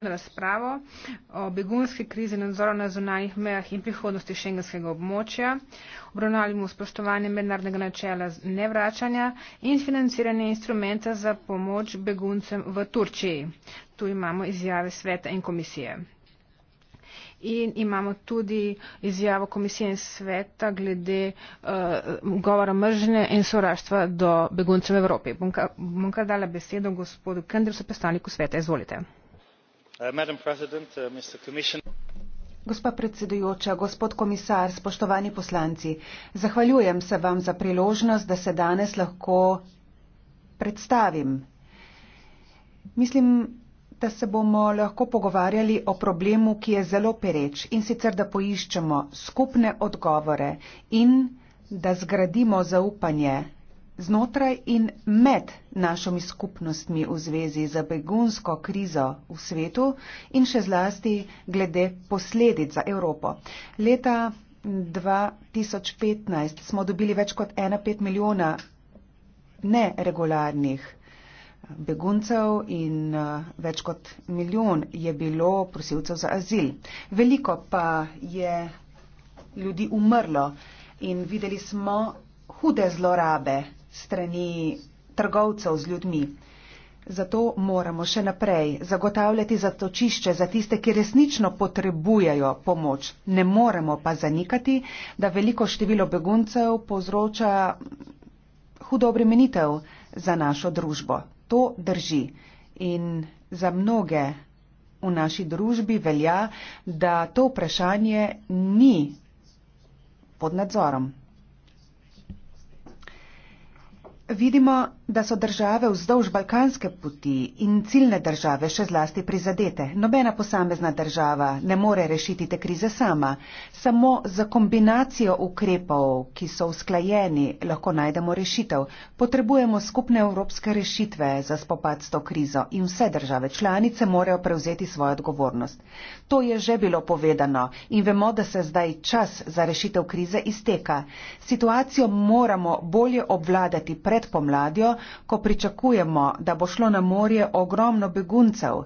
razpravo o begunski krizi nadzora na zunanjih mejah in prihodnosti šengenskega območja, obravnavali bomo spoštovanje mednarodnega načela nevračanja in financiranje instrumenta za pomoč beguncem v Turčiji. Tu imamo izjave sveta in komisije. In imamo tudi izjavo komisije in sveta glede uh, govora mržne in soraštva do beguncev v Evropi. Bom kar dala besedo gospodu Kendrisu, predstavniku sveta. Izvolite. Uh, uh, gospa predsedujoča gospod komisar spoštovani poslanci zahvaljujem se vam za priložnost da se danes lahko predstavim mislim da se bomo lahko pogovarjali o problemu ki je zelo pereč in sicer da poiščemo skupne odgovore in da zgradimo zaupanje znotraj in med našimi skupnostmi v zvezi z begunsko krizo v svetu in še zlasti glede posledic za Evropo. Leta 2015 smo dobili več kot 1,5 milijona neregularnih eh, beguncev in eh, več kot milijon je bilo prosilcev za azil. Veliko pa je ljudi umrlo in videli smo hude zlorabe strani trgovcev z ljudmi. Zato moramo še naprej zagotavljati zatočišče za tiste, ki resnično potrebujejo pomoč. Ne moremo pa zanikati, da veliko število beguncev povzroča hudo obremenitev za našo družbo. To drži. In za mnoge v naši družbi velja, da to vprašanje ni pod nadzorom. Vidimo, da so države vzdolž balkanske puti in ciljne države še zlasti prizadete. Nobena posamezna država ne more rešiti te krize sama. Samo za kombinacijo ukrepov, ki so usklajeni, lahko najdemo rešitev. Potrebujemo skupne evropske rešitve za spopad s to krizo in vse države članice morajo prevzeti svojo odgovornost. To je že bilo povedano in vemo, da se zdaj čas za rešitev krize izteka. Situacijo moramo bolje obvladati pred pomladjo, ko pričakujemo, da bo šlo na morje ogromno beguncev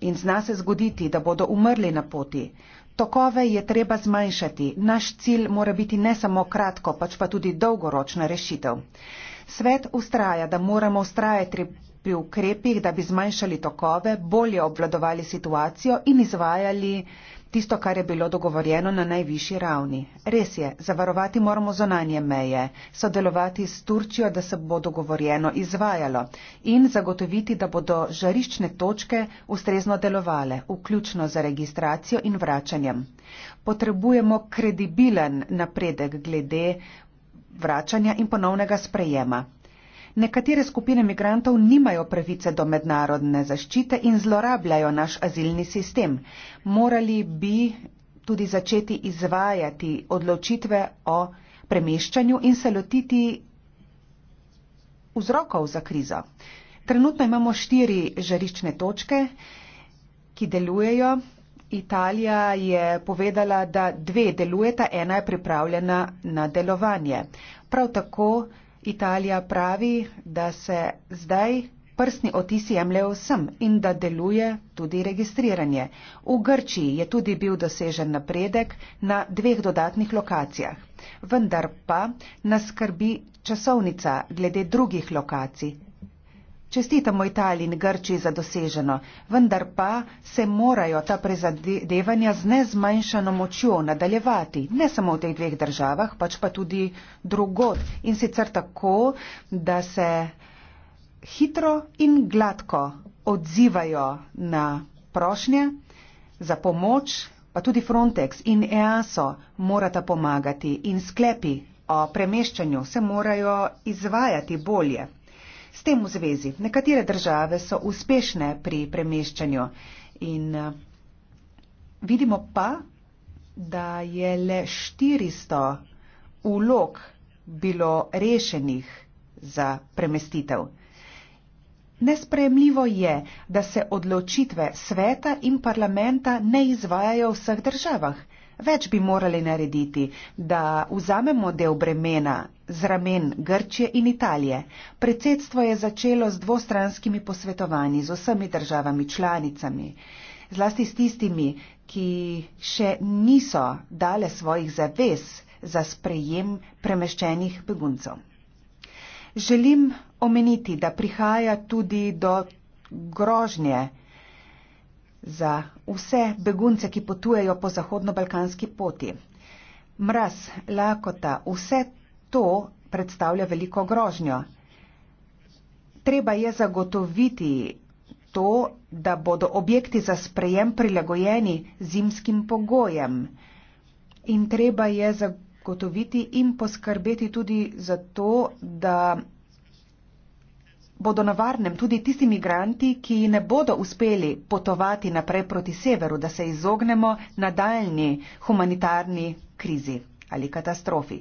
in zna se zgoditi, da bodo umrli na poti. Tokove je treba zmanjšati. Naš cilj mora biti ne samo kratko, pač pa tudi dolgoročna rešitev. Svet ustraja, da moramo ustrajati pri ukrepih, da bi zmanjšali tokove, bolje obvladovali situacijo in izvajali tisto, kar je bilo dogovorjeno na najvišji ravni. Res je, zavarovati moramo zonanje meje, sodelovati s Turčijo, da se bo dogovorjeno izvajalo in zagotoviti, da bodo žariščne točke ustrezno delovale, vključno za registracijo in vračanjem. Potrebujemo kredibilen napredek glede vračanja in ponovnega sprejema. Nekatere skupine migrantov nimajo pravice do mednarodne zaščite in zlorabljajo naš azilni sistem. Morali bi tudi začeti izvajati odločitve o premeščanju in se lotiti vzrokov za krizo. Trenutno imamo štiri žarične točke, ki delujejo. Italija je povedala, da dve delujeta, ena je pripravljena na delovanje. Prav tako Italija pravi, da se zdaj prsni otisi jemljejo vsem in da deluje tudi registriranje. V Grčiji je tudi bil dosežen napredek na dveh dodatnih lokacijah. Vendar pa nas skrbi časovnica glede drugih lokacij, Čestitamo Italiji in Grčiji za doseženo, vendar pa se morajo ta prizadevanja z nezmanjšano močjo nadaljevati, ne samo v teh dveh državah, pač pa tudi drugod in sicer tako, da se hitro in gladko odzivajo na prošnje za pomoč, pa tudi Frontex in EASO morata pomagati in sklepi o premeščanju se morajo izvajati bolje tem v zvezi, nekatere države so uspešne pri premeščanju in eh, vidimo pa, da je le 400 ulog bilo rešenih za premestitev. Nespremljivo je, da se odločitve sveta in parlamenta ne izvajajo v vseh državah. Več bi morali narediti, da vzamemo del bremena z ramen Grčije in Italije. Predsedstvo je začelo z dvostranskimi posvetovanji z vsemi državami članicami, zlasti s tistimi, ki še niso dale svojih zaves za sprejem premeščenih beguncev. Želim omeniti, da prihaja tudi do grožnje za vse begunce, ki potujejo po zahodno-balkanski poti. Mraz, lakota, vse to predstavlja veliko grožnjo. Treba je zagotoviti to, da bodo objekti za sprejem prilagojeni zimskim pogojem. In treba je zagotoviti in poskrbeti tudi za to, da bodo na varnem tudi tisti migranti, ki ne bodo uspeli potovati naprej proti severu, da se izognemo nadaljni humanitarni krizi ali katastrofi.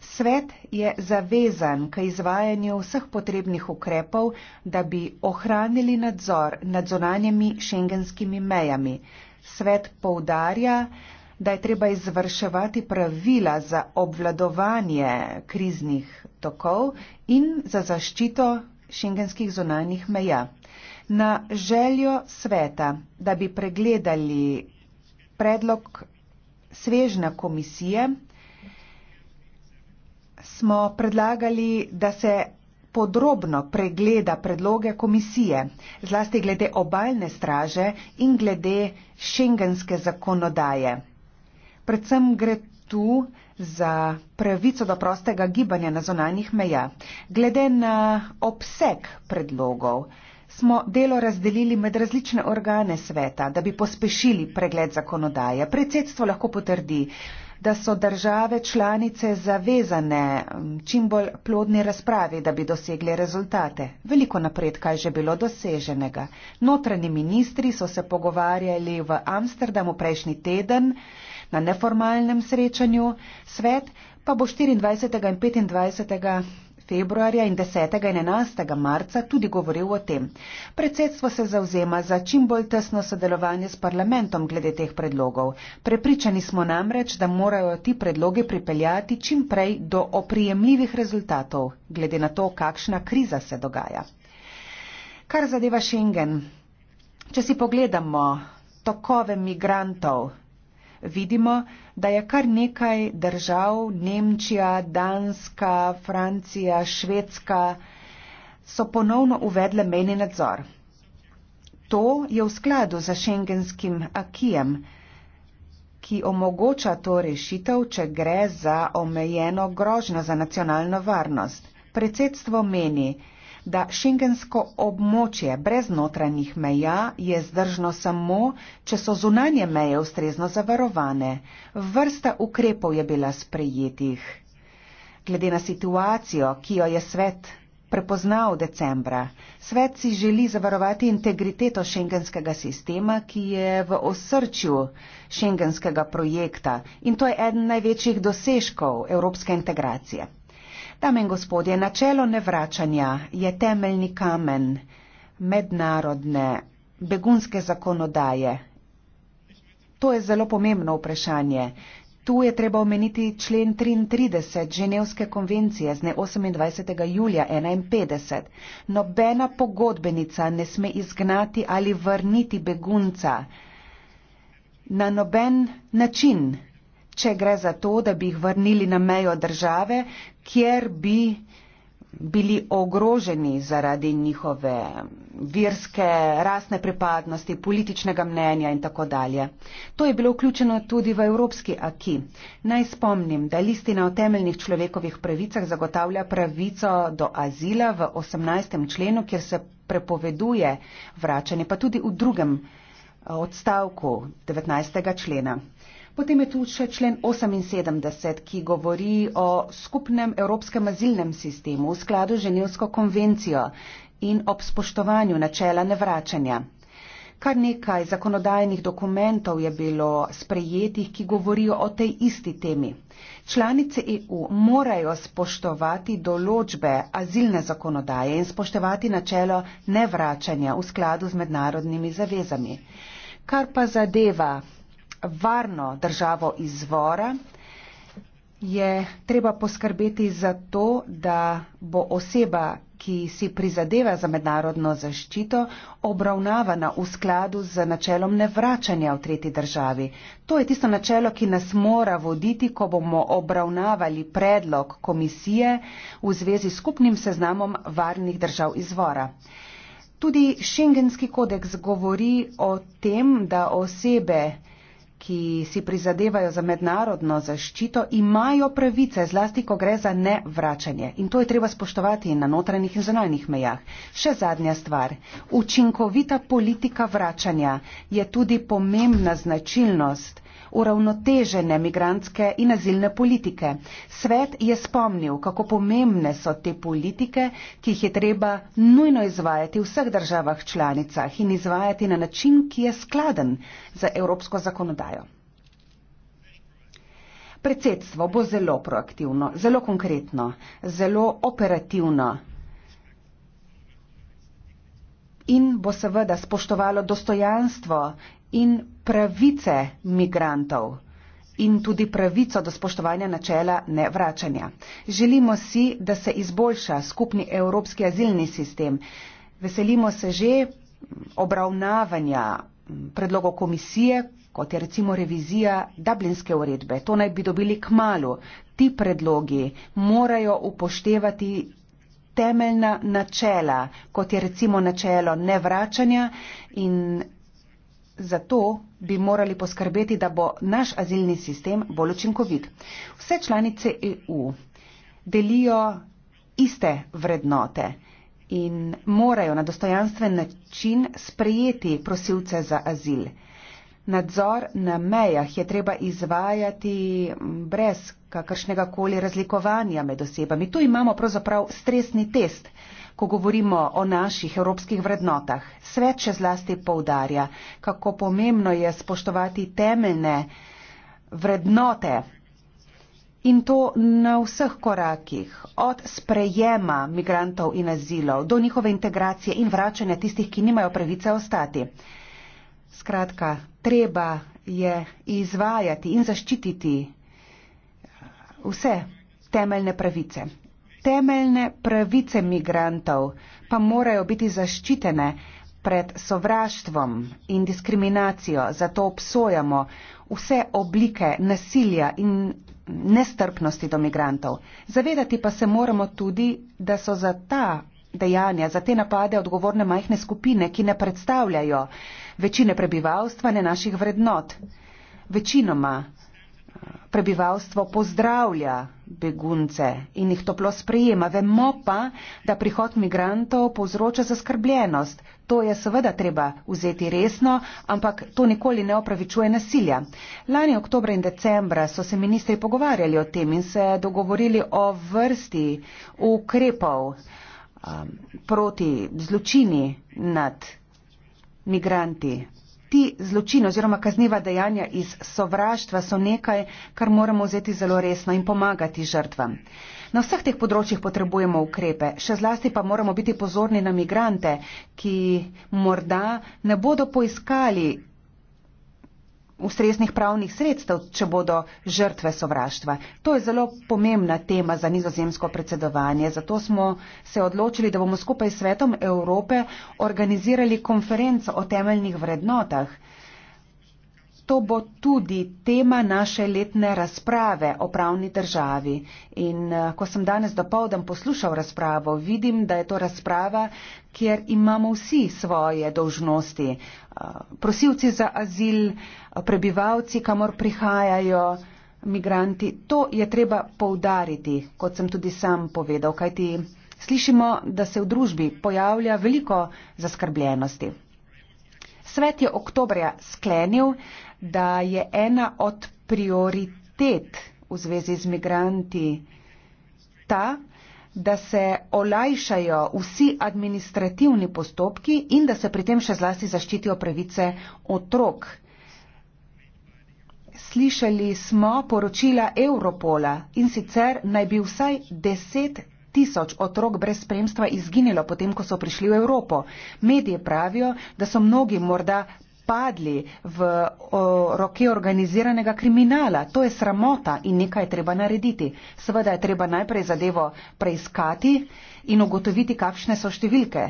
Svet je zavezan k izvajanju vseh potrebnih ukrepov, da bi ohranili nadzor nad zonanjimi šengenskimi mejami. Svet poudarja, da je treba izvrševati pravila za obvladovanje kriznih tokov in za zaščito šengenskih zonalnih meja. Na željo sveta, da bi pregledali predlog svežna komisije, smo predlagali, da se podrobno pregleda predloge komisije, zlasti glede obaljne straže in glede šengenske zakonodaje. Predvsem gre tu za pravico do prostega gibanja na zonanjih meja. Glede na obseg predlogov smo delo razdelili med različne organe sveta, da bi pospešili pregled zakonodaje. Predsedstvo lahko potrdi, da so države članice zavezane čim bolj plodni razpravi, da bi dosegli rezultate. Veliko napredka je že bilo doseženega. Notranji ministri so se pogovarjali v Amsterdamu prejšnji teden, na neformalnem srečanju, svet pa bo 24. in 25. februarja in 10. in 11. marca tudi govoril o tem. Predsedstvo se zauzema za čim bolj tesno sodelovanje s parlamentom glede teh predlogov. Prepričani smo namreč, da morajo ti predloge pripeljati čim prej do oprijemljivih rezultatov, glede na to, kakšna kriza se dogaja. Kar zadeva Schengen. Če si pogledamo tokove migrantov, vidimo, da je kar nekaj držav, Nemčija, Danska, Francija, Švedska, so ponovno uvedle mejni nadzor. To je v skladu za šengenskim akijem, ki omogoča to rešitev, če gre za omejeno grožnjo za nacionalno varnost. Predsedstvo meni, da šengensko območje brez notranjih meja je zdržno samo, če so zunanje meje ustrezno zavarovane. Vrsta ukrepov je bila sprejetih. Glede na situacijo, ki jo je svet prepoznal decembra, svet si želi zavarovati integriteto šengenskega sistema, ki je v osrčju šengenskega projekta in to je eden največjih dosežkov evropske integracije. Dame in gospodje, načelo nevračanja je temeljni kamen mednarodne begunske zakonodaje. To je zelo pomembno vprašanje. Tu je treba omeniti člen 33 Ženevske konvencije z dne 28. julija 1951. Nobena pogodbenica ne sme izgnati ali vrniti begunca na noben način če gre za to, da bi jih vrnili na mejo države, kjer bi bili ogroženi zaradi njihove virske, rasne pripadnosti, političnega mnenja in tako dalje. To je bilo vključeno tudi v evropski aki. Naj spomnim, da listina o temeljnih človekovih pravicah zagotavlja pravico do azila v 18. členu, kjer se prepoveduje vračanje, pa tudi v drugem eh, odstavku 19. člena. Potem je tu še člen 78, ki govori o skupnem evropskem azilnem sistemu v skladu z Ženevsko konvencijo in ob spoštovanju načela nevračanja. Kar nekaj zakonodajnih dokumentov je bilo sprejetih, ki govorijo o tej isti temi. Članice EU morajo spoštovati določbe azilne zakonodaje in spoštovati načelo nevračanja v skladu z mednarodnimi zavezami. Kar pa zadeva varno državo izvora, je treba poskrbeti za to, da bo oseba, ki si prizadeva za mednarodno zaščito, obravnavana v skladu z načelom nevračanja v tretji državi. To je tisto načelo, ki nas mora voditi, ko bomo obravnavali predlog komisije v zvezi s skupnim seznamom varnih držav izvora. Tudi šengenski kodeks govori o tem, da osebe, ki si prizadevajo za mednarodno zaščito, imajo pravice, zlasti, ko gre za nevračanje. In to je treba spoštovati na notranjih in zunanjih mejah. Še zadnja stvar. Učinkovita politika vračanja je tudi pomembna značilnost uravnotežene migrantske in azilne politike. Svet je spomnil, kako pomembne so te politike, ki jih je treba nujno izvajati v vseh državah članicah in izvajati na način, ki je skladen za evropsko zakonodajo. Predsedstvo bo zelo proaktivno, zelo konkretno, zelo operativno. In bo seveda spoštovalo dostojanstvo in pravice migrantov in tudi pravico do spoštovanja načela nevračanja. Želimo si, da se izboljša skupni evropski azilni sistem. Veselimo se že obravnavanja predlogov komisije, kot je recimo revizija dublinske uredbe. To naj bi dobili k malu. Ti predlogi morajo upoštevati temeljna načela, kot je recimo načelo nevračanja in Zato bi morali poskrbeti, da bo naš azilni sistem bolj učinkovit. Vse članice EU delijo iste vrednote in morajo na dostojanstven način sprejeti prosilce za azil. Nadzor na mejah je treba izvajati brez kakršnega koli razlikovanja med osebami. Tu imamo pravzaprav stresni test ko govorimo o naših evropskih vrednotah. Svet še zlasti poudarja, kako pomembno je spoštovati temeljne vrednote in to na vseh korakih, od sprejema migrantov in azilov do njihove integracije in vračanja tistih, ki nimajo pravice ostati. Skratka, treba je izvajati in zaščititi vse temeljne pravice temeljne pravice migrantov pa morajo biti zaščitene pred sovraštvom in diskriminacijo. Zato obsojamo vse oblike nasilja in nestrpnosti do migrantov. Zavedati pa se moramo tudi, da so za ta dejanja, za te napade odgovorne majhne skupine, ki ne predstavljajo večine prebivalstva, ne naših vrednot. Večinoma Prebivalstvo pozdravlja begunce in jih toplo sprejema. Vemo pa, da prihod migrantov povzroča zaskrbljenost. To je seveda treba vzeti resno, ampak to nikoli ne opravičuje nasilja. Lani oktober in decembra so se ministri pogovarjali o tem in se dogovorili o vrsti ukrepov um, proti zločini nad migranti, ti zločini oziroma kazniva dejanja iz sovraštva so nekaj, kar moramo vzeti zelo resno in pomagati žrtvam. Na vseh teh področjih potrebujemo ukrepe, še zlasti pa moramo biti pozorni na migrante, ki morda ne bodo poiskali ustreznih pravnih sredstev, če bodo žrtve sovraštva. To je zelo pomembna tema za nizozemsko predsedovanje. Zato smo se odločili, da bomo skupaj s svetom Evrope organizirali konferenco o temeljnih vrednotah. To bo tudi tema naše letne razprave o pravni državi. In eh, ko sem danes dopoldem poslušal razpravo, vidim, da je to razprava, kjer imamo vsi svoje dožnosti. Eh, prosilci za azil, eh, prebivalci, kamor prihajajo migranti, to je treba poudariti, kot sem tudi sam povedal, kajti slišimo, da se v družbi pojavlja veliko zaskrbljenosti. Svet je oktobra sklenil, da je ena od prioritet v zvezi z migranti ta, da se olajšajo vsi administrativni postopki in da se pri tem še zlasti zaščitijo pravice otrok. Slišali smo poročila Europola in sicer naj bi vsaj deset tisoč otrok brez spremstva izginilo potem, ko so prišli v Evropo. Medije pravijo, da so mnogi morda padli v roke organiziranega kriminala. To je sramota in nekaj je treba narediti. Seveda je treba najprej zadevo preiskati in ugotoviti, kakšne so številke.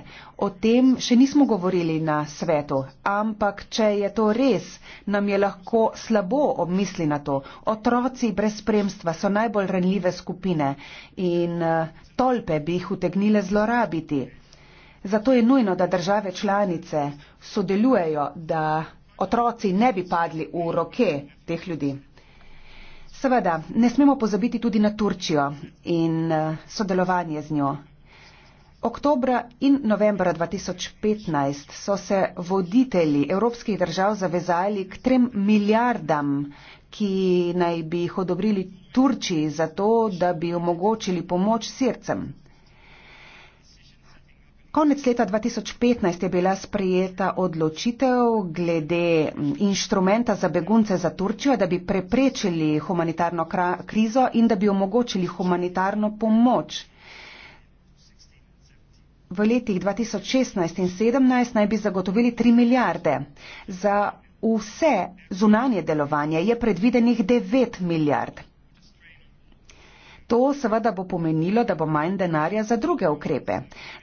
O tem še nismo govorili na svetu, ampak če je to res, nam je lahko slabo obmisli na to. Otroci brez spremstva so najbolj ranljive skupine in eh, tolpe bi jih utegnile zlorabiti. Zato je nujno, da države članice sodelujejo, da otroci ne bi padli v roke teh ljudi. Seveda, ne smemo pozabiti tudi na Turčijo in eh, sodelovanje z njo. Oktobra in novembra 2015 so se voditelji evropskih držav zavezali k trem milijardam, ki naj bi jih odobrili Turčiji za to, da bi omogočili pomoč sircem. Konec leta 2015 je bila sprejeta odločitev glede inštrumenta za begunce za Turčijo, da bi preprečili humanitarno krizo in da bi omogočili humanitarno pomoč. V letih 2016 in 2017 naj bi zagotovili 3 milijarde. Za vse zunanje delovanje je predvidenih 9 milijard. To seveda bo pomenilo, da bo manj denarja za druge ukrepe,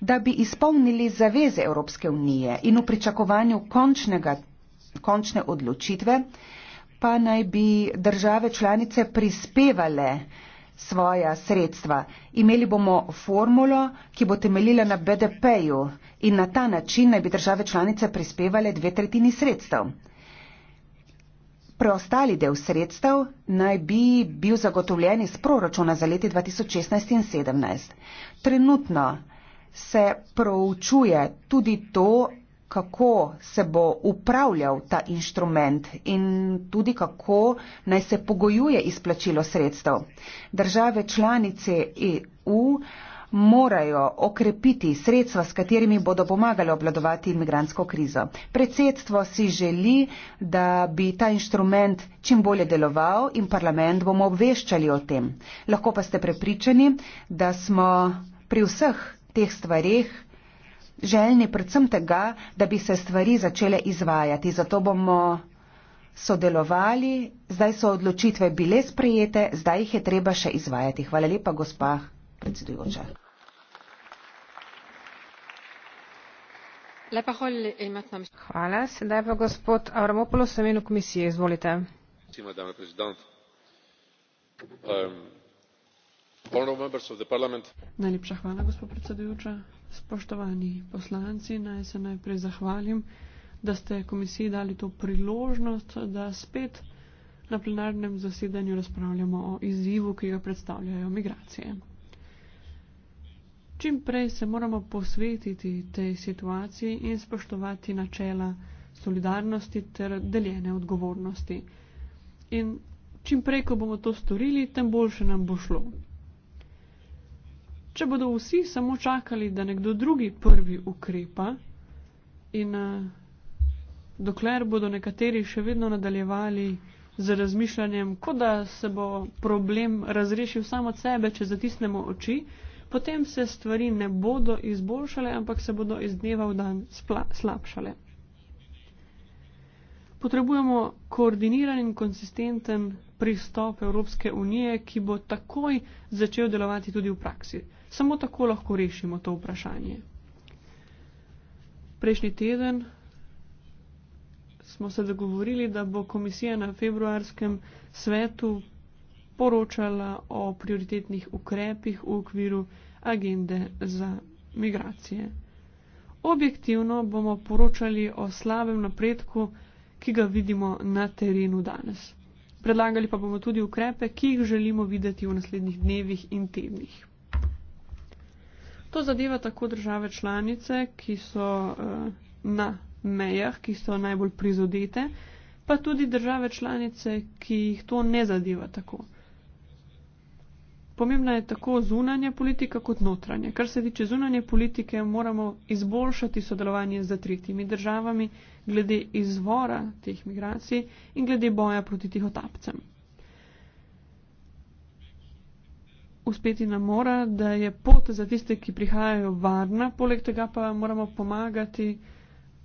da bi izpolnili zaveze Evropske unije in v pričakovanju končnega, končne odločitve pa naj bi države članice prispevale svoja sredstva. Imeli bomo formulo, ki bo temeljila na BDP-ju in na ta način naj bi države članice prispevale dve tretjini sredstev. Preostali del sredstev naj bi bil zagotovljen iz proračuna za leti 2016 in 2017. Trenutno se proučuje tudi to, kako se bo upravljal ta inštrument in tudi kako naj se pogojuje izplačilo sredstev. Države članice EU morajo okrepiti sredstva, s katerimi bodo pomagali obladovati imigransko krizo. Predsedstvo si želi, da bi ta inštrument čim bolje deloval in parlament bomo obveščali o tem. Lahko pa ste prepričani, da smo pri vseh teh stvarih želni predvsem tega, da bi se stvari začele izvajati. Zato bomo sodelovali, zdaj so odločitve bile sprejete, zdaj jih je treba še izvajati. Hvala lepa, gospah predsedujoča. Hvala. Sedaj pa gospod Avramopoulos, semenu komisije. Izvolite. Um, Najlepša hvala, gospod predsedujoča. Spoštovani poslanci, naj se najprej zahvalim, da ste komisiji dali to priložnost, da spet na plenarnem zasedanju razpravljamo o izzivu, ki ga predstavljajo migracije. Čim prej se moramo posvetiti tej situaciji in spoštovati načela solidarnosti ter deljene odgovornosti. In čim prej, ko bomo to storili, tem boljše nam bo šlo. Če bodo vsi samo čakali, da nekdo drugi prvi ukrepa in eh, dokler bodo nekateri še vedno nadaljevali z razmišljanjem, kot da se bo problem razrešil samo od sebe, če zatisnemo oči, potem se stvari ne bodo izboljšale, ampak se bodo iz dneva v dan slabšale. Potrebujemo koordiniran in konsistenten pristop Evropske unije, ki bo takoj začel delovati tudi v praksi. Samo tako lahko rešimo to vprašanje. Prejšnji teden smo se dogovorili, da bo komisija na februarskem svetu poročala o prioritetnih ukrepih v okviru agende za migracije. Objektivno bomo poročali o slabem napredku, ki ga vidimo na terenu danes. Predlagali pa bomo tudi ukrepe, ki jih želimo videti v naslednjih dnevih in tednih. To zadeva tako države članice, ki so eh, na mejah, ki so najbolj prizodete, pa tudi države članice, ki jih to ne zadeva tako pomembna je tako zunanja politika kot notranja. Kar se tiče zunanje politike, moramo izboljšati sodelovanje z tretjimi državami glede izvora teh migracij in glede boja proti tih otapcem. Uspeti nam mora, da je pot za tiste, ki prihajajo varna, poleg tega pa moramo pomagati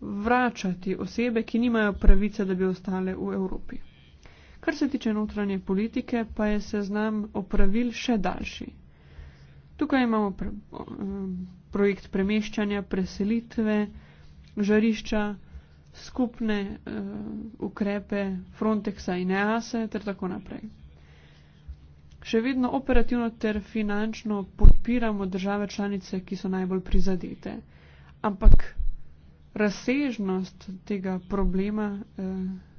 vračati osebe, ki nimajo pravice, da bi ostale v Evropi. Kar se tiče notranje politike, pa je seznam opravil še daljši. Tukaj imamo pre, projekt premeščanja, preselitve, žarišča, skupne uh, ukrepe Frontexa in EASE ter tako naprej. Še vedno operativno ter finančno podpiramo države članice, ki so najbolj prizadete. Ampak razsežnost tega problema. Uh,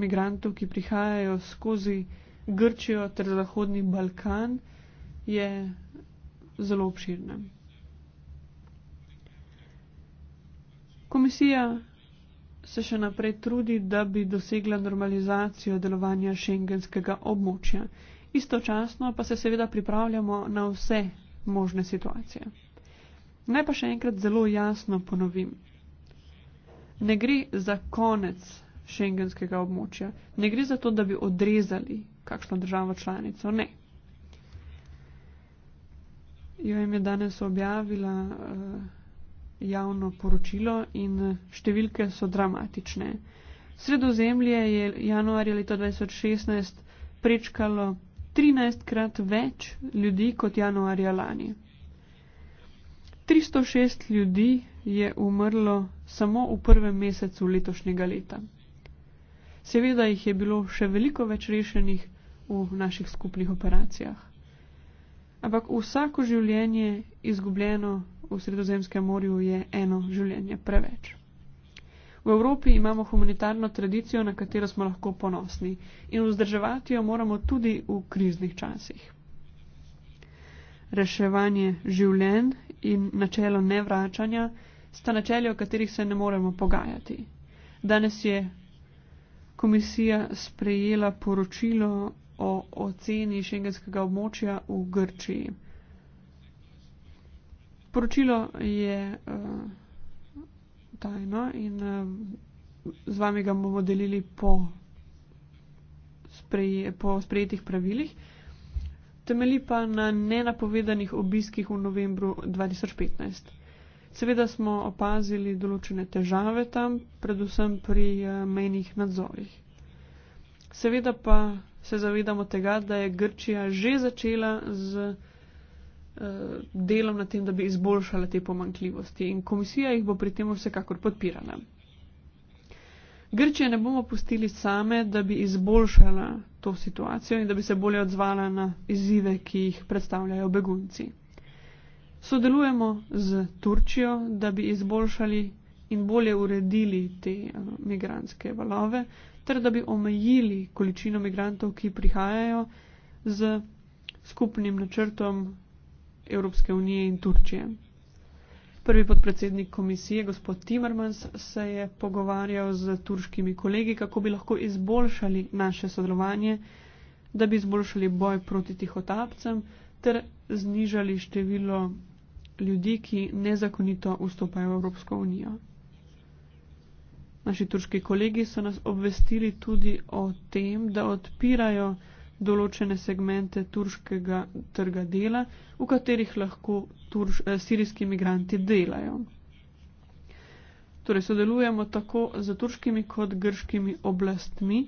migrantov, ki prihajajo skozi Grčijo ter Zahodni Balkan, je zelo obširna. Komisija se še naprej trudi, da bi dosegla normalizacijo delovanja šengenskega območja. Istočasno pa se seveda pripravljamo na vse možne situacije. Naj pa še enkrat zelo jasno ponovim. Ne gre za konec šengenskega območja. Ne gre za to, da bi odrezali kakšno državo članico, ne. IOM je danes objavila uh, javno poročilo in številke so dramatične. Sredozemlje je januarja leta 2016 prečkalo 13 krat več ljudi kot januarja lani. 306 ljudi je umrlo samo v prvem mesecu letošnjega leta. Seveda jih je bilo še veliko več rešenih v naših skupnih operacijah. Ampak vsako življenje izgubljeno v Sredozemskem morju je eno življenje preveč. V Evropi imamo humanitarno tradicijo, na katero smo lahko ponosni in vzdrževati jo moramo tudi v kriznih časih. Reševanje življenj in načelo nevračanja sta načeli, o katerih se ne moremo pogajati. Danes je komisija sprejela poročilo o oceni šengenskega območja v Grčiji. Poročilo je uh, tajno in uh, z vami ga bomo delili po, spreje, po sprejetih pravilih. Temeli pa na nenapovedanih obiskih v novembru 2015. Seveda smo opazili določene težave tam, predvsem pri eh, mejnih nadzorih. Seveda pa se zavedamo tega, da je Grčija že začela z eh, delom na tem, da bi izboljšala te pomankljivosti in komisija jih bo pri tem vsekakor podpirala. Grčije ne bomo pustili same, da bi izboljšala to situacijo in da bi se bolje odzvala na izzive, ki jih predstavljajo begunci. Sodelujemo z Turčijo, da bi izboljšali in bolje uredili te eh, migranske valove, ter da bi omejili količino migrantov, ki prihajajo z skupnim načrtom Evropske unije in Turčije. Prvi podpredsednik komisije, gospod Timmermans, se je pogovarjal z turškimi kolegi, kako bi lahko izboljšali naše sodelovanje, da bi izboljšali boj proti tihotapcem ter znižali število ljudi, ki nezakonito vstopajo v Evropsko unijo. Naši turški kolegi so nas obvestili tudi o tem, da odpirajo določene segmente turškega trga dela, v katerih lahko turš, eh, sirijski imigranti delajo. Torej sodelujemo tako z turškimi kot grškimi oblastmi,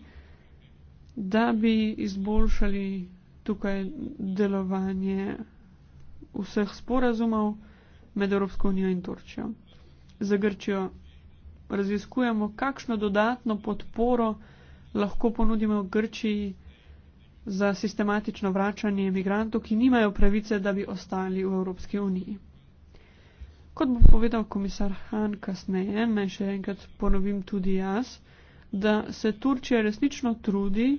da bi izboljšali tukaj delovanje vseh sporazumov med Evropsko unijo in Turčijo. Za Grčijo raziskujemo, kakšno dodatno podporo lahko ponudimo Grčiji za sistematično vračanje imigrantov, ki nimajo pravice, da bi ostali v Evropski uniji. Kot bo povedal komisar Han kasneje, naj še enkrat ponovim tudi jaz, da se Turčija resnično trudi,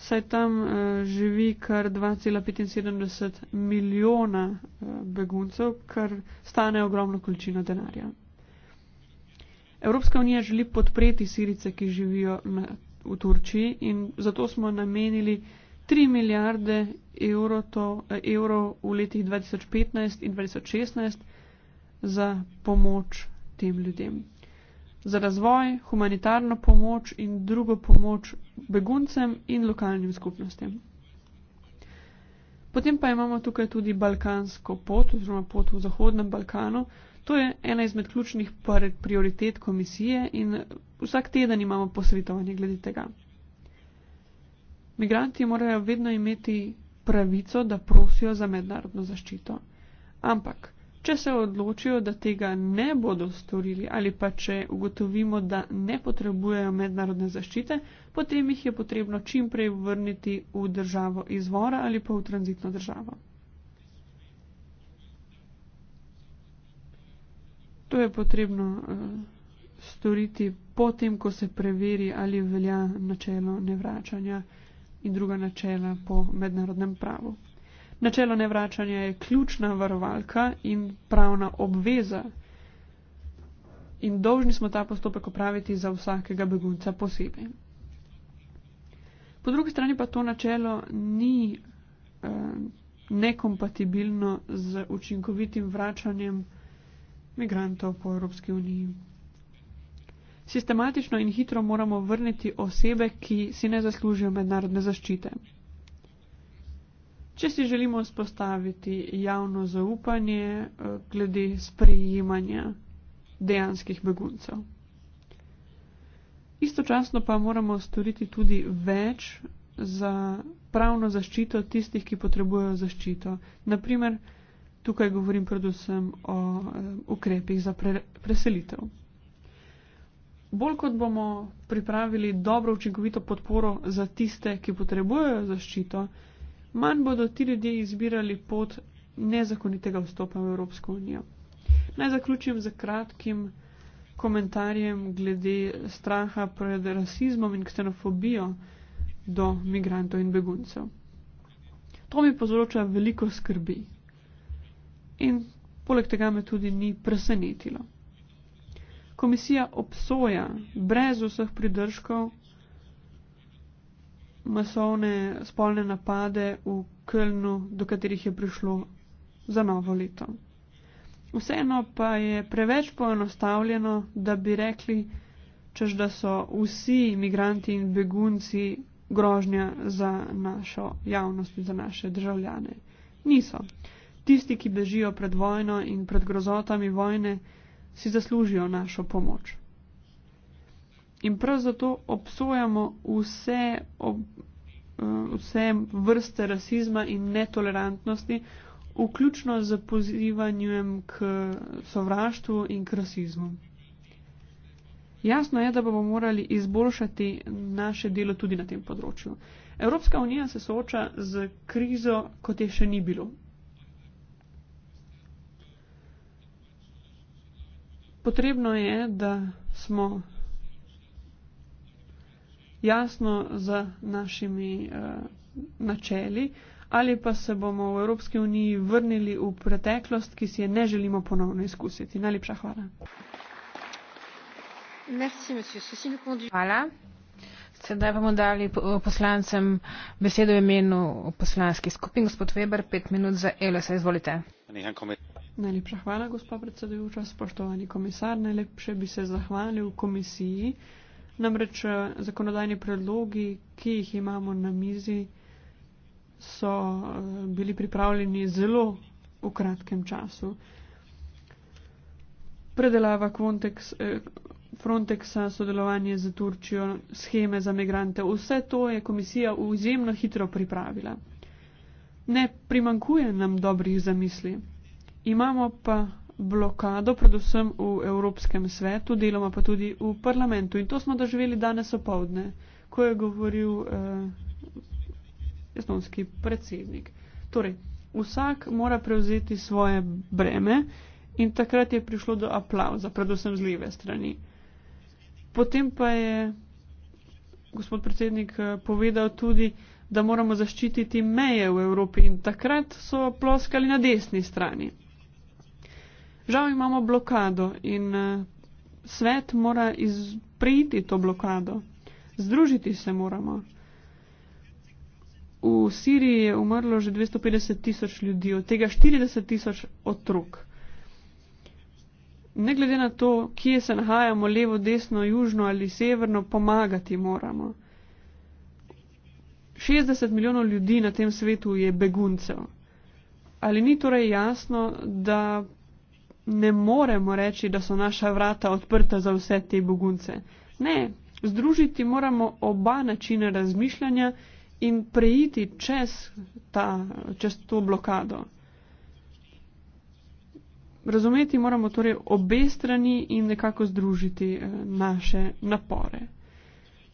saj tam uh, živi kar 2,75 milijona uh, beguncev, kar stane ogromno količino denarja. Evropska unija želi podpreti sirice, ki živijo na, v Turčiji in zato smo namenili 3 milijarde eh, evrov v letih 2015 in 2016 za pomoč tem ljudem za razvoj, humanitarno pomoč in drugo pomoč beguncem in lokalnim skupnostim. Potem pa imamo tukaj tudi balkansko pot oziroma pot v Zahodnem Balkanu. To je ena izmed ključnih prioritet komisije in vsak teden imamo posvetovanje glede tega. Migranti morajo vedno imeti pravico, da prosijo za mednarodno zaščito. Ampak Če se odločijo, da tega ne bodo storili ali pa če ugotovimo, da ne potrebujejo mednarodne zaščite, potem jih je potrebno čimprej vrniti v državo izvora ali pa v tranzitno državo. To je potrebno uh, storiti potem, ko se preveri, ali velja načelo nevračanja in druga načela po mednarodnem pravu. Načelo nevračanja je ključna varovalka in pravna obveza. In dolžni smo ta postopek opraviti za vsakega begunca posebej. Po drugi strani pa to načelo ni eh, nekompatibilno z učinkovitim vračanjem migrantov po Evropski uniji. Sistematično in hitro moramo vrniti osebe, ki si ne zaslužijo mednarodne zaščite če si želimo spostaviti javno zaupanje eh, glede sprejemanja dejanskih beguncev. Istočasno pa moramo storiti tudi več za pravno zaščito tistih, ki potrebujejo zaščito. Naprimer, tukaj govorim predvsem o eh, ukrepih za pre preselitev. Bolj kot bomo pripravili dobro učinkovito podporo za tiste, ki potrebujejo zaščito, manj bodo ti ljudje izbirali pot nezakonitega vstopa v Evropsko unijo. Naj zaključim z kratkim komentarjem glede straha pred rasizmom in ksenofobijo do migrantov in beguncev. To mi povzroča veliko skrbi in poleg tega me tudi ni presenetilo. Komisija obsoja brez vseh pridržkov masovne spolne napade v Kölnu, do katerih je prišlo za novo leto. Vseeno pa je preveč poenostavljeno, da bi rekli, čež da so vsi imigranti in begunci grožnja za našo javnost in za naše državljane. Niso. Tisti, ki bežijo pred vojno in pred grozotami vojne, si zaslužijo našo pomoč. In prav zato obsojamo vse, ob, eh, vse vrste rasizma in netolerantnosti, vključno z pozivanjem k sovraštvu in k rasizmu. Jasno je, da bomo morali izboljšati naše delo tudi na tem področju. Evropska unija se sooča z krizo, kot je še ni bilo. Potrebno je, da smo jasno z našimi uh, načeli, ali pa se bomo v Evropski uniji vrnili v preteklost, ki si je ne želimo ponovno izkusiti. Najlepša hvala. Merci, hvala. Sedaj bomo dali poslancem besedo v imenu poslanski skupin. Gospod Weber, pet minut za ELS, izvolite. Najlepša hvala, gospod predsedujoča, spoštovani komisar. Najlepše bi se zahvalil komisiji. Namreč eh, zakonodajni predlogi, ki jih imamo na mizi, so eh, bili pripravljeni zelo v kratkem času. Predelava Quontex, eh, Frontexa, sodelovanje z Turčijo, scheme za migrante, vse to je komisija izjemno hitro pripravila. Ne primankuje nam dobrih zamisli. Imamo pa blokado, predvsem v Evropskem svetu, deloma pa tudi v parlamentu. In to smo doživeli danes opovdne, ko je govoril eh, estonski predsednik. Torej, vsak mora prevzeti svoje breme in takrat je prišlo do aplauza, predvsem z leve strani. Potem pa je gospod predsednik eh, povedal tudi, da moramo zaščititi meje v Evropi in takrat so ploskali na desni strani žal imamo blokado in eh, svet mora izpriti to blokado. Združiti se moramo. V Siriji je umrlo že 250 tisoč ljudi, od tega 40 tisoč otrok. Ne glede na to, kje se nahajamo, levo, desno, južno ali severno, pomagati moramo. 60 milijonov ljudi na tem svetu je beguncev. Ali ni torej jasno, da ne moremo reči, da so naša vrata odprta za vse te begunce. Ne, združiti moramo oba načina razmišljanja in preiti čez, ta, čez to blokado. Razumeti moramo torej obe strani in nekako združiti eh, naše napore.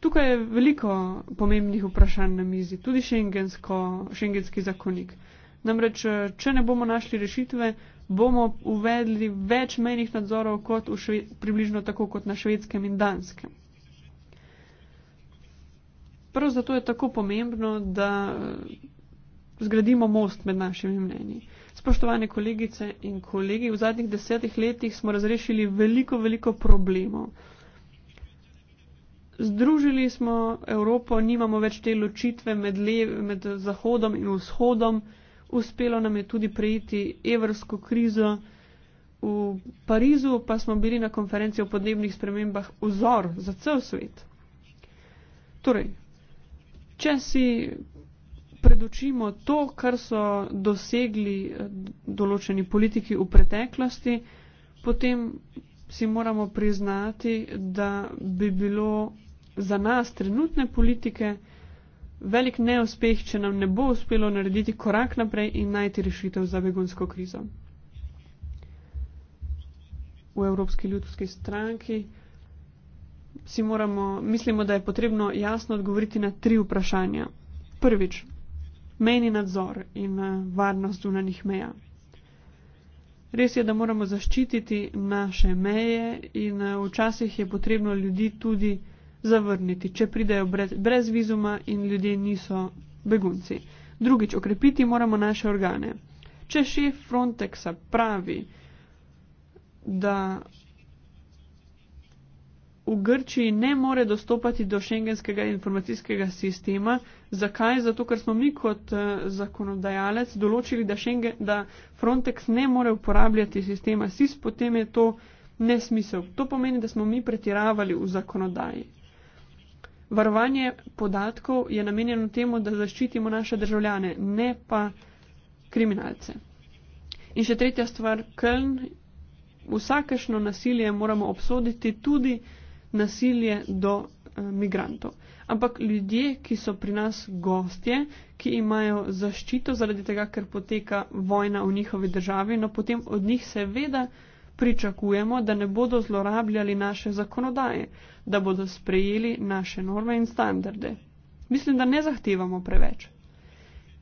Tukaj je veliko pomembnih vprašanj na mizi, tudi šengensko, šengenski zakonik. Namreč, eh, če ne bomo našli rešitve, bomo uvedli več mejnih nadzorov kot v Šve približno tako kot na švedskem in danskem. Prav zato je tako pomembno, da zgradimo most med našimi mnenji. Spoštovane kolegice in kolegi, v zadnjih desetih letih smo razrešili veliko, veliko problemov. Združili smo Evropo, nimamo več te ločitve med, lev, med zahodom in vzhodom uspelo nam je tudi prejiti evrsko krizo. V Parizu pa smo bili na konferenci o podnebnih spremembah vzor za cel svet. Torej, če si predučimo to, kar so dosegli eh, določeni politiki v preteklosti, potem si moramo priznati, da bi bilo za nas trenutne politike, velik neuspeh, če nam ne bo uspelo narediti korak naprej in najti rešitev za begunsko krizo. V Evropski ljudski stranki si moramo, mislimo, da je potrebno jasno odgovoriti na tri vprašanja. Prvič, mejni nadzor in eh, varnost zunanih meja. Res je, da moramo zaščititi naše meje in eh, včasih je potrebno ljudi tudi zavrniti, če pridejo brez, brez vizuma in ljudje niso begunci. Drugič, okrepiti moramo naše organe. Če šef Frontexa pravi, da v Grčiji ne more dostopati do šengenskega informacijskega sistema, zakaj? Zato, ker smo mi kot eh, zakonodajalec določili, da, Schengen, da Frontex ne more uporabljati sistema SIS, potem je to nesmisel. To pomeni, da smo mi pretiravali v zakonodaji. Varovanje podatkov je namenjeno temu, da zaščitimo naše državljane, ne pa kriminalce. In še tretja stvar, Köln, vsakešno nasilje moramo obsoditi tudi nasilje do eh, migrantov. Ampak ljudje, ki so pri nas gostje, ki imajo zaščito zaradi tega, ker poteka vojna v njihovi državi, no potem od njih seveda Pričakujemo, da ne bodo zlorabljali naše zakonodaje, da bodo sprejeli naše norme in standarde. Mislim, da ne zahtevamo preveč.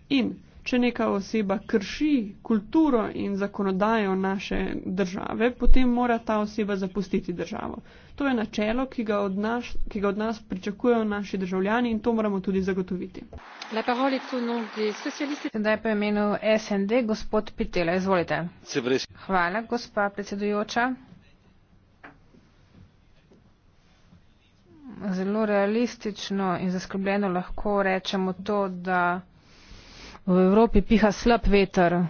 In Če neka oseba krši kulturo in zakonodajo naše države, potem mora ta oseba zapustiti državo. To je načelo, ki ga od nas, ki ga od nas pričakujejo naši državljani in to moramo tudi zagotoviti. Zdaj pa je imenu SND gospod Pitela. Izvolite. Hvala, gospa predsedujoča. Zelo realistično in zaskrbljeno lahko rečemo to, da v Evropi piha slab veter.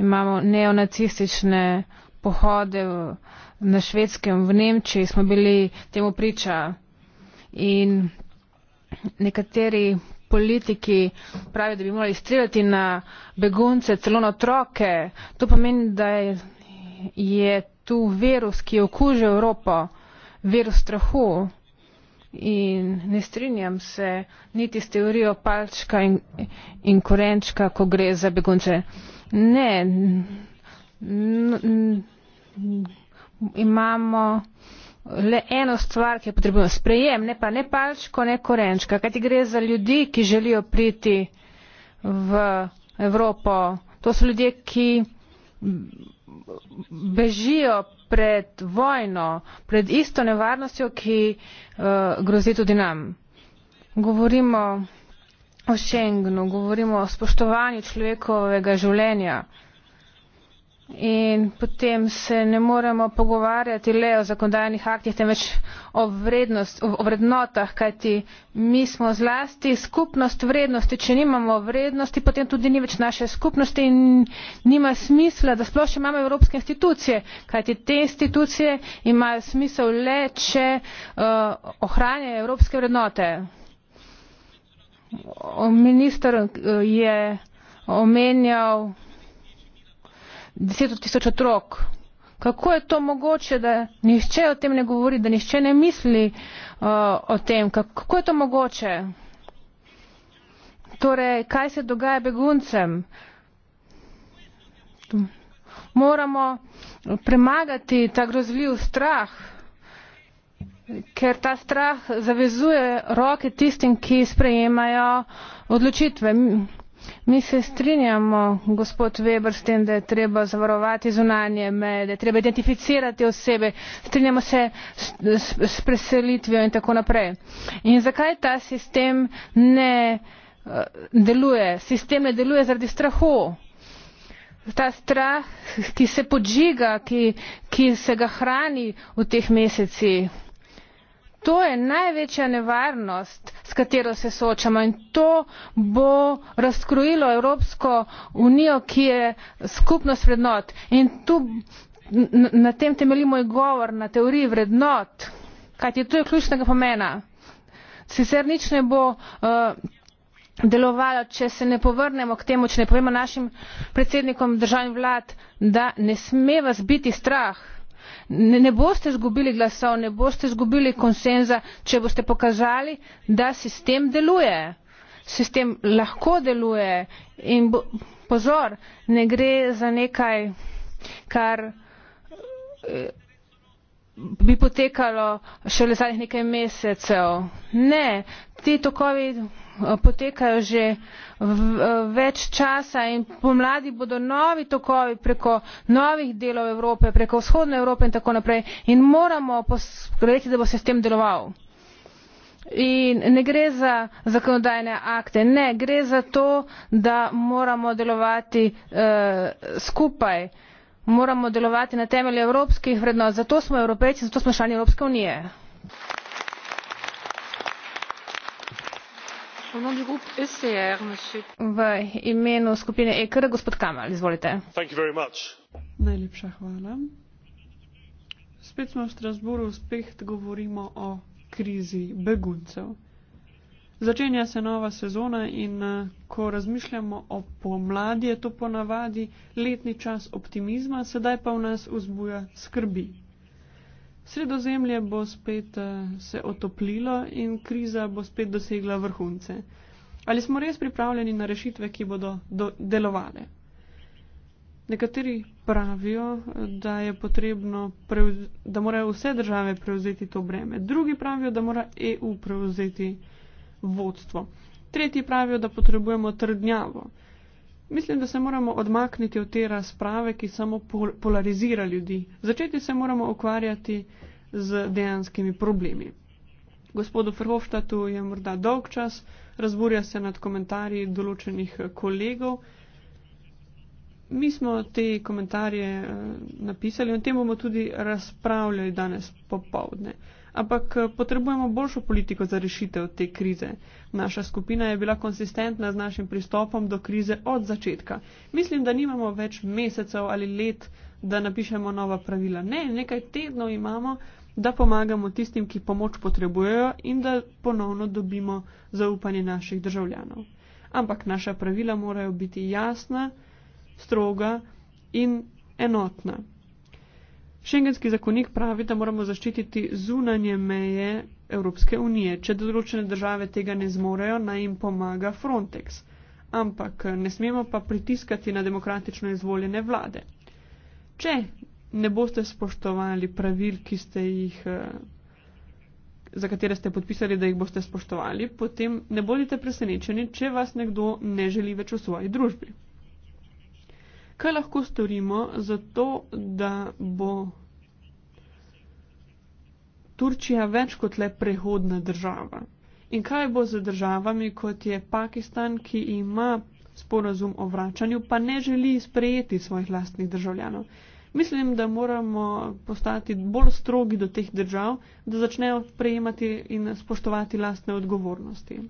Imamo neonacistične pohode v, na švedskem, v Nemčiji smo bili temu priča in nekateri politiki pravijo, da bi morali streljati na begunce, celo na otroke. To pomeni, da je tu virus, ki je okužil Evropo, virus strahu in ne strinjam se niti s teorijo palčka in, in korenčka, ko gre za begunce. Ne, imamo le eno stvar, ki jo potrebujemo sprejem, ne pa ne palčko, ne korenčka, kajti gre za ljudi, ki želijo priti v Evropo. To so ljudje, ki bežijo pred vojno, pred isto nevarnostjo, ki uh, grozi tudi nam. Govorimo o Schengenu, govorimo o spoštovanju človekovega življenja in potem se ne moremo pogovarjati le o zakonodajnih aktih, temveč o, vrednost, o vrednotah, kajti mi smo zlasti skupnost vrednosti. Če nimamo vrednosti, potem tudi ni več naše skupnosti in nima smisla, da sploh še imamo evropske institucije, kajti te institucije imajo smisel le, če uh, ohranjajo evropske vrednote. Minister uh, je omenjal deset tisoč otrok kako je to mogoče da nihče o tem ne govori da nihče ne misli uh, o tem kako je to mogoče torej kaj se dogaja beguncem moramo premagati ta grozljiv strah Ker ta strah zavezuje roke tistim, ki sprejemajo odločitve mi se strinjamo gospod weber s tem da je treba zavarovati zunanje meje da je treba identificirati osebe strinjamo se s preselitvijo in tako naprej in zakaj ta sistem ne eh, deluje sistem ne deluje zaradi strahu ta strah ki se podžiga ki, ki se ga hrani v teh mesecih to je največja nevarnost s katero se soočamo in to bo razkrojilo evropsko unijo ki je skupnost vrednot in tu na tem temelji moj govor na teoriji vrednot kajti to je ključnega pomena sicer nič ne bo uh, delovalo če se ne povrnemo k temu če ne povemo našim predsednikom državnih vlad da ne sme vas biti strah ne boste izgubili glasov ne boste izgubili konsenza če boste pokazali da sistem deluje sistem lahko deluje in bo, pozor ne gre za nekaj kar eh, bi potekalo šele zadnjih nekaj mesecev. Ne, ti tokovi potekajo že več časa in pomladi bodo novi tokovi preko novih delov evrope preko vzhodne evrope in tako naprej in moramo poskrbeti da bo sistem deloval. In ne gre za zakonodajne akte, ne, gre za to, da moramo delovati uh, skupaj, moramo delovati na temelju evropskih vrednot. Zato smo evropejci, zato smo člani Evropske unije. E v imenu skupine ecr gospod kamal izvolite najlepša hvala spet smo v strasbourgu spet govorimo o krizi beguncev začenja se nova sezona in eh, ko razmišljamo o pomladi je to ponavadi letni čas optimizma sedaj pa v nas vzbuja skrbi sredozemlje bo spet uh, se otoplilo in kriza bo spet dosegla vrhunce. Ali smo res pripravljeni na rešitve, ki bodo do, delovale? Nekateri pravijo, eh, da, prevz, da morajo vse države prevzeti to breme. Drugi pravijo, da mora EU prevzeti vodstvo. Tretji pravijo, da potrebujemo trdnjavo. Uh, Mislim, da se moramo odmakniti od te razprave, ki samo pol polarizira ljudi. Začeti se moramo ukvarjati z dejanskimi problemi. Gospodu Frhoštatu je morda dolg čas, razburja se nad komentarji določenih eh, kolegov. Mi smo te komentarje eh, napisali in o tem bomo tudi razpravljali danes popovdne ampak eh, potrebujemo boljšo politiko za rešitev te krize. Naša skupina je bila konsistentna z našim pristopom do krize od začetka. Mislim, da nimamo več mesecev ali let, da napišemo nova pravila. Ne, nekaj tednov imamo, da pomagamo tistim, ki pomoč potrebujejo in da ponovno dobimo zaupanje naših državljanov. Ampak naša pravila morajo biti jasna, stroga in enotna. Šengenski zakonik pravi, da moramo zaščititi zunanje meje Evropske unije. Če določene države tega ne zmorejo, naj jim pomaga Frontex. Ampak ne smemo pa pritiskati na demokratično izvoljene vlade. Če ne boste spoštovali pravil, ki ste jih eh, za katere ste podpisali, da jih boste spoštovali, potem ne bodite presenečeni, če vas nekdo ne želi več v svoji družbi kaj lahko storimo za to, da bo Turčija več kot le prehodna država? In kaj bo za državami, kot je Pakistan, ki ima sporazum o vračanju, pa ne želi sprejeti svojih lastnih državljanov? Mislim, da moramo postati bolj strogi do teh držav, da začnejo prejemati in spoštovati lastne odgovornosti.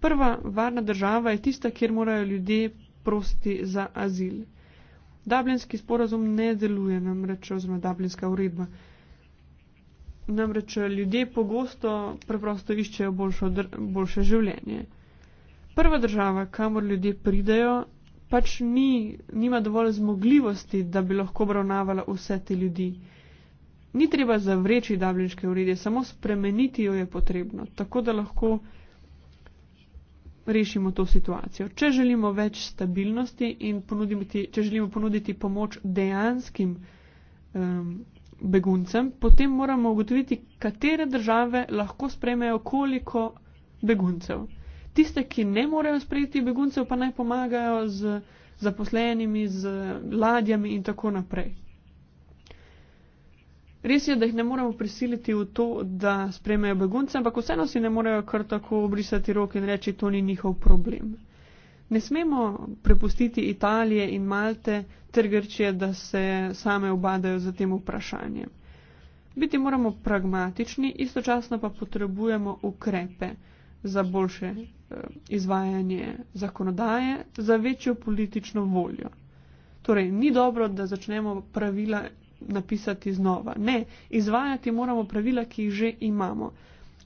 Prva varna država je tista, kjer morajo ljudje prosti za azil. Dublinski sporazum ne deluje, namreč oziroma Dublinska uredba. Namreč ljudje pogosto preprosto iščejo boljšo, dr, boljše življenje. Prva država, kamor ljudje pridejo, pač ni, nima dovolj zmogljivosti, da bi lahko obravnavala vse te ljudi. Ni treba zavreči Dublinske uredje, samo spremeniti jo je potrebno, tako da lahko rešimo to situacijo. Če želimo več stabilnosti in ponuditi, če želimo ponuditi pomoč dejanskim um, beguncem, potem moramo ugotoviti, katere države lahko sprejmejo koliko beguncev. Tiste, ki ne morejo sprejeti beguncev, pa naj pomagajo z zaposlenimi, z ladjami in tako naprej. Res je, da jih ne moremo prisiliti v to, da sprejmejo begunce, ampak vseeno si ne morejo kar tako obrisati roke in reči, to ni njihov problem. Ne smemo prepustiti Italije in Malte ter Grčije, da se same obadajo za tem vprašanjem. Biti moramo pragmatični, istočasno pa potrebujemo ukrepe za boljše eh, izvajanje zakonodaje, za večjo politično voljo. Torej, ni dobro, da začnemo pravila napisati znova. Ne, izvajati moramo pravila, ki jih že imamo.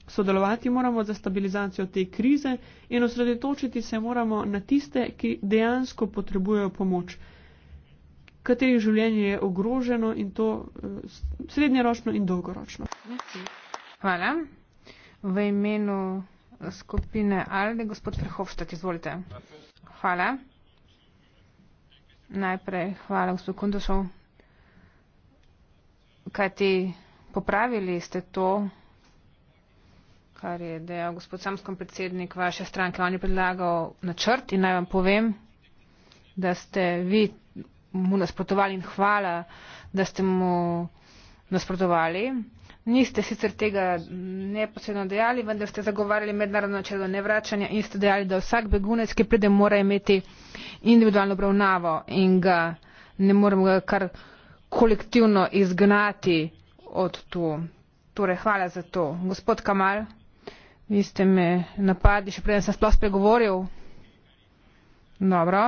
Sodelovati moramo za stabilizacijo te krize in osredotočiti se moramo na tiste, ki dejansko potrebujejo pomoč, katerih življenje je ogroženo in to eh, srednjeročno in dolgoročno. Hvala. V imenu skupine Alde, gospod Prehovštat, izvolite. Hvala. Najprej hvala, gospod Kundošov kajti popravili ste to, kar je dejal gospod Samskom predsednik vaše stranke. On je predlagal načrt in naj vam povem, da ste vi mu nasprotovali in hvala, da ste mu nasprotovali. Niste sicer tega neposredno dejali, vendar ste zagovarjali mednarodno načelo nevračanja in ste dejali, da vsak begunec, ki pride, mora imeti individualno obravnavo in ga ne moremo kar kolektivno izgnati od tu. Torej, hvala za to. Gospod Kamal, vi ste me napadli, še preden sem sploh spregovoril. Dobro.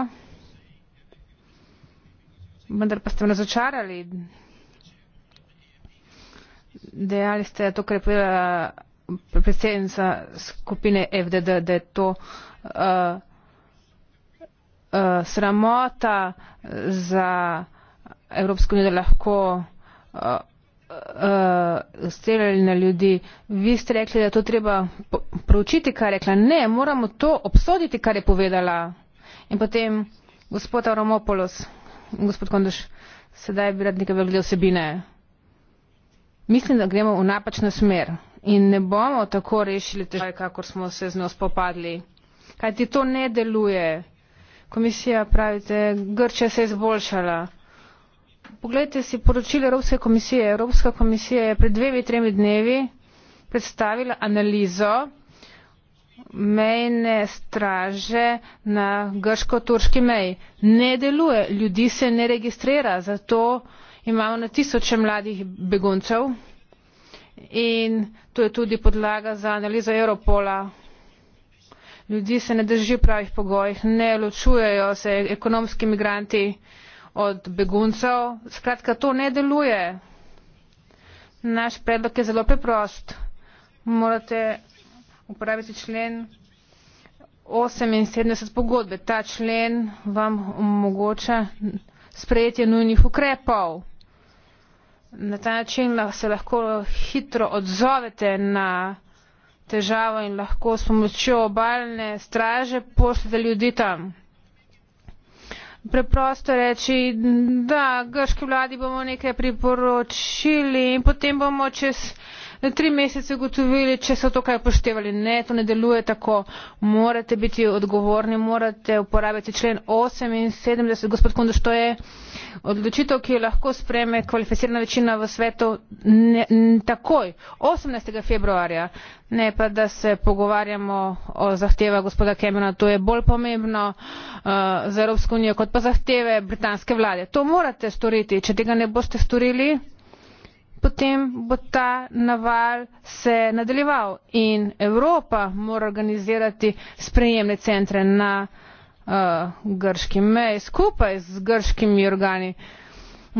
Vendar pa ste me razočarali. Dejali ste to, kar je povedala predsednica skupine FDD, da je to uh, uh, sramota za. Evropska unija lahko uh, uh, streljali na ljudi. Vi ste rekli, da to treba proučiti, kar je rekla. Ne, moramo to obsoditi, kar je povedala. In potem gospod Aromopolos, gospod Kondoš, sedaj bi rad nekaj vedel osebine. Mislim, da gremo v napačno smer in ne bomo tako rešili težave, kakor smo se z njo spopadli. Kaj ti to ne deluje? Komisija pravite, Grčija se je izboljšala poglejte si poročilo evropske komisije evropska komisija je pred dvemi tremi dnevi predstavila analizo mejne straže na grško-turški meji. Ne deluje, ljudi se ne registrira, zato imamo na tisoče mladih beguncev in to je tudi podlaga za analizo Europola. Ljudi se ne drži v pravih pogojih, ne ločujejo se ekonomski migranti, od beguncev skratka to ne deluje naš predlog je zelo preprost morate uporabiti člen 78 pogodbe ta člen vam omogoča sprejetje nujnih ukrepov na ta način se lahko hitro odzovete na težavo in lahko s pomočjo obalne straže pošljete ljudi tam preprosto reči, da grški vladi bomo nekaj priporočili in potem bomo čez tri mesece ugotovili če so to kaj upoštevali ne to ne deluje tako morate biti odgovorni morate uporabiti člen osem in sedemdeset gospod kondoš to je odločitev ki jo lahko sprejme kvalificirana večina v svetu takoj osemnajst februarja ne pa da se pogovarjamo o zahtevah gospoda camerona to je bolj pomembno uh, za evropsko unijo kot pa zahteve britanske vlade to morate storiti če tega ne boste storili potem bo ta naval se nadaljeval in Evropa mora organizirati sprejemne centre na uh, grški meji skupaj z grškimi organi.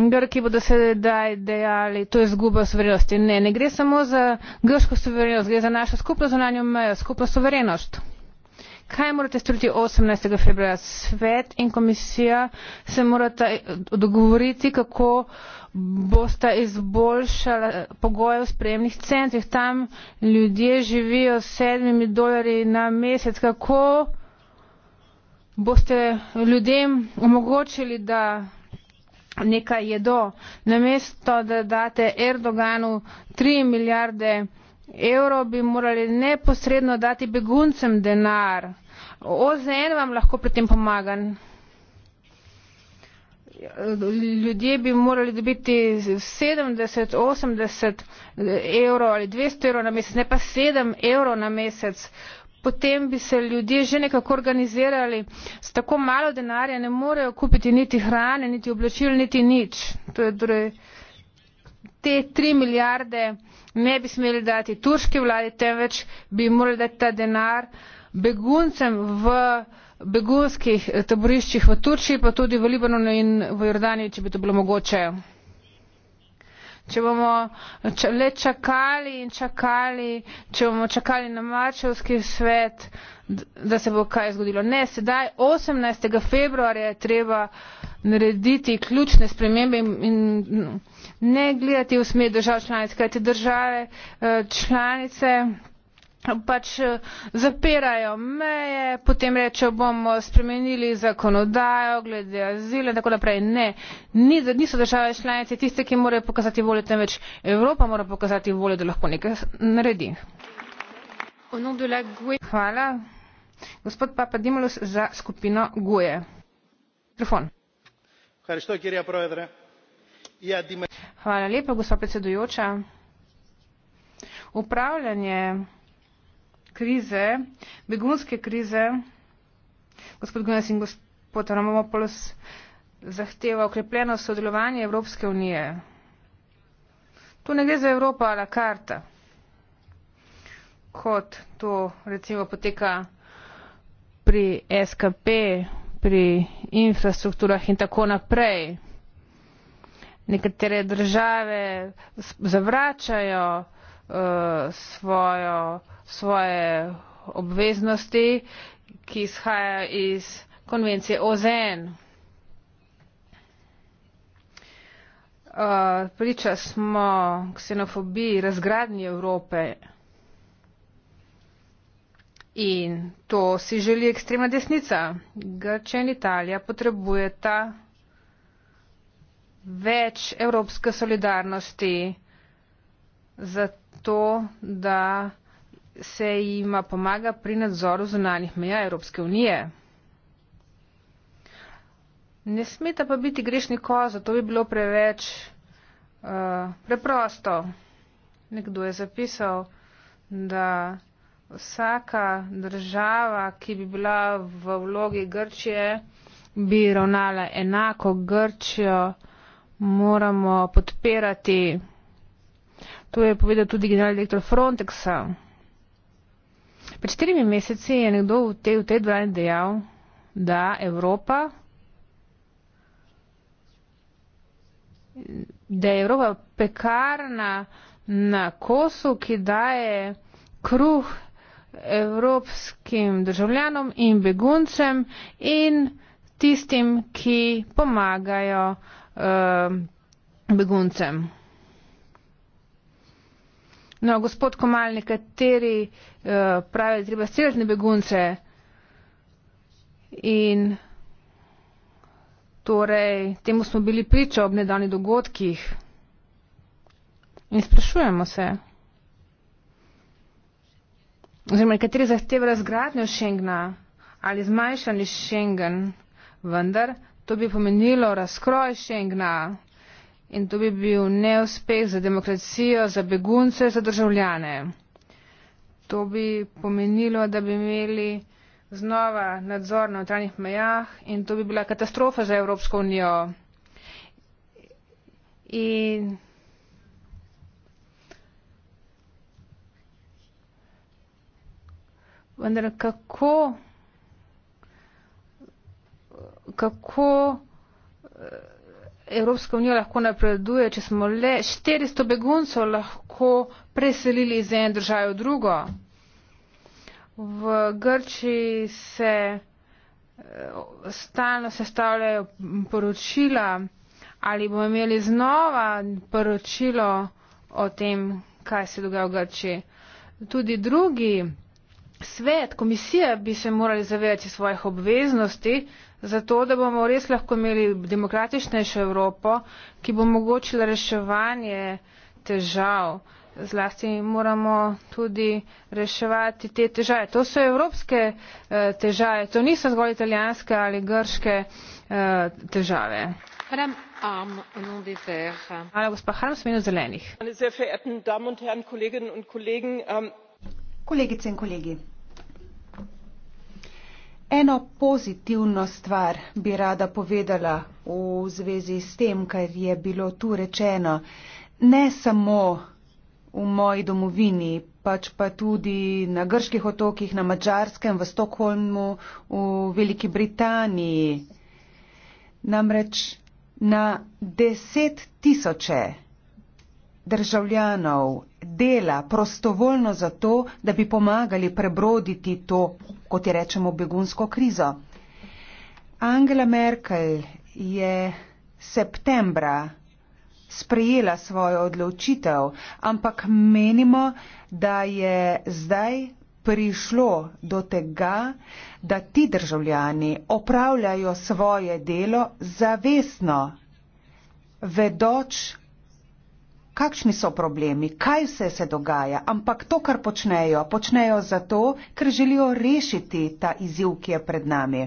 Grki bodo sedaj dejali, to je zguba suverenosti. Ne, ne gre samo za grško suverenost, gre za našo skupno zunanjo mejo, skupno suverenost. Kaj morate storiti 18. februarja? Svet in komisija se morata dogovoriti, kako bosta izboljšala pogoje v sprejemnih centrih. Tam ljudje živijo s sedmimi dolari na mesec. Kako boste ljudem omogočili, da nekaj jedo, namesto da date Erdoganu 3 milijarde evrov, bi morali neposredno dati beguncem denar. OZN vam lahko pri tem pomaga ljudje bi morali dobiti 70, 80 evrov ali 200 evrov na mesec, ne pa 7 evrov na mesec. Potem bi se ljudje že nekako organizirali, s tako malo denarja ne morejo kupiti niti hrane, niti oblačil, niti nič. Torej, te 3 milijarde ne bi smeli dati turški vladi, temveč bi morali dati ta denar beguncem v begunskih eh, taboriščih v turčiji pa tudi v libanonu in v jordaniji če bi to bilo mogoče če bomo eh, le čakali in čakali če bomo čakali na marčevski svet da se bo kaj zgodilo ne sedaj 18. februarja je treba narediti ključne spremembe in ne gledati v smer držav članic kajti države eh, članice pač eh, zapirajo meje potem rečejo bomo spremenili zakonodajo glede azila in tako naprej ne niso države članice tiste ki morajo pokazati voljo temveč evropa mora pokazati voljo da lahko nekaj naredi hvala gospod papadimoulos za skupino guje mikrofon ja, hvala lepa gospa predsedujoča upravljanje krize, begunske krize, gospod Gunas in gospod Ramopolos zahteva okrepljeno sodelovanje Evropske unije. Tu ne gre za Evropa a la karta, kot to recimo poteka pri SKP, pri infrastrukturah in tako naprej. Nekatere države zavračajo uh, svojo uh, svoje obveznosti, ki izhaja iz konvencije OZN. Uh, priča smo ksenofobiji razgradnje Evrope in to si želi ekstremna desnica. Grče in Italija potrebujeta več evropske solidarnosti za to, da se jim pomaga pri nadzoru zunanjih meja Evropske unije. Ne smeta pa biti grešni koza, to bi bilo preveč uh, preprosto. Nekdo je zapisal, da vsaka država, ki bi bila v vlogi Grčije, bi ravnala enako Grčijo, moramo podpirati. To je povedal tudi generalni direktor Frontexa. Pred štirimi meseci je nekdo v tej, tej dvorani dejal, da Evropa, da je Evropa pekarna na kosu, ki daje kruh evropskim državljanom in beguncem in tistim, ki pomagajo uh, beguncem. No, gospod Komal, nekateri eh, pravijo, da treba streljati na begunce in torej temu smo bili priča ob nedavnih dogodkih in sprašujemo se. Oziroma, nekateri zahtevajo razgradnjo Schengna ali zmanjšanje Schengen, vendar to bi pomenilo razkroj Schengna, in to bi bil neuspeh za demokracijo, za begunce, za državljane. To bi pomenilo, da bi imeli znova nadzor na notranjih mejah in to bi bila katastrofa za Evropsko unijo. In Vendar kako, kako Evropska unija lahko napreduje, če smo le 400 beguncov lahko preselili iz ene države v drugo. V Grčiji se eh, stalno sestavljajo poročila ali bomo imeli znova poročilo o tem, kaj se dogaja v Grčiji. Tudi drugi svet, komisija bi se morali zavedati svojih obveznosti, zato da bomo res lahko imeli demokratičnejšo Evropo, ki bo omogočila reševanje težav. Zlasti moramo tudi reševati te težave. To so evropske eh, težave, to niso zgolj italijanske ali grške eh, težave. Hvala, gospod Harm, v imenu zelenih. Ähm, Kolegice in kolegi. Eno pozitivno stvar bi rada povedala v zvezi s tem, kar je bilo tu rečeno. Ne samo v moji domovini, pač pa tudi na grških otokih, na Mačarskem, v Stokholmu, v Veliki Britaniji. Namreč na deset tisoče državljanov dela prostovoljno zato, da bi pomagali prebroditi to, kot je rečemo, begunsko krizo. Angela Merkel je septembra sprejela svojo odločitev, ampak menimo, da je zdaj prišlo do tega, da ti državljani opravljajo svoje delo zavestno, vedoč, kakšni so problemi, kaj vse se dogaja, ampak to, kar počnejo, počnejo zato, ker želijo rešiti ta izziv, ki je pred nami.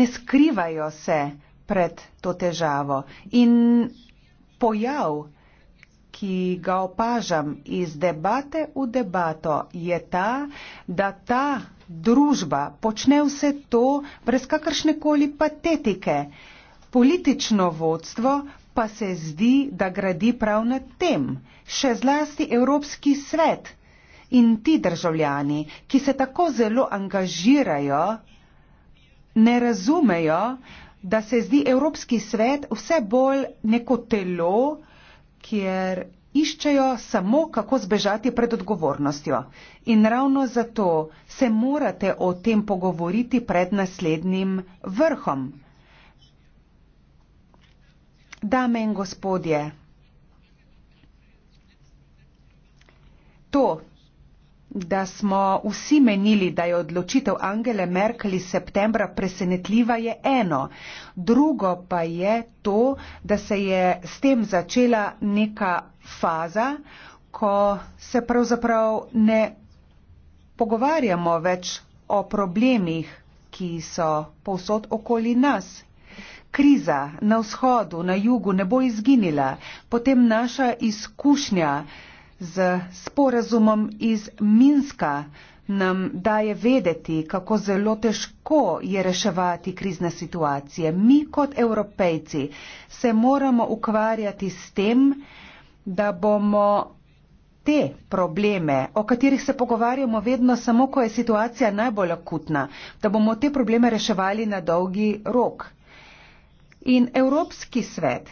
Ne skrivajo se pred to težavo in pojav, ki ga opažam iz debate v debato, je ta, da ta družba počne vse to brez kakršnekoli patetike. Politično vodstvo pa se zdi, da gradi prav na tem, še zlasti Evropski svet in ti državljani, ki se tako zelo angažirajo, ne razumejo, da se zdi Evropski svet vse bolj neko telo, kjer iščejo samo, kako zbežati pred odgovornostjo. In ravno zato se morate o tem pogovoriti pred naslednjim vrhom. Dame in gospodje, to, da smo vsi menili, da je odločitev Angele Merkel iz septembra presenetljiva, je eno. Drugo pa je to, da se je s tem začela neka faza, ko se pravzaprav ne pogovarjamo več o problemih, ki so povsod okoli nas kriza na vzhodu, na jugu ne bo izginila, potem naša izkušnja z sporazumom iz Minska nam daje vedeti, kako zelo težko je reševati krizne situacije. Mi kot evropejci se moramo ukvarjati s tem, da bomo te probleme, o katerih se pogovarjamo vedno samo, ko je situacija najbolj akutna, da bomo te probleme reševali na dolgi rok. In Evropski svet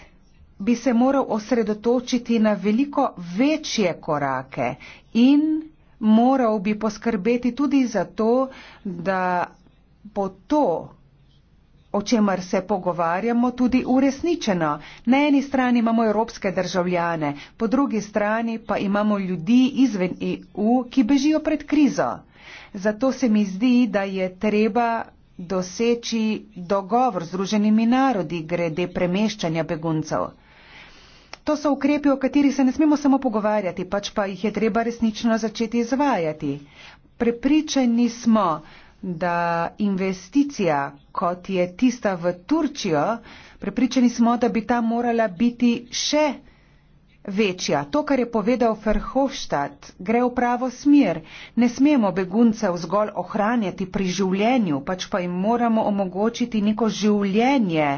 bi se moral osredotočiti na veliko večje korake in moral bi poskrbeti tudi za to, da bo to, o čemer se pogovarjamo, tudi uresničeno. Na eni strani imamo evropske državljane, po drugi strani pa imamo ljudi izven EU, ki bežijo pred krizo. Zato se mi zdi, da je treba doseči dogovor z druženimi narodi grede premeščanja beguncev. To so ukrepi, o katerih se ne smemo samo pogovarjati, pač pa jih je treba resnično začeti izvajati. Prepričani smo, da investicija, kot je tista v Turčijo, prepričani smo, da bi ta morala biti še večja. To, kar je povedal Ferhofstadt, gre v pravo smer. Ne smemo beguncev zgolj ohranjati pri življenju, pač pa jim moramo omogočiti neko življenje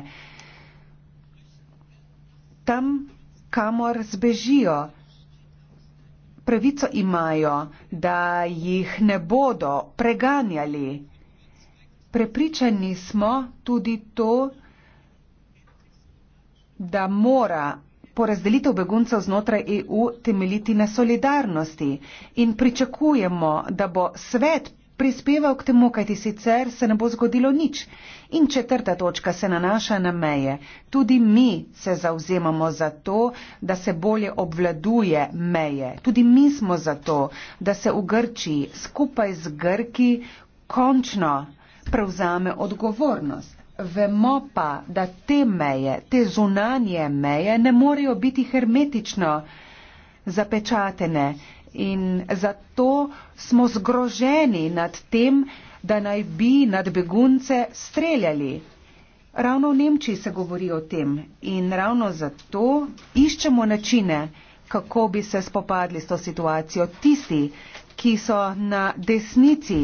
tam, kamor zbežijo. Pravico imajo, da jih ne bodo preganjali. Prepričani smo tudi to, da mora porazdelitev beguncev znotraj EU temeljiti na solidarnosti in pričakujemo, da bo svet prispeval k temu, kajti sicer se ne bo zgodilo nič. In četrta točka se nanaša na meje. Tudi mi se zauzemamo za to, da se bolje obvladuje meje. Tudi mi smo za to, da se v Grčiji skupaj z Grki končno prevzame odgovornost. Vemo pa, da te meje, te zunanje meje ne morejo biti hermetično zapečatene in zato smo zgroženi nad tem, da naj bi nad begunce streljali. Ravno v Nemčiji se govori o tem in ravno zato iščemo načine, kako bi se spopadli s to situacijo tisti, ki so na desnici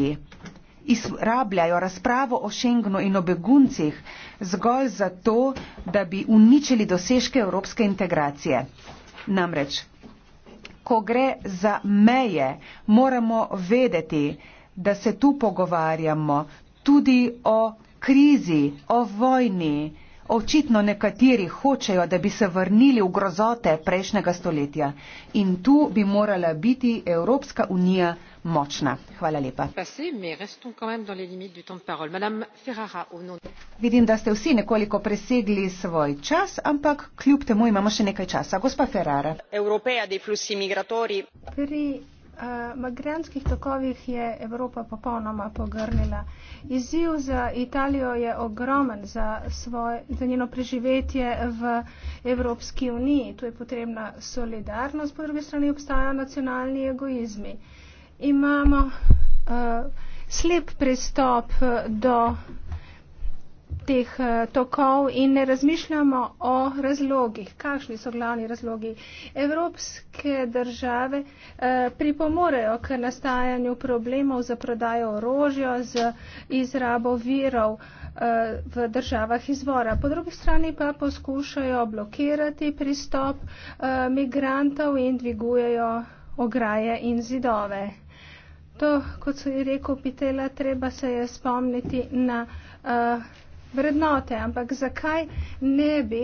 izrabljajo razpravo o Schengnu in o beguncih zgolj zato, da bi uničili dosežke evropske integracije. Namreč, ko gre za meje, moramo vedeti, da se tu pogovarjamo tudi o krizi, o vojni. Očitno nekateri hočejo, da bi se vrnili v grozote prejšnjega stoletja in tu bi morala biti Evropska unija močna. hvala lepa. vidim da ste vsi nekoliko presegli svoj čas ampak kljub temu imamo še nekaj časa. gospa ferrara. pri eh, migrantskih tokovih je evropa popolnoma pogrnila. izziv za italijo je ogromen za, svoj, za njeno preživetje v evropski uniji. tu je potrebna solidarnost po drugi strani obstajajo nacionalni egoizmi imamo uh, slep pristop eh, do teh eh, tokov in ne razmišljamo o razlogih, kakšni so glavni razlogi. Evropske države eh, pripomorejo k nastajanju problemov za prodajo orožja, z izrabo virov eh, v državah izvora. Po drugi strani pa poskušajo blokirati pristop eh, migrantov in dvigujejo ograje in zidove. To, kot so ji rekel Pitela, treba se je spomniti na uh, vrednote, ampak zakaj ne bi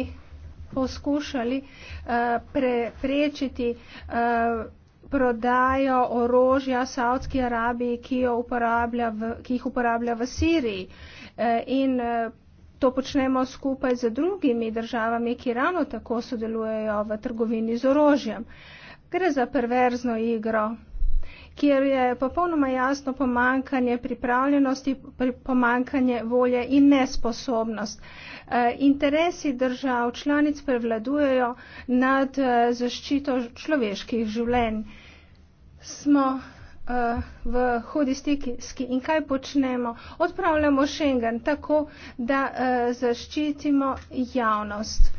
poskušali uh, preprečiti uh, prodajo orožja Saudski Arabiji, ki, jo uporablja v, ki jih uporablja v Siriji. Uh, in uh, to počnemo skupaj z drugimi državami, ki ravno tako sodelujejo v trgovini z orožjem. Gre za perverzno igro kjer je popolnoma jasno pomankanje pripravljenosti, pomankanje volje in nesposobnost. E, interesi držav članic prevladujejo nad e, zaščito človeških življenj. Smo e, v hudi stiki in kaj počnemo? Odpravljamo Schengen tako, da zaščitimo javnost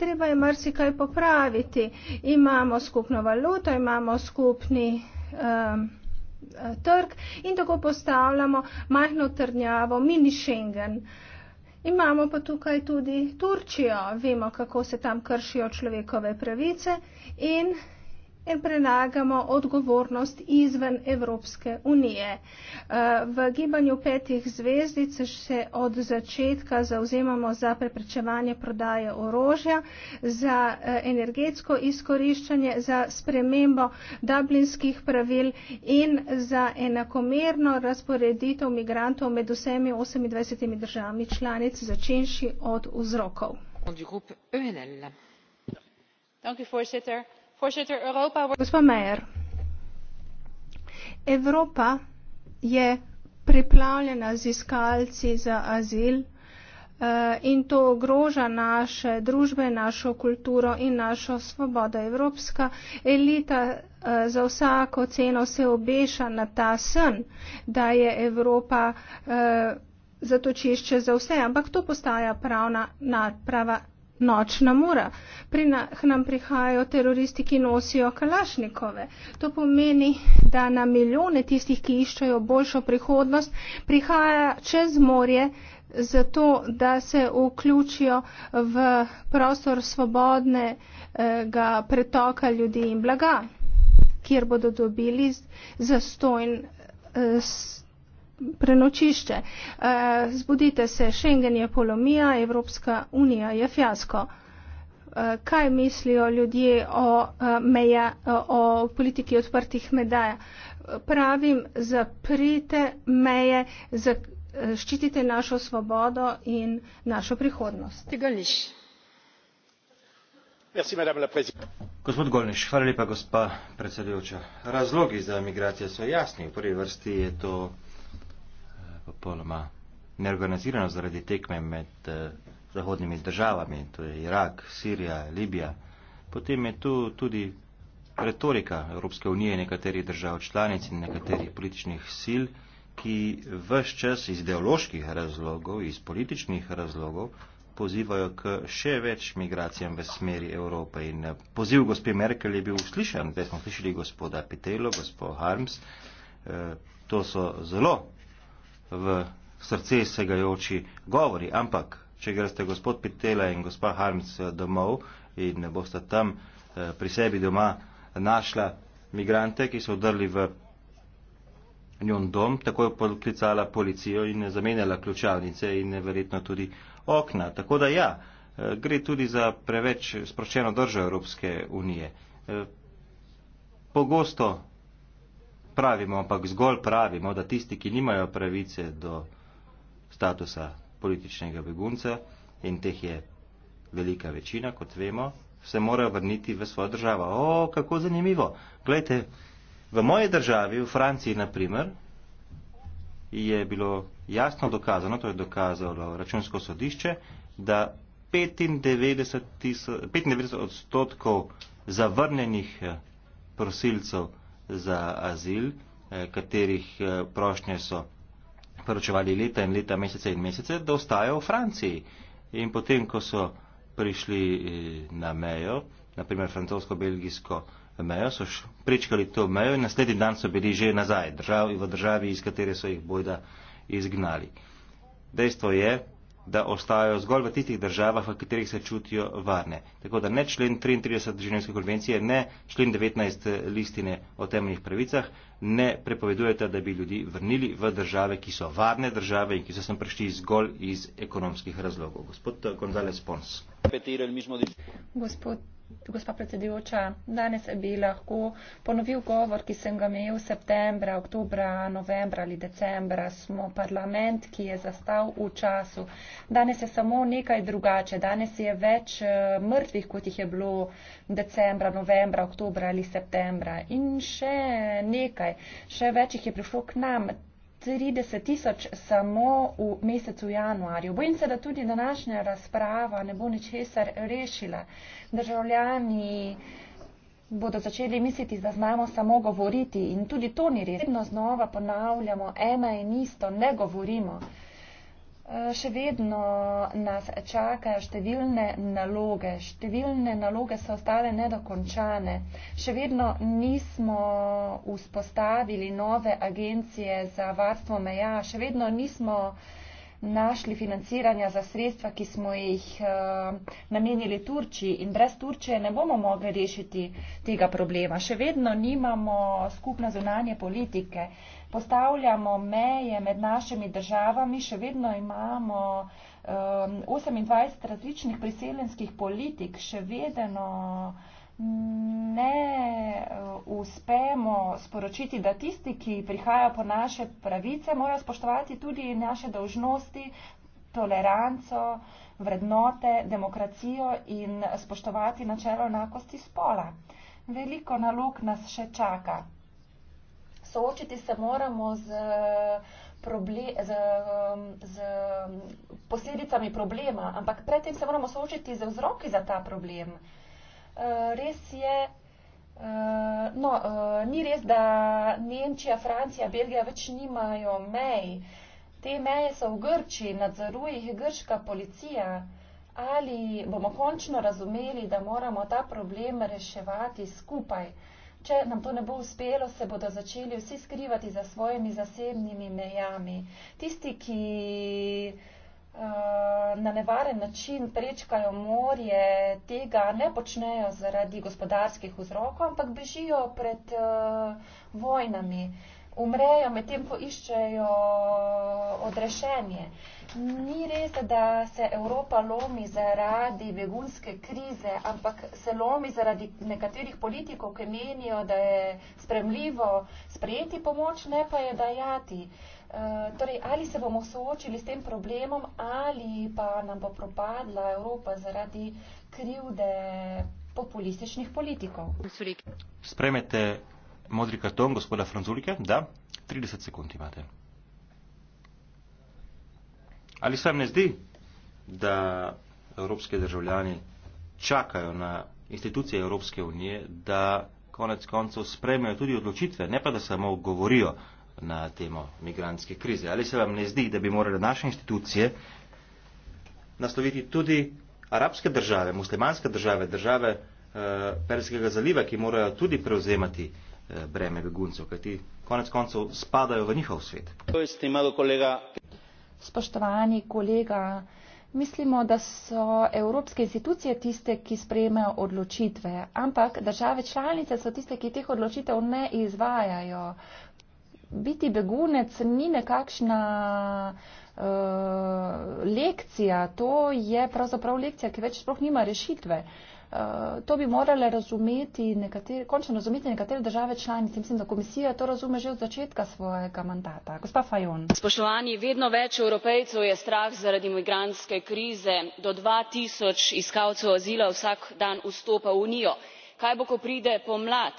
treba je marsikaj popraviti. Imamo skupno valuto, imamo skupni um, trg in tako postavljamo majhno trdnjavo mini Schengen. Imamo pa tukaj tudi Turčijo, vemo, kako se tam kršijo človekove pravice in in prenagamo odgovornost izven Evropske unije. Eh, v gibanju petih zvezdic se od začetka zauzemamo za preprečevanje prodaje orožja, za eh, energetsko izkoriščanje, za spremembo dublinskih pravil in za enakomerno razporeditev migrantov med vsemi 28 državami članic, začenši od vzrokov. E voorzitter, Voorzitter, Europa wordt. Mevrouw Meijer. Europa je pripravljena z iskalci za azil uh, in to ogroža naše družbe, našo kulturo in našo svobodo. Evropska elita uh, za vsako ceno se obeša na ta sen, da je Evropa. Uh, zatočišče za vse, ampak to postaja pravna, na, prava nočna mora. Pri nam prihajajo teroristi, ki nosijo kalašnikove. To pomeni, da na milijone tistih, ki iščejo boljšo prihodnost, prihaja čez morje zato, da se vključijo v prostor svobodnega pretoka ljudi in blaga, kjer bodo dobili zastojn. Eh, prenočišče. Eh, zbudite se, Schengen je polomija, Evropska unija je fiasko. Eh, kaj mislijo ljudje o, eh, meja, o politiki odprtih medaja? Pravim, zaprite meje, ščitite našo svobodo in našo prihodnost. Merci, gospod Golniš, hvala lepa, gospa predsedujoča. Razlogi za migracije so jasni. V prvi vrsti je to popolnoma neorganizirano zaradi tekme med eh, zahodnimi državami, to je Irak, Sirija, Libija. Potem je tu tudi retorika Evropske unije, nekaterih držav članic in nekaterih političnih sil, ki vse čas iz ideoloških razlogov, iz političnih razlogov pozivajo k še več migracijam v smeri Evrope. In eh, poziv gospe Merkel je bil uslišan, zdaj smo slišali gospoda Pitelo, gospod Harms, eh, to so zelo v srce segajoči govori. Ampak, če greste gospod Pitela in gospa Harms eh, domov in ne boste tam eh, pri sebi doma našla migrante, ki so vdrli v njon dom, takoj poklicala policijo in zamenjala ključavnice in verjetno tudi okna. Tako da ja, eh, gre tudi za preveč sproščeno držo Evropske unije. Pogosto pravimo, ampak zgolj pravimo, da tisti, ki nimajo pravice do statusa političnega begunca in teh je velika večina, kot vemo, se morajo vrniti v svojo državo. O, kako zanimivo. Glejte, v moji državi, v Franciji naprimer, je bilo jasno dokazano, to je dokazalo računsko sodišče, da 95, tiso, 95 odstotkov zavrnenih eh, prosilcev za azil, eh, katerih eh, prošnje so poročevali leta in leta, mesece in mesece, da ostajajo v Franciji. In potem, ko so prišli eh, na mejo, naprimer francosko-belgijsko mejo, so prečkali to mejo in naslednji dan so bili že nazaj državi, v državi, iz katere so jih bojda izgnali. Dejstvo je, da ostajajo zgolj v tistih državah, v katerih se čutijo varne. Tako da ne člen 33 Ženevske konvencije, ne člen 19 eh, listine o temeljnih pravicah ne prepovedujete, da bi ljudi vrnili v države, ki so varne države in ki so sem prišli zgolj iz ekonomskih razlogov. Gospod eh, Gonzales Pons. Gospod gospa predsedujoča, danes bi lahko ponovil govor, ki sem ga imel v septembra, oktobra, novembra ali decembra. Smo parlament, ki je zastal v času. Danes je samo nekaj drugače. Danes je več eh, mrtvih, kot jih je bilo decembra, novembra, oktobra ali septembra. In še nekaj, še več jih je prišlo k nam. 30 tisoč samo v mesecu januarju. Bojim se, da tudi današnja razprava ne bo ničesar rešila. Državljani bodo začeli misliti, da znamo samo govoriti in tudi to ni res. Vedno znova ponavljamo, ena in isto, ne govorimo. Eh, še vedno nas čakajo številne naloge, številne naloge so ostale nedokončane. Še vedno nismo vzpostavili nove agencije za varstvo meja, še vedno nismo našli financiranja za sredstva, ki smo jih eh, namenili Turčiji in brez Turčije ne bomo mogli rešiti tega problema. Še vedno nimamo skupne zunanje politike, postavljamo meje med našimi državami, še vedno imamo um, 28 različnih priseljenskih politik, še vedno ne uh, uspemo sporočiti, da tisti, ki prihajajo po naše pravice, morajo spoštovati tudi naše dožnosti, toleranco, vrednote, demokracijo in spoštovati načelo enakosti spola. Veliko nalog nas še čaka soočiti se moramo z, proble z, um, z posledicami problema, ampak predtem se moramo soočiti z vzroki za ta problem. Uh, res je, uh, no, uh, ni res, da Nemčija, Francija, Belgija več nimajo mej. Te meje so v Grči, nadzoruje jih grška policija. Ali bomo končno razumeli, da moramo ta problem reševati skupaj? Uh, Če nam to ne bo uspelo, se bodo začeli vsi skrivati za svojimi zasebnimi mejami. Tisti, ki uh, na nevaren način prečkajo morje, tega ne počnejo zaradi gospodarskih vzrokov, ampak bežijo pred uh, vojnami. Uh, umrejo, medtem ko iščejo odrešenje. Ni res, da se Evropa lomi zaradi begunske krize, ampak se lomi zaradi nekaterih politikov, ki menijo, da je spremljivo sprejeti pomoč, ne pa je dajati. E, torej, ali se bomo soočili s tem problemom, ali pa nam bo propadla Evropa zaradi krivde populističnih politikov. Sprejmete modri karton gospoda Franzulike, da, 30 sekund imate. Ali se vam ne zdi, da evropske državljani čakajo na institucije Evropske unije, da konec koncev spremljajo tudi odločitve, ne pa da samo govorijo na temo migranske krize. Ali se vam ne zdi, da bi morale naše institucije nasloviti tudi arabske države, muslimanske države, države eh, Perskega zaliva, ki morajo tudi prevzemati eh, Eh, breme beguncev, kajti konec koncev spadajo v njihov svet. Spoštovani kolega, mislimo, da so evropske institucije tiste, ki sprejemajo odločitve, ampak države članice so tiste, ki teh odločitev ne izvajajo. Biti begunec ni nekakšna uh, lekcija, to je pravzaprav lekcija, ki več sploh nima rešitve. Uh, Eh, to bi morale razumeti nekatere, končno razumeti nekatere države članice. Mislim, da komisija to razume že od začetka svojega mandata. Gospa Fajon. Spoštovani, vedno več evropejcev je strah zaradi migranske krize. Do 2000 iskalcev azila vsak dan vstopa v unijo. Kaj bo, ko pride pomlad?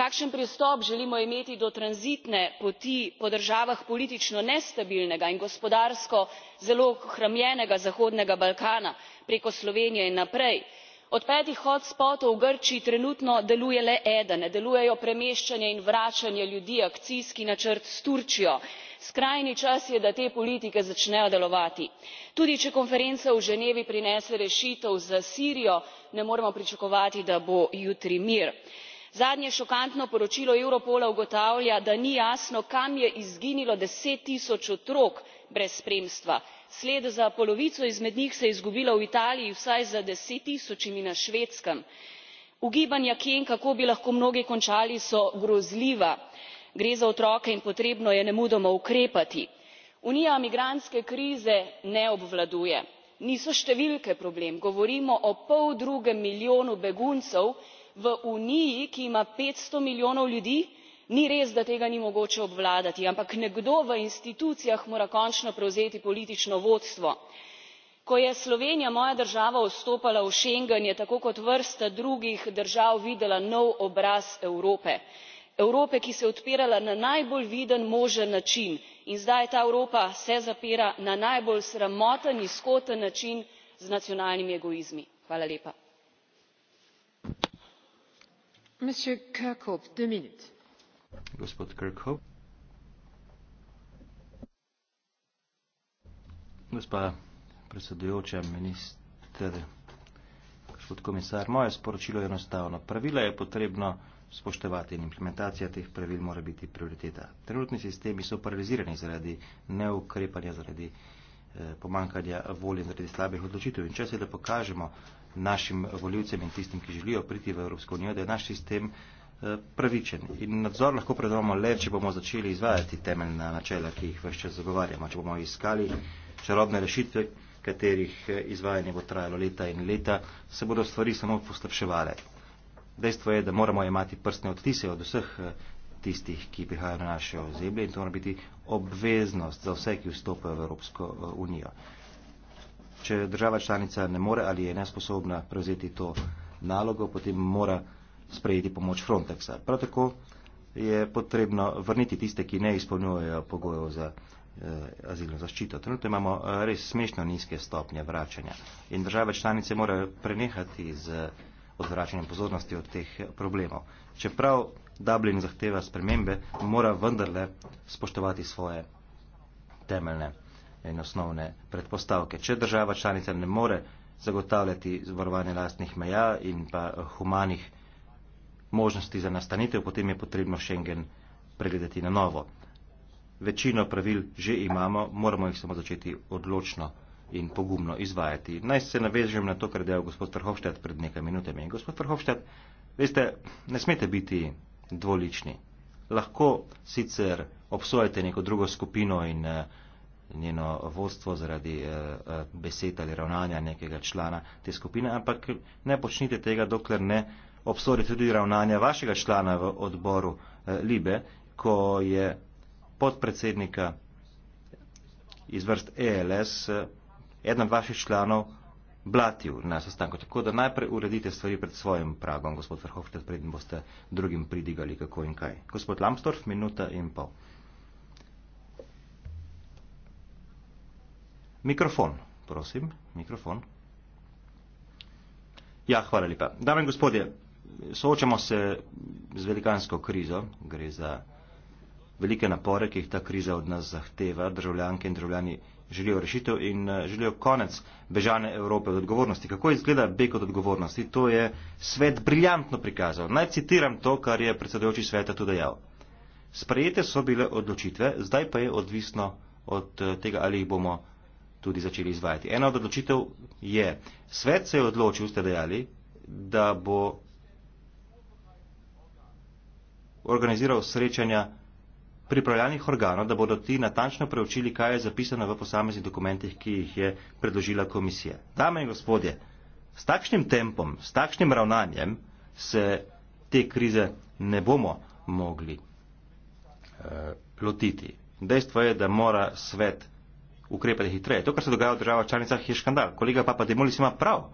Kakšen pristop želimo imeti do tranzitne poti po državah politično nestabilnega in gospodarsko zelo ohromljenega Zahodnega Balkana preko Slovenije in naprej? od petih hotspotov v grčiji trenutno deluje le eden delujejo premeščanje in vračanje ljudi akcijski načrt s turčijo skrajni čas je da te politike začnejo delovati. tudi če konferenca v ženevi prinese rešitev za sirijo ne moremo pričakovati da bo jutri mir. zadnje šokantno poročilo europola ugotavlja da ni jasno kam je izginilo deset tisoč otrok brez spremstva. sled za polovico izmed njih se je izgubila v italiji vsaj za desettisočimi na švedskem. ugibanja kje in kako bi lahko mnogi končali so grozljiva. gre za otroke in potrebno je nemudoma ukrepati. unija migrantske krize ne obvladuje. niso številke problem govorimo o poldrugem milijonu beguncev v uniji ki ima petsto milijonov ljudi ni res da tega ni mogoče obvladati ampak nekdo v institucijah mora končno prevzeti politično vodstvo. ko je slovenija moja država vstopala v schengen je tako kot vrsta drugih držav videla nov obraz evrope evrope ki se je odpirala na najbolj viden možen način in zdaj ta evropa se zapira na najbolj sramoten nizkoten način z nacionalnimi egoizmi gospod Kirkhope. Gospa predsedujoča, minister, gospod komisar, moje sporočilo je enostavno. Pravila je potrebno spoštevati in implementacija teh pravil mora biti prioriteta. Trenutni sistemi so paralizirani zaradi neukrepanja, zaradi eh, pomankanja volje zaradi slabih odločitev. In če se da pokažemo našim voljivcem in tistim, ki želijo priti v Evropsko unijo, da je naš sistem eh, pravičen. In nadzor lahko predvamo le, če bomo začeli izvajati temeljna načela, ki jih vešče zagovarjamo, če bomo iskali čarobne rešitve, katerih eh, izvajanje bo trajalo leta in leta, se bodo stvari samo poslepševale. Dejstvo je, da moramo imati prstne odtise od vseh eh, tistih, ki prihajajo na naše ozemlje in to mora biti obveznost za vse, ki vstopajo v Evropsko eh, unijo. Če država članica ne more ali je nesposobna prevzeti to nalogo, potem mora sprejeti pomoč Frontexa. Prav tako je potrebno vrniti tiste, ki ne izpolnjujejo pogojev za eh, azilno zaščito. Trenutno imamo eh, res smešno nizke stopnje vračanja in države članice morajo prenehati z eh, odvračanjem pozornosti od teh eh, problemov. Čeprav Dublin zahteva spremembe, mora vendarle spoštovati svoje temeljne in osnovne predpostavke. Če država članica ne more zagotavljati zvarovanje lastnih meja in pa humanih možnosti za nastanitev, potem je potrebno Schengen pregledati na novo. Večino pravil že imamo, moramo jih samo začeti odločno in pogumno izvajati. Naj se navežem na to, kar je dejal gospod Frhofštad pred nekaj minutami. Gospod Frhofštad, veste, ne smete biti dvolični. Lahko sicer obsojate neko drugo skupino in eh, njeno vodstvo zaradi eh, eh, besed ali ravnanja nekega člana te skupine, ampak ne počnite tega, dokler ne obsodil tudi ravnanje vašega člana v odboru eh, Libe, ko je podpredsednika iz vrst ELS eh, eden od vaših članov blatil na sestanku. Tako da najprej uredite stvari pred svojim pragom, gospod Verhofstadt, preden boste drugim pridigali kako in kaj. Gospod Lambsdorff, minuta in pol. Mikrofon, prosim, mikrofon. Ja, hvala lepa. Dame in gospodje, soočamo se z velikansko krizo, gre za velike napore, ki jih ta kriza od nas zahteva, državljanke in državljani želijo rešitev in eh, želijo konec bežane Evrope od odgovornosti. Kako izgleda beg od odgovornosti? To je svet briljantno prikazal. Naj citiram to, kar je predsedujoči sveta tudi dejal. Sprejete so bile odločitve, zdaj pa je odvisno od eh, tega, ali jih bomo tudi začeli izvajati. Ena od odločitev je, svet se je odločil, ste dejali, da bo organiziral srečanja pripravljalnih organov, da bodo ti natančno preučili, kaj je zapisano v posameznih dokumentih, ki jih je predložila komisija. Dame in gospodje, s takšnim tempom, s takšnim ravnanjem se te krize ne bomo mogli eh, lotiti. Dejstvo je, da mora svet ukrepati hitreje. To, kar se dogaja v državah članicah, je škandal. Kolega Papa Demolis ima prav.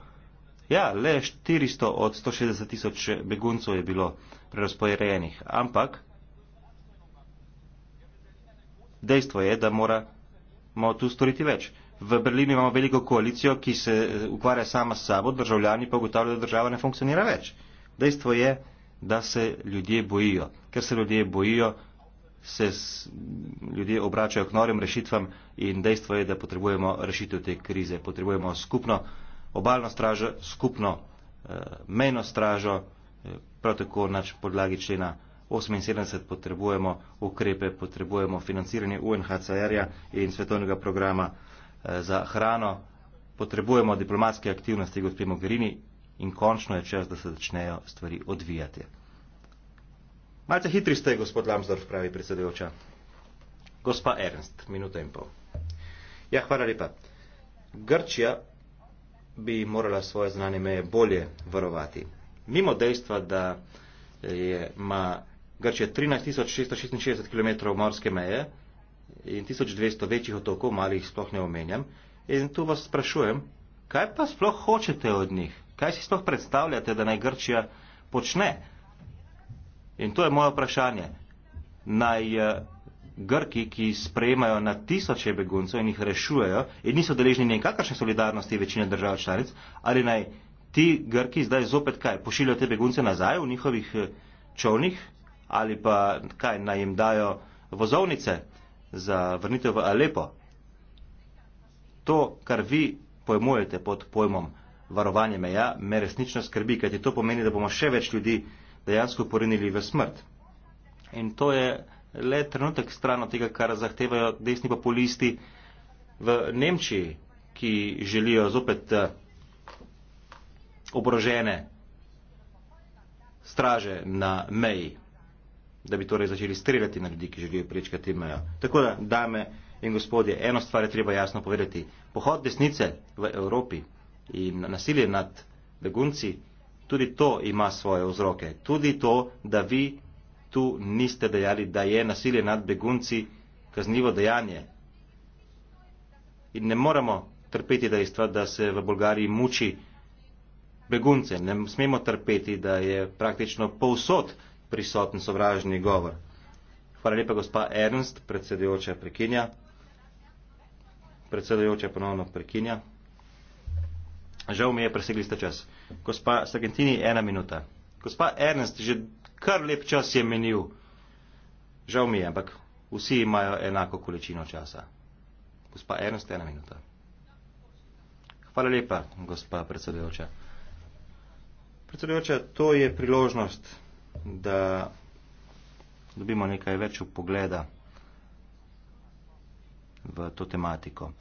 Ja, le 400 od 160 tisoč beguncov je bilo prerasporejenih. Ampak dejstvo je, da moramo tu storiti več. V Berlinu imamo veliko koalicijo, ki se eh, ukvarja sama s sabo, državljani pa ugotavljajo, da država ne funkcionira več. Dejstvo je, da se ljudje bojijo. Ker se ljudje bojijo, se s, ljudje obračajo k norim rešitvam in dejstvo je, da potrebujemo rešitev te krize. Potrebujemo skupno obalno stražo, skupno eh, mejno stražo prav tako nač podlagi člena 78 potrebujemo ukrepe, potrebujemo financiranje UNHCR-ja in svetovnega programa eh, za hrano, potrebujemo diplomatske aktivnosti gospe Mogherini in končno je čas, da se začnejo stvari odvijati. Malce hitri ste, gospod Lamsdorf, pravi predsedujoča. Gospa Ernst, minuta in pol. Ja, hvala lepa. Grčija bi morala svoje znane meje bolje varovati mimo dejstva, da je, ima Grčija 13.666 km morske meje in 1200 večjih otokov, malih sploh ne omenjam. In tu vas sprašujem, kaj pa sploh hočete od njih? Kaj si sploh predstavljate, da naj Grčija počne? In to je moje vprašanje. Naj eh, Grki, ki sprejemajo na tisoče beguncev in jih rešujejo in niso deležni nekakršne solidarnosti večine držav članic, ali naj ti Grki zdaj zopet kaj, pošiljajo te begunce nazaj v njihovih eh, čovnih ali pa kaj, naj jim dajo vozovnice za vrnitev v Alepo. To, kar vi pojmujete pod pojmom varovanje meja, me resnično skrbi, kajti to pomeni, da bomo še več ljudi dejansko porinili v smrt. In to je le trenutek stran od tega, kar zahtevajo desni populisti v Nemčiji, ki želijo zopet eh, oborožene straže na meji, da bi torej začeli streljati na ljudi, ki želijo prečkati mejo. Tako da, dame in gospodje, eno stvar je treba jasno povedati. Pohod desnice v Evropi in nasilje nad begunci, tudi to ima svoje vzroke. Tudi to, da vi tu niste dejali, da je nasilje nad begunci kaznivo dejanje. In ne moramo trpeti dejstva, da se v Bolgariji muči begunce. Ne smemo trpeti, da je praktično povsod prisoten sovražni govor. Hvala lepa, gospa Ernst, predsedujoča prekinja. Predsedujoča ponovno prekinja. Žal mi je, presegli ste čas. Gospa Sargentini, ena minuta. Gospa Ernst, že kar lep čas je menil. Žal mi je, ampak vsi imajo enako količino časa. Gospa Ernst, ena minuta. Hvala lepa, gospa predsedujoča. Predsedujoča, to je priložnost, da dobimo nekaj več upogleda v to tematiko.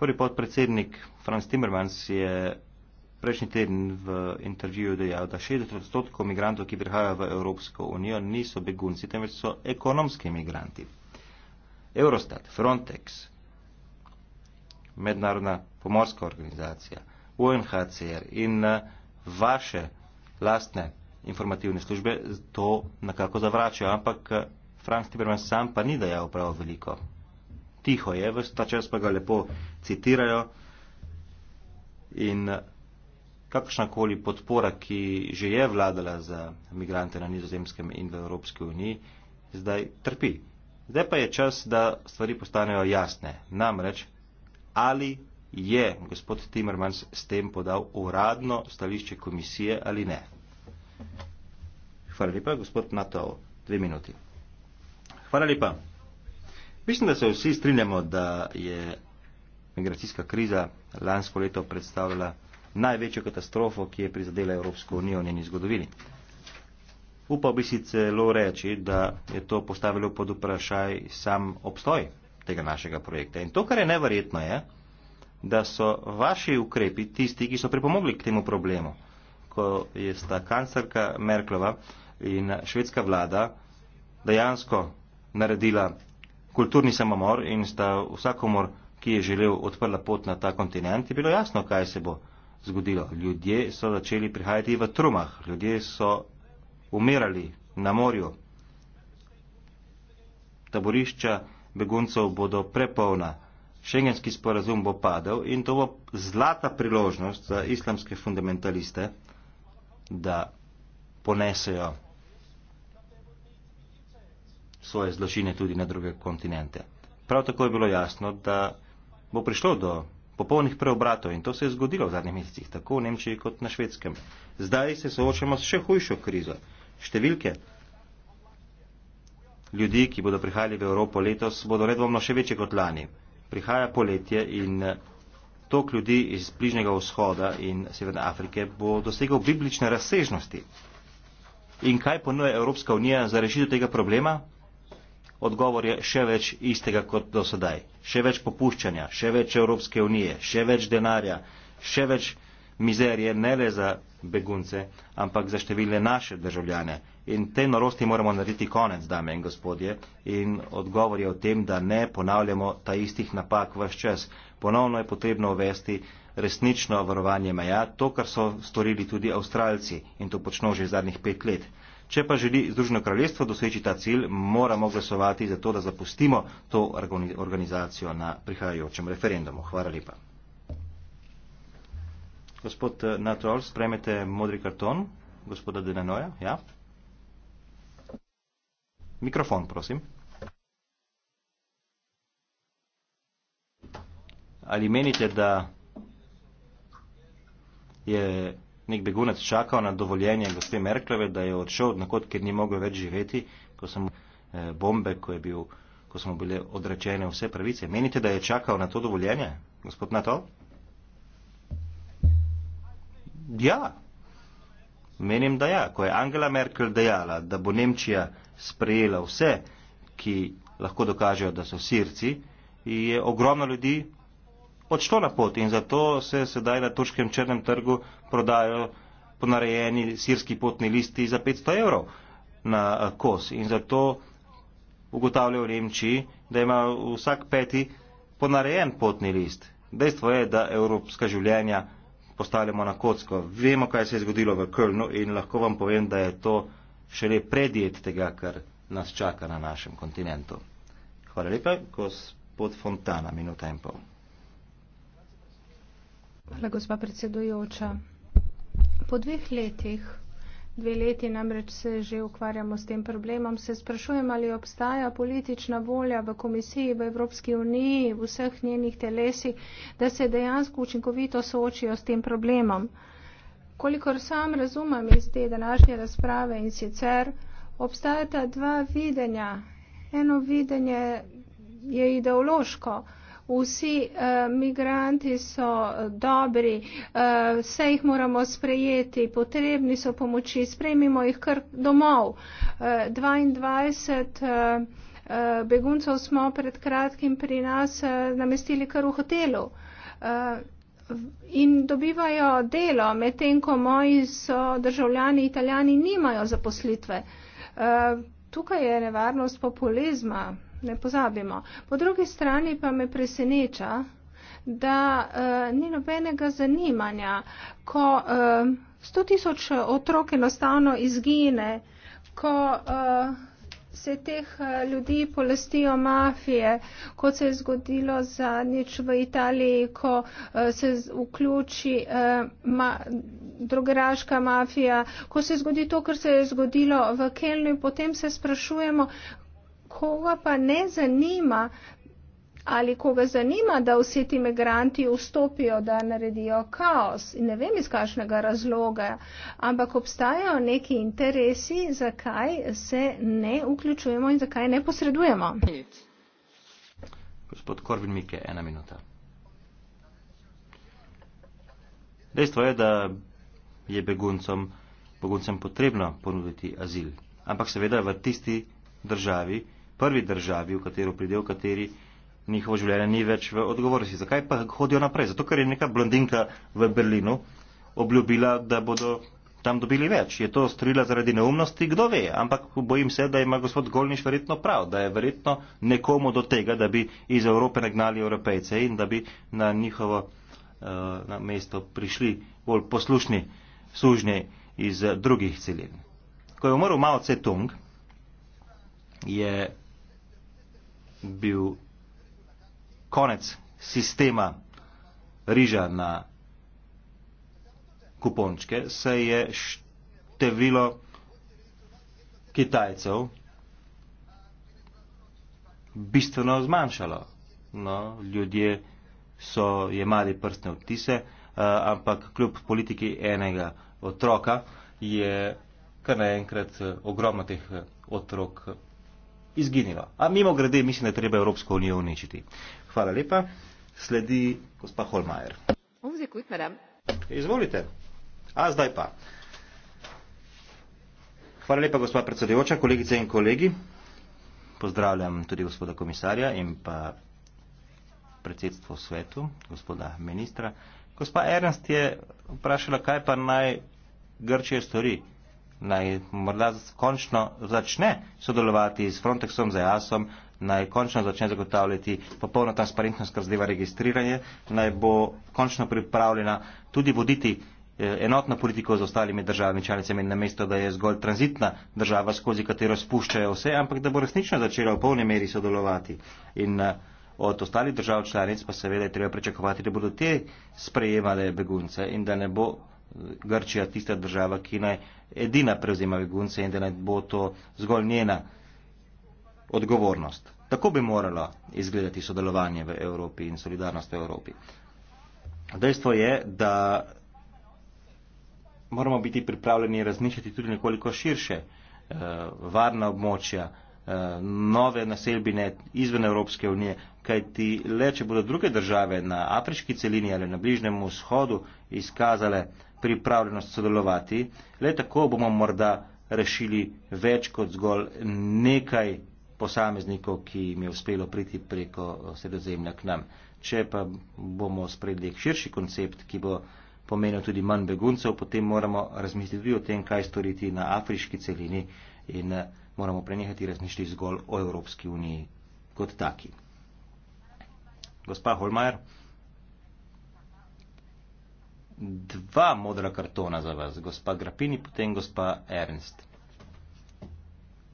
Prvi podpredsednik Franz Timmermans je prejšnji teden v intervjuju dejal, da 60 odstotkov migrantov, ki prihajajo v Evropsko unijo, niso begunci, temveč so ekonomski migranti. Eurostat, Frontex, Mednarodna pomorska organizacija, UNHCR in uh, vaše lastne informativne službe to nekako zavračajo, ampak eh, Frank Tiberman sam pa ni dejal prav veliko. Tiho je, vse ta čas pa ga lepo citirajo in eh, kakršnakoli podpora, ki že je vladala za migrante na nizozemskem in v Evropski uniji, zdaj trpi. Zdaj pa je čas, da stvari postanejo jasne. Namreč, ali je gospod Timmermans s tem podal uradno stališče komisije ali ne. Hvala lepa, gospod Natov, dve minuti. Hvala lepa. Mislim, da se vsi strinjamo, da je migracijska kriza lansko leto predstavljala največjo katastrofo, ki je prizadela Evropsko unijo v njeni zgodovini. Upal bi celo reči, da je to postavilo pod vprašaj sam obstoj tega našega projekta. In to, kar je neverjetno, je, da so vaši ukrepi tisti, ki so pripomogli k temu problemu. Ko je sta kancerka Merklova in švedska vlada dejansko naredila kulturni samomor in sta vsakomor, ki je želel, odprla pot na ta kontinent, je bilo jasno, kaj se bo zgodilo. Ljudje so začeli prihajati v trumah, ljudje so umirali na morju. Taborišča beguncev bodo prepolna šengenski sporazum bo padel in to bo zlata priložnost za islamske fundamentaliste, da ponesejo svoje zločine tudi na druge kontinente. Prav tako je bilo jasno, da bo prišlo do popolnih preobratov in to se je zgodilo v zadnjih mesecih, tako v Nemčiji kot na Švedskem. Zdaj se soočamo s še hujšo krizo. Številke ljudi, ki bodo prihajali v Evropo letos, bodo redvomno še večje kot lani prihaja poletje in eh, tok ljudi iz bližnjega vzhoda in severne Afrike bo dosegal biblične razsežnosti. In kaj ponuja Evropska unija za rešitev tega problema? Odgovor je še več istega kot do sedaj. Še več popuščanja, še več Evropske unije, še več denarja, še več mizerije ne le za begunce, ampak za številne naše državljane. In te norosti moramo narediti konec, dame in gospodje. In odgovor je v tem, da ne ponavljamo ta istih napak vse čas. Ponovno je potrebno uvesti resnično varovanje meja, to, kar so storili tudi Avstralci in to počno že zadnjih pet let. Če pa želi Združeno kraljestvo doseči ta cilj, moramo glasovati za to, da zapustimo to organizacijo na prihajajočem referendumu. Hvala lepa. Gospod eh, Natural, spremete modri karton gospoda Denanoja. Ja. Mikrofon, prosim. Ali menite, da je nek begunec čakal na dovoljenje gospe Merkleve, da je odšel nakot, ker ni mogel več živeti, ko sem eh, bombe, ko, je bil, ko smo bile odrečene vse pravice. Menite, da je čakal na to dovoljenje, gospod Natol? Ja, menim, da ja. Ko je Angela Merkel dejala, da bo Nemčija sprejela vse, ki lahko dokažejo, da so sirci, je ogromno ljudi odšlo na pot in zato se sedaj na turškem črnem trgu prodajo ponarejeni sirski potni listi za 500 evrov na eh, kos. In zato ugotavljajo v Nemčiji, da ima vsak peti ponarejen potni list. Dejstvo je, da evropska življenja postavljamo na kocko. Vemo, kaj se je zgodilo v Kölnu in lahko vam povem, da je to šele predjed tega, kar nas čaka na našem kontinentu. Hvala lepa, gospod Fontana, minuta in pol. Hvala, gospa predsedujoča. Po dveh letih dve leti namreč se že ukvarjamo s tem problemom, se sprašujem, ali obstaja politična volja v komisiji, v Evropski uniji, v vseh njenih telesi, da se dejansko učinkovito soočijo s tem problemom. Kolikor sam razumem iz te današnje razprave in sicer, obstajata dva videnja. Eno videnje je ideološko vsi eh, migranti so eh, dobri, eh, vse jih moramo sprejeti, potrebni so pomoči, sprejmimo jih kar domov. 22 beguncev smo pred kratkim pri nas namestili kar v hotelu. In dobivajo delo, medtem ko moji so državljani italijani, nimajo zaposlitve. Tukaj je nevarnost populizma ne pozabimo. Po drugi strani pa me preseneča, da uh, ni nobenega zanimanja, ko eh, sto uh, tisoč otrok enostavno izgine, ko uh, se teh uh, ljudi polestijo mafije, kot se je zgodilo zadnjič v Italiji, ko uh, se vključi uh, ma drugeraška mafija, ko se zgodi to, kar se je zgodilo v Kelnu, potem se sprašujemo, koga pa ne zanima ali koga zanima, da vsi ti imigranti vstopijo, da naredijo kaos. In ne vem iz kakšnega razloga, ampak obstajajo neki interesi, zakaj se ne vključujemo in zakaj ne posredujemo. Gospod Korvin Mike, ena minuta. Dejstvo je, da je beguncom, beguncem potrebno ponuditi azil, ampak seveda v tisti državi, prvi državi, v katero pride, v kateri njihovo življenje ni več v odgovornosti. Zakaj pa hodijo naprej? Zato, ker je neka blondinka v Berlinu obljubila, da bodo tam dobili več. Je to strila zaradi neumnosti, kdo ve, ampak bojim se, da ima gospod Golniš verjetno prav, da je verjetno nekomu do tega, da bi iz Evrope nagnali evropejce in da bi na njihovo eh, na mesto prišli bolj poslušni služnje iz drugih celin. Ko je umrl Mao Tse-tung, je bil konec sistema riža na kupončke, se je število Kitajcev bistveno zmanjšalo. No, ljudje so jemali prstne odtise, eh, ampak kljub politiki enega otroka je kar naenkrat eh, ogromno teh eh, otrok izginilo. A mimo grede, mislim, da je treba Evropsko unijo uničiti. Hvala lepa. Sledi gospa Holmajer. Izvolite. A zdaj pa. Hvala lepa, gospa predsedujoča, kolegice in kolegi. Pozdravljam tudi gospoda komisarja in pa predsedstvo svetu, gospoda ministra. Gospa Ernst je vprašala, kaj pa naj Grčija stori naj morda končno začne sodelovati s Frontexom, z EASom, naj končno začne zagotavljati popolno transparentnost kazdeva registriranje, naj bo končno pripravljena tudi voditi eh, enotno politiko z ostalimi državami članicami, namesto da je zgolj tranzitna država, skozi katero spuščajo vse, ampak da bo resnično začela v polni meri sodelovati. In eh, od ostalih držav članic pa seveda je treba pričakovati, da bodo te sprejemale begunce in da ne bo Grčija tista država, ki naj edina prevzema begunce in da naj bo to zgolj njena odgovornost. Tako bi moralo izgledati sodelovanje v Evropi in solidarnost v Evropi. Dejstvo je, da moramo biti pripravljeni razmišljati tudi nekoliko širše eh, varna območja, eh, nove naselbine izven Evropske unije, kaj ti le, če bodo druge države na afriški celini ali na bližnjem vzhodu izkazale pripravljenost sodelovati, le tako bomo morda rešili več kot zgolj nekaj posameznikov, ki jim je uspelo priti preko sredozemlja k nam. Če pa bomo sprejeli širši koncept, ki bo pomenil tudi manj beguncev, potem moramo razmisliti tudi o tem, kaj storiti na afriški celini in eh, moramo prenehati razmišljati zgolj o Evropski uniji kot taki. Gospa Holmajer dva modra kartona za vas, gospa Grapini, potem gospa Ernst.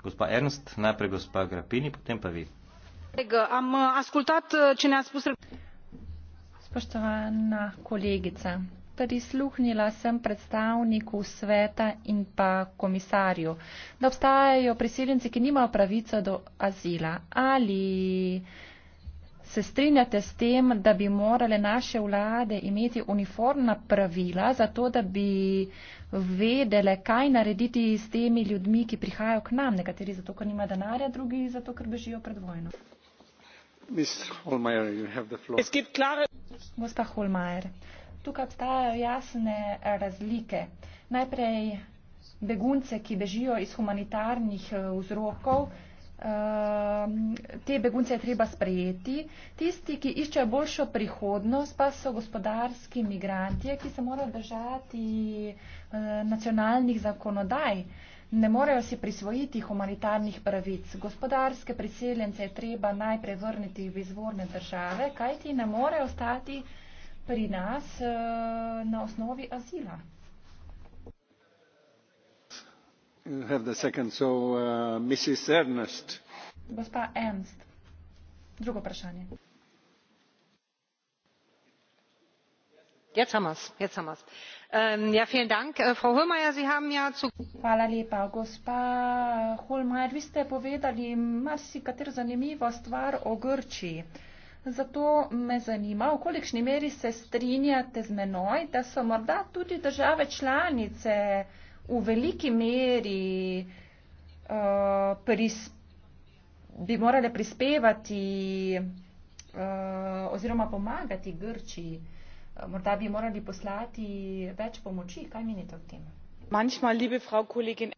Gospa Ernst, najprej gospa Grapini, potem pa vi. Am ascultat uh, ce ne-a spus... Spoštovana kolegica, prisluhnila sem predstavniku sveta in pa komisarju, da obstajajo priseljenci, ki nimajo pravice do azila ali se strinjate s tem, da bi morale naše vlade imeti uniformna pravila, zato da bi vedele, kaj narediti s temi ljudmi, ki prihajajo k nam, nekateri zato, ker nima denarja, drugi zato, ker bežijo pred vojno. Gospa Holmajer, tukaj obstajajo jasne razlike. Najprej begunce, ki bežijo iz humanitarnih eh, vzrokov, uh, Ehm, te begunce je treba sprejeti. Tisti, ki iščejo boljšo prihodnost, pa so gospodarski migranti, ki se morajo držati eh, nacionalnih zakonodaj. Ne morejo si prisvojiti humanitarnih pravic. Gospodarske priseljence je treba najprej vrniti v izvorne države, kajti ne morejo ostati pri nas eh, na osnovi azila. Uh, gospa ernst drugo vprašanje. Ähm, ja, äh, ja hvala lepa. gospa äh, hohlmeier vi ste povedali marsikatero zanimivo stvar o grčiji. zato me zanima v kolikšni meri se strinjate z menoj da so morda tudi države članice v veliki meri uh, pris, bi morale prispevati uh, oziroma pomagati Grčiji. Uh, morda bi morali poslati več pomoči. Kaj menite o tem? Manjšma, liebe frau kolegin.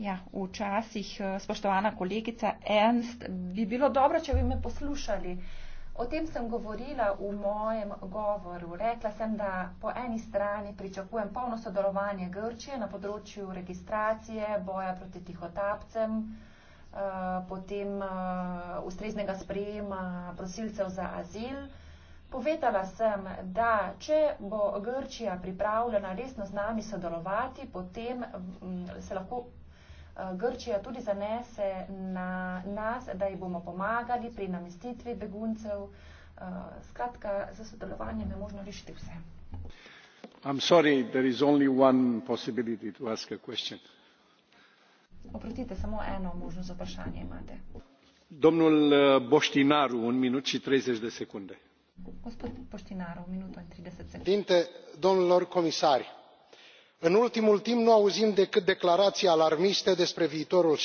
Ja, včasih, uh, spoštovana kolegica Ernst, bi bilo dobro, če bi me poslušali. Uh, O tem sem govorila v mojem govoru. Rekla sem, da po eni strani pričakujem polno sodelovanje Grčije na področju registracije, boja proti tihotapcem, eh, potem eh, ustreznega sprejema prosilcev za azil. Povedala sem, da če bo Grčija pripravljena resno z nami sodelovati, potem mm, se lahko Eh, Grčija tudi zanese na nas, da ji bomo pomagali pri namestitvi beguncev. Eh, Skratka, za sodelovanje je možno rešiti vse. Oprostite, samo eno možnost za vprašanje imate. Domnul eh, Boštinaru, un minut și 30 de secunde. Gospod Boštinaru, minuto in 30 secunde. Dinte, domnilor comisari, în ultimul timp nu auzim decât declarații alarmiste despre viitorul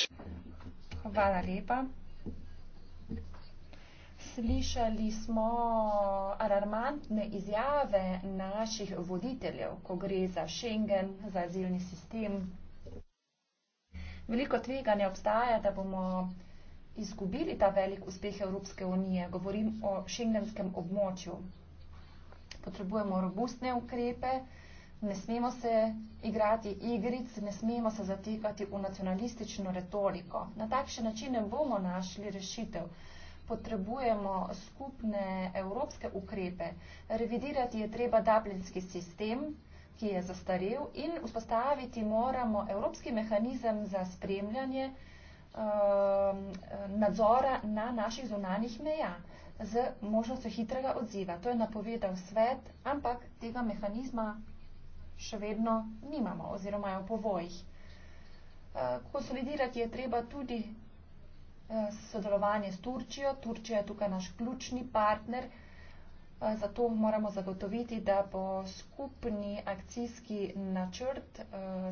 Slišali smo alarmantne izjave naših voditeljev, ko gre za Schengen, za azilni sistem. Veliko tveganja obstaja, da bomo izgubili ta velik uspeh Evropske unije. Govorim o šengenskem območju. Potrebujemo robustne ukrepe, ne smemo se igrati igric, ne smemo se zatekati v nacionalistično retoriko. Na takšen način ne bomo našli rešitev. Potrebujemo skupne evropske ukrepe. Revidirati je treba dublinski sistem, ki je zastarel, in vzpostaviti moramo evropski mehanizem za spremljanje um, nadzora na naših zunanjih meja z možnostjo hitrega odziva. To je napovedal svet, ampak tega mehanizma še vedno nimamo oziroma je v povojih. Eh, konsolidirati je treba tudi eh, sodelovanje s Turčijo. Turčija je tukaj naš ključni partner. Eh, zato moramo zagotoviti, da bo skupni akcijski načrt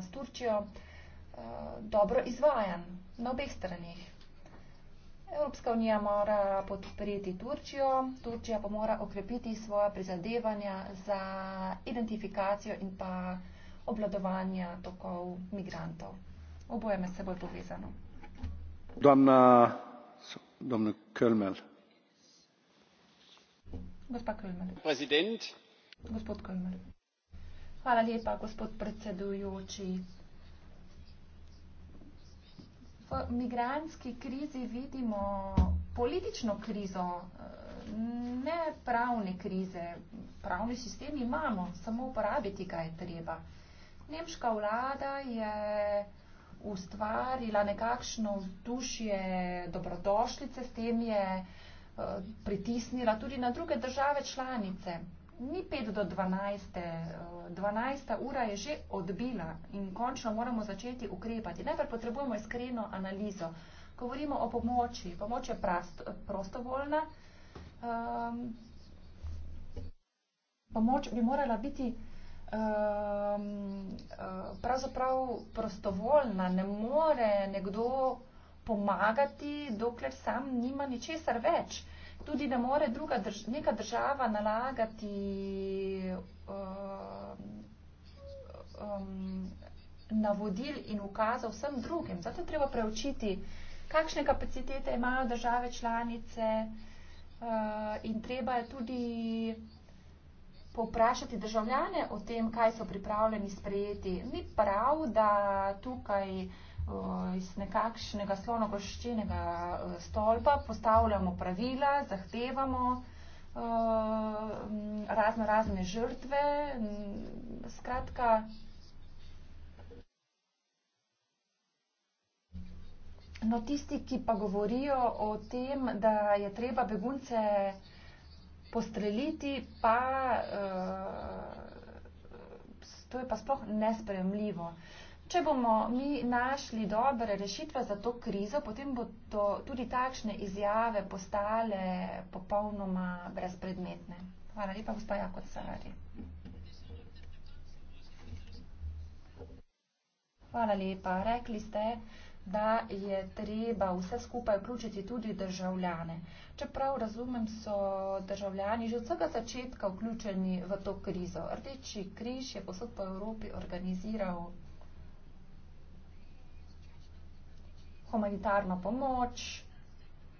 s Turčijo dobro izvajan na obeh stranih. Evropska unija mora podpreti Turčijo, Turčija pa mora okrepiti svoja prizadevanja za identifikacijo in pa obladovanje tokov migrantov. Oboje med seboj povezano. Domna, domna Kölmel. Kölmel. Gospod Kölmel. Hvala lepa, gospod predsedujoči migranski krizi vidimo politično krizo, eh, ne pravne krize. Pravni sistem imamo, samo uporabiti ga je treba. Nemška vlada je ustvarila nekakšno vzdušje dobrodošlice, s tem je eh, pritisnila tudi na druge države članice ni 5 do 12, 12 eh, ura je že odbila in končno moramo začeti ukrepati. Najprej potrebujemo iskreno analizo. Govorimo o pomoči. Pomoč je prostovoljna. Um, pomoč bi morala biti um, pravzaprav prostovoljna. Ne more nekdo pomagati, dokler sam nima ničesar več. Uh, tudi ne more druga drž neka država nalagati um, um, navodil in ukazov vsem drugim. Zato treba preučiti, kakšne kapacitete imajo države članice uh, in treba je tudi poprašati državljane o tem, kaj so pripravljeni sprejeti. Ni prav, da tukaj uh, iz nekakšnega slonogoščenega e, stolpa postavljamo pravila, zahtevamo e, razno razne žrtve, skratka, No, tisti, ki pa govorijo o tem, da je treba begunce postreliti, pa uh, to je pa sploh nespremljivo. Uh, Če bomo mi našli dobre rešitve za to krizo, potem bodo tudi takšne izjave postale popolnoma brezpredmetne. Hvala lepa, gospa Jakot Sahari. Hvala lepa. Rekli ste, da je treba vse skupaj vključiti tudi državljane. Čeprav razumem, so državljani že od vsega začetka vključeni v to krizo. Rdeči križ je posod po Evropi organiziral humanitarno pomoč.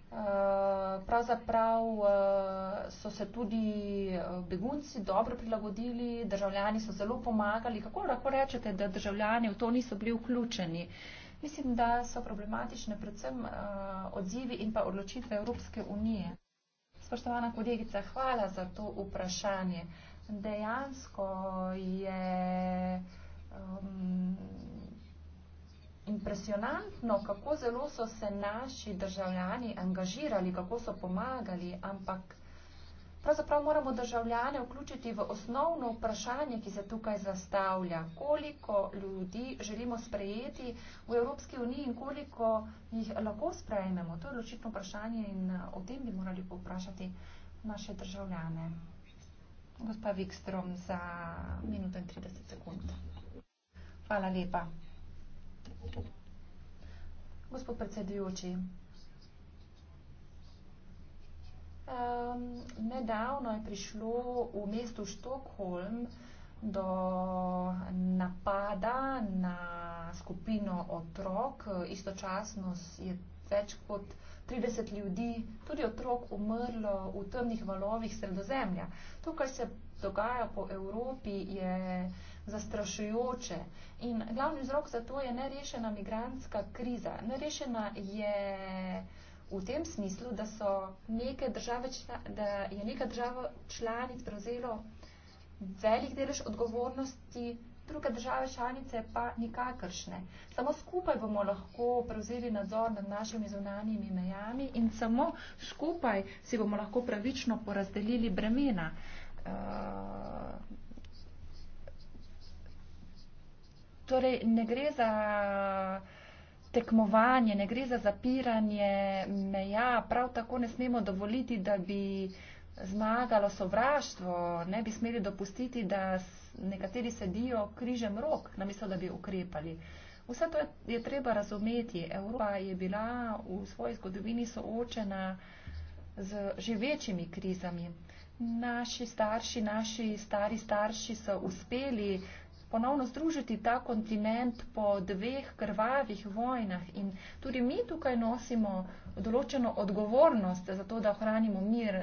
Eh, pravzaprav eh, so se tudi eh, begunci dobro prilagodili, državljani so zelo pomagali. Kako lahko rečete, da državljani v to niso bili vključeni? Mislim, da so problematične predvsem odzivi in pa odločitve Evropske unije. Spoštovana kolegica, hvala za to vprašanje. Dejansko je. Um, impresionantno, kako zelo so se naši državljani angažirali, kako so pomagali, ampak pravzaprav moramo državljane vključiti v osnovno vprašanje, ki se tukaj zastavlja. Koliko ljudi želimo sprejeti v Evropski uniji in koliko jih lahko sprejmemo? To je ločitno vprašanje in eh, o tem bi morali poprašati naše državljane. Gospa Vikstrom za minuto in 30 sekund. Hvala lepa. Gospod predsedujoči, um, nedavno je prišlo v mestu Štokholm do napada na skupino otrok. Istočasno je več kot 30 ljudi, tudi otrok, umrlo v temnih valovih sredozemlja. To, kar se dogaja po Evropi, je zastrašujoče. In glavni vzrok za to je nerešena migranska kriza. Nerešena je v tem smislu, da, so neke države, da je neka država članic prevzelo velik delež odgovornosti, druga država članice pa nikakršne. Samo skupaj bomo lahko prevzeli nadzor nad našimi zunanjimi mejami in samo skupaj si bomo lahko pravično porazdelili bremena. Uh, Torej, ne gre za tekmovanje, ne gre za zapiranje meja, prav tako ne smemo dovoliti, da bi zmagalo sovraštvo, ne bi smeli dopustiti, da nekateri sedijo križem rok, namesto da bi ukrepali. Vse to je, je treba razumeti. Evropa je bila v svoji zgodovini soočena z živečimi krizami. Naši starši, naši stari starši so uspeli ponovno združiti ta kontinent po dveh krvavih vojnah in tudi mi tukaj nosimo določeno odgovornost za to, da ohranimo mir.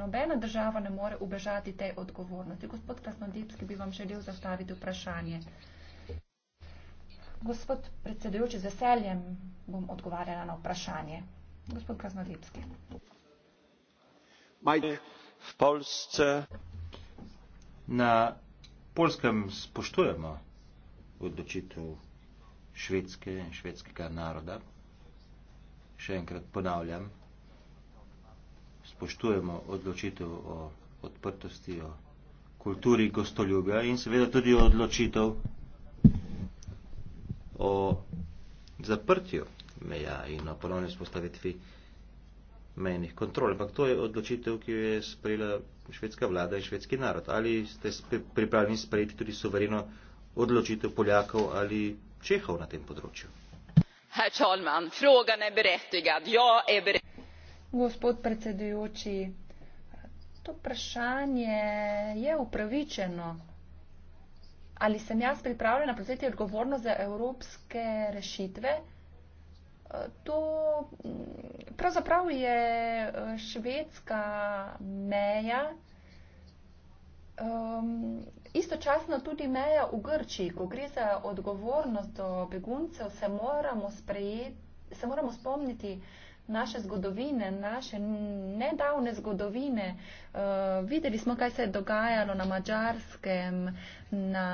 Nobena država ne more ubežati te odgovornosti. Gospod Krasnodipski bi vam želel zastaviti vprašanje. Gospod predsedujoči, z veseljem bom odgovarjala na vprašanje. Gospod Krasnodipski. Majte v Polsce na polskem spoštujemo odločitev švedske in švedskega naroda. Še enkrat ponavljam, spoštujemo odločitev o odprtosti, o kulturi gostoljubja in seveda tudi odločitev o zaprtju meja in o ponovni spostavitvi mejnih kontrol. Ampak to je odločitev, ki jo je sprejela švedska vlada in švedski narod. Ali ste pripravljeni sprejeti tudi suvereno odločitev Poljakov ali Čehov na tem področju? Ja, Gospod predsedujoči, to vprašanje je upravičeno. Ali sem jaz pripravljena prevzeti odgovornost za evropske rešitve? To mm, pravzaprav je eh, švedska meja, um, istočasno tudi meja v Grčiji. Ko gre za odgovornost do beguncev, se moramo, sprejeti, se moramo spomniti, uh, naše zgodovine, naše nedavne zgodovine. Uh, videli smo, kaj se je dogajalo na Mačarskem, na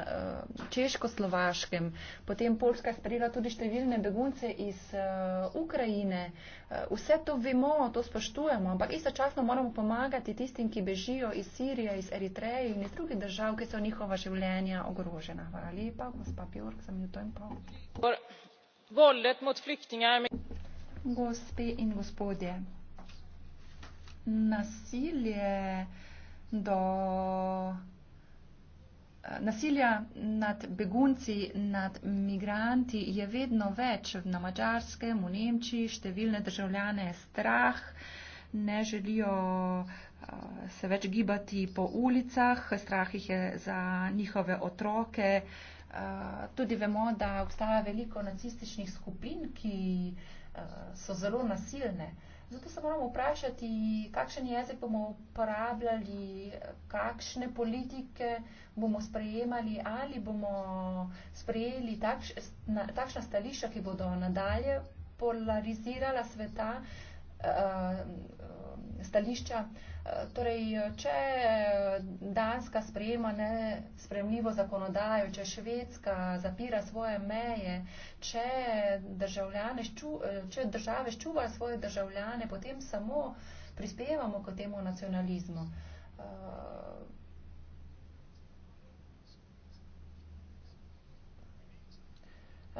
uh, Češko-Slovaškem. Potem Poljska je sprejela tudi številne begunce iz uh, Ukrajine. Uh, vse to vemo, to spoštujemo, ampak istočasno moramo pomagati tistim, ki bežijo iz Sirije, iz Eritreje in iz drugih držav, ki so njihova življenja ogrožena. Hvala lepa, gospod Pjork, za minuto in pol. Voldet mot flyktingar. Gospe in gospodje, nasilje do Nasilja nad begunci, nad migranti je vedno več na Mačarskem, v Nemčiji, številne državljane je strah, ne želijo eh, se več gibati po ulicah, strah jih je za njihove otroke. Eh, tudi vemo, da obstaja veliko nacističnih skupin, ki Eh, so zelo nasilne. Zato se moramo vprašati, kakšen jezik bomo uporabljali, kakšne politike bomo sprejemali, ali bomo sprejeli takš, na, takšna stališča, ki bodo nadalje polarizirala sveta, uh, stališča, uh, Torej, če Danska sprejema nespremljivo zakonodajo, če Švedska zapira svoje meje, če, ču, če države ščuvajo svoje državljane, potem samo prispevamo k temu nacionalizmu.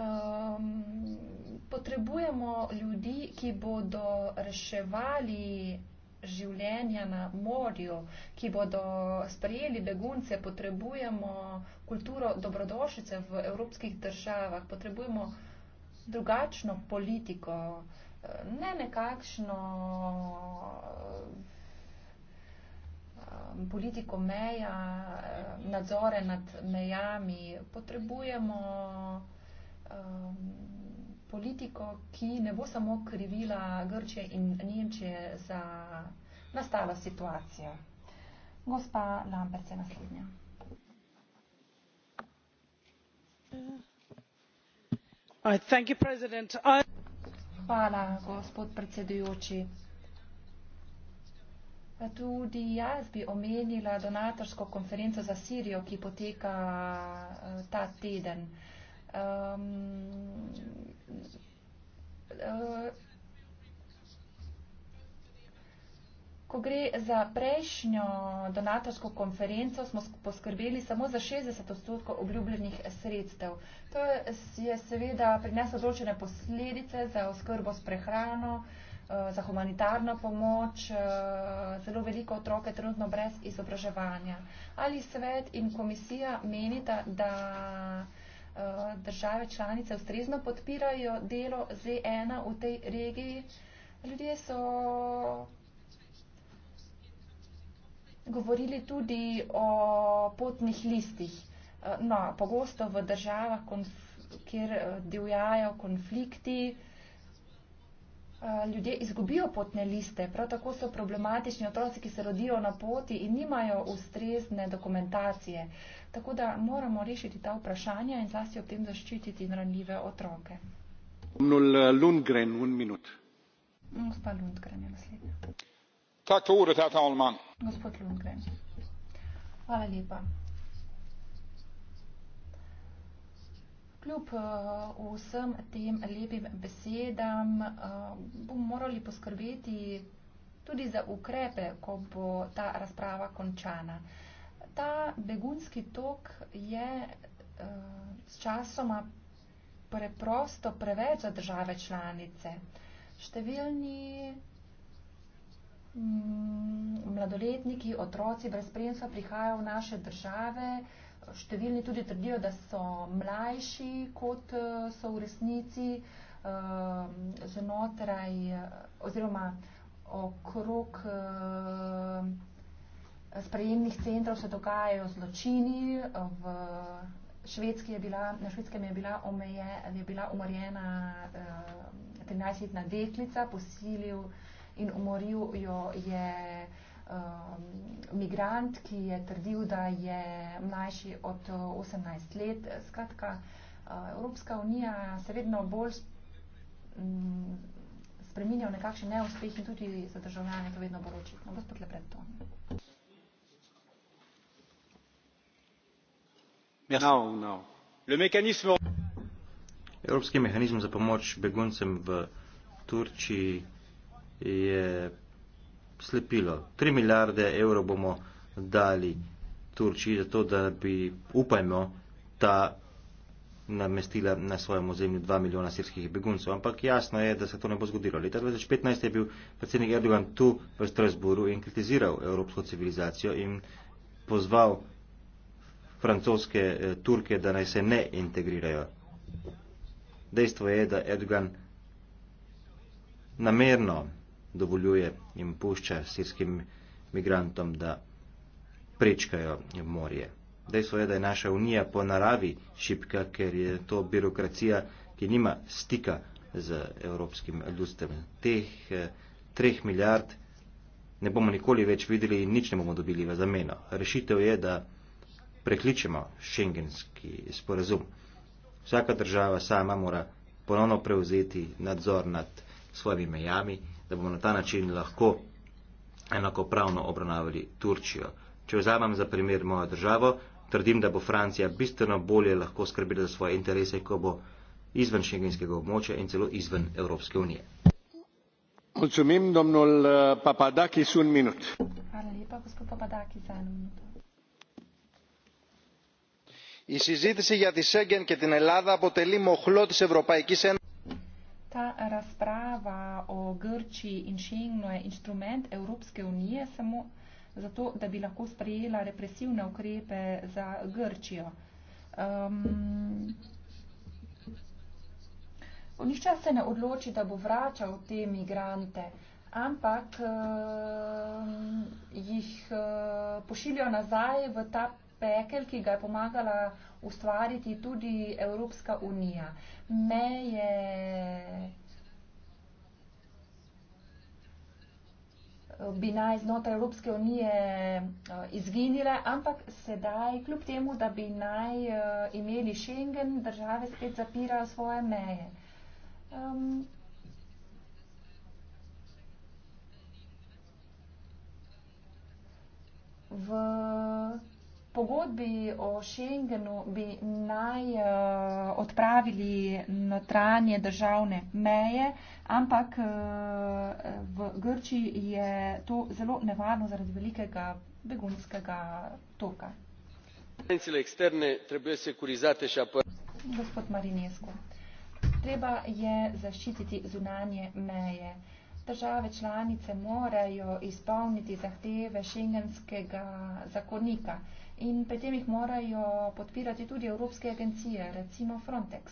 Um, potrebujemo ljudi, ki bodo reševali življenja na morju, ki bodo sprejeli begunce, potrebujemo kulturo dobrodošice v evropskih državah, potrebujemo drugačno politiko, ne nekakšno eh, politiko meja, eh, nadzore nad mejami, potrebujemo um, politiko, ki ne bo samo krivila Grčije in Nemčije za nastalo situacijo. Gospa Lambert je naslednja. Uh, thank you, President. I... Hvala, gospod predsedujoči. Tudi jaz bi omenila donatorsko konferenco za Sirijo, ki poteka uh, ta teden. Um, uh, ko gre za prejšnjo donatorsko konferenco, smo poskrbeli samo za 60 odstotkov obljubljenih sredstev. To je, je seveda prineslo določene posledice za oskrbo s prehrano, uh, za humanitarno pomoč, uh, zelo veliko otrok je trenutno brez izobraževanja. Ali svet in komisija menita, da Eh, države članice ustrezno podpirajo delo Z1 v tej regiji. Ljudje so govorili tudi o potnih listih. Eh, no, pogosto v državah, kjer eh, divjajo konflikti, ljudje izgubijo potne liste. Prav tako so problematični otroci, ki se rodijo na poti in nimajo ustrezne dokumentacije. Tako da moramo rešiti ta vprašanja in zlasti ob tem zaščititi ranljive otroke. Eh, Gospod Lundgren je naslednja. Gospod Lundgren, hvala lepa. Kljub eh, vsem tem lepim besedam eh, bomo morali poskrbeti tudi za ukrepe, ko bo ta razprava končana ta begunski tok je uh, eh, s časoma preprosto preveč za države članice. Številni mm, mladoletniki, otroci brez spremstva prihajajo v naše države, številni tudi trdijo, da so mlajši, kot eh, so v resnici eh, znotraj oziroma okrog sprejemnih centrov se dogajajo zločini. V Švedski je bila, na Švedskem je bila, omeje, je bila umorjena eh, 13-letna deklica, posilil in umoril jo je eh, migrant, ki je trdil, da je mlajši od 18 eh, let. Skratka, eh, Evropska unija se vedno bolj mm, spreminja v nekakšen neuspeh in tudi za državljane to vedno bolj očitno. Gospod Lepretton. No, no. evropski mehanizem za pomoč beguncem v turčiji je slepilo tri milijarde evrov bomo dali turčiji zato da bi upajmo ta namestila na svojem ozemlju dva milijona sirskih beguncev. Ampak jasno je, da se to ne bo zgodilo. Leta 2015 je bil predsednik Erdogan tu v Strasburu in kritiziral evropsko civilizacijo in pozval francoske eh, Turke, da naj se ne integrirajo. Dejstvo je, da Erdogan namerno dovoljuje in pušča sirskim migrantom, da prečkajo morje. Dejstvo je, da je naša unija po naravi šipka, ker je to birokracija, ki nima stika z evropskim ljudstvem. Teh eh, treh milijard ne bomo nikoli več videli in nič ne bomo dobili v zameno. Rešitev je, da prekličemo šengenski sporazum. Vsaka država sama mora ponovno prevzeti nadzor nad svojimi mejami, da bomo na ta način lahko enakopravno obravnavali Turčijo. Če vzamem za primer mojo državo, trdim, da bo Francija bistveno bolje lahko skrbila za svoje interese, ko bo izven šengenskega območja in celo izven Evropske unije. Hvala lepa, gospod Papadaki, za eno minuto. Η συζήτηση για τη Σέγγεν και την Ελλάδα αποτελεί μοχλό της Ευρωπαϊκής Ένωσης. Ta razprava o Grčiji in Schengenu je instrument Evropske unije samo zato, da bi lahko sprejela represivne ukrepe za Grčijo. Um, nišče se ne odloči, da bo vračal te migrante, ampak um, jih uh, pošiljajo nazaj v ta pekel, ki ga je pomagala ustvariti tudi Evropska unija. Me je bi naj znotraj Evropske unije eh, izginile, ampak sedaj, kljub temu, da bi naj eh, imeli Schengen, države spet zapirajo svoje meje. Um, v pogodbi o Schengenu bi naj uh, odpravili notranje državne meje, ampak uh, v Grčiji je to zelo nevarno zaradi velikega begunskega toka. Gospod Marinesko, treba je zaščititi zunanje meje. Države članice morajo izpolniti zahteve šengenskega zakonika in potem jih morajo podpirati tudi evropske agencije, recimo Frontex.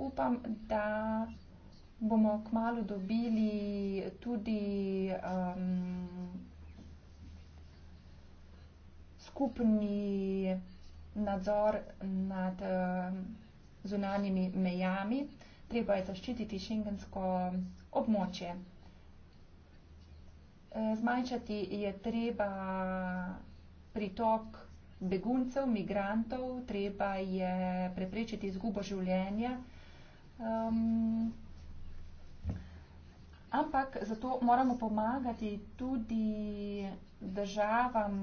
Upam, da bomo kmalo dobili tudi um, skupni nadzor nad um, zunanjimi mejami. Treba je zaščititi šengensko območje. Eh, zmanjšati je treba pritok beguncev, migrantov, treba je preprečiti izgubo življenja. Um, ampak zato moramo pomagati tudi državam,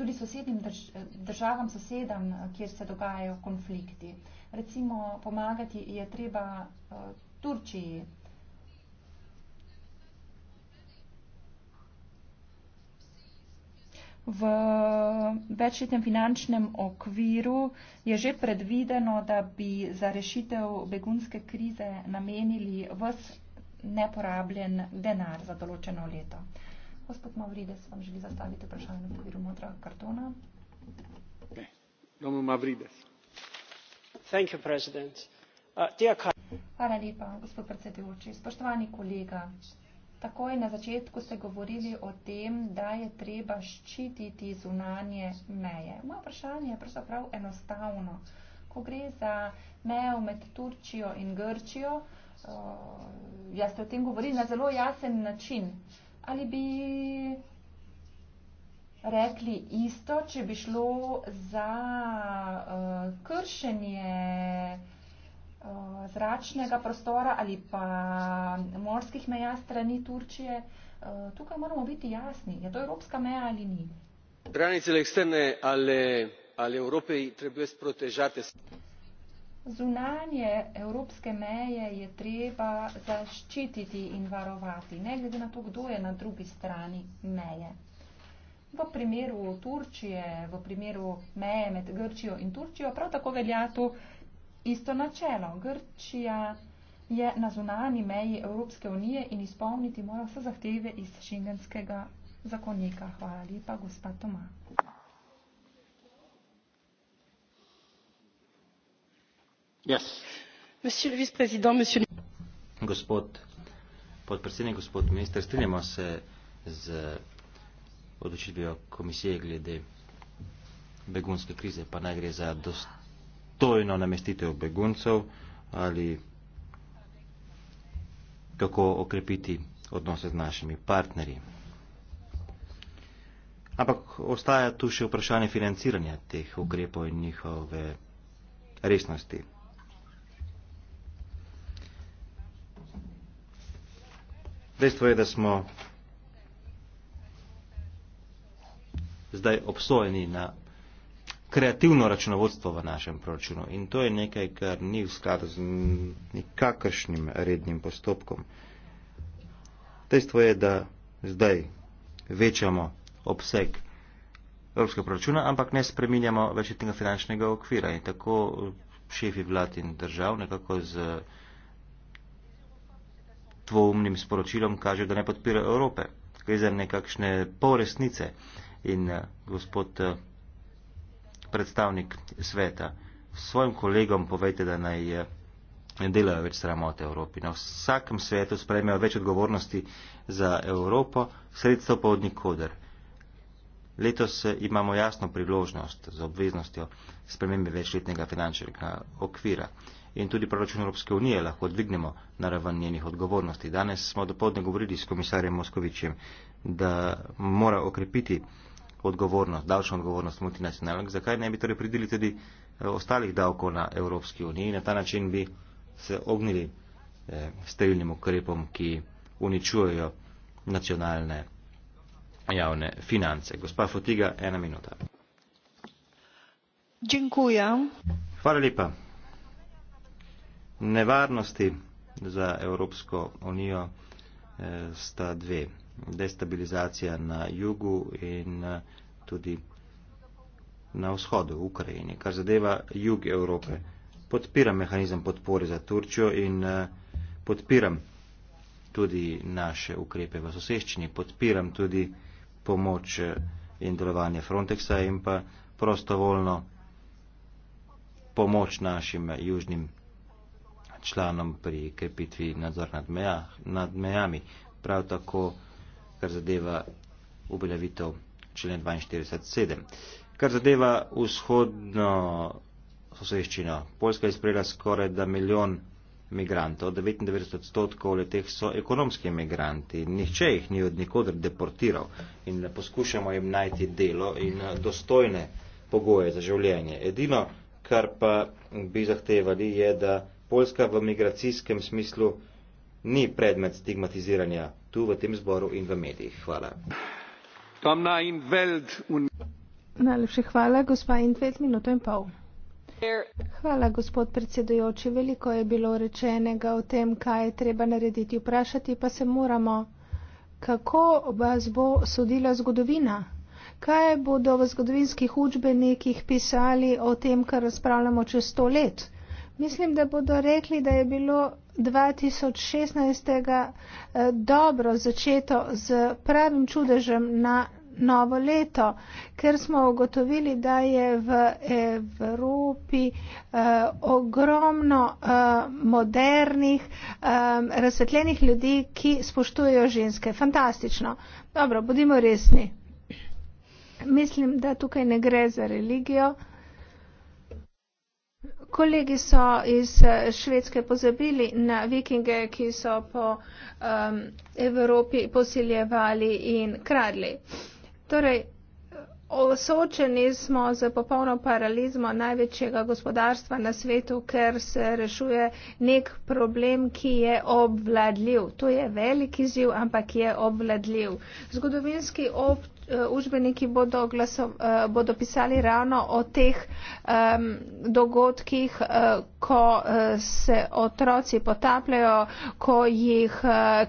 tudi sosednim drž državam, sosedam, kjer se dogajajo konflikti. Recimo pomagati je treba uh, Turčiji, V večletnem finančnem okviru je že predvideno, da bi za rešitev begunske krize namenili vse neporabljen denar za določeno leto. Gospod Mavrides, vam želi zastaviti vprašanje v okviru modrega kartona. Uh, Hvala lepa, gospod predsedujoči. Spoštovani kolega. Takoj na začetku ste govorili o tem, da je treba ščititi zunanje meje. Moje vprašanje je pravzaprav enostavno. Ko gre za mejo med Turčijo in Grčijo, uh, jaz ste o tem govorili na zelo jasen način. Ali bi rekli isto, če bi šlo za uh, kršenje uh, Eh, zračnega prostora ali pa morskih meja strani Turčije. Eh, tukaj moramo biti jasni, je to evropska meja ali ni. Zunanje evropske meje je treba zaščititi in varovati, ne glede na to, kdo je na drugi strani meje. V primeru Turčije, v primeru meje med Grčijo in Turčijo, prav tako velja to, uh, isto načelo. Grčija je na zunani meji Evropske unije in izpolniti mora vse zahteve iz šengenskega zakonika. Hvala lepa, gospa Toma. Yes. Gospod podpredsednik, gospod minister, strinjamo se z odločitvijo komisije glede begunske krize, pa naj gre za dostop dostojno namestitev beguncev ali kako okrepiti odnose z našimi partnerji. Ampak ostaja tu še vprašanje financiranja teh ukrepov in njihove resnosti. Dejstvo je, da smo zdaj obsojeni na kreativno računovodstvo v našem proračunu in to je nekaj, kar ni v skladu z nikakršnim rednim postopkom. Dejstvo je, da zdaj večamo obseg evropskega proračuna, ampak ne spreminjamo večetnega finančnega okvira in tako šefi vlad in držav nekako z dvoumnim sporočilom kaže, da ne podpira Evrope. Gre za nekakšne polresnice in eh, gospod eh, predstavnik sveta, svojim kolegom povejte, da naj eh, delajo več sramote Evropi. Na vsakem svetu sprejmejo več odgovornosti za Evropo, sredstvo pa od nikoder. Letos eh, imamo jasno priložnost z obveznostjo spremembe večletnega finančnega okvira in tudi proračun Evropske unije lahko dvignemo na raven njenih odgovornosti. Danes smo dopoledne govorili s komisarjem Moskovičem, da mora okrepiti odgovornost, davčno odgovornost multinacionalk, zakaj ne bi torej pridili tudi eh, ostalih davkov na Evropski uniji in na ta način bi se ognili eh, sterilnim ukrepom, ki uničujejo nacionalne javne finance. Gospa Fotiga, ena minuta. Dziękujem. Hvala lepa. Nevarnosti za Evropsko unijo eh, sta dve destabilizacija na jugu in eh, tudi na vzhodu v Ukrajini. Kar zadeva jug Evrope, podpiram mehanizem podpore za Turčjo in eh, podpiram tudi naše ukrepe v soseščini, podpiram tudi pomoč eh, in delovanje Frontexa in pa prostovoljno pomoč našim južnim članom pri krepitvi nadzor nad, meja, nad mejami. Prav tako kar zadeva uveljavitev člena 42.7. Kar zadeva vzhodno soseščino, Poljska je sprejela skoraj da milijon migrantov, 99 odstotkov le teh so ekonomski migranti, nihče jih ni od nikoder deportiral in poskušamo jim najti delo in eh, dostojne pogoje za življenje. Edino, kar pa bi zahtevali, je, da Poljska v migracijskem smislu ni predmet stigmatiziranja tu v tem zboru in v medijih. Hvala. Najlepše hvala, gospa Intvet, minuto in pol. Hvala, gospod predsedujoči. Veliko je bilo rečenega o tem, kaj je treba narediti. Vprašati pa se moramo, kako vas bo sodila zgodovina. Kaj bodo v zgodovinskih učbenikih pisali o tem, kar razpravljamo čez sto let? Mislim, da bodo rekli, da je bilo 2016 eh, dobro začeto z pravim čudežem na novo leto, ker smo ugotovili, da je v Evropi eh, ogromno eh, modernih, eh, razsvetljenih ljudi, ki spoštujejo ženske. Fantastično. Dobro, bodimo resni. Mislim, da tukaj ne gre za religijo. Kolegi so iz eh, Švedske pozabili na vikinge, ki so po um, Evropi posiljevali in kradli. Torej, Osočeni smo z popolno paralizmo največjega gospodarstva na svetu, ker se rešuje nek problem, ki je obvladljiv. To je veliki ziv, ampak je obvladljiv. Zgodovinski ob Eh, učbeniki bodo, glaso, eh, bodo pisali ravno o teh um, dogodkih, eh, ko se otroci potapljajo, ko jih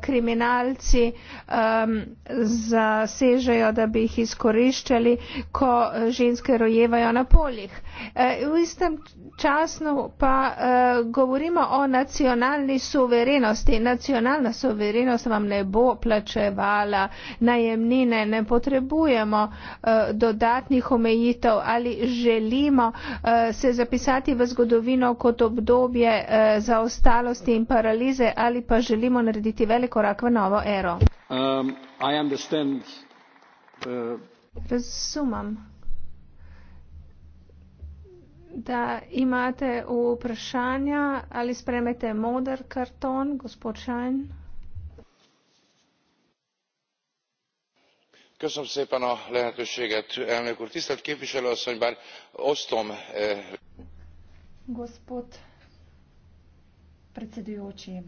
kriminalci um, zasežejo, da bi jih izkoriščali, ko ženske rojevajo na poljih. E, v istem času pa e, govorimo o nacionalni suverenosti. Nacionalna suverenost vam ne bo plačevala najemnine, ne potrebujemo e, dodatnih omejitev ali želimo se zapisati v zgodovino kot obdobje zaostalosti in paralize ali pa želimo narediti velik korak v novo ero. Um, uh, Razumem da imate vprašanja ali spremete moder karton, gospod Šajn. Köszönöm szépen a lehetőséget, elnök úr. Tisztelt képviselő asszony, bár osztom... Eh... Gospod predsedujoči,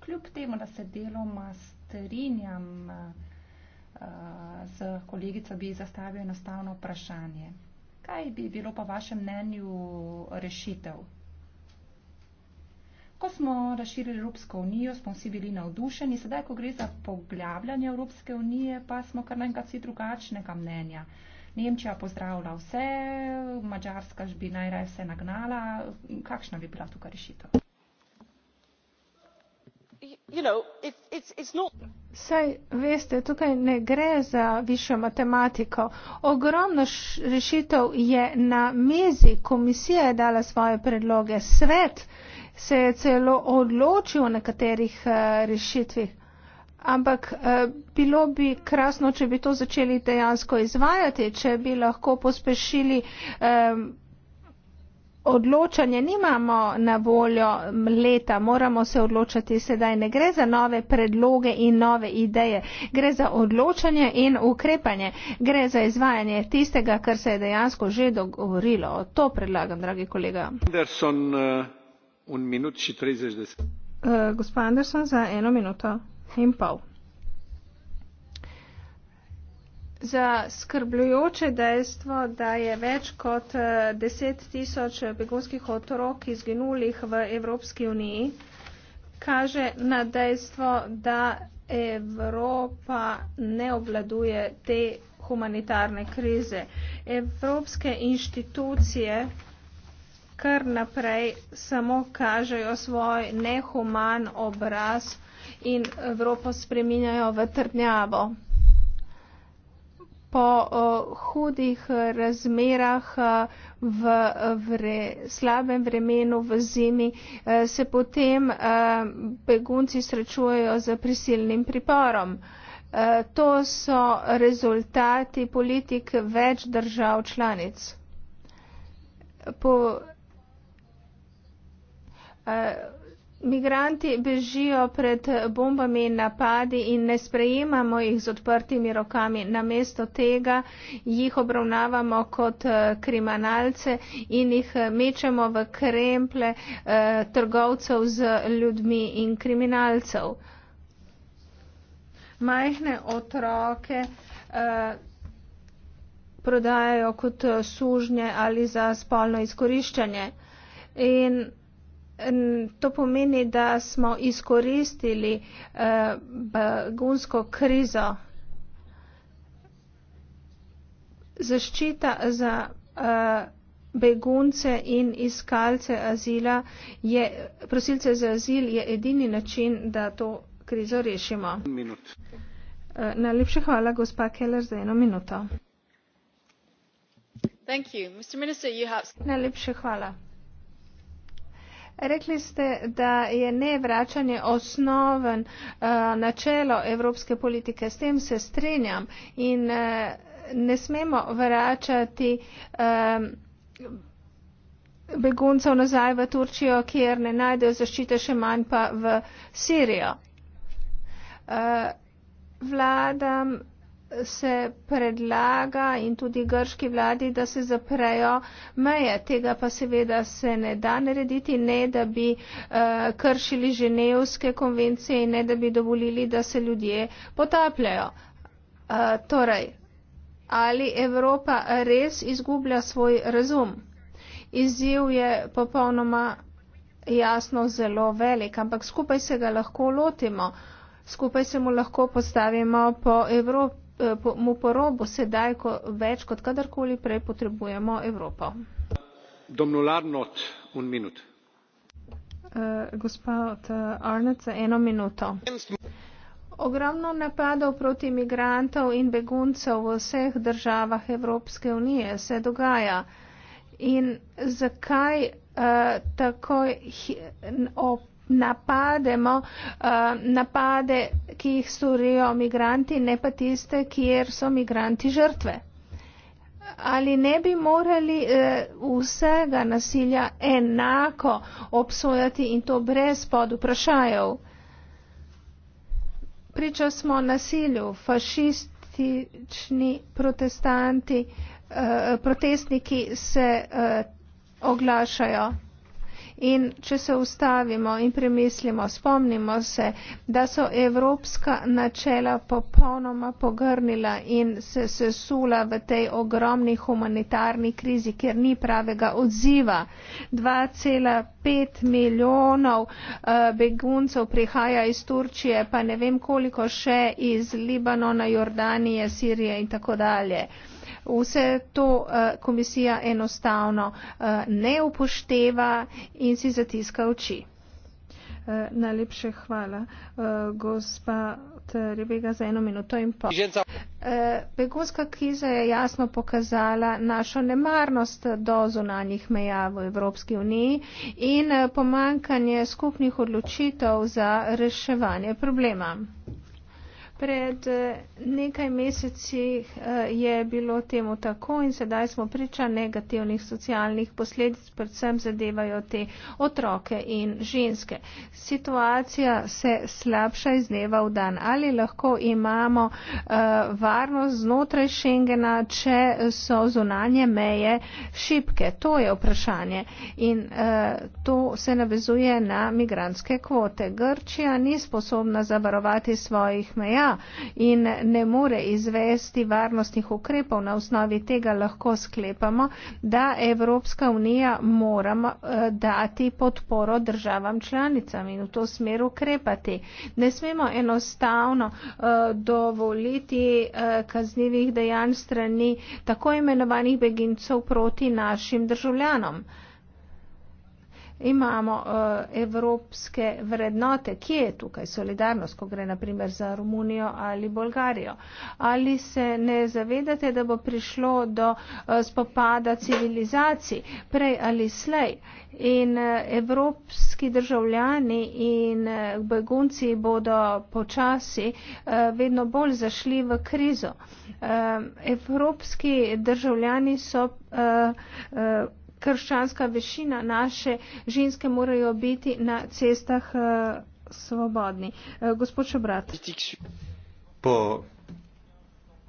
kljub temu, da se deloma strinjam eh, z kolegico, bi zastavil enostavno vprašanje. Kaj bi bilo po vašem mnenju rešitev? Ko smo razširili Evropsko unijo, smo vsi bili navdušeni, sedaj, ko gre za poglabljanje Evropske unije, pa smo kar naenkrat vsi drugačnega mnenja. Nemčija pozdravlja vse, Mačarska bi najraje vse nagnala. Kakšna bi bila tukaj rešitev? Saj veste, tukaj ne gre za višjo matematiko. Ogromno rešitev je na mizi, komisija je dala svoje predloge, svet se je celo odločil o nekaterih eh, rešitvih. Ampak eh, bilo bi krasno, če bi to začeli dejansko izvajati, če bi lahko pospešili eh, odločanje nimamo na voljo leta, moramo se odločati sedaj. Ne gre za nove predloge in nove ideje, gre za odločanje in ukrepanje, gre za izvajanje tistega, kar se je dejansko že dogovorilo. To predlagam, dragi kolega. Anderson, uh, uh, gospod Anderson, za eno minuto in pol. za skrbljujoče dejstvo, da je več kot 10 eh, tisoč begunskih otrok izginulih v Evropski uniji, kaže na dejstvo, da Evropa ne obladuje te humanitarne krize. Evropske inštitucije kar naprej samo kažejo svoj nehuman obraz in Evropo spreminjajo v trdnjavo po uh, hudih razmerah uh, v vre, slabem vremenu, v zimi, uh, se potem uh, begunci srečujejo z prisilnim priporom. Uh, to so rezultati politik več držav članic. Po, uh, Migranti bežijo pred bombami in napadi in ne sprejemamo jih z odprtimi rokami. Namesto tega jih obravnavamo kot eh, kriminalce in jih eh, mečemo v kremple eh, trgovcev z ljudmi in kriminalcev. Majhne otroke eh, prodajajo kot eh, sužnje ali za spolno izkoriščanje. In To pomeni, da smo izkoristili uh, begunsko krizo. Zaščita za uh, begunce in iskalce azila je, prosilce za azil je edini način, da to krizo rešimo. Uh, najlepša hvala, gospa Keller, za eno minuto. Najlepša hvala. Rekli ste, da je nevračanje osnoven eh, načelo evropske politike. S tem se strinjam in eh, ne smemo vračati eh, beguncev nazaj v Turčijo, kjer ne najdejo zaščite, še manj pa v Sirijo. Vladam se predlaga in tudi grški vladi, da se zaprejo meje. Tega pa seveda se ne da narediti, ne da bi uh, kršili ženevske konvencije in ne da bi dovolili, da se ljudje potapljajo. Uh, torej, ali Evropa res izgublja svoj razum? Izziv je popolnoma jasno zelo velik, ampak skupaj se ga lahko lotimo. Skupaj se mu lahko postavimo po Evropi. Eh, mu po robu sedaj ko več kot kadarkoli prej potrebujemo evropo. Eh, eh, ogromno napadov proti imigrantov in beguncev v vseh državah evropske unije se dogaja in zakaj uh, tako ob napademo uh, napade, ki jih storijo migranti, ne pa tiste, kjer so migranti žrtve. Ali ne bi morali uh, vsega nasilja enako obsojati in to brez pod vprašajev? Priča smo nasilju, fašistični protestanti, uh, protestniki se uh, oglašajo. In če se ustavimo in premislimo, spomnimo se, da so evropska načela popolnoma pogrnila in se sesula v tej ogromni humanitarni krizi, ker ni pravega odziva. 2,5 milijonov uh, beguncev prihaja iz Turčije, pa ne vem koliko še iz Libanona, Jordanije, Sirije in tako dalje. Vse to eh, komisija enostavno eh, ne upošteva in si zatiska oči. Eh, najlepše hvala, gospa Rebega, za eno minuto in pol. Begunska kriza je jasno pokazala našo nemarnost do zunanjih meja v Evropski uniji in pomankanje skupnih odločitev za reševanje problema. Pred eh, nekaj meseci eh, je bilo temu tako in sedaj smo priča negativnih socialnih posledic, predvsem zadevajo te otroke in ženske. Situacija se slabša iz dneva v dan. Ali lahko imamo eh, varnost znotraj Schengena, če so zunanje meje šipke? To je vprašanje in to se navezuje na migranske kvote. Grčija ni sposobna zavarovati svojih meja in ne more izvesti varnostnih ukrepov, na osnovi tega lahko sklepamo, da Evropska unija mora eh, dati podporo državam članicam in v to smer ukrepati. Ne smemo enostavno eh, dovoliti eh, kaznjivih dejanj strani tako imenovanih begincev proti našim državljanom imamo uh, evropske vrednote, kje je tukaj solidarnost, ko gre naprimer za Romunijo ali Bolgarijo. Ali se ne zavedate, da bo prišlo do uh, spopada civilizacij prej ali slej in uh, evropski državljani in uh, begunci bodo počasi uh, vedno bolj zašli v krizo. Uh, evropski državljani so. Uh, uh, krščanska vešina, naše ženske morajo biti na cestah eh, svobodni. Eh, gospod Šobrat. Po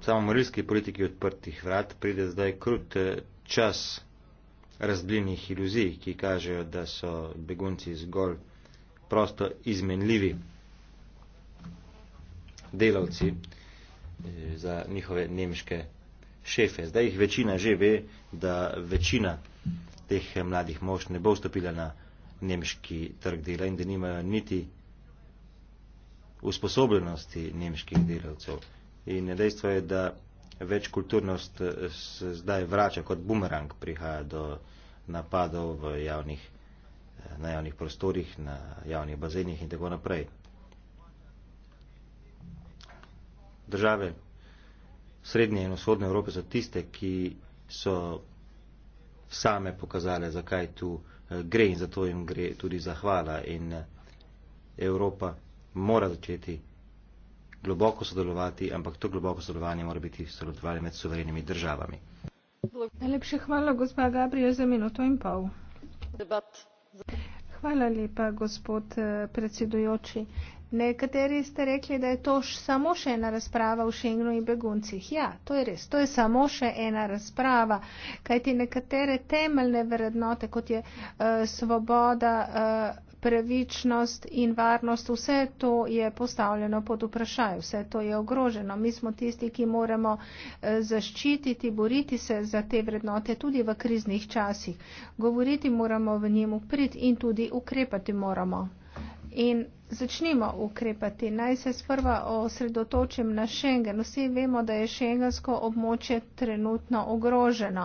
samomorilski politiki odprtih vrat pride zdaj krut eh, čas razblinih iluzij, ki kažejo, da so begunci zgolj prosto izmenljivi delavci za njihove nemške šefe. Zdaj jih večina že ve, da večina teh eh, mladih mož ne bo vstopila na nemški trg dela in da nimajo niti usposobljenosti nemških delavcev. In dejstvo je, da več kulturnost eh, se zdaj vrača kot bumerang, prihaja do napadov v javnih, eh, na javnih prostorih, na javnih bazenih in tako naprej. Države srednje in vzhodne Evrope so tiste, ki so same pokazale, zakaj tu eh, gre in zato jim gre tudi zahvala. In eh, Evropa mora začeti globoko sodelovati, ampak to globoko sodelovanje mora biti sodelovanje med suverenimi državami. Najlepše hvala, gospa Gabriel, za minuto in pol. Debat. Hvala lepa, gospod eh, predsedujoči. Nekateri ste rekli, da je to samo še ena razprava v Šengnu in beguncih. Ja, to je res. To je samo še ena razprava, kajti nekatere temeljne vrednote, kot je uh, svoboda, uh, pravičnost in varnost, vse to je postavljeno pod vprašaj, vse to je ogroženo. Mi smo tisti, ki moramo eh, zaščititi, boriti se za te vrednote tudi v kriznih časih. Govoriti moramo v njemu prid in tudi ukrepati moramo. In začnimo ukrepati. Naj se sprva osredotočim na Schengen. Vsi vemo, da je šengensko območje trenutno ogroženo.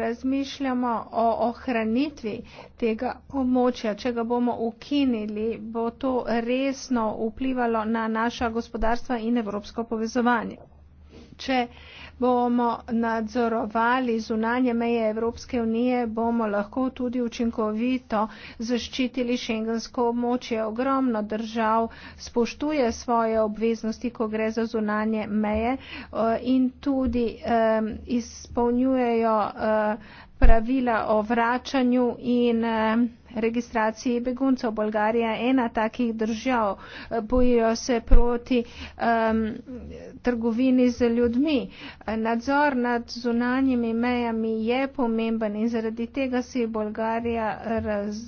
Razmišljamo o ohranitvi tega območja. Če ga bomo ukinili, bo to resno vplivalo na naša gospodarstva in evropsko povezovanje. Če bomo nadzorovali zunanje meje Evropske unije, bomo lahko tudi učinkovito zaščitili šengensko območje. Ogromno držav spoštuje svoje obveznosti, ko gre za zunanje meje eh, in tudi izpolnjujejo eh, pravila o vračanju in registraciji beguncev. Bolgarija je ena takih držav, bojijo se proti um, trgovini z ljudmi. Nadzor nad zunanjimi mejami je pomemben in zaradi tega si Bolgarija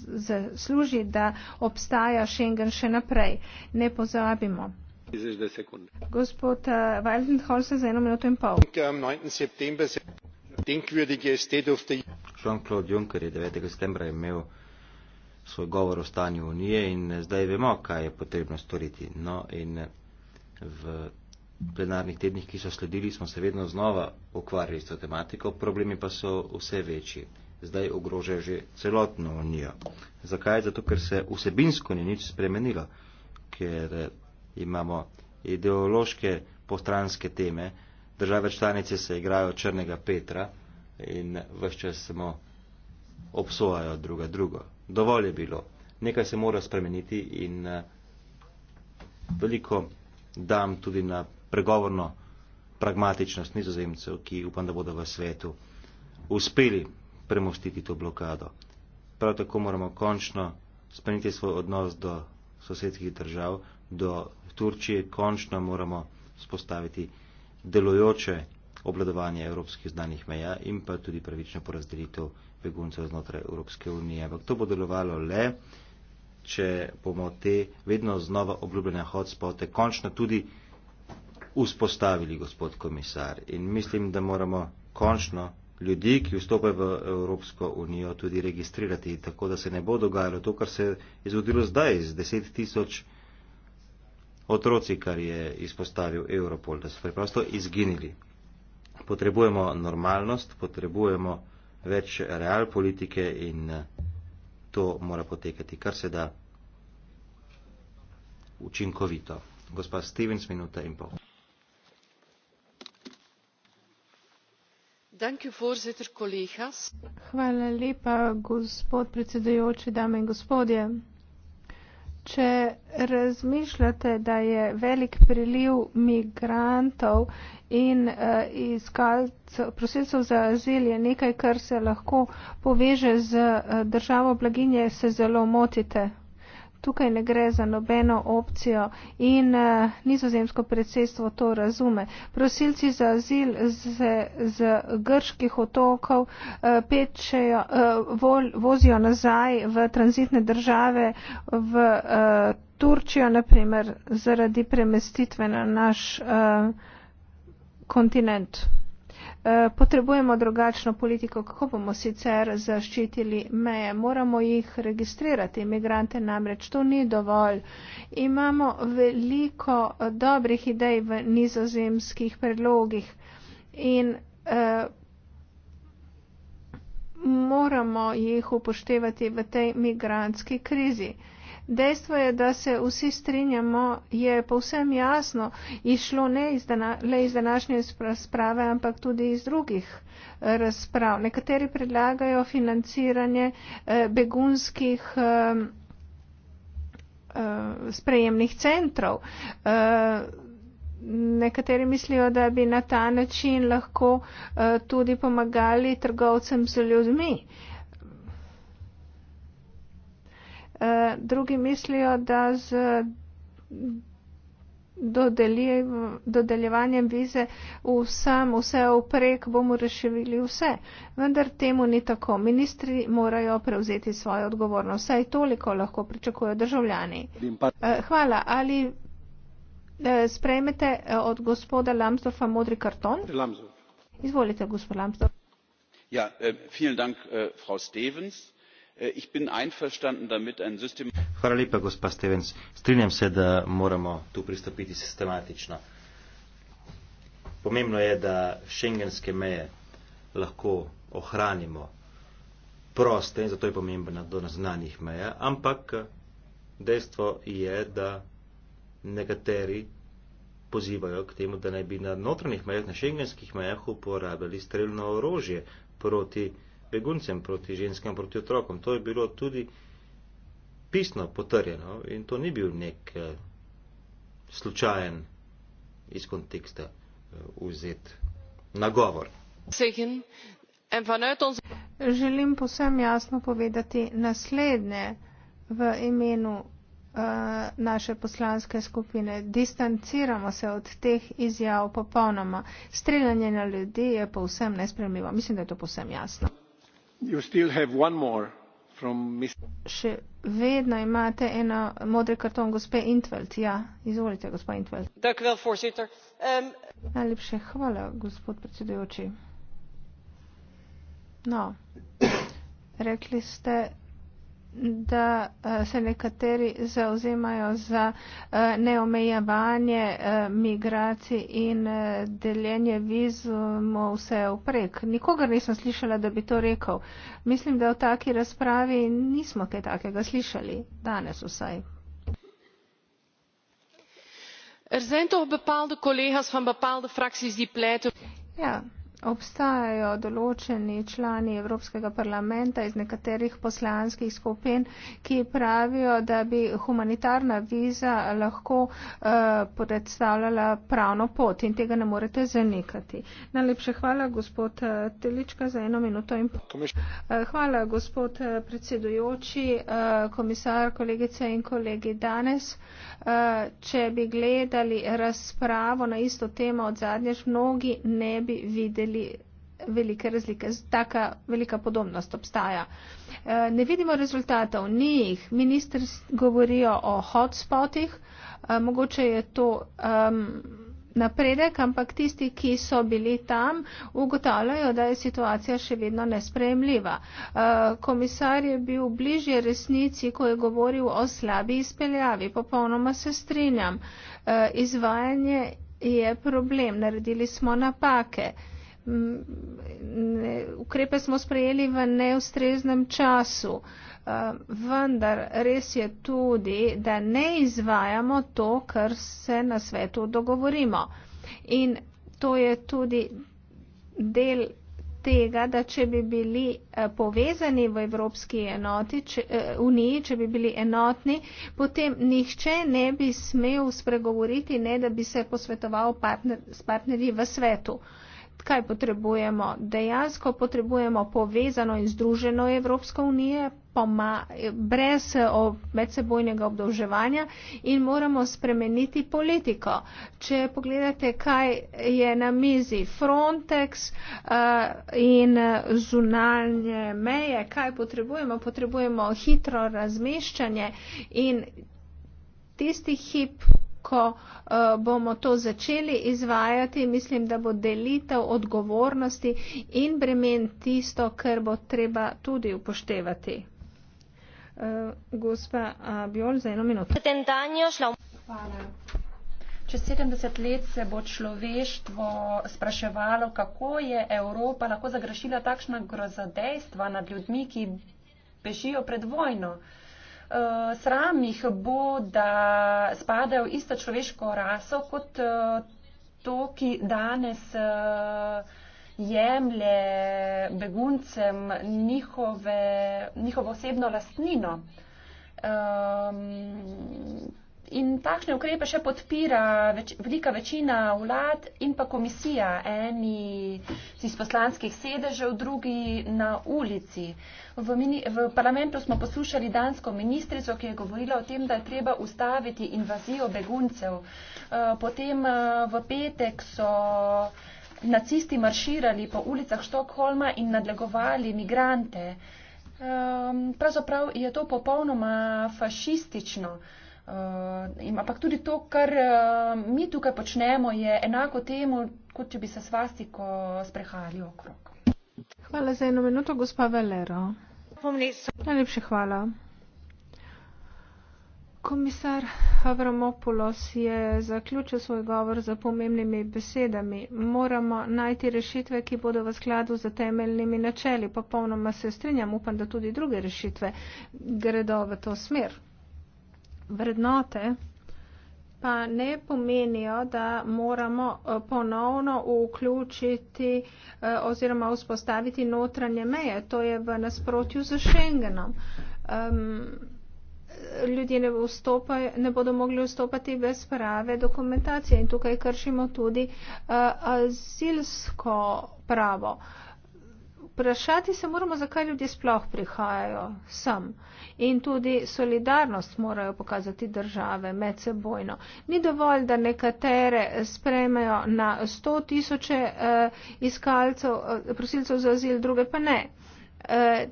zasluži, da obstaja Schengen še naprej. Ne pozabimo. Gospod uh, Waldenthal se za eno minuto in pol. Jean-Claude Juncker je 9. septembra imel svoj govor o stanju Unije in zdaj vemo, kaj je potrebno storiti. No in v plenarnih tednih, ki so sledili, smo se vedno znova ukvarjali s to tematiko, problemi pa so vse večji. Zdaj ogroža že celotno Unijo. Zakaj? Zato, ker se vsebinsko ni nič spremenilo, ker eh, imamo ideološke postranske teme, države članice se igrajo črnega Petra in vse čas samo obsojajo druga drugo dovolj je bilo. Nekaj se mora spremeniti in veliko eh, dam tudi na pregovorno pragmatičnost nizozemcev, ki upam, da bodo v svetu uspeli premostiti to blokado. Prav tako moramo končno spremeniti svoj odnos do sosedskih držav, do Turčije, končno moramo spostaviti delojoče obladovanje evropskih znanih meja in pa tudi pravično porazdelitev beguncev znotraj Evropske unije. Ampak to bo delovalo le, če bomo te vedno znova obljubljene hotspote končno tudi vzpostavili, gospod komisar. In mislim, da moramo končno ljudi, ki vstopajo v Evropsko unijo, tudi registrirati, tako da se ne bo dogajalo to, kar se je zgodilo zdaj z deset tisoč otroci, kar je izpostavil Europol, da so preprosto izginili. Potrebujemo normalnost, potrebujemo več real politike in eh, to mora potekati kar se da učinkovito. Gospa Stevens, minuta in pol. Hvala lepa, gospod predsedujoči, dame in gospodje. Če razmišljate, da je velik priliv migrantov in uh, iskalcev, prosilcev za azil je nekaj, kar se lahko poveže z uh, državo blaginje, se zelo motite. Tukaj ne gre za nobeno opcijo in uh, nizozemsko predsedstvo to razume. Prosilci za azil z grških otokov uh, pečejo, uh, vol, vozijo nazaj v tranzitne države, v uh, Turčijo, naprimer, zaradi premestitve na naš uh, kontinent. Eh, potrebujemo drugačno politiko, kako bomo sicer zaščitili meje. Moramo jih registrirati, imigrante namreč to ni dovolj. Imamo veliko dobrih idej v nizozemskih predlogih in uh, moramo jih upoštevati v tej migrantski krizi. Uh, Dejstvo je, da se vsi strinjamo, je povsem jasno išlo ne iz dana, le iz današnje sprave, ampak tudi iz drugih eh, razprav. Nekateri predlagajo financiranje eh, begunskih eh, sprejemnih centrov. Nekateri mislijo, da bi na ta način lahko tudi pomagali trgovcem z ljudmi. drugi mislijo, da z dodeljevanjem vize vsem, vse oprek bomo reševili vse. Vendar temu ni tako. Ministri morajo prevzeti svojo odgovornost. Saj toliko lahko pričakujo državljani. Eh, hvala. Ali eh, sprejmete eh, od gospoda Lambsdorfa modri karton? Izvolite, gospod Lambsdorf. Ja, eh, vielen Dank, eh, Frau Stevens. Äh, ich bin einverstanden damit ein system. hvala lepa gospa stevens strinjam se da moramo tu pristopiti sistematično pomembno je da schengenske meje lahko ohranimo proste in zato je pomemben nadzor na znanih meja ampak dejstvo je da nekateri pozivajo k temu da naj bi na notranjih mejah na schengenskih mejah uporabljali strelno orožje proti beguncem, proti ženskam, proti otrokom. To je bilo tudi pisno potrjeno in to ni bil nek eh, slučajen iz konteksta eh, vzet nagovor. Želim posem jasno povedati naslednje v imenu eh, naše poslanske skupine. Distanciramo se od teh izjav popolnoma. Streljanje na ljudi je povsem nespremljivo. Mislim, da je to povsem jasno. Še vedno imate eno modri karton, gospe Intveld. Ja, izvolite, gospa Intveld. Ehm, Najlepše hvala, gospod predsedujoči. No, rekli ste, da je to vaša prva opomina da eh, se nekateri zauzemajo za eh, neomejevanje eh, migracij in deljenje vizumov vse oprek. Nikogar nisem slišala, da bi to rekel. Mislim, da v taki razpravi nismo kaj takega slišali, danes vsaj. Er zijn toch bepaalde collega's van bepaalde fracties die pleiten. Ja, obstajajo določeni člani Evropskega parlamenta iz nekaterih poslanskih skupin, ki pravijo, da bi humanitarna viza lahko uh, predstavljala pravno pot in tega ne morete zanikati. Najlepše hvala, gospod eh, Telička, za eno minuto in pol. Eh, hvala, gospod predsedujoči, uh, komisar, kolegice in kolegi danes. Uh, če bi gledali razpravo na isto temo od zadnjež, mnogi ne bi videli veli, velike razlike. Taka velika podobnost obstaja. E, ne vidimo rezultatov, ni jih. Ministr govorijo o hotspotih, e, mogoče je to um, napredek, ampak tisti, ki so bili tam, ugotavljajo, da je situacija še vedno nespremljiva. E, komisar je bil bližje resnici, ko je govoril o slabi izpeljavi. Popolnoma se strinjam. Izvajanje je problem, naredili smo napake ukrepe smo sprejeli v neustreznem času. Eh, vendar res je tudi, da ne izvajamo to, kar se na svetu dogovorimo. In to je tudi del tega, da če bi bili eh, povezani v Evropski enoti, če, eh, uniji, če bi bili enotni, potem nihče ne bi smel spregovoriti, ne da bi se posvetoval partner, s partnerji v svetu. Eh, kaj potrebujemo? Dejansko potrebujemo povezano in združeno Evropsko unijo, poma, brez medsebojnega obdolževanja in moramo spremeniti politiko. Če pogledate, kaj je na mizi Frontex uh, in zunanje meje, kaj potrebujemo? Potrebujemo hitro razmeščanje in tisti hip ko eh, bomo to začeli izvajati, mislim, da bo delitev odgovornosti in bremen tisto, kar bo treba tudi upoštevati. Eh, gospa eh, Bjol, za eno minuto. Hvala. Čez 70 let se bo človeštvo spraševalo, kako je Evropa lahko zagrešila takšna grozodejstva nad ljudmi, ki bežijo pred vojno. Uh, Eh, sram jih bo, da spadajo isto človeško raso kot eh, to, ki danes eh, jemlje beguncem njihove, njihovo osebno lastnino. Um, in takšne ukrepe še podpira več, velika večina vlad in pa komisija, eni iz poslanskih sedežev, drugi na ulici. Uh, V, mini, v parlamentu smo poslušali dansko ministrico, ki je govorila o tem, da je treba ustaviti invazijo beguncev. Eh, potem eh, v petek so nacisti marširali po ulicah Štokholma in nadlegovali migrante. Ehm, pravzaprav je to popolnoma fašistično. Eh, ampak tudi to, kar mi tukaj počnemo, je enako temu, kot če bi se svastiko sprehajali okrog. Hvala za eno minuto, gospa Velero. Komisar Avramopoulos je zaključil svoj govor za pomembnimi besedami. Moramo najti rešitve, ki bodo v skladu z temeljnimi načeli. Popolnoma se strinjam, upam, da tudi druge rešitve gredo v to smer. Vrednote pa ne pomenijo, da moramo eh, ponovno vključiti eh, oziroma vzpostaviti notranje meje. To je v nasprotju z Schengenom. Um, ljudje ne, vstopaj, ne bodo mogli vstopati brez prave dokumentacije in tukaj kršimo tudi uh, azilsko pravo. Uh, vprašati se moramo, zakaj ljudje sploh prihajajo sem. In tudi solidarnost morajo pokazati države med sebojno. Ni dovolj, da nekatere sprejmejo na sto tisoče eh, iskalcev, eh, prosilcev za azil, druge pa ne. Eh,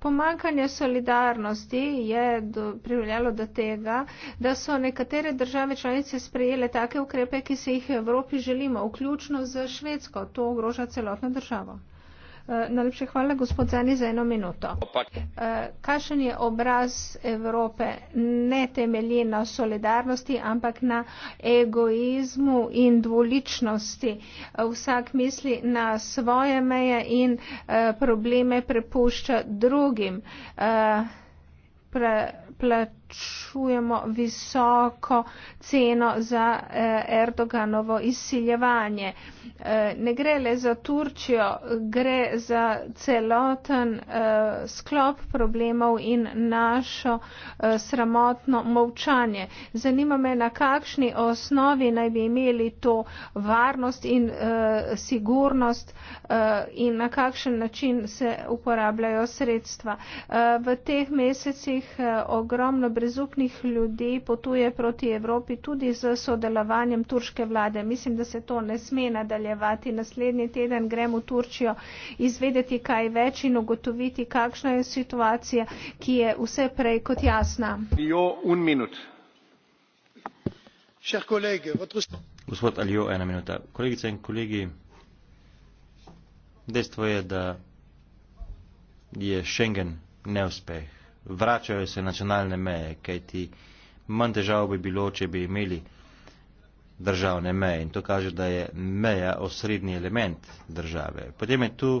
pomankanje solidarnosti je privljalo do tega, da so nekatere države članice sprejele take ukrepe, ki se jih v Evropi želimo, vključno z Švedsko. To ogroža celotno državo. Eh, Najlepša hvala, gospod Zani, za eno minuto. Eh, kakšen je obraz Evrope? Ne temelji na solidarnosti, ampak na egoizmu in dvoličnosti. Vsak misli na svoje meje in eh, probleme prepušča drugim. Pre, pre, plačujemo visoko ceno za eh, Erdoganovo izsiljevanje. Eh, ne gre le za Turčijo, gre za celoten eh, sklop problemov in našo sramotno molčanje. Zanima me, na kakšni osnovi naj bi imeli to varnost in sigurnost in na kakšen način se uporabljajo sredstva. V teh mesecih ogromno brezupnih ljudi potuje proti Evropi tudi z sodelovanjem turške vlade. Mislim, da se to ne sme nadaljevati. Naslednji teden grem v Turčijo izvedeti kaj več in ugotoviti, kakšna je situacija, ki je vse prej kot jasna. Jo, Gospod Aljo, ena minuta. Kolegice in kolegi, dejstvo je, da je Schengen neuspeh vračajo se nacionalne meje, kajti manj težav bi bilo, če bi imeli državne meje. In to kaže, da je meja osrednji element države. Potem je tu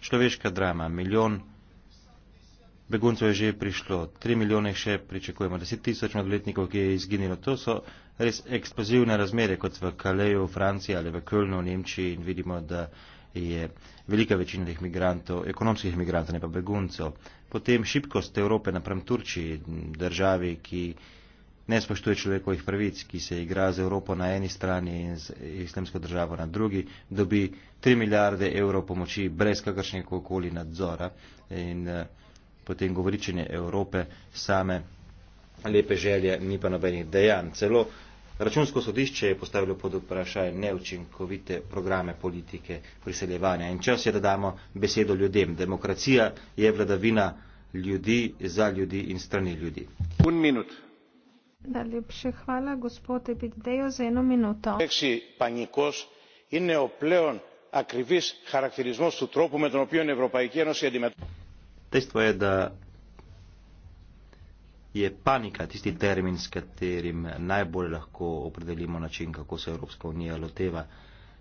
človeška drama. Milijon beguncev je že prišlo, tri milijone še pričakujemo, deset tisoč mladoletnikov, ki je izginilo. To so res eksplozivne razmere, kot v Kaleju v Franciji ali v Kölnu v Nemčiji in vidimo, da je velika večina teh migrantov, ekonomskih migrantov, ne pa beguncev, potem šibkost Evrope naprem Turčiji, državi, ki ne spoštuje človekovih pravic, ki se igra z Evropo na eni strani in z islamsko državo na drugi, dobi 3 milijarde evrov pomoči brez kakršnega koli nadzora in eh, potem govoričenje Evrope same lepe želje, ni pa nobenih dejanj. Celo Računsko sodišče je postavilo pod vprašanje neučinkovite programe politike priseljevanja. In čas je, da damo besedo ljudem. Demokracija je vladavina ljudi za ljudi in strani ljudi. Un minut. Najlepše hvala, gospod Epidejo, za eno minuto. Reči panikos in neopleon akrivis karakterizmo sutropu med onopijo in Evropa in kjer nas je dimet. Dejstvo je, da je panika tisti termin, s katerim najbolj lahko opredelimo način, kako se Evropska unija loteva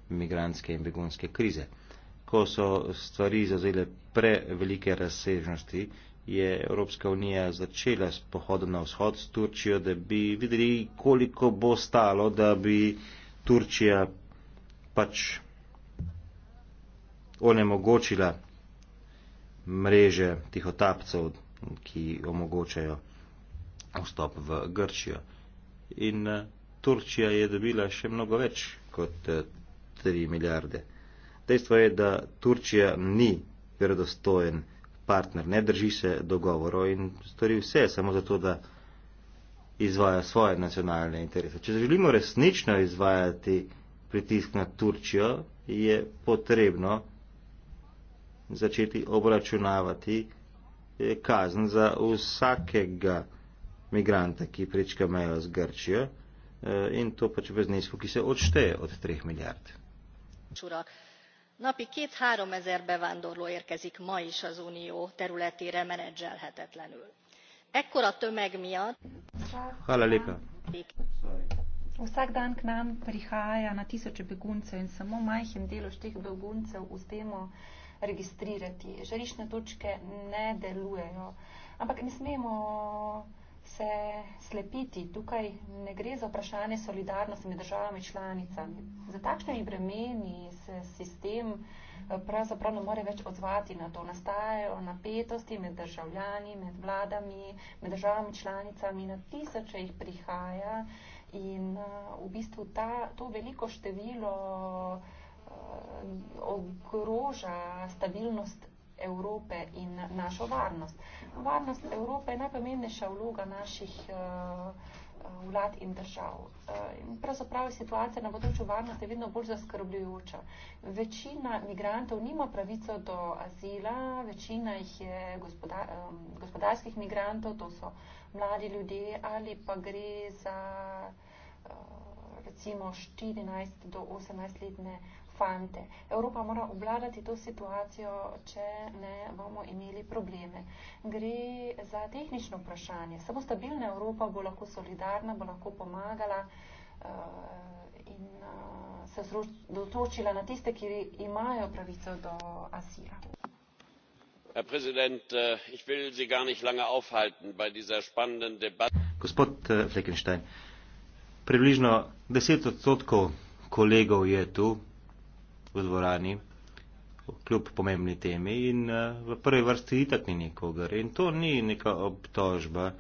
migranske in begunske krize. Ko so stvari zazele prevelike razsežnosti, je Evropska unija začela s pohodom na vzhod s Turčijo, da bi videli, koliko bo stalo, da bi Turčija pač onemogočila mreže tihotapcev, ki omogočajo vstop v Grčijo. In eh, Turčija je dobila še mnogo več kot 3 eh, milijarde. Dejstvo je, da Turčija ni verodostojen partner, ne drži se dogovoro in stori vse samo zato, da izvaja svoje nacionalne interese. Če želimo resnično izvajati pritisk na Turčijo, je potrebno začeti obračunavati eh, kazen za vsakega migranta, ki prečka mejo z Grčijo eh, in to pač v znesku, ki se odšteje od 3 milijard. Urak. Napi két három ezer bevándorló érkezik ma is az Unió területére menedzselhetetlenül. Ekkora tömeg miatt... Hála lépe. Vsak dan k nám prihája na tisoče beguncev in samo majhen delož teh beguncev uspemo registrirati. Žarišne točke ne delujejo, ampak ne smemo se slepiti. Tukaj ne gre za vprašanje solidarnosti med državami članicami. Za takšnimi bremeni se sistem eh, pravzaprav ne more več odzvati na to. Nastajajo napetosti med državljani, med vladami, med državami članicami, na tisoče jih prihaja in eh, v bistvu ta, to veliko število eh, ogroža stabilnost Evrope in našo varnost varnost Evrope je najpomembnejša vloga naših uh, vlad in držav. Uh, in pravzaprav je situacija na področju varnosti vedno bolj zaskrbljujoča. Večina migrantov nima pravico do azila, večina jih je gospodar, um, gospodarskih migrantov, to so mladi ljudje ali pa gre za uh, recimo 14 do 18 letne fante. Evropa mora obvladati to situacijo, če ne bomo imeli probleme. Gre za tehnično vprašanje. Samo stabilna Evropa bo lahko solidarna, bo lahko pomagala uh, in uh, se dotočila na tiste, ki imajo pravico do azila. Herr Präsident, eh, ich will Sie gar nicht lange aufhalten bei dieser spannenden Debatte. Gospod Fleckenstein, približno 10 odstotkov kolegov je tu, v dvorani, kljub pomembni temi in uh, v prvi vrsti itak ni nikogar. In to ni neka obtožba,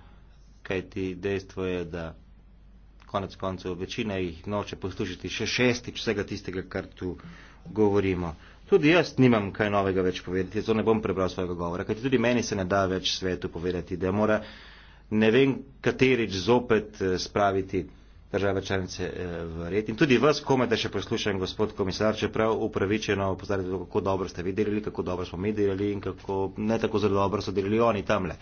kaj ti dejstvo je, da konec koncev večina jih noče poslušati še šestič vsega tistega, kar tu govorimo. Tudi jaz nimam kaj novega več povedati, zato ne bom prebral svojega govora, kajti tudi meni se ne da več svetu povedati, da mora ne vem katerič zopet eh, spraviti države članice eh, v red. In tudi vas, kome da še poslušam, gospod komisar, čeprav upravičeno opozarjate, kako dobro ste vi delili, kako dobro smo mi delili in kako ne tako zelo dobro so delili oni tamle.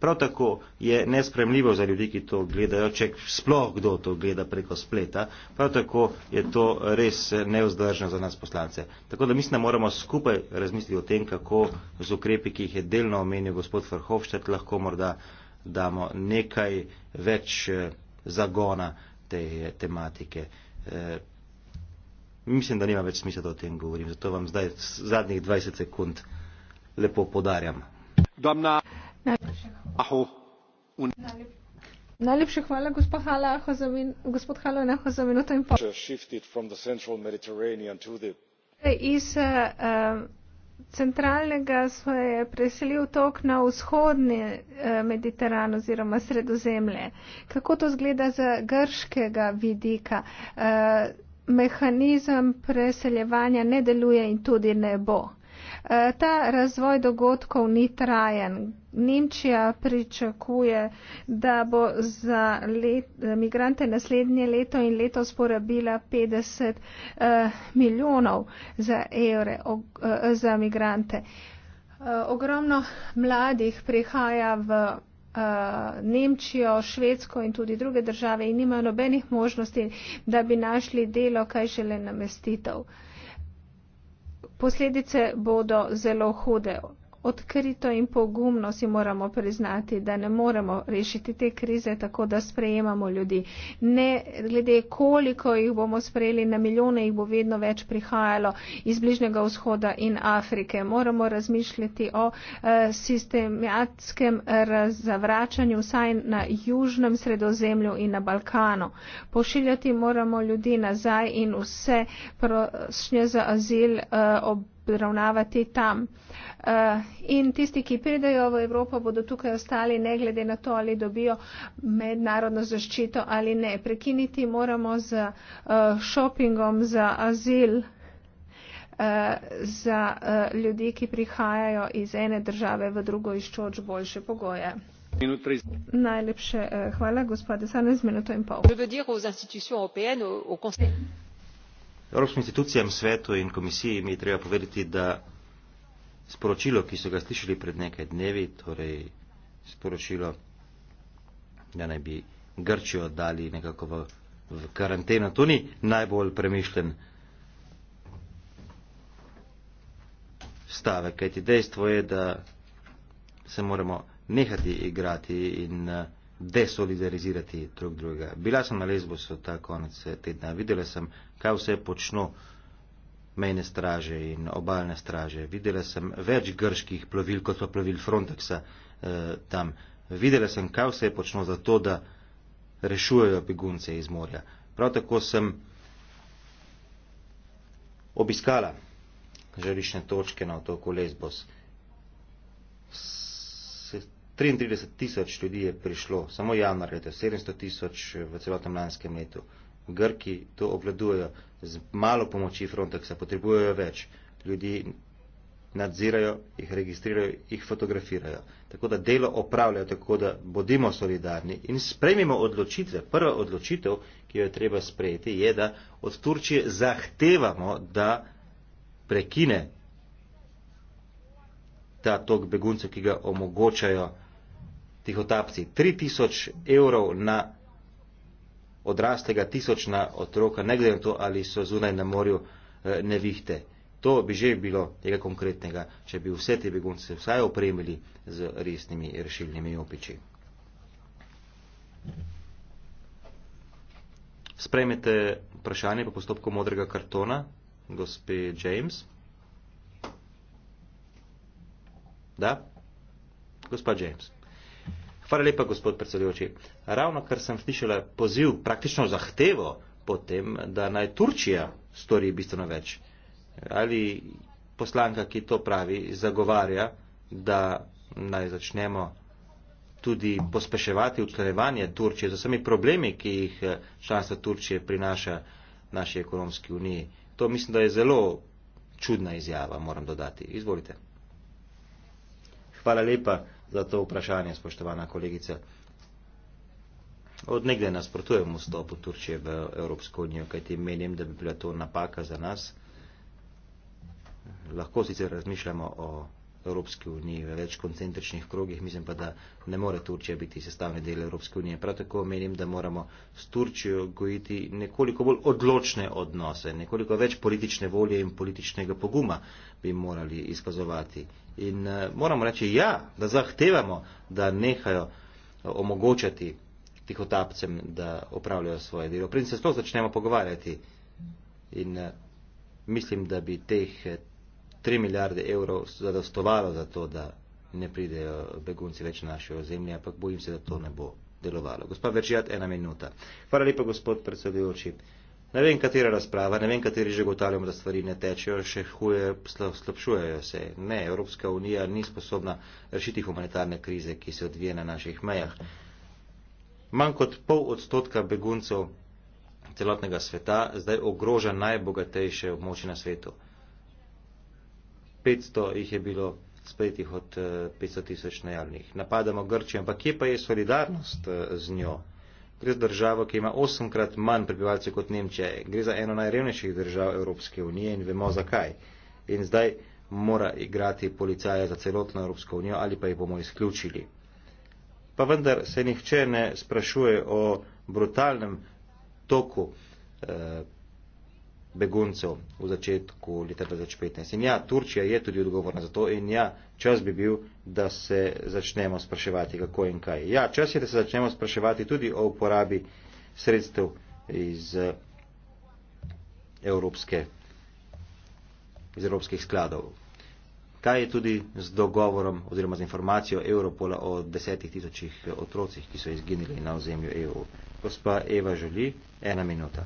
Prav tako je nespremljivo za ljudi, ki to gledajo, če sploh kdo to gleda preko spleta, prav tako je to res eh, neozdržno za nas poslance. Tako da mislim, da moramo skupaj razmisliti o tem, kako z ukrepi, ki jih je delno omenil gospod Verhofštet, lahko morda damo nekaj več eh, zagona te tematike. Eh, mislim, da nima več smisla, da o tem govorim, zato vam zdaj zadnjih 20 sekund lepo podarjam. Domna. Najlepša hvala, gospod Halahu, za minuto in pol. Iz, uh, uh, centralnega se je preselil tok na vzhodni eh, Mediteran oziroma sredozemlje. Kako to zgleda za grškega vidika? Eh, mehanizem preseljevanja ne deluje in tudi ne bo. Eh, ta razvoj dogodkov ni trajen. Nemčija pričakuje, da bo za let, migrante naslednje leto in letos porabila 50 uh, eh, milijonov za evre og, uh, za migrante. Uh, ogromno mladih prihaja v. Nemčijo, Švedsko in tudi druge države in nimajo nobenih možnosti, da bi našli delo, kaj šele namestitev. Posledice bodo zelo hude. Odkrito in pogumno si moramo priznati, da ne moremo rešiti te krize tako, da sprejemamo ljudi. Ne glede, koliko jih bomo sprejeli, na milijone jih bo vedno več prihajalo iz Bližnjega vzhoda in Afrike. Moramo razmišljati o eh, sistematskem zavračanju vsaj na južnem sredozemlju in na Balkanu. Pošiljati moramo ljudi nazaj in vse prošnje za azil eh, ob obravnavati tam. Eh, in tisti, ki pridejo v Evropo, bodo tukaj ostali, ne glede na to, ali dobijo mednarodno zaščito ali ne. Prekiniti moramo z eh, šopingom, z azil eh, za ljudi, ki prihajajo iz ene države v drugo iščoč boljše pogoje. Najlepše hvala, gospod Desanes, minuto in pol. Evropskim institucijam, svetu in komisiji mi je treba povedati, da sporočilo, ki so ga slišali pred nekaj dnevi, torej sporočilo, da naj bi Grčijo dali nekako v, v karanteno, to ni najbolj premišljen stavek, kajti dejstvo je, da se moramo nehati igrati in eh, desolidarizirati drug drugega. Bila sem na Lesbosu ta konec tedna, videla sem kaj vse počno mejne straže in obaljne straže. Videla sem več grških plovil, kot pa plovil Frontexa eh, tam. Videla sem, kaj vse počno za to, da rešujejo begunce iz morja. Prav tako sem obiskala žarišne točke na otoku Lesbos. 33 tisoč ljudi je prišlo, samo januar leta, 700 tisoč v celotnem lanskem letu. Grki to obvladujejo. Z malo pomoči Frontexa potrebujejo več. Ljudi nadzirajo, jih registrirajo, jih fotografirajo. Tako da delo opravljajo, tako da bodimo solidarni in sprejmimo odločitve. Prva odločitev, ki jo je treba sprejeti, je, da od Turčije zahtevamo, da prekine ta tok beguncev, ki ga omogočajo tih otapci. 3000 evrov na odrastega tisočna otroka, ne glede na to, ali so zunaj na morju eh, nevihte. To bi že bilo nekaj konkretnega, če bi vse te begunce vsaj opremili z resnimi rešilnimi opiči. Spremete vprašanje po postopku modrega kartona, gospe James. Da? Gospa James. Hvala lepa, gospod predsedujoči. Ravno kar sem slišala poziv, praktično zahtevo potem, da naj Turčija stori bistveno več. Ali poslanka, ki to pravi, zagovarja, da naj začnemo tudi pospeševati učlenevanje Turčije z vsemi problemi, ki jih eh, članstvo Turčije prinaša naši ekonomski uniji. To mislim, da je zelo čudna izjava, moram dodati. Izvolite. Hvala lepa za to vprašanje, spoštovana kolegica. Odnegde nasprotujem vstopu Turčije v Evropsko unijo, kajti menim, da bi bila to napaka za nas. Lahko sicer razmišljamo o Evropske unije v več koncentričnih krogih, mislim pa, da ne more Turčija biti sestavni del Evropske unije. Prav tako menim, da moramo s Turčijo gojiti nekoliko bolj odločne odnose, nekoliko več politične volje in političnega poguma bi morali izkazovati. In uh, moramo reči ja, da zahtevamo, da nehajo eh, omogočati tihotapcem, da opravljajo svoje delo. Prim se s to začnemo pogovarjati in uh, mislim, da bi teh tri milijarde evrov zadostovalo za to, da ne pridejo begunci več na našo zemljo, ampak bojim se, da to ne bo delovalo. Gospod Večijat, ena minuta. Hvala lepa, gospod predsedujoči. Ne vem, katera razprava, ne vem, kateri že gotavljamo, da stvari ne tečejo, še huje, slabšujejo se. Ne, Evropska unija ni sposobna rešiti humanitarne krize, ki se odvije na naših mejah. Manj kot pol odstotka beguncev celotnega sveta zdaj ogroža najbogatejše območje na svetu. 500 jih je bilo sprejetih od 500 eh, tisoč najavnih. Napadamo Grčijo, ampak kje pa je solidarnost eh, z njo? Gre za državo, ki ima osemkrat manj prebivalcev kot Nemčija. Gre za eno najrevnejših držav Evropske unije in vemo zakaj. In zdaj mora igrati policaja za celotno Evropsko unijo ali pa jih bomo izključili. Pa vendar se nihče ne sprašuje o brutalnem toku eh, beguncev v začetku leta 2015. In ja, Turčija je tudi odgovorna za to in ja, čas bi bil, da se začnemo spraševati, kako in kaj. Ja, čas je, da se začnemo spraševati tudi o uporabi sredstev iz evropske iz evropskih skladov. Kaj je tudi z dogovorom oziroma z informacijo Europola o desetih tisočih otrocih, ki so izginili na ozemlju EU? Gospa Eva želi ena minuta.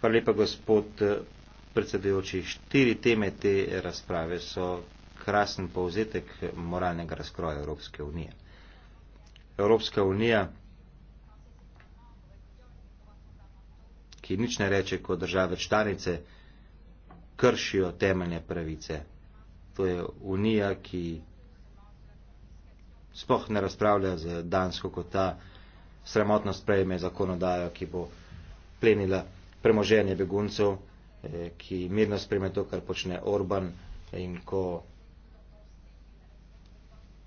Hvala lepa, gospod eh, predsedujoči. Štiri teme te razprave so krasen povzetek moralnega razkroja Evropske unije. Evropska unija, ki nič ne reče kot države članice, kršijo temeljne pravice. To je unija, ki spoh ne razpravlja z Dansko, kot ta sramotno sprejme zakonodajo, ki bo plenila premoženje beguncev, eh, ki mirno spreme to, kar počne Orban in ko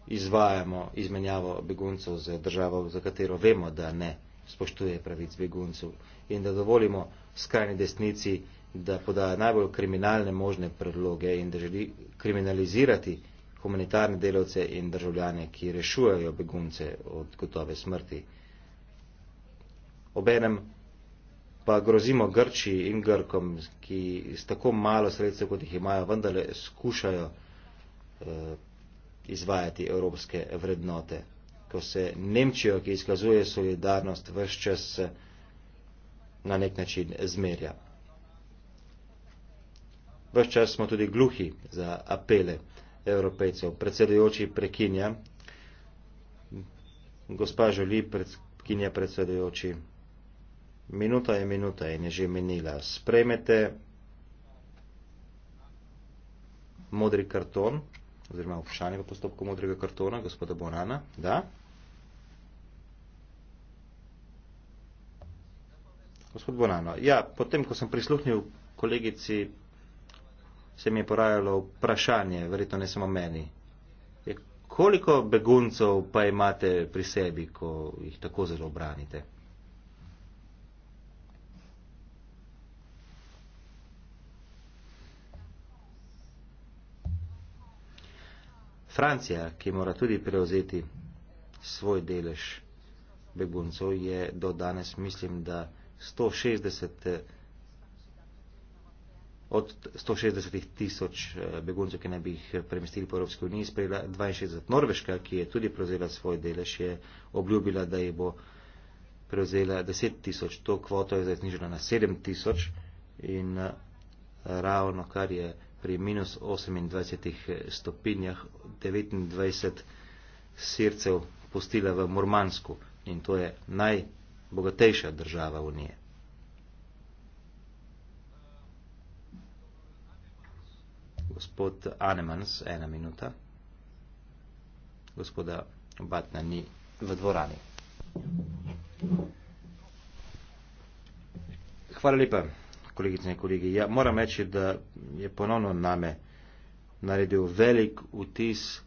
izvajamo izmenjavo beguncev z državo, za katero vemo, da ne spoštuje pravic beguncev in da dovolimo skrajni desnici, da podaja najbolj kriminalne možne predloge in da želi kriminalizirati humanitarne delavce in državljane, ki rešujejo begunce od gotove smrti. Obenem pa grozimo Grčiji in Grkom, ki s tako malo sredstev, kot jih imajo, vendarle skušajo eh, izvajati evropske vrednote. Ko se Nemčijo, ki izkazuje solidarnost, vse čas eh, na nek način zmerja. Vse čas smo tudi gluhi za apele evropejcev. Predsedujoči prekinja, gospa želi prekinja predsedujoči. Minuta je minuta in je že minila. Sprejmete modri karton, oziroma vprašanje v postopku modrega kartona, gospoda Bonana. Da. Gospod Bonano, ja, potem, ko sem prisluhnil kolegici, se mi je porajalo vprašanje, verjetno ne samo meni. Koliko beguncov pa imate pri sebi, ko jih tako zelo branite? Francija, ki mora tudi prevzeti svoj delež beguncov, je do danes, mislim, da 160, od 160 tisoč eh, beguncev, ki naj bi jih eh, premestili po Evropski uniji, sprejela 62. Norveška, ki je tudi prevzela svoj delež, je obljubila, da je bo prevzela 10 tisoč. To kvoto je zdaj znižena na 7 tisoč in eh, ravno kar je pri minus 28 stopinjah 29 sircev pustila v Murmansku in to je najbogatejša država Unije. Gospod Anemans, ena minuta. Gospoda Batna ni v dvorani. Hvala lepa kolegice in kolegi. Ja, moram reči, da je ponovno name naredil velik vtis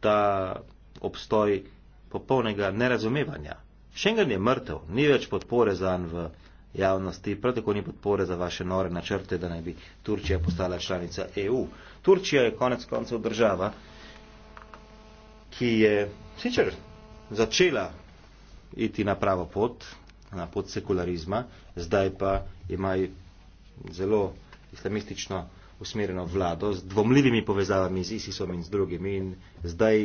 ta obstoj popolnega nerazumevanja. Schengen je mrtev, ni več podpore za en v javnosti, prav tako ni podpore za vaše nore načrte, da naj bi Turčija postala članica EU. Turčija je konec koncev država, ki je sicer začela iti na pravo pot, na pot sekularizma, zdaj pa imajo zelo islamistično usmerjeno vlado z dvomljivimi povezavami z ISISom in z drugimi in zdaj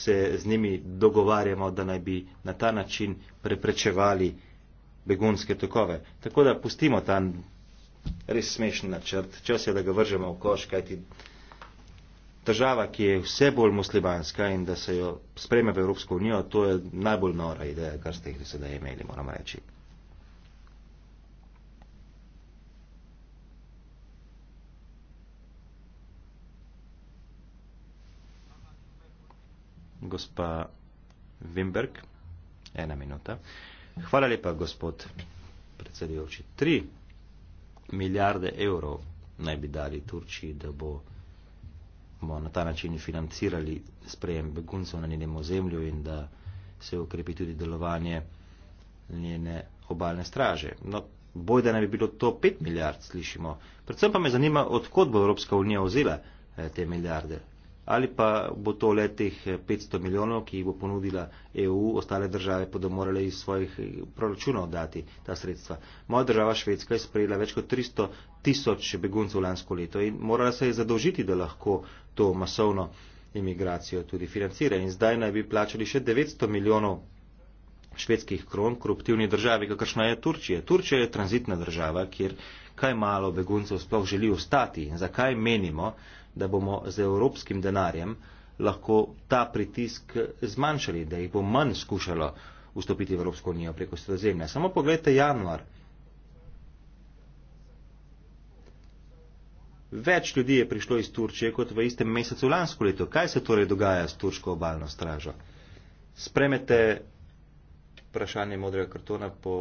se z njimi dogovarjamo, da naj bi na ta način preprečevali begunske tokove. Tako da pustimo ta res smešen načrt, čas je, da ga vržemo v koš, kajti država, ki je vse bolj muslimanska in da se jo spreme v Evropsko unijo, to je najbolj nora ideja, kar ste jih do sedaj imeli, moramo reči. Gospa Wimberg, ena minuta. Hvala lepa, gospod predsedujoči. Tri milijarde evrov naj bi dali Turčiji, da bo bomo na ta način financirali sprejem beguncev na njenem ozemlju in da se ukrepi tudi delovanje njene obalne straže. No, boj, da ne bi bilo to 5 milijard, slišimo. Predvsem pa me zanima, odkot bo Evropska unija vzela eh, te milijarde. Ali pa bo to le teh 500 eh, milijonov, ki jih bo ponudila EU, ostale države pa da morale iz svojih eh, proračunov dati ta sredstva. Moja država Švedska je sprejela več kot 300 tisoč beguncev lansko leto in morala se je zadolžiti, da lahko to masovno imigracijo tudi financira. In zdaj naj bi plačali še 900 milijonov švedskih kron koruptivni državi, kakršna je Turčija. Turčija je tranzitna država, kjer kaj malo beguncev sploh želi ostati in zakaj menimo, da bomo z evropskim denarjem lahko ta pritisk zmanjšali, da jih bo manj skušalo vstopiti v Evropsko unijo preko sredozemlja. Samo pogledajte januar Več ljudi je prišlo iz Turčije kot v istem mesecu lansko leto. Kaj se torej dogaja s turško obalno stražo? Spremete vprašanje modrega kartona po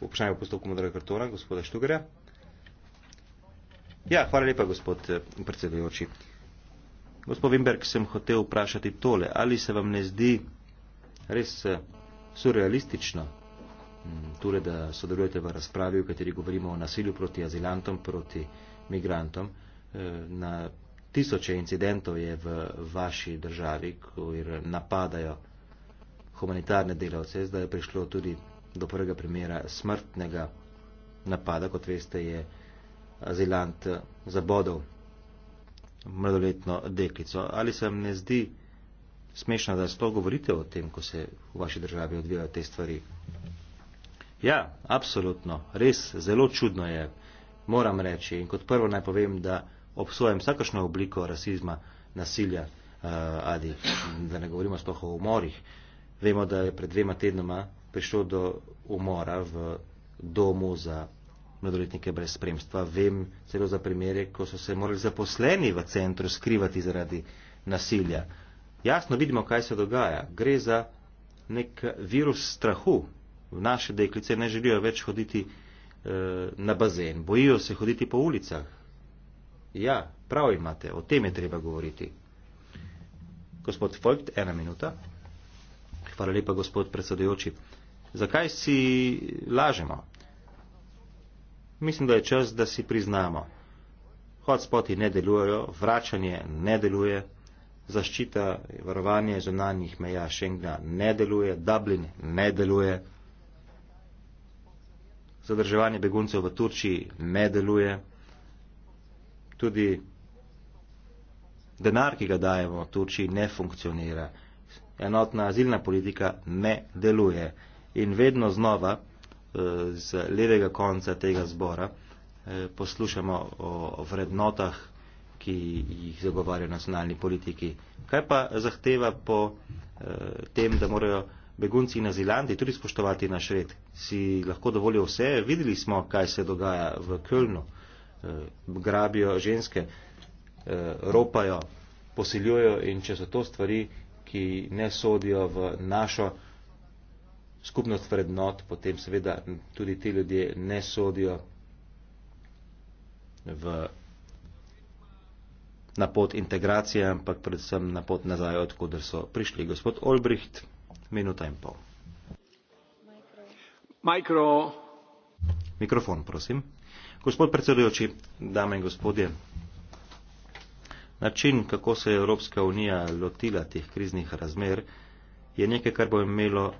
vprašanju v postopku modrega kartona, gospoda Štugarja. Ja, hvala lepa, gospod predsedujoči. Gospod Wimberg, sem hotel vprašati tole. Ali se vam ne zdi res eh, surrealistično, Mm, torej da sodelujete v razpravi, v kateri govorimo o nasilju proti azilantom, proti migrantom. Eh, na tisoče incidentov je v vaši državi, kjer napadajo humanitarne delavce, zdaj je prišlo tudi do prvega primera smrtnega napada, kot veste, je azilant zabodov mladoletno deklico. Ali se vam ne zdi smešno, da sploh govorite o tem, ko se v vaši državi odvijajo te stvari? Ja, absolutno, res zelo čudno je, moram reči. In kot prvo naj povem, da obsojam vsakošno obliko rasizma, nasilja, uh, adi, da ne govorimo sploh o umorih. Vemo, da je pred dvema tednoma prišlo do umora v domu za mladoletnike brez spremstva. Vem celo za primere, ko so se morali zaposleni v centru skrivati zaradi nasilja. Jasno vidimo, kaj se dogaja. Gre za nek virus strahu, naše deklice ne želijo več hoditi e, na bazen, bojijo se hoditi po ulicah. Ja, prav imate, o tem je treba govoriti. Gospod Folkt, ena minuta. Hvala lepa, gospod predsedujoči. Zakaj si lažemo? Mislim, da je čas, da si priznamo. Hotspoti ne delujejo, vračanje ne deluje, zaščita, varovanje zunanjih meja Schengena ne deluje, Dublin ne deluje zadrževanje beguncev v Turčiji ne deluje. Tudi denar, ki ga dajemo v Turčiji, ne funkcionira. Enotna azilna politika ne deluje. In vedno znova eh, z levega konca tega zbora eh, poslušamo o vrednotah, ki jih zagovarjajo nacionalni politiki. Kaj pa zahteva po eh, tem, da morajo begunci in azilanti tudi spoštovati naš red. Si lahko dovolijo vse, videli smo, kaj se dogaja v Kölnu. Eh, grabijo ženske, eh, ropajo, posiljujo in če so to stvari, ki ne sodijo v našo skupnost vrednot, potem seveda tudi ti ljudje ne sodijo v na pot integracije, ampak predvsem na pot nazaj, odkud so prišli. Gospod Olbricht gospod predsedujoči dame in gospodje način kako se je evropska unija lotila teh kriznih razmer je nekaj kar bo imelo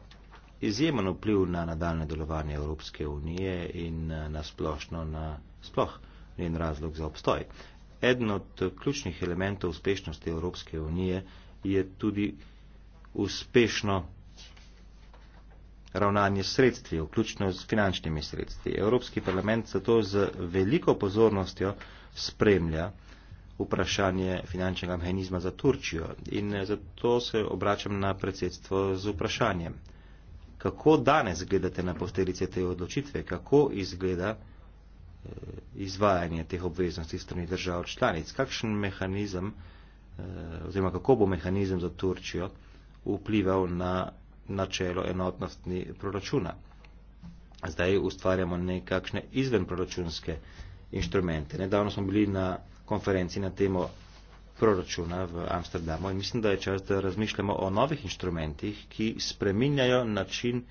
izjemen vpliv na nadaljne delovanje evropske unije in eh, na splošno na sploh njen razlog za obstoj eden od ključnih elementov uspešnosti evropske unije je tudi uspešno ravnanje s sredstvi, vključno s finančnimi sredstvi. Evropski parlament zato z veliko pozornostjo spremlja vprašanje finančnega mehanizma za Turčijo in zato se obračam na predsedstvo z vprašanjem. Kako danes gledate na posterice te odločitve, kako izgleda eh, izvajanje teh obveznosti strani držav članic, kakšen mehanizem eh, oziroma kako bo mehanizem za Turčijo vplival na načelo enotnosti proračuna. Zdaj ustvarjamo nekakšne izvenproračunske inštrumente. Nedavno smo bili na konferenci na temo proračuna v Amsterdamu in mislim, da je čas, da razmišljamo o novih inštrumentih, ki spreminjajo način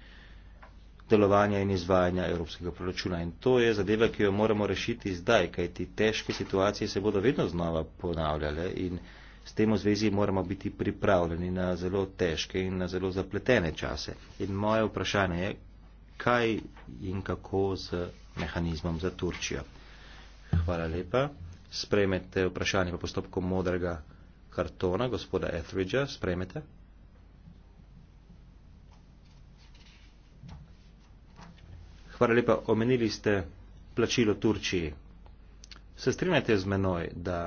delovanja in izvajanja evropskega proračuna. In to je zadeva, ki jo moramo rešiti zdaj, kajti težke situacije se bodo vedno znova ponavljale in S tem v zvezi moramo biti pripravljeni na zelo težke in na zelo zapletene čase. In moje vprašanje je, kaj in kako z mehanizmom za Turčijo. Hvala lepa. Sprejmete vprašanje po postopku modrega kartona gospoda Etheridgea. Sprejmete. Hvala lepa. Omenili ste plačilo Turčiji. Se strinjate z menoj, da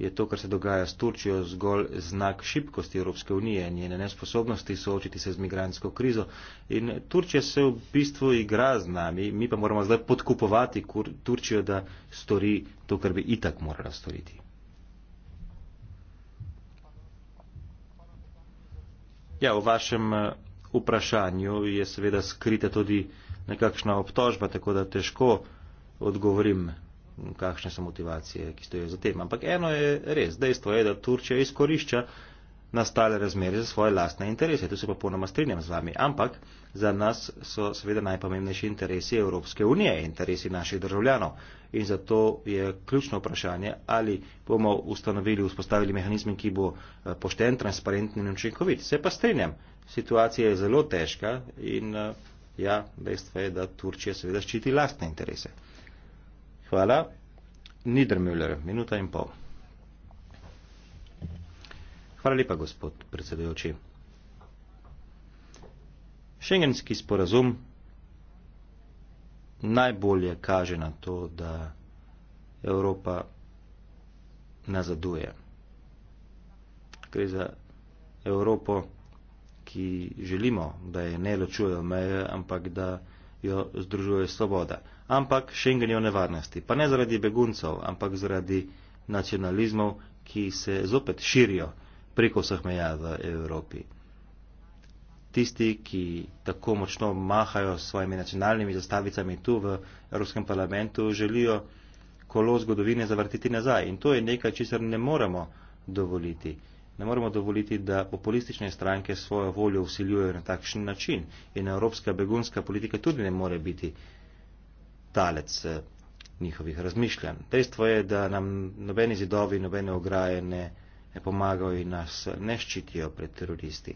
je to, kar se dogaja s Turčijo, zgolj znak šibkosti Evropske unije in njene nesposobnosti soočiti se z migransko krizo. In Turčija se v bistvu igra z nami, mi pa moramo zdaj podkupovati kur, Turčijo, da stori to, kar bi itak morala storiti. Ja, v vašem eh, vprašanju je seveda skrita tudi nekakšna obtožba, tako da težko odgovorim kakšne so motivacije, ki stojijo za tem. Ampak eno je res, dejstvo je, da Turčija izkorišča nastale razmere za svoje lastne interese. Tu se pa ponoma strinjam z vami. Ampak za nas so seveda najpomembnejši interesi Evropske unije, interesi naših državljanov. In zato je ključno vprašanje, ali bomo ustanovili, vzpostavili mehanizme, ki bo eh, pošten, transparenten in učinkovit. Se pa strinjam, situacija je zelo težka in eh, ja, dejstvo je, da Turčija seveda ščiti lastne interese. Hvala. Niedermüller, minuta in pol. Hvala lepa, gospod predsedujoči. Šengenski sporazum najbolje kaže na to, da Evropa nazaduje. Gre za Evropo, ki želimo, da je ne ločujejo meje, ampak da jo združuje svoboda ampak Schengen je v nevarnosti. Pa ne zaradi beguncev, ampak zaradi nacionalizmov, ki se zopet širijo preko vseh meja v Evropi. Tisti, ki tako močno mahajo s svojimi nacionalnimi zastavicami tu v Evropskem parlamentu, želijo kolo zgodovine zavrtiti nazaj. In to je nekaj, česar ne moremo dovoliti. Ne moremo dovoliti, da populistične stranke svojo voljo usiljujejo na takšen način. In evropska begunska politika tudi ne more biti talec eh, njihovih razmišljanj. Dejstvo je, da nam nobeni zidovi, nobene ograje ne, ne pomagajo in nas ne ščitijo pred teroristi.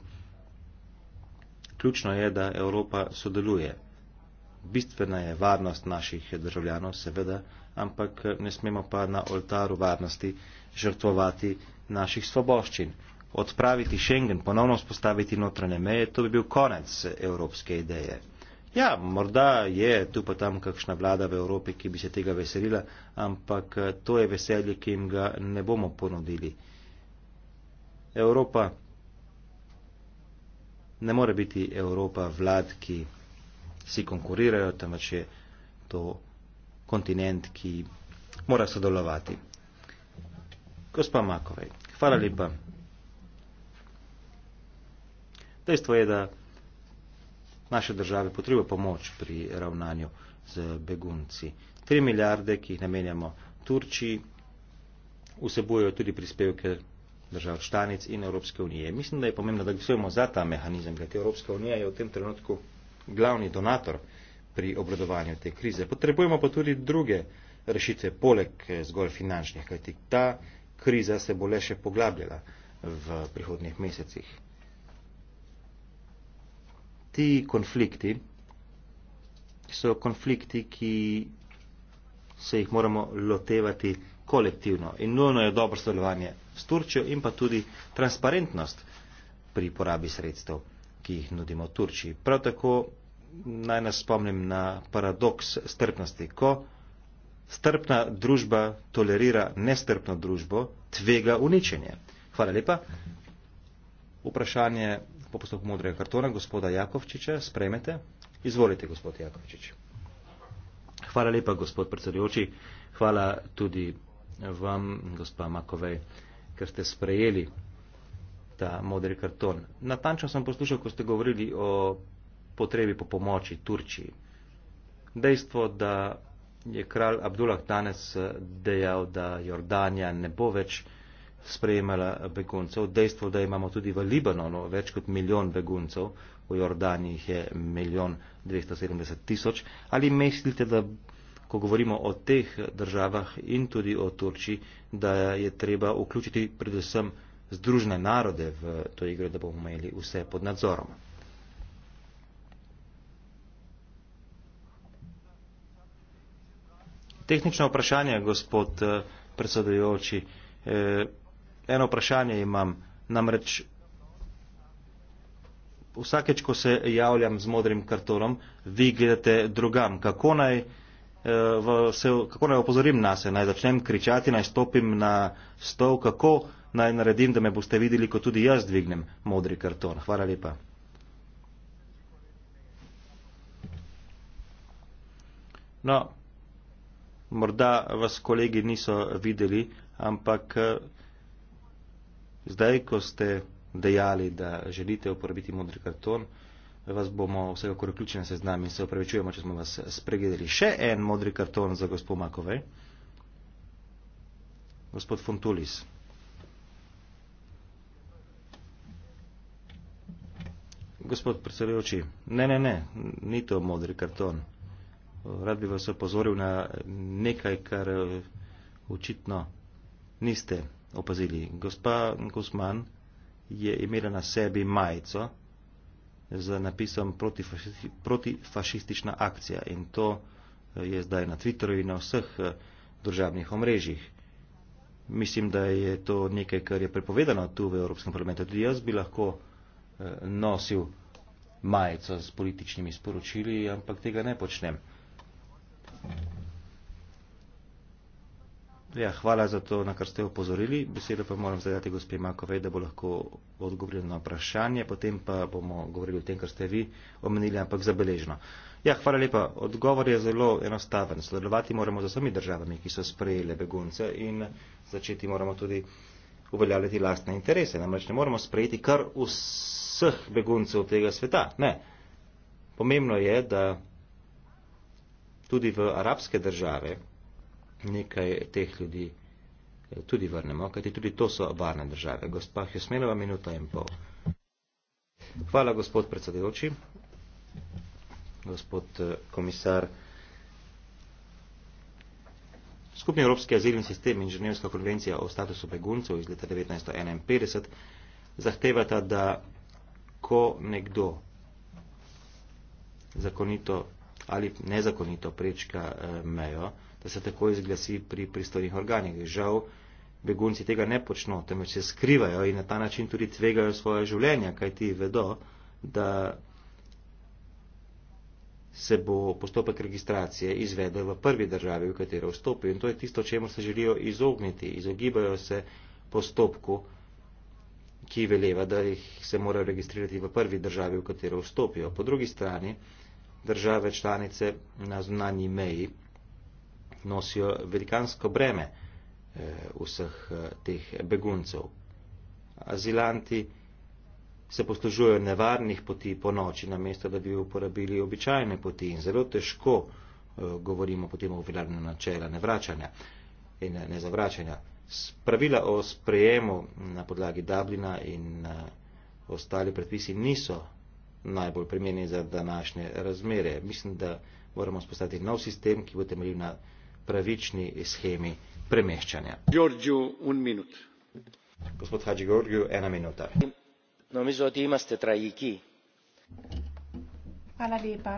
Ključno je, da Evropa sodeluje. Bistvena je varnost naših državljanov, seveda, ampak ne smemo pa na oltaru varnosti žrtvovati naših svoboščin. Odpraviti Schengen, ponovno vzpostaviti notranje meje, to bi bil konec evropske ideje. Ja, morda je tu pa tam kakšna vlada v Evropi, ki bi se tega veselila, ampak eh, to je veselje, ki jim ga ne bomo ponudili. Evropa ne more biti Evropa vlad, ki si konkurirajo, temveč je to kontinent, ki mora sodelovati. Gospa Makovej, hvala lepa. Dejstvo je, da naše države potrebujejo pomoč pri ravnanju z begunci. Tri milijarde, ki jih namenjamo Turčiji, vsebujejo tudi prispevke držav članic in Evropske unije. Mislim, da je pomembno, da glasujemo za ta mehanizem, kajti Evropska unija je v tem trenutku glavni donator pri obladovanju te krize. Potrebujemo pa tudi druge rešitve, poleg eh, zgolj finančnih, kajti ta kriza se bo le še poglabljala v prihodnjih mesecih ti konflikti so konflikti, ki se jih moramo lotevati kolektivno. In nujno je dobro sodelovanje s Turčjo in pa tudi transparentnost pri porabi sredstev, ki jih nudimo Turčji. Prav tako naj nas spomnim na paradoks strpnosti. Ko strpna družba tolerira nestrpno družbo, tvega uničenje. Hvala lepa. Vprašanje po postopku modrega kartona, gospoda Jakovčiča, spremete. Izvolite, gospod Jakovčič. Hvala lepa, gospod predsedujoči. Hvala tudi vam, gospa Makovej, ker ste sprejeli ta modri karton. Natančno sem poslušal, ko ste govorili o potrebi po pomoči Turčiji. Dejstvo, da je kralj Abdullah danes eh, dejal, da Jordanija ne bo več sprejemala beguncev. Dejstvo, da imamo tudi v Libanonu več kot milijon beguncev, v Jordani jih je milijon 270 tisoč. Ali mislite, da ko govorimo o teh državah in tudi o Turčiji, da je treba vključiti predvsem združne narode v to igro, da bomo imeli vse pod nadzorom? Tehnično vprašanje, gospod eh, predsedujoči. Eh, eno vprašanje imam. Namreč vsakeč, ko se javljam z modrim kartonom, vi gledate drugam. Kako naj, eh, v, se, kako naj opozorim na se, naj začnem kričati, naj stopim na stol, kako naj naredim, da me boste videli, ko tudi jaz dvignem modri karton. Hvala lepa. No, morda vas kolegi niso videli, ampak eh, Zdaj, ko ste dejali, da želite uporabiti modri karton, vas bomo vsekakor vključeni se z nami in se opravičujemo, če smo vas spregledali. Še en modri karton za gospod Makovej. Gospod Fontulis. Gospod predsedujoči, ne, ne, ne, ni to modri karton. Rad bi vas opozoril na nekaj, kar eh, očitno niste opazili. Gospa Guzman je imela na sebi majico z napisom protifašistična akcija in to eh, je zdaj na Twitterju in na vseh eh, državnih omrežjih. Mislim, da je to nekaj, kar je prepovedano tu v Evropskem parlamentu. Tudi jaz bi lahko eh, nosil majico s političnimi sporočili, ampak tega ne počnem. Thank you. Ja, hvala za to, na kar ste upozorili. Besedo pa moram zadati gospe Makovej, da bo lahko odgovorila na vprašanje, potem pa bomo govorili o tem, kar ste vi omenili, ampak zabeleženo. Ja, hvala lepa. Odgovor je zelo enostaven. Sodelovati moramo z vsemi državami, ki so sprejele begunce in začeti moramo tudi uveljavljati lastne interese. Namreč ne moramo sprejeti kar vseh beguncev tega sveta. Ne. Pomembno je, da tudi v arabske države nekaj teh ljudi eh, tudi vrnemo, kajti tudi to so varne države. Gospa Hjusmenova, minuta in pol. Hvala, gospod predsedujoči, gospod eh, komisar. Skupni evropski azilni sistem in Ženevska konvencija o statusu beguncev iz leta 1951 zahtevata, da ko nekdo zakonito ali nezakonito prečka eh, mejo, da se tako izglasi pri pristojnih organih. Žal, begunci tega ne počno, temveč se skrivajo in na ta način tudi tvegajo svoje življenje, kaj ti vedo, da se bo postopek registracije izvedel v prvi državi, v katero vstopijo. In to je tisto, čemu se želijo izogniti. Izogibajo se postopku, ki veleva, da jih se mora registrirati v prvi državi, v katero vstopijo. Po drugi strani, države članice na zunanji meji nosijo velikansko breme eh, vseh eh, teh beguncev. Azilanti se poslužujejo nevarnih poti po noči, namesto da bi uporabili običajne poti in zelo težko eh, govorimo potem o velarnem načela nevračanja in nezavračanja. Pravila o sprejemu na podlagi Dublina in ostali predpisi niso najbolj primerni za današnje razmere. Mislim, da moramo spostati nov sistem, ki bo temeljil na pravični schemi premeščanja. Gospod Hadži Georgiju, ena minuta. No, mislim, Hvala lepa.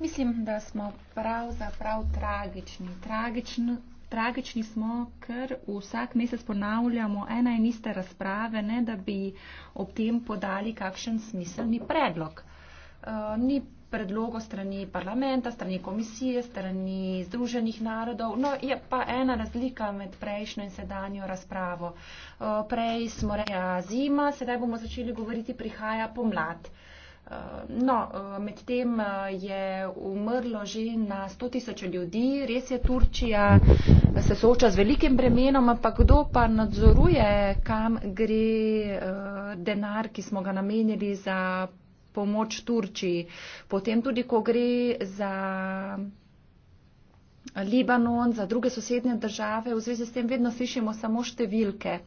Mislim, da smo pravzaprav tragični. Tragičn, tragični smo, ker vsak mesec ponavljamo ena in ista razprave, ne da bi ob tem podali kakšen smiselni predlog. Uh, ni predlogo strani parlamenta, strani komisije, strani Združenih narodov. No, je pa ena razlika med prejšnjo in sedanjo razpravo. Eh, prej smo reja zima, sedaj bomo začeli govoriti, prihaja pomlad. Eh, no, eh, medtem je umrlo že na 100 tisoč ljudi, res je Turčija se sooča z velikim bremenom, ampak kdo pa nadzoruje, kam gre denar, ki smo ga namenili za pomoč Turčiji. Potem tudi, ko gre za Libanon, za druge sosednje države, v zvezi s tem vedno slišimo samo številke.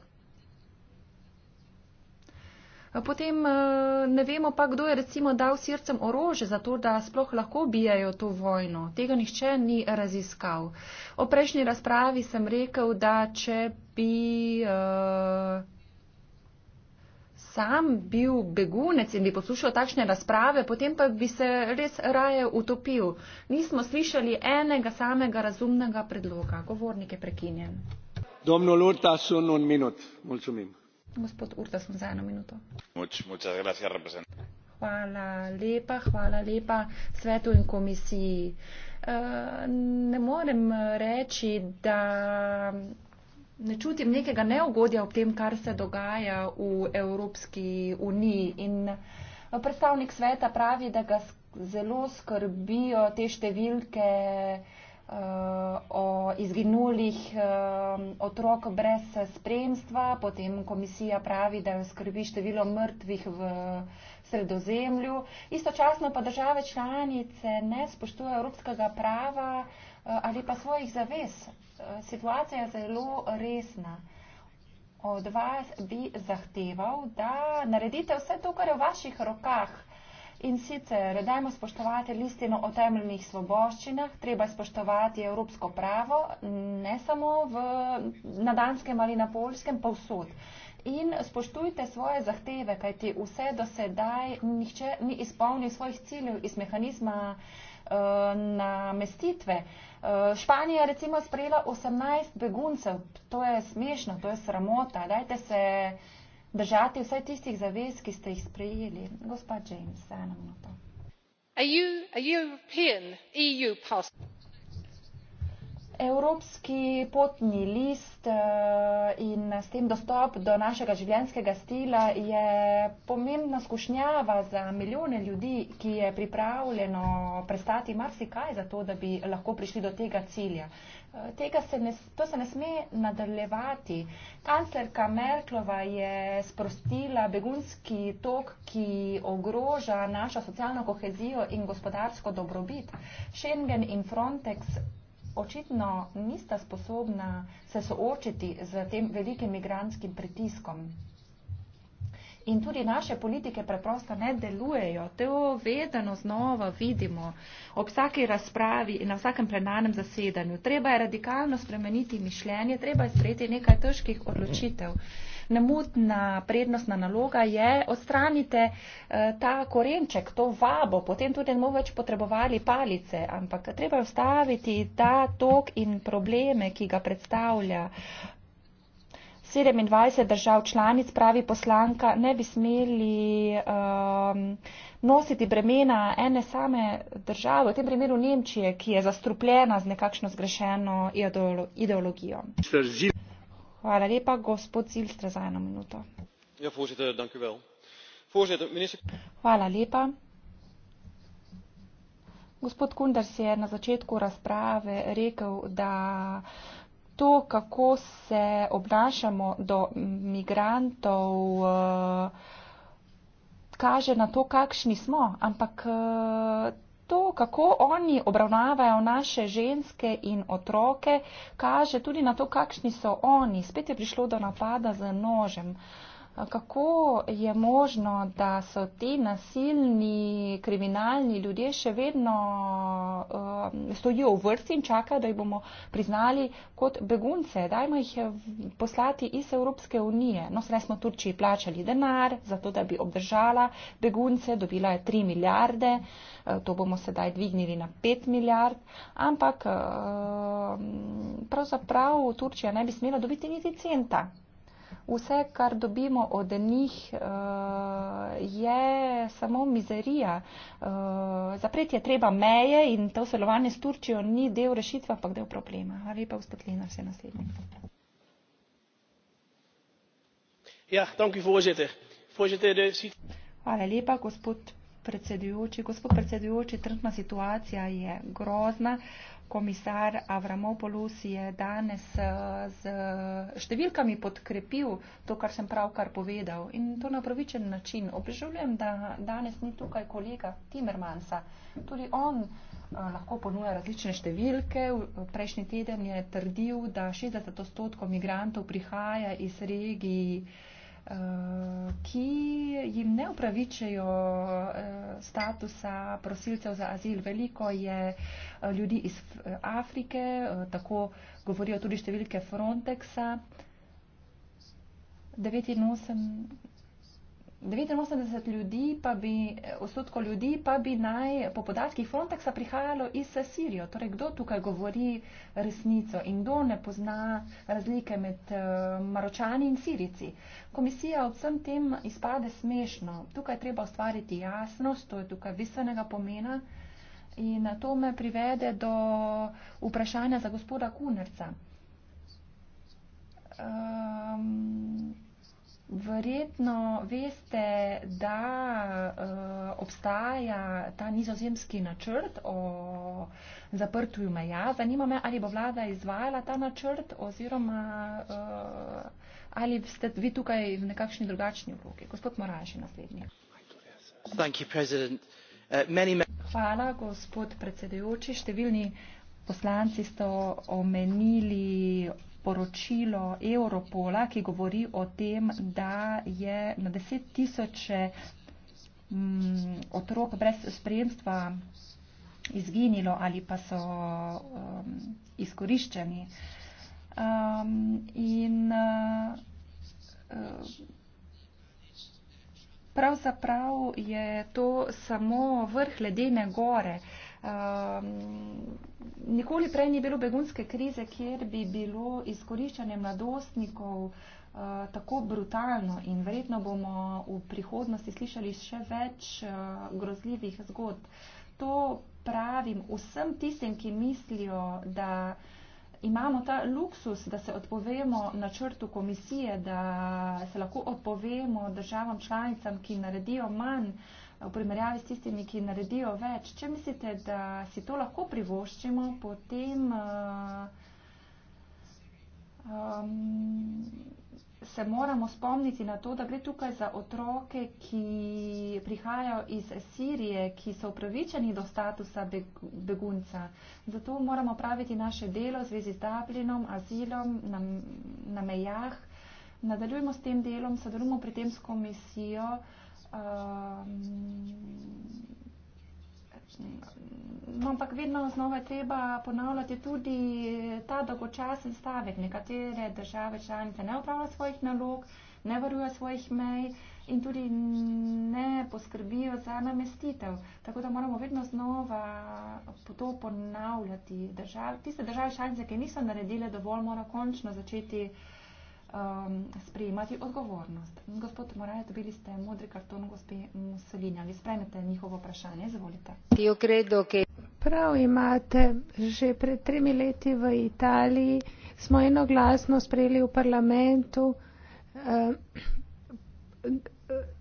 Potem eh, ne vemo pa, kdo je recimo dal srcem orože za to, da sploh lahko bijajo to vojno. Tega nihče ni raziskal. O prejšnji razpravi sem rekel, da če bi uh, sam bil begunec in bi poslušal takšne razprave, potem pa bi se res raje utopil. Nismo slišali enega samega razumnega predloga. Govornik je prekinjen. Domno Lurta, sun un minut. Molčumim. Gospod Urta, sun za eno minuto. Muč, muča, gracija, reprezentant. Hvala lepa, hvala lepa svetu in komisiji. Eh, ne morem reči, da ne čutim nekega neugodja ob tem, kar se dogaja v Evropski uniji. In eh, predstavnik sveta pravi, da ga zelo skrbijo te številke uh, o izginulih uh, otrok brez spremstva, potem komisija pravi, da jo skrbi število mrtvih v sredozemlju. Istočasno pa države članice ne spoštujejo evropskega prava uh, ali pa svojih zavez situacija je zelo resna. Od vas bi zahteval, da naredite vse to, kar je v vaših rokah. In sicer, dajmo spoštovati listino o temeljnih svoboščinah, treba spoštovati evropsko pravo, ne samo v, na danskem ali na polskem, pa vsud. In spoštujte svoje zahteve, kajti vse do sedaj nihče ni izpolnil svojih ciljev iz mehanizma uh, namestitve. Uh, Eh, Španija je recimo sprejela 18 beguncev. To je smešno, to je sramota. Dajte se držati vsaj tistih zavez, ki ste jih sprejeli. Gospa James, eno minuto. Are you, are you Evropski potni list eh, in s tem dostop do našega življenjskega stila je pomembna skušnjava za milijone ljudi, ki je pripravljeno prestati marsikaj za to, da bi lahko prišli do tega cilja. Eh, tega se ne, to se ne sme nadaljevati. Kanclerka Merklova je sprostila begunski tok, ki ogroža našo socialno kohezijo in gospodarsko dobrobit. Schengen in Frontex očitno nista sposobna se soočiti z tem velikim migranskim pritiskom. In tudi naše politike preprosto ne delujejo. To vedno znova vidimo ob vsaki razpravi in na vsakem plenarnem zasedanju. Treba je radikalno spremeniti mišljenje, treba je sprejeti nekaj težkih odločitev nemudna prednostna naloga je odstranite eh, ta korenček, to vabo, potem tudi ne bomo več potrebovali palice, ampak treba je ustaviti ta tok in probleme, ki ga predstavlja. 27 držav članic, pravi poslanka, ne bi smeli um, nositi bremena ene same države, v tem primeru Nemčije, ki je zastrupljena z nekakšno zgrešeno ideolo ideologijo. Zdi Ja, voorzitter minister gospod kunders je na začetku razprave rekel da to kako se obnašamo do migrantov eh, kaže na to kakšni smo ampak to je samo ena stran medalje. To, kako oni obravnavajo naše ženske in otroke, kaže tudi na to, kakšni so oni. Spet je prišlo do napada z nožem. Uh, kako je možno, da so ti nasilni, kriminalni ljudje še vedno uh, stojijo v vrsti in čakajo, da jih bomo priznali kot begunce. Dajmo jih eh, poslati iz Evropske unije. No, sedaj smo Turčiji plačali denar, zato da bi obdržala begunce, dobila je 3 milijarde, uh, to bomo sedaj dvignili na 5 milijard, ampak uh, pravzaprav Turčija ne bi smela dobiti niti centa vse, kar dobimo od njih, eh, je samo mizerija. Eh, zapreti je treba meje in to sodelovanje s Turčijo ni del rešitve, ampak del problema. Hvala lepa, ustekljena vse naslednje. Ja, danke, voorzitter. Voorzitter, de... Hvala lepa, gospod predsedujoči. Gospod predsedujoči, trenutna situacija je grozna. Uh, komisar Avramopoulos je danes eh, z številkami podkrepil to, kar sem pravkar povedal in to na pravičen način. Obžalujem, da danes ni tukaj kolega Timmermansa. Tudi on eh, lahko ponuja različne številke. Prejšnji teden je trdil, da 60 odstotkov migrantov prihaja iz regiji ki jim ne upravičajo eh, statusa prosilcev za azil. Veliko je eh, ljudi iz eh, Afrike, tako govorijo tudi številke Frontexa. 89. 89 ljudi pa bi, odstotkov ljudi pa bi naj po podatkih Frontexa prihajalo iz Sirijo. Torej, kdo tukaj govori resnico in kdo ne pozna razlike med Maročani in Sirici. Komisija od vsem tem izpade smešno. Tukaj treba ustvariti jasnost, to je tukaj bistvenega pomena. In to me privede do vprašanja za gospoda Kunerca. Um, Verjetno veste, da uh, obstaja ta nizozemski načrt o zaprtju meja. Zanima me, ali bo vlada izvajala ta načrt oziroma uh, ali ste vi tukaj v nekakšni drugačni vlogi. Gospod Moraš je naslednji. Uh, Hvala, gospod predsedujoči. Številni poslanci ste omenili poročilo Europola, ki govori o tem, da je na deset tisoče mm, otrok brez spremstva izginilo ali pa so um, izkoriščeni. Um, in uh, uh pravzaprav je to samo vrh ledene gore. Uh, Ehm, nikoli prej ni bilo begunske krize, kjer bi bilo izkoriščanje mladostnikov eh, tako brutalno in verjetno bomo v prihodnosti slišali še več eh, grozljivih zgodb. To pravim vsem tistem, ki mislijo, da imamo ta luksus, da se odpovemo na črtu komisije, da se lahko odpovemo državam članicam, ki naredijo manj uh, v primerjavi s tistimi, ki naredijo več. Če mislite, da si to lahko privoščimo, potem uh, um, se moramo spomniti na to, da gre tukaj za otroke, ki prihajajo iz Sirije, ki so upravičeni do statusa begunca. Zato moramo praviti naše delo v zvezi z Dublinom, azilom na, na mejah. Nadaljujemo s tem delom, sodelujemo pri tem s komisijo. Uh, Um, ampak vedno znova je treba ponavljati tudi ta dolgočasen stavek. Nekatere države članice ne upravljajo svojih nalog, ne varujejo svojih mej in tudi ne poskrbijo za namestitev. Tako da moramo vedno znova to ponavljati. Države, tiste države članice, ki niso naredile dovolj, morajo končno začeti uh, um, sprejemati odgovornost. Gospod Moraj, dobili ste modri karton gospe Mussolini. Ali spremete njihovo vprašanje? Izvolite. Prav imate. Že pred tremi leti v Italiji smo enoglasno sprejeli v parlamentu uh,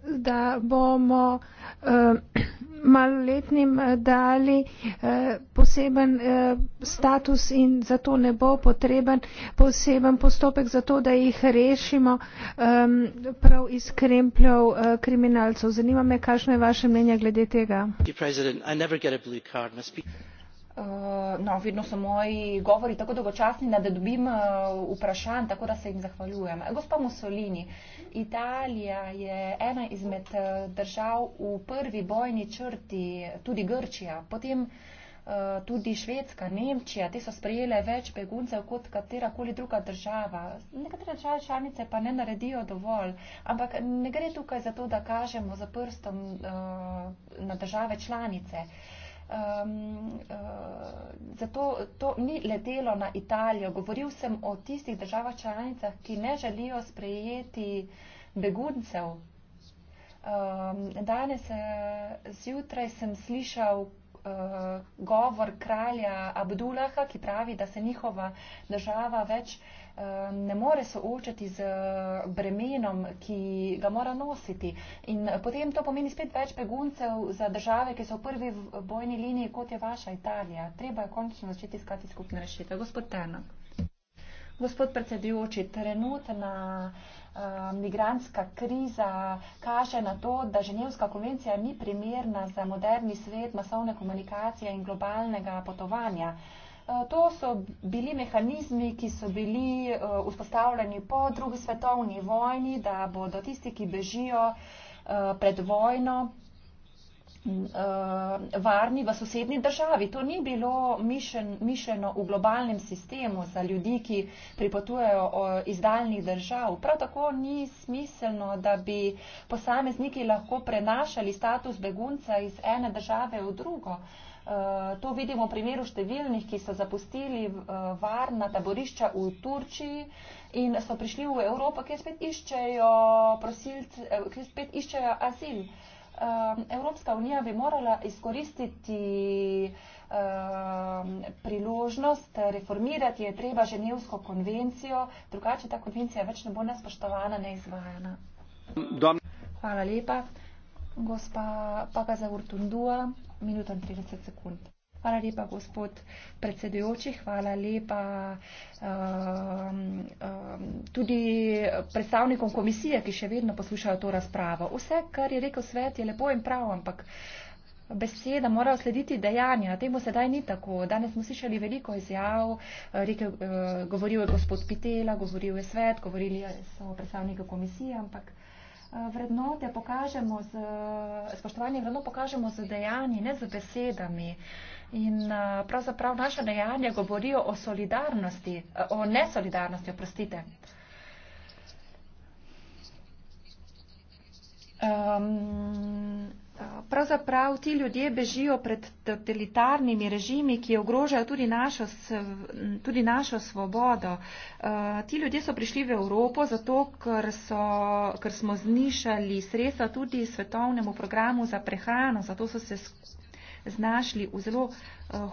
da bomo eh, maloletnim eh, dali eh, poseben status in zato ne bo potreben poseben postopek za to, da jih rešimo ehm, prav iz krempljev kriminalcev. Zanima me, kakšno je vaše mnenje glede tega. Eh, no, vedno so moji govori tako dolgočasni, da, da dobim uh, vprašanj, tako da se jim zahvaljujem. Gospa Mussolini, Italija je ena izmed eh, držav v prvi bojni črti, tudi Grčija, potem uh, tudi Švedska, Nemčija, te so sprejele več beguncev kot katerakoli druga država. Nekatere države članice pa ne naredijo dovolj, ampak ne gre tukaj za to, da kažemo za prstom uh, na države članice. Uh, um, uh, zato to ni letelo na Italijo. Govoril sem o tistih državah članicah, ki ne želijo sprejeti beguncev. Um, danes eh, zjutraj sem slišal uh, govor kralja Abdullaha, ki pravi, da se njihova država več uh, ne more soočati z eh, bremenom, ki ga mora nositi. In potem to pomeni spet več beguncev za države, ki so v prvi bojni liniji, kot je vaša Italija. Treba je končno začeti iskati skupne rešitve. Gospod Tenak. Gospod predsedujoči, trenutna eh, migranska kriza kaže na to, da Ženevska konvencija ni primerna za moderni svet masovne komunikacije in globalnega potovanja. Eh, to so bili mehanizmi, ki so bili eh, vzpostavljeni po drugi svetovni vojni, da bodo tisti, ki bežijo pred vojno, uh, varni v sosednji državi. To ni bilo mišen, mišljeno v globalnem sistemu za ljudi, ki pripotujejo eh, iz daljnih držav. Prav tako ni smiselno, da bi posamezniki lahko prenašali status begunca iz ene države v drugo. Uh, to vidimo v primeru številnih, ki so zapustili uh, varna taborišča v Turčiji in so prišli v Evropo, kjer spet iščejo, prosilce, kjer spet iščejo azil. Uh, Evropska unija bi morala izkoristiti priložnost, reformirati je treba ženevsko konvencijo, drugače ta konvencija več ne bo nespoštovana, neizvajana. Hvala lepa. Gospa Paga za Urtundua, minuta in 30 sekund. Hvala lepa, gospod predsedujoči, hvala lepa um, um, tudi predstavnikom komisije, ki še vedno poslušajo to razpravo. Vse, kar je rekel svet, je lepo in prav, ampak beseda mora slediti dejanja. Temu sedaj ni tako. Danes smo slišali veliko izjav, rekel, uh, govoril je gospod Pitela, govoril je svet, govorili so predstavniki komisije, ampak. Eh, vrednote pokažemo z, spoštovanje vredno pokažemo z dejanji, ne z besedami. In pravzaprav naša dejanja govorijo o solidarnosti, o nesolidarnosti, oprostite. Um, pravzaprav ti ljudje bežijo pred totalitarnimi režimi, ki ogrožajo tudi našo, tudi našo svobodo. Uh, ti ljudje so prišli v Evropo zato, ker, so, ker smo znišali sredstva tudi svetovnemu programu za prehrano, zato so se znašli v zelo uh,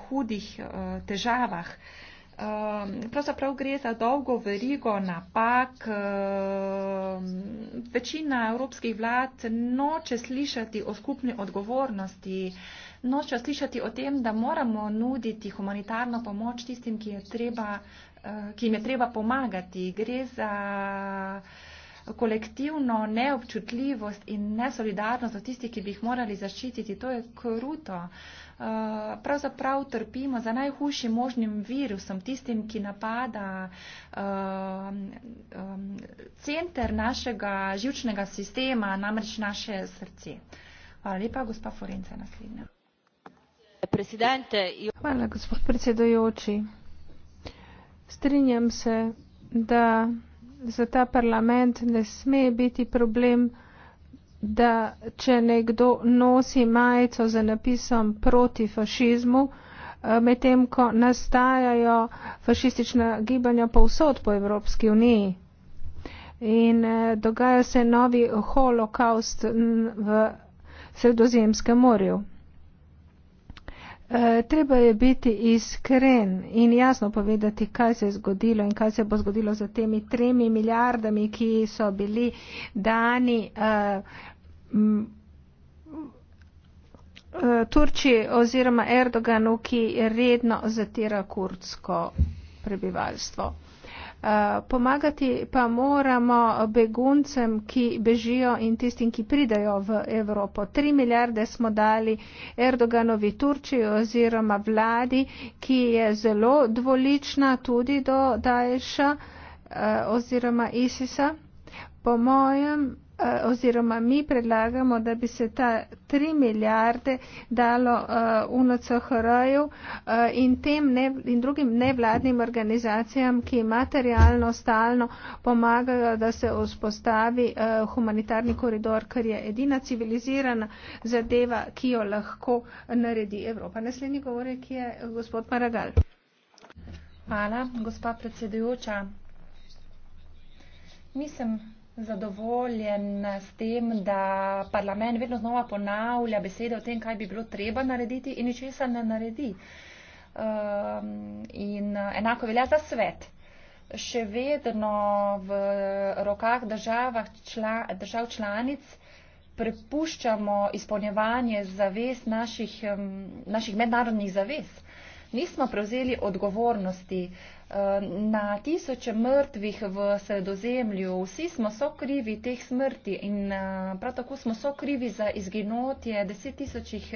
hudih uh, težavah. Uh, pravzaprav gre za dolgo verigo napak. Uh, večina evropskih vlad noče slišati o skupni odgovornosti, noče slišati o tem, da moramo nuditi humanitarno pomoč tistim, ki, je treba, uh, ki jim je treba pomagati. Gre za kolektivno neobčutljivost in nesolidarnost do tistih, ki bi jih morali zaščititi. To je kruto. Eh, pravzaprav trpimo za najhujšim možnim virusom, tistim, ki napada eh, center našega živčnega sistema, namreč naše srce. Hvala lepa, gospa Forenca, naslednja. Hvala, gospod predsedujoči. Strinjam se, da za ta parlament ne sme biti problem, da če nekdo nosi majico za napisom proti fašizmu, eh, medtem ko nastajajo fašistična gibanja povsod po Evropski uniji. In eh, dogaja se novi holokaust v Sredozemskem morju. Eh, treba je biti iskren in jasno povedati, kaj se je zgodilo in kaj se bo zgodilo za temi tremi milijardami, ki so bili dani. Eh, eh, Turčiji oziroma Erdoganu, ki redno zatira kurdsko prebivalstvo. Eh, pomagati pa moramo beguncem, ki bežijo in tistim, ki pridajo v Evropo. Tri milijarde smo dali Erdoganovi Turčiji oziroma vladi, ki je zelo dvolična tudi do Daesha eh, oziroma ISIS-a. Po mojem Eh, oziroma mi predlagamo, da bi se ta 3 milijarde dalo eh, UNOCHR-ju eh, in, in drugim nevladnim organizacijam, ki materialno, stalno pomagajo, da se vzpostavi humanitarni koridor, ker je edina civilizirana zadeva, ki jo lahko naredi Evropa. Naslednji govornik je gospod Maragal. Hvala, gospa predsedujoča. Mislim, zadovoljen s tem, da parlament vedno znova ponavlja besede o tem, kaj bi bilo treba narediti in ničesa ne naredi. Um, in enako velja za svet. Še vedno v rokah država, čla, držav članic prepuščamo izpolnjevanje zavez naših, um, naših mednarodnih zavez. Nismo prevzeli odgovornosti uh, na tisoče mrtvih v sredozemlju. Vsi smo sokrivi teh smrti in prav tako smo sokrivi za izginotje deset tisočih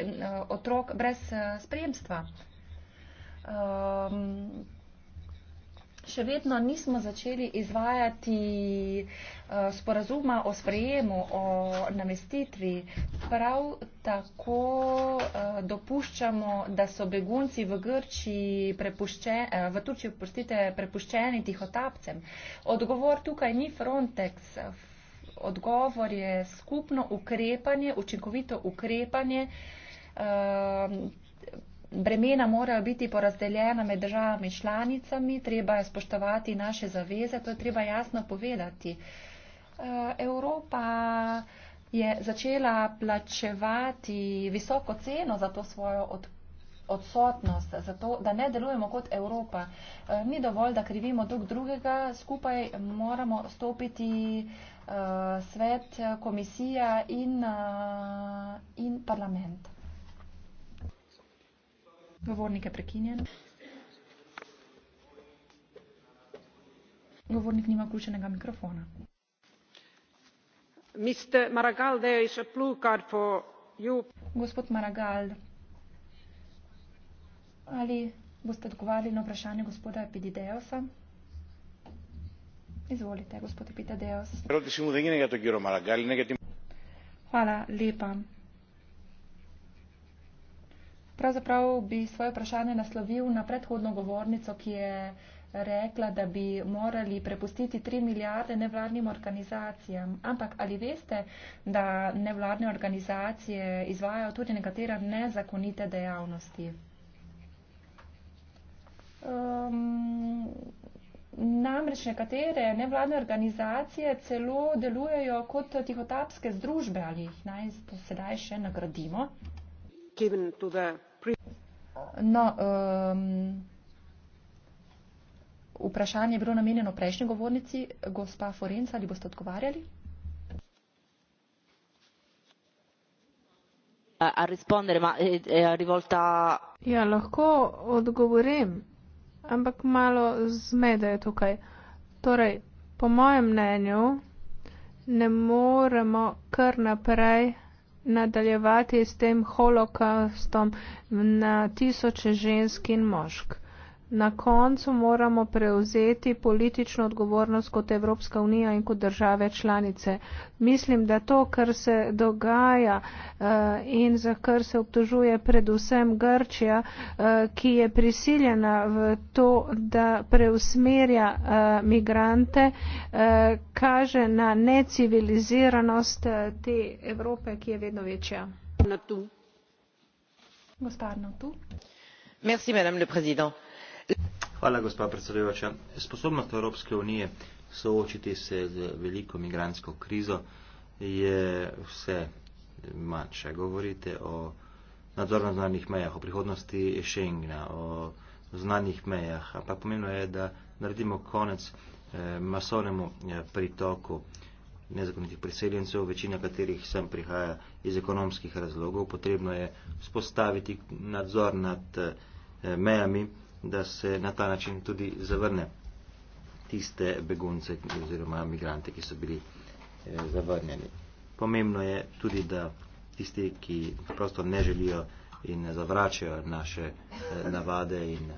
otrok brez spremstva. Um, še vedno nismo začeli izvajati eh, sporazuma o sprejemu, o namestitvi. Prav tako eh, dopuščamo, da so begunci v Grčiji, prepušče, eh, v Turčiji, prostite, prepuščeni tihotapcem. Odgovor tukaj ni Frontex. Odgovor je skupno ukrepanje, učinkovito ukrepanje bremena morajo biti porazdeljena med državami članicami, treba je spoštovati naše zaveze, to je treba jasno povedati. Eh, Evropa je začela plačevati visoko ceno za to svojo odsotnost, za to, da ne delujemo kot Evropa. Eh, ni dovolj, da krivimo drug drugega, skupaj moramo stopiti eh, svet, komisija in, in parlament. Govornike prekinjen. Govornik nima vključenega mikrofona. Mr. Maragall, there is a blue card for you. Gospod Maragall, ali boste odgovarjali na vprašanje gospoda Epidideosa? Izvolite, gospod Epidideos. Hvala lepa. Pravzaprav bi svoje vprašanje naslovil na predhodno govornico, ki je rekla, da bi morali prepustiti 3 milijarde nevladnim organizacijam. Ampak ali veste, da nevladne organizacije izvajajo tudi nekatera nezakonite dejavnosti? Um, namreč nekatere nevladne organizacije celo delujejo kot tihotapske združbe, ali jih naj sedaj še nagradimo given to the pre no, um, vprašanje je bilo namenjeno prejšnji govornici, gospa Forenca, ali boste odgovarjali? A rispondere, ma è eh, eh, rivolta... Ja, lahko odgovorim, ampak malo zmede je tukaj. Torej, po mojem mnenju, ne moremo kar naprej nadaljevati s tem holokaustom na tisoče žensk in mošk na koncu moramo prevzeti politično odgovornost kot Evropska unija in kot države članice. Mislim, da to, kar se dogaja eh, in za kar se obtožuje predvsem Grčija, eh, ki je prisiljena v to, da preusmerja eh, migrante, kaže na neciviliziranost te Evrope, ki je vedno večja. Gospod Arnautu. Merci, madame le président. Hvala, gospod predsedujoča. Sposobnost Evropske unije soočiti se z veliko migransko krizo je vse manjše. Govorite o nadzorno znanih mejah, o prihodnosti Schengena, o znanih mejah, ampak pomembno je, da naredimo konec eh, masovnemu eh, pritoku nezakonitih priseljencev, večina katerih sem prihaja iz ekonomskih razlogov. Potrebno je spostaviti nadzor nad eh, mejami da se na ta način tudi zavrne tiste begunce oziroma migrante, ki so bili eh, zavrnjeni. Pomembno je tudi, da tisti, ki prosto ne želijo in zavračajo naše eh, navade in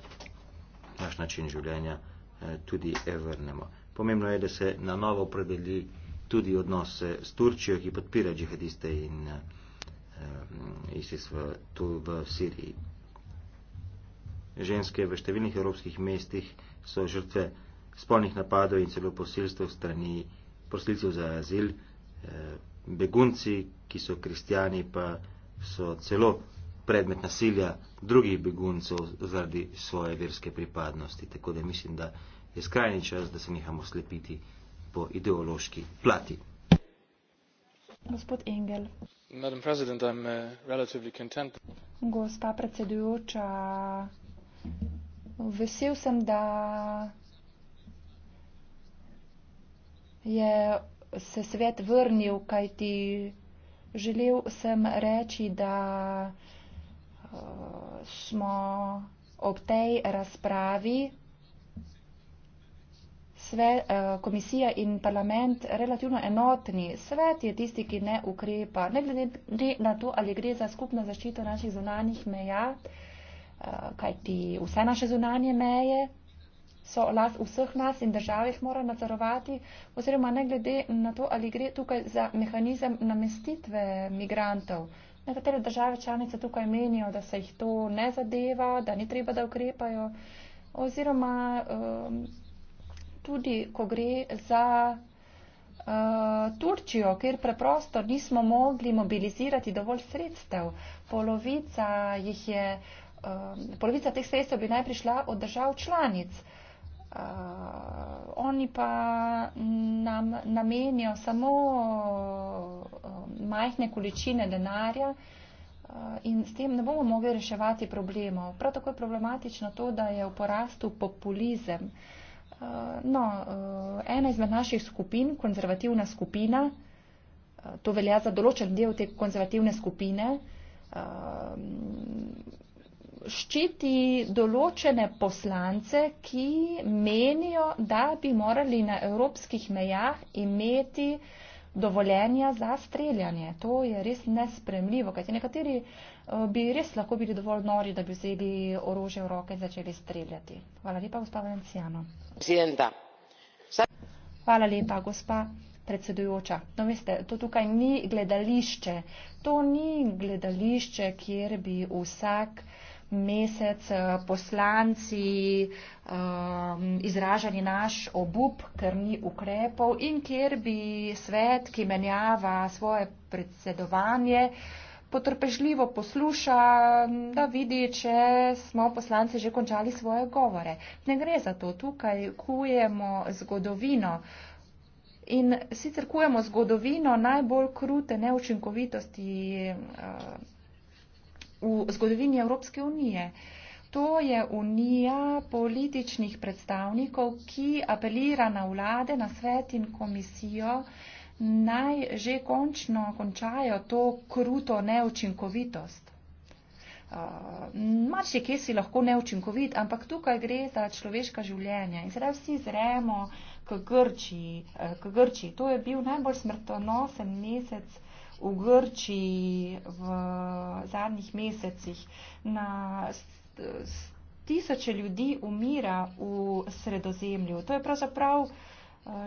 naš način življenja, eh, tudi vrnemo. Pomembno je, da se na novo opredeli tudi odnos s Turčijo, ki podpira džihadiste in eh, eh ISIS v, tu v Siriji. Ženske v številnih evropskih mestih so žrtve spolnih napadov in celo posilstv strani prosilcev za azil. Eh, begunci, ki so kristijani, pa so celo predmet nasilja drugih beguncev zaradi svoje verske pripadnosti. Tako da mislim, da je skrajni čas, da se nehamo slepiti po ideološki plati. Gospod Engel. Eh, Gospa predsedujoča, Vesel sem, da je se svet vrnil, kaj ti želel sem reči, da eh, smo ob tej razpravi svet, eh, komisija in parlament relativno enotni. Svet je tisti, ki ne ukrepa, ne glede na to, ali gre za skupno zaščito naših zunanjih meja kajti vse naše zunanje meje so las vseh nas in države jih mora nadzorovati, oziroma ne glede na to, ali gre tukaj za mehanizem namestitve migrantov. Nekatere države članice tukaj menijo, da se jih to ne zadeva, da ni treba, da ukrepajo, oziroma um, tudi, ko gre za uh, Turčijo, kjer preprosto nismo mogli mobilizirati dovolj sredstev. Polovica jih je uh, Eh, polovica teh sredstev bi naj prišla od držav članic. Uh, oni pa nam namenijo samo uh, majhne količine denarja uh, in s tem ne bomo mogli reševati problemov. Prav tako je problematično to, da je v porastu populizem. Uh, no, uh, ena izmed naših skupin, konzervativna skupina, uh, to velja za določen del te konzervativne skupine, uh, ščiti določene poslance, ki menijo, da bi morali na evropskih mejah imeti dovoljenja za streljanje. To je res nespremljivo, kajti nekateri eh, bi res lahko bili dovolj nori, da bi vzeli orožje v roke in začeli streljati. Hvala lepa, gospa Valenciano. Hvala lepa, gospa predsedujoča. No, veste, to tukaj ni gledališče. To ni gledališče, kjer bi vsak uh, mesec eh, poslanci eh, izražali naš obup, ker ni ukrepov in kjer bi svet, ki menjava svoje predsedovanje, potrpežljivo posluša, da vidi, če smo poslanci že končali svoje govore. Ne gre za to, tukaj kujemo zgodovino. In sicer kujemo zgodovino najbolj krute neučinkovitosti eh, v zgodovini Evropske unije. To je unija političnih predstavnikov, ki apelira na vlade, na svet in komisijo, naj že končno končajo to kruto neučinkovitost. Uh, Mač je, kje si lahko neučinkovit, ampak tukaj gre za človeška življenja. In zdaj vsi zremo k Grči. Eh, k Grči. To je bil najbolj smrtonosen mesec v Grčiji v zadnjih mesecih. Na tisoče ljudi umira v sredozemlju. To je pravzaprav eh,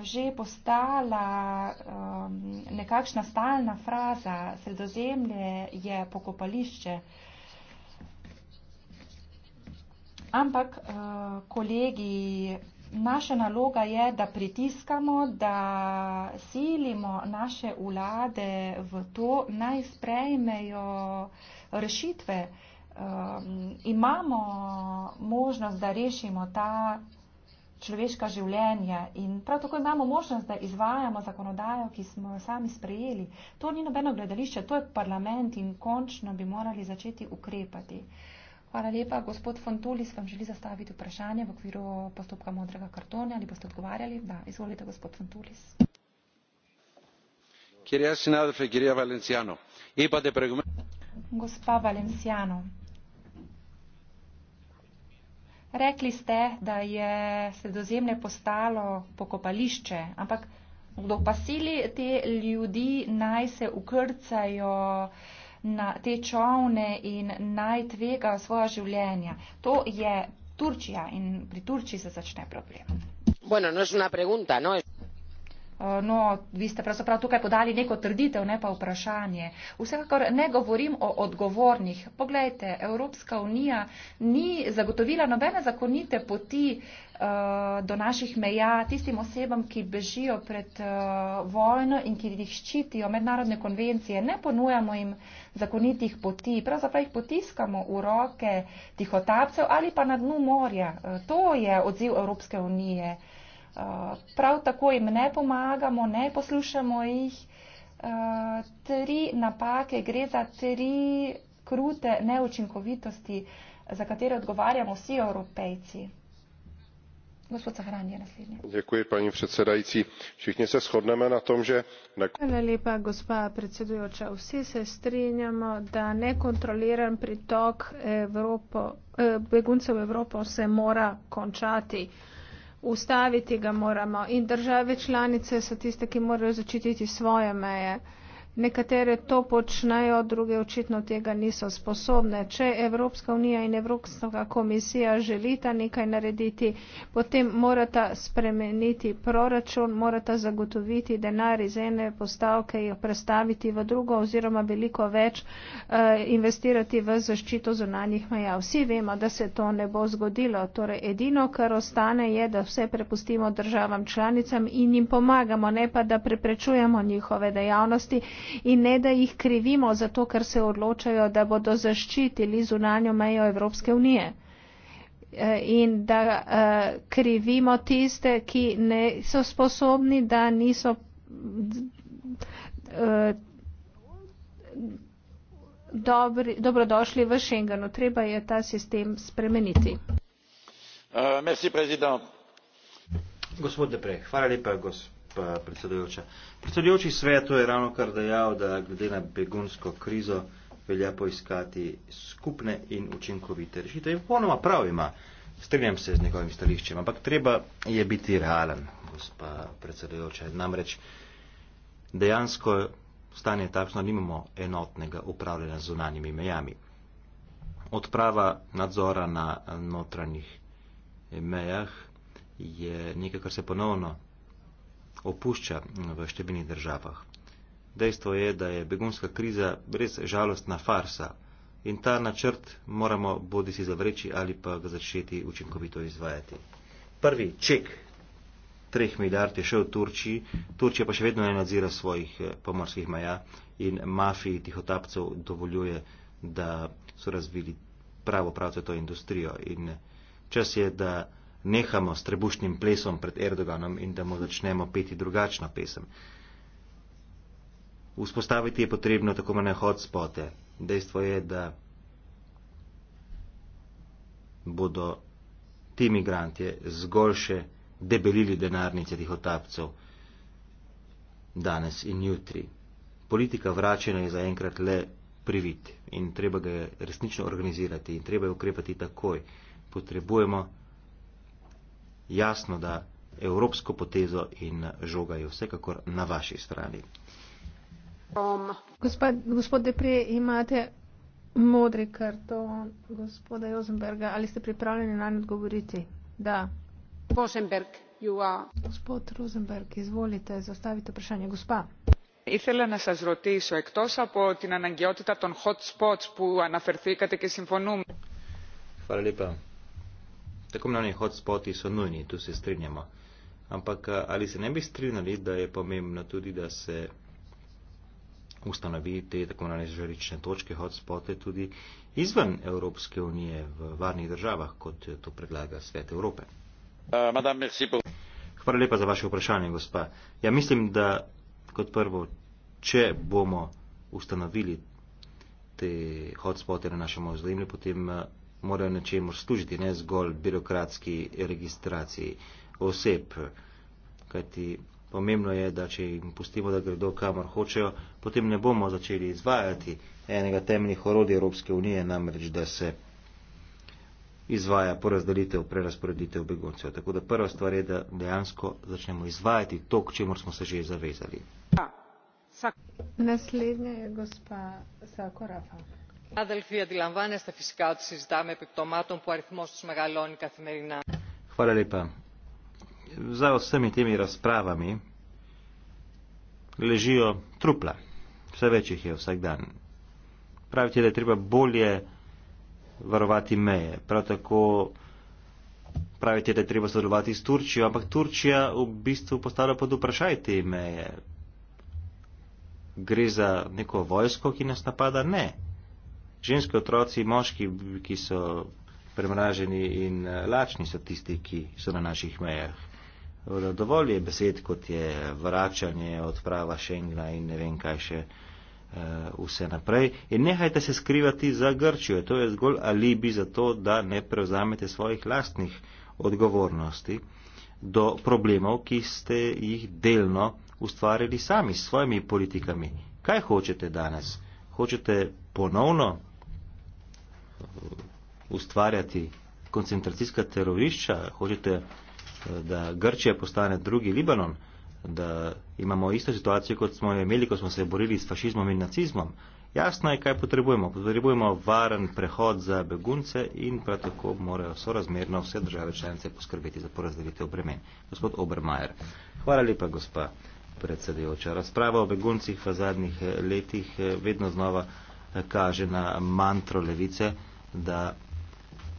že postala ehm, nekakšna stalna fraza. Sredozemlje je pokopališče. Ampak eh, kolegi naša naloga je, da pritiskamo, da silimo naše vlade v to, naj sprejmejo rešitve. Um, imamo možnost, da rešimo ta človeška življenja in prav tako imamo možnost, da izvajamo zakonodajo, ki smo jo sami sprejeli. To ni nobeno gledališče, to je parlament in končno bi morali začeti ukrepati. Uh, Hvala lepa. Gospod Fontulis vam želi zastaviti vprašanje v okviru postopka modrega kartona. Ali boste odgovarjali? Da, izvolite, gospod Fontulis. Gospa Valenciano, rekli ste, da je sredozemlje postalo pokopališče, ampak kdo pa sili te ljudi naj se ukrcajo? Uh, na te čovne in naj tvega svoja življenja. To je Turčija in pri Turčiji se začne problem. Bueno, no pregunta, no? uh, no, vi ste pravzaprav tukaj podali neko trditev, ne pa vprašanje. Vsekakor ne govorim o odgovornih. Poglejte, Evropska unija ni zagotovila nobene zakonite poti eh, do naših meja, tistim osebam, ki bežijo pred uh, vojno in ki jih ščitijo mednarodne konvencije. Ne ponujamo jim zakonitih poti. Pravzaprav jih potiskamo v roke tihotapcev ali pa na dnu morja. E, to je odziv Evropske unije. E, prav tako jim ne pomagamo, ne poslušamo jih. E, tri napake gre za tri krute neučinkovitosti, za katere odgovarjamo vsi evropejci paní předsedající všichni se shodneme na tom že. gospa predsedujoča vsi se strinjamo da nekontroliran pritok eh, beguncev v evropo se mora končati. ustaviti ga moramo in države članice so tiste ki morajo začititi svoje meje. Nekatere to počnejo, druge očitno tega niso sposobne. Če Evropska unija in Evropska komisija želita nekaj narediti, potem morata spremeniti proračun, morata zagotoviti denar iz ene postavke in prestaviti v drugo oziroma veliko več eh, investirati v zaščito zunanjih meja. Vsi vemo, da se to ne bo zgodilo. Torej edino, kar ostane, je, da vse prepustimo državam članicam in jim pomagamo, ne pa da preprečujemo njihove dejavnosti in ne da jih krivimo zato, ker se odločajo, da bodo zaščitili zunanjo mejo Evropske unije e, in da e, krivimo tiste, ki niso sposobni, da niso e, dobri, dobrodošli v Schengenu. Treba je ta sistem spremeniti. Uh, merci, gospod Deprej, hvala lepa, gospod gospa predsedujoča. Predsedujoči svetu je ravno kar dejal, da glede na begunsko krizo velja poiskati skupne in učinkovite rešitve. In ponoma prav ima, strinjam se z njegovim stališčem, ampak treba je biti realen, gospa predsedujoča. Namreč dejansko stanje je takšno, nimamo enotnega upravljanja z zunanjimi mejami. Odprava nadzora na notranjih mejah je nekaj, kar se ponovno opušča mm, v številnih državah. Dejstvo je, da je begunska kriza res žalostna farsa in ta načrt moramo bodi si zavreči ali pa ga začeti učinkovito izvajati. Prvi ček treh milijard je šel v Turčiji, Turčija pa še vedno ne nadzira svojih eh, pomorskih meja in mafiji tihotapcev dovoljuje, da so razvili pravo pravce to industrijo. In eh, čas je, da nehamo s trebušnim plesom pred Erdoganom in da mu začnemo peti drugačno pesem. Vzpostaviti je potrebno tako manj hotspote. Dejstvo je, da bodo ti migranti zgolj še debelili denarnice tih otapcev danes in jutri. Politika vračena je zaenkrat le privit in treba ga je resnično organizirati in treba je ukrepati takoj. Potrebujemo jasno, da evropsko potezo in žoga je vsekakor na vaši strani. Um. Gospod, gospod Depre, imate modri karton gospoda Jozenberga. Ali ste pripravljeni na njo odgovoriti? Da. Bosenberg, you are. Gospod Rosenberg, izvolite, zastavite vprašanje. Gospa. Ήθελα να σας ρωτήσω, εκτός από την αναγκαιότητα των hot spots που αναφερθήκατε και συμφωνούμε. Ευχαριστώ tako imenovani hotspoti so nujni, tu se strinjamo. Ampak eh, ali se ne bi strinjali, da je pomembno tudi, da se ustanovi te tako imenovane žarične točke, hotspote tudi izven Evropske unije v varnih državah, kot to predlaga svet Evrope? Eh, Hvala lepa za vaše vprašanje, gospa. Ja, mislim, da kot prvo, če bomo ustanovili te hotspote na našem ozemlju, potem eh, morajo na čemu služiti, ne zgolj birokratski registraciji oseb. Kajti pomembno je, da če jim pustimo, da gredo kamor hočejo, potem ne bomo začeli izvajati enega temeljnih orodij Evropske unije, namreč da se izvaja porazdelitev, prerasporeditev beguncev. Tako da prva stvar je, da dejansko začnemo izvajati to, k čemu smo se že zavezali. Naslednja je gospa Sakorafa αδελφοί αντιλαμβάνεστε φυσικά ότι συζητάμε επί πτωμάτων που ο αριθμό του μεγαλώνει καθημερινά. Hvala lepa. Za vsemi temi razpravami ležijo trupla. Vse več jih je vsak dan. Pravite, da je treba bolje varovati meje. Prav tako pravite, da je treba sodelovati s Turčijo, ampak Turčija v bistvu postavlja pod vprašaj te meje. Gre za neko vojsko, ki nas napada? Ne ženske otroci, moški, ki so premraženi in eh, lačni, so tisti, ki so na naših mejah. Torej, dovolj je besed, kot je vračanje, odprava Schengna in ne vem kaj še eh, vse naprej. In nehajte se skrivati za Grčijo. To je zgolj alibi za to, da ne prevzamete svojih lastnih odgovornosti do problemov, ki ste jih delno ustvarili sami s svojimi politikami. Kaj hočete danes? Hočete ponovno ustvarjati koncentracijska terorišča, hočete, eh, da Grčija postane drugi Libanon, da imamo isto situacijo, kot smo imeli, ko smo se borili s fašizmom in nacizmom. Jasno je, kaj potrebujemo. Potrebujemo varen prehod za begunce in prav tako morajo sorazmerno vse države članice poskrbeti za porazdelitev bremen. Gospod Obermajer. Hvala lepa, gospa predsedujoča. Razprava o beguncih v zadnjih eh, letih eh, vedno znova kaže na mantro levice da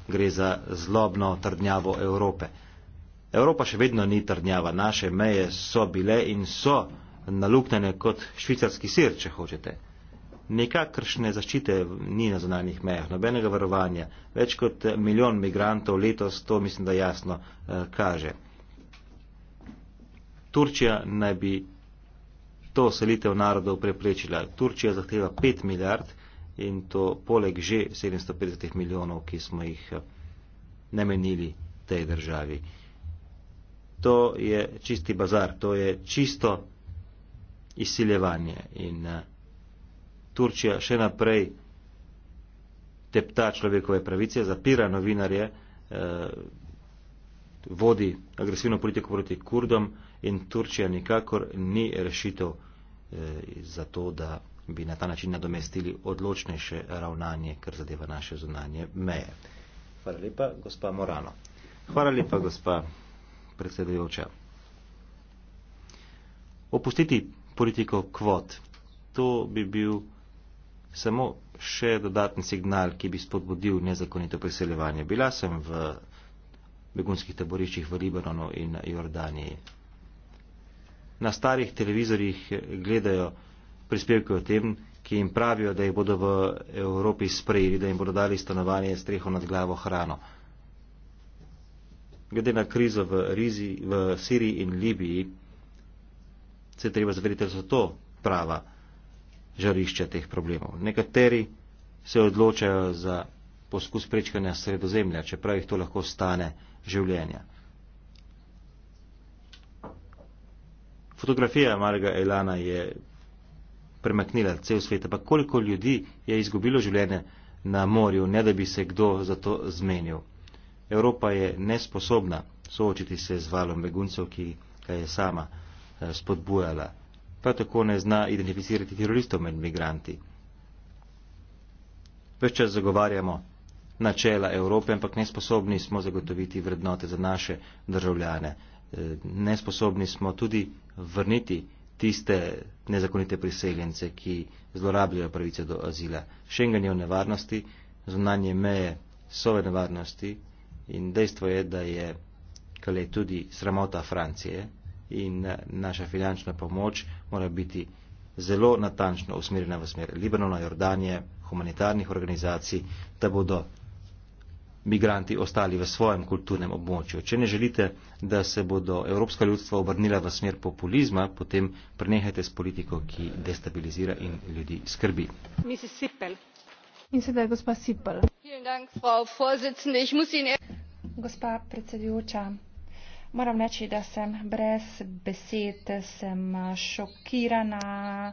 gre za zlobno trdnjavo Evrope. Evropa še vedno ni trdnjava, naše meje so bile in so naluknjene kot švicarski sir, če hočete. Nikakršne zaščite ni na zunanjih mejah, nobenega varovanja. Več kot milijon migrantov letos to mislim, da jasno eh, kaže. Turčija naj bi to selitev narodov preprečila. Turčija zahteva 5 milijard, in to poleg že 750 milijonov, ki smo jih eh, namenili tej državi. To je čisti bazar, to je čisto izsiljevanje in eh, Turčija še naprej tepta človekove pravice, zapira novinarje, eh, vodi agresivno politiko proti Kurdom in Turčija nikakor ni rešitev za to, da bi na ta način nadomestili odločnejše ravnanje, kar zadeva naše zunanje meje. Hvala lepa, gospa Morano. Hvala lepa, gospa predsedujoča. Opustiti politiko kvot, to bi bil samo še dodatni signal, ki bi spodbudil nezakonito priseljevanje. Bila sem v begunskih taboriščih v Libanonu in Jordaniji. Na starih televizorjih gledajo prispevki o tem, ki jim pravijo, da jih bodo v Evropi sprejeli, da jim bodo dali stanovanje, streho nad glavo, hrano. Glede na krizo v, Rizi, v Siriji in Libiji, se treba zavedati, da so to prava žarišča teh problemov. Nekateri se odločajo za poskus prečkanja sredozemlja, čeprav jih to lahko stane življenja. Fotografija Marga Elana je premaknila cel svet, pa koliko ljudi je izgubilo življenje na morju, ne da bi se kdo za to zmenil. Evropa je nesposobna soočiti se z valom beguncev, ki ga je sama eh, spodbujala. Prav tako ne zna identificirati teroristov med migranti. Ves čas zagovarjamo načela Evrope, ampak nesposobni smo zagotoviti vrednote za naše državljane. Eh, nesposobni smo tudi vrniti tiste nezakonite priseljence, ki zlorabljajo pravice do azila. Schengen je v nevarnosti, zunanje meje so v nevarnosti in dejstvo je, da je Kale tudi sramota Francije in eh, naša finančna pomoč mora biti zelo natančno usmerjena v smer Libanona, Jordanije, humanitarnih organizacij, da bodo migranti ostali v svojem kulturnem območju. Če ne želite, da se bodo evropska ljudstva obrnila v smer populizma, potem prenehajte s politiko, ki destabilizira in ljudi skrbi. In sedaj gospa Sipel. Gospa predsedujoča, moram reči, da sem brez besed, sem šokirana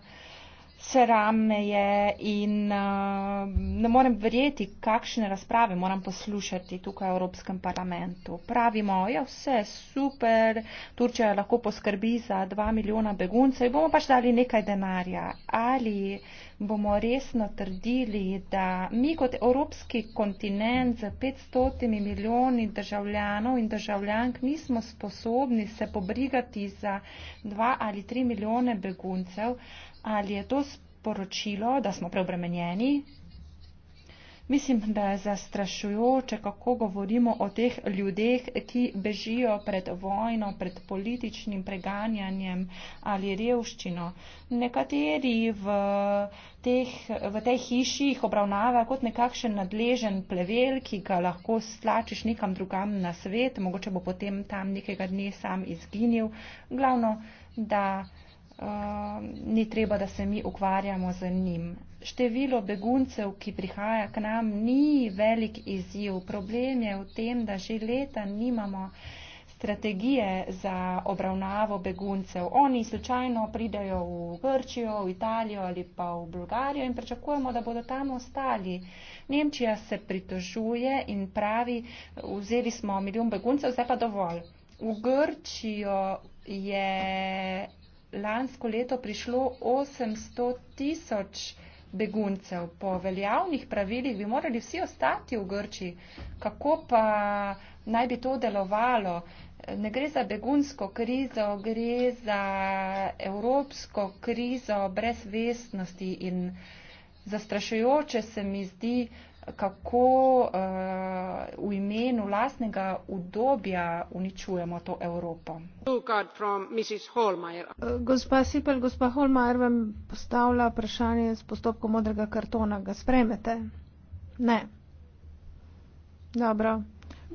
sram me je in uh, ne morem verjeti, kakšne razprave moram poslušati tukaj v Evropskem parlamentu. Pravimo, ja vse super, Turčija lahko poskrbi za dva milijona beguncev, bomo pač dali nekaj denarja. Ali bomo resno trdili, da mi kot Evropski kontinent z 500 milijoni državljanov in državljank nismo sposobni se pobrigati za dva ali tri milijone beguncev, Ali je to sporočilo, da smo preobremenjeni? Mislim, da je zastrašujoče, kako govorimo o teh ljudeh, ki bežijo pred vojno, pred političnim preganjanjem ali revščino. Nekateri v, teh, v tej hiši jih obravnava kot nekakšen nadležen plevel, ki ga lahko slačiš nekam drugam na svet, mogoče bo potem tam nekega dne sam izginil. Glavno, da Um, ni treba, da se mi ukvarjamo z njim. Število beguncev, ki prihaja k nam, ni velik izziv. Problem je v tem, da že leta nimamo strategije za obravnavo beguncev. Oni slučajno pridajo v Grčijo, v Italijo ali pa v Bulgarijo in pričakujemo, da bodo tam ostali. Nemčija se pritožuje in pravi, vzeli smo milijon beguncev, zdaj pa dovolj. V Grčijo je lansko leto prišlo 800 tisoč beguncev. Po veljavnih pravilih bi morali vsi ostati v Grči. Kako pa naj bi to delovalo? Ne gre za begunsko krizo, gre za evropsko krizo brezvestnosti in zastrašujoče se mi zdi, kako uh, v imenu lastnega udobja uničujemo to Evropo. Eh, gospa Sipel, gospa Holmajer vam postavlja vprašanje s postopkom modrega kartona. Ga spremete? Ne. Dobro.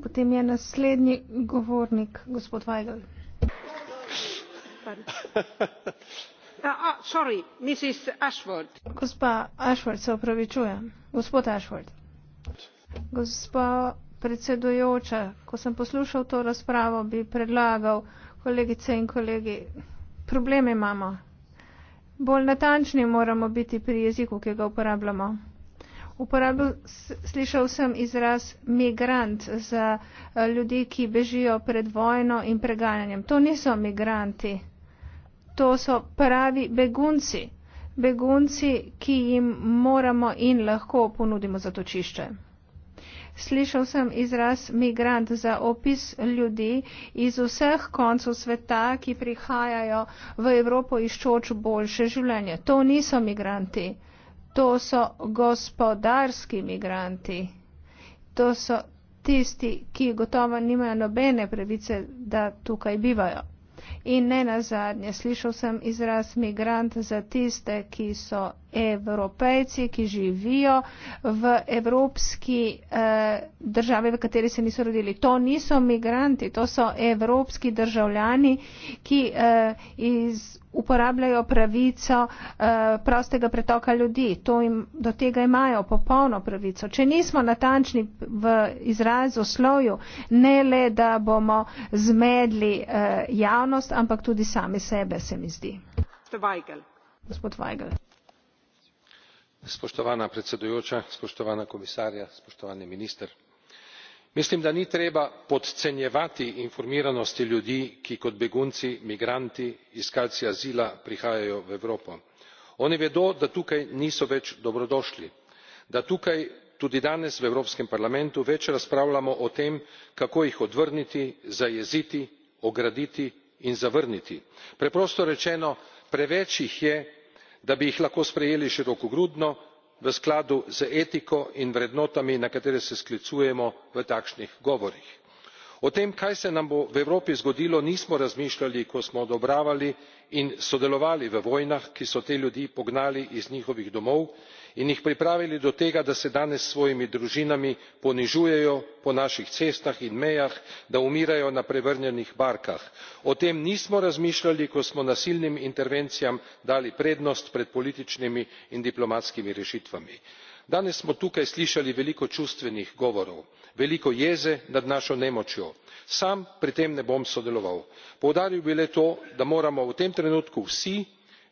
Potem je naslednji govornik, gospod Weigl. Ah, ah, gospa Ashford se opravičuje. Gospod Ashford. Gospa predsedujoča, ko sem poslušal to razpravo, bi predlagal kolegice in kolegi, problem imamo. Bolj natančni moramo biti pri jeziku, ki ga uporabljamo. Uporabil, slišal sem izraz migrant za eh, ljudi, ki bežijo pred vojno in preganjanjem. To niso migranti, to so pravi begunci begunci, ki jim moramo in lahko ponudimo zatočišče. Slišal sem izraz migrant za opis ljudi iz vseh koncev sveta, ki prihajajo v Evropo iščoč boljše življenje. To niso migranti, to so gospodarski migranti. To so tisti, ki gotovo nimajo nobene pravice, da tukaj bivajo in ne nazadnje slišal sem izraz migrant za tiste ki so evropejci, ki živijo v evropski eh, državi, v kateri se niso rodili. To niso migranti, to so evropski državljani, ki eh, iz, uporabljajo pravico eh, prostega pretoka ljudi. Im, do tega imajo popolno pravico. Če nismo natančni v izrazu sloju, ne le, da bomo zmedli eh, javnost, ampak tudi sami sebe, se mi zdi. Gospod Weigel spoštovana predsedujoča spoštovana komisarja spoštovani minister mislim da ni treba podcenjevati informiranosti ljudi ki kot begunci migranti iskalci azila prihajajo v evropo. oni vedo da tukaj niso več dobrodošli da tukaj tudi danes v evropskem parlamentu več razpravljamo o tem kako jih odvrniti zajeziti ograditi in zavrniti. preprosto rečeno preveč jih je da bi jih lahko sprejeli širokogrudno v skladu z etiko in vrednotami na katere se sklicujemo v takšnih govorih o tem kaj se nam bo v evropi zgodilo nismo razmišljali ko smo odobravali in sodelovali v vojnah ki so te ljudi pognali iz njihovih domov in jih pripravili do tega da se danes s svojimi družinami ponižujejo po naših cestah in mejah da umirajo na prevrnjenih barkah. o tem nismo razmišljali ko smo nasilnim intervencijam dali prednost pred političnimi in diplomatskimi rešitvami danes smo tukaj slišali veliko čustvenih govorov veliko jeze nad našo nemočjo sam pri tem ne bom sodeloval poudaril bi le to da moramo v tem trenutku vsi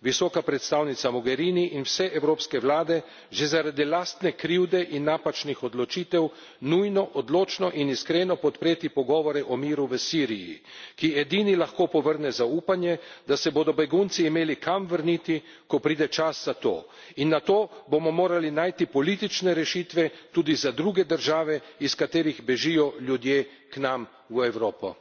visoka predstavnica mogherini in vse evropske vlade že zaradi lastne krivde in napačnih odločitev nujno odločno in iskreno podpreti pogovore o miru v siriji ki edini lahko povrne zaupanje da se bodo begunci imeli kam vrniti ko pride čas za to in nato bomo morali najti politične rešitve tudi za druge države iz katerih bežijo ljudje k nam v evropo.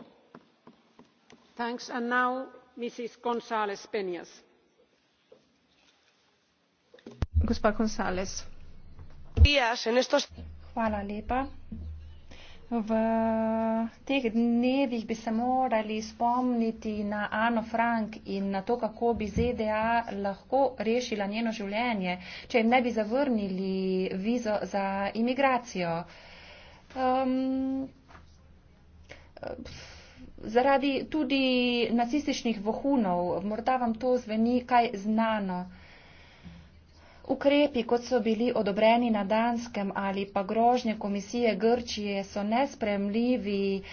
Hvala lepa. V teh dnevih bi se morali spomniti na Ano Frank in na to, kako bi ZDA lahko rešila njeno življenje, če jim ne bi zavrnili vizo za imigracijo. Um, zaradi tudi nacističnih vohunov, morda vam to zveni kaj znano. Ukrepi, kot so bili odobreni na Danskem ali pa grožnje komisije Grčije, so nespremljivi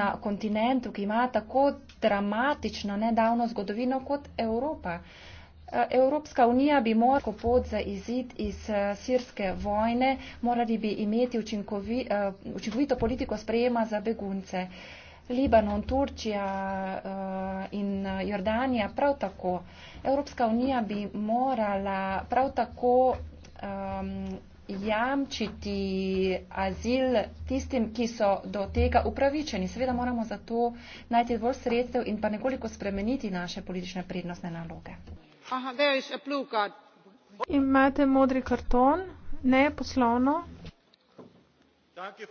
na kontinentu, ki ima tako dramatično nedavno zgodovino kot Evropa. Eh, Evropska unija bi morala kot pot za izid iz eh, sirske vojne, morali bi imeti učinkovi, eh, učinkovito politiko sprejema za begunce. Libanon, Turčija eh, in eh, Jordanija prav tako. Evropska unija bi morala prav tako um, jamčiti azil tistim, ki so do tega upravičeni. Seveda moramo za to najti dovolj sredstev in pa nekoliko spremeniti naše politične prednostne naloge. Aha, Imate modri karton, ne poslovno. Danke,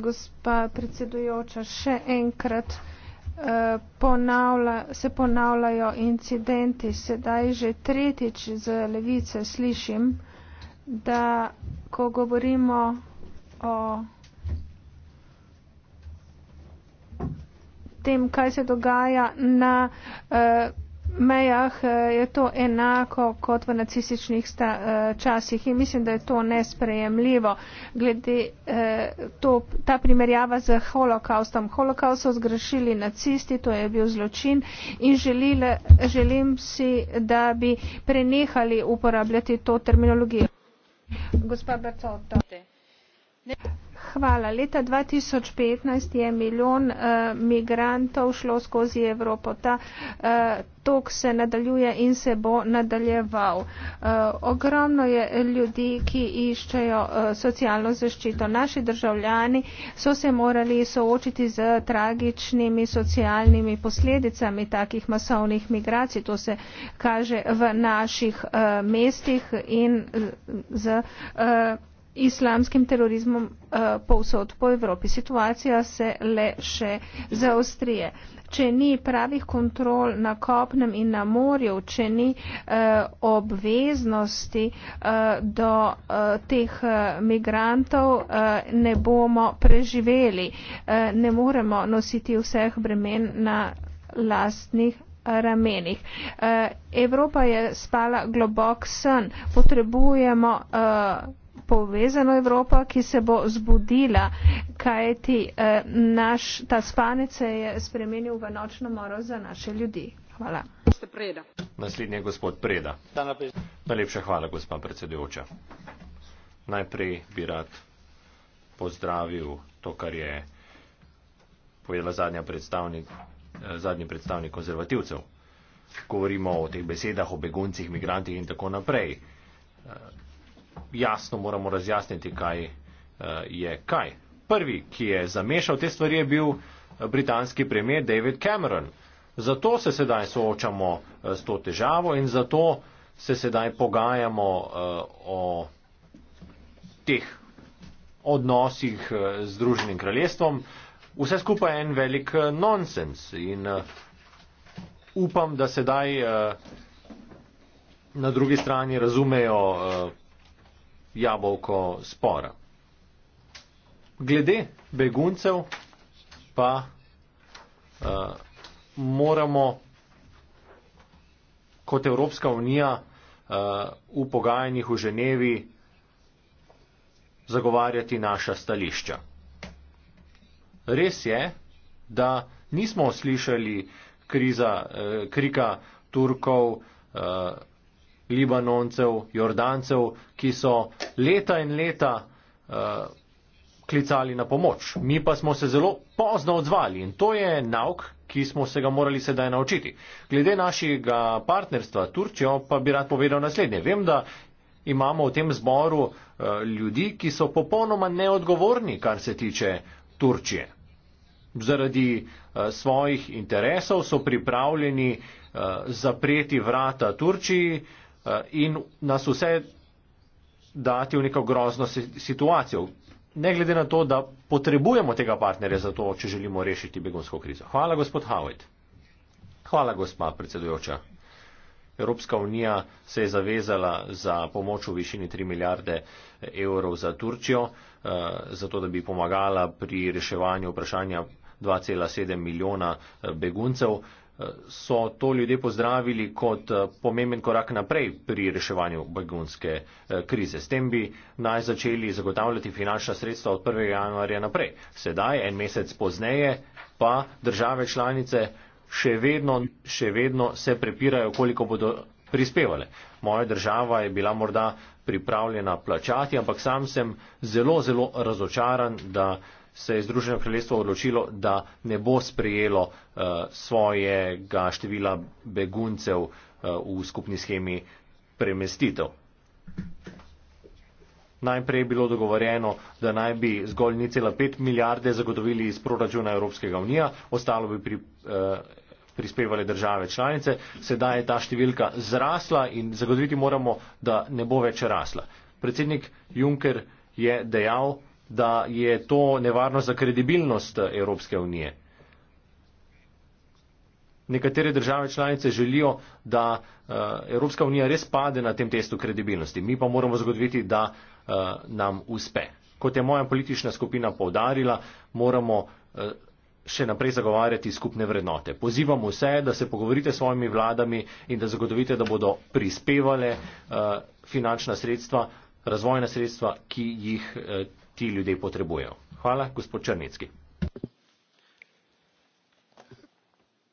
gospa predsedujoča še enkrat bi rada eh, ponovila da sem glasovala proti poročilu. ponavljajo se incidenti sedaj že tretjič z levice slišim da ko govorimo o tem kaj se dogaja na eh, mejah eh, je to enako kot v nacističnih sta, eh, časih in mislim, da je to nesprejemljivo. Glede eh, to, ta primerjava z holokaustom. Holokaust so zgrešili nacisti, to je bil zločin in želile, želim si, da bi prenehali uporabljati to terminologijo. Gospa Bertotto hvala. Leta 2015 je milijon uh, migrantov šlo skozi Evropo. Ta uh, tok se nadaljuje in se bo nadaljeval. Uh, ogromno je ljudi, ki iščejo uh, socialno zaščito. Naši državljani so se morali soočiti z tragičnimi socialnimi posledicami takih masovnih migracij. To se kaže v naših uh, mestih in z. Uh, islamskim terorizmom uh, povsod po Evropi. Situacija se le še zaostrije. Če ni pravih kontrol na kopnem in na morju, če ni eh, obveznosti eh, do eh, teh eh, migrantov, eh, ne bomo preživeli. Eh, ne moremo nositi vseh bremen na lastnih eh, ramenih. Eh, Evropa je spala globok sen. Potrebujemo. Eh, povezano Evropa, ki se bo zbudila, kajti eh, naš, ta spanec se je spremenil v nočno moro za naše ljudi. Hvala. Naslednji je gospod Preda. Najlepša hvala, gospa predsedujoča. Najprej bi rad pozdravil to, kar je povedala predstavnik, eh, zadnji predstavnik konzervativcev. Govorimo o teh besedah, o beguncih, migrantih in tako naprej. Eh, jasno moramo razjasniti, kaj eh, je kaj. Prvi, ki je zamešal te stvari, je bil eh, britanski premijer David Cameron. Zato se sedaj soočamo eh, s to težavo in zato se sedaj pogajamo o teh odnosih z Združenim kraljestvom. Vse skupaj je en velik nonsens in upam, da sedaj na drugi strani razumejo jabolko spora. Glede beguncev pa uh, moramo kot Evropska unija uh, v pogajanjih v Ženevi zagovarjati naša stališča. Res je, da nismo slišali kriza, eh, krika Turkov, Libanoncev, Jordancev, ki so leta in leta uh, klicali na pomoč. Mi pa smo se zelo pozno odzvali in to je nauk, ki smo se ga morali sedaj naučiti. Glede našega partnerstva Turčijo pa bi rad povedal naslednje. Vem, da imamo v tem zboru uh, ljudi, ki so popolnoma neodgovorni, kar se tiče Turčije. Zaradi uh, svojih interesov so pripravljeni uh, zapreti vrata Turčiji, uh, Eh, in nas vse dati v neko grozno situacijo. Ne glede na to, da potrebujemo tega partnerja za to, če želimo rešiti begonsko krizo. Hvala, gospod Howitt. Hvala, gospa predsedujoča. Evropska unija se je zavezala za pomoč v višini 3 milijarde evrov za Turčijo, eh, zato da bi pomagala pri reševanju vprašanja 2,7 milijona eh, beguncev so to ljudje pozdravili kot eh, pomemben korak naprej pri reševanju begunske eh, krize. S tem bi naj začeli zagotavljati finančna sredstva od 1. januarja naprej. Sedaj, en mesec pozneje, pa države članice še vedno, še vedno se prepirajo, koliko bodo prispevale. Moja država je bila morda pripravljena plačati, ampak sam sem zelo, zelo razočaran, da se je Združeno kraljestvo odločilo, da ne bo sprejelo uh, svojega števila beguncev uh, v skupni schemi premestitev. Najprej je bilo dogovorjeno, da naj bi zgolj 0,5 milijarde zagotovili iz proračuna Evropskega unija, ostalo bi pri, eh, prispevali države članice, sedaj je ta številka zrasla in zagotoviti moramo, da ne bo več rasla. Predsednik Juncker je dejal, da je to nevarno za kredibilnost Evropske unije. Nekatere države članice želijo, da eh, Evropska unija res pade na tem testu kredibilnosti. Mi pa moramo zagotoviti, da eh, nam uspe. Kot je moja politična skupina povdarila, moramo eh, še naprej zagovarjati skupne vrednote. Pozivam vse, da se pogovorite s svojimi vladami in da zagotovite, da bodo prispevale finančna sredstva, razvojna sredstva, ki jih ti ljudje potrebujejo. Hvala, gospod Črnecki.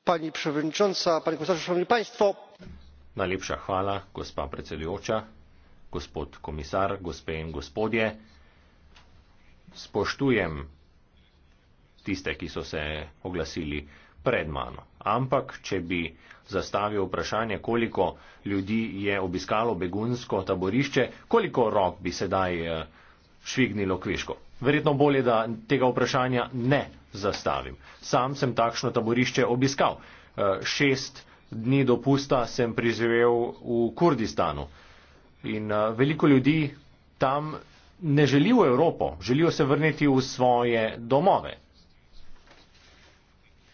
Pani predsednica, pani komisar, šlo mi państvo. Najlepša hvala, gospa predsedujoča, gospod komisar, gospe in gospodje. Spoštujem tiste, ki so se oglasili pred mano. Ampak, če bi zastavil vprašanje, koliko ljudi je obiskalo begunsko taborišče, koliko rok bi sedaj. Uh, švignilo kviško. Verjetno bolje, da tega vprašanja ne zastavim. Sam sem takšno taborišče obiskal. Eh, šest dni dopusta sem priživel v Kurdistanu. In eh, veliko ljudi tam ne želi v Evropo, želijo se vrniti v svoje domove.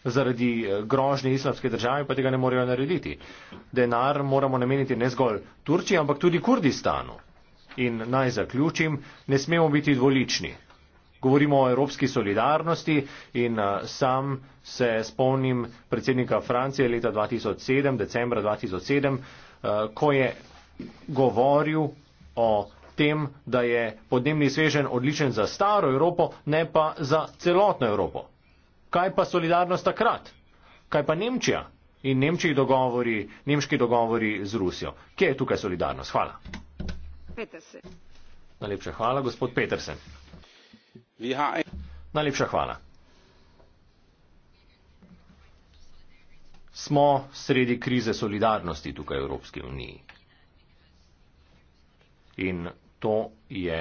Zaradi eh, grožnje islamske države pa tega ne morejo narediti. Denar moramo nameniti ne zgolj Turčiji, ampak tudi Kurdistanu. In naj zaključim, ne smemo biti dvolični. Govorimo o evropski solidarnosti in eh, sam se spomnim predsednika Francije leta 2007, decembra 2007, eh, ko je govoril o tem, da je podnebni svežen odličen za staro Evropo, ne pa za celotno Evropo. Kaj pa solidarnost takrat? Kaj pa Nemčija in dogovori, nemški dogovori z Rusijo? Kje je tukaj solidarnost? Hvala. Najlepša hvala, gospod Petersen. Najlepša hvala. Smo sredi krize solidarnosti tukaj v Evropski uniji. In to je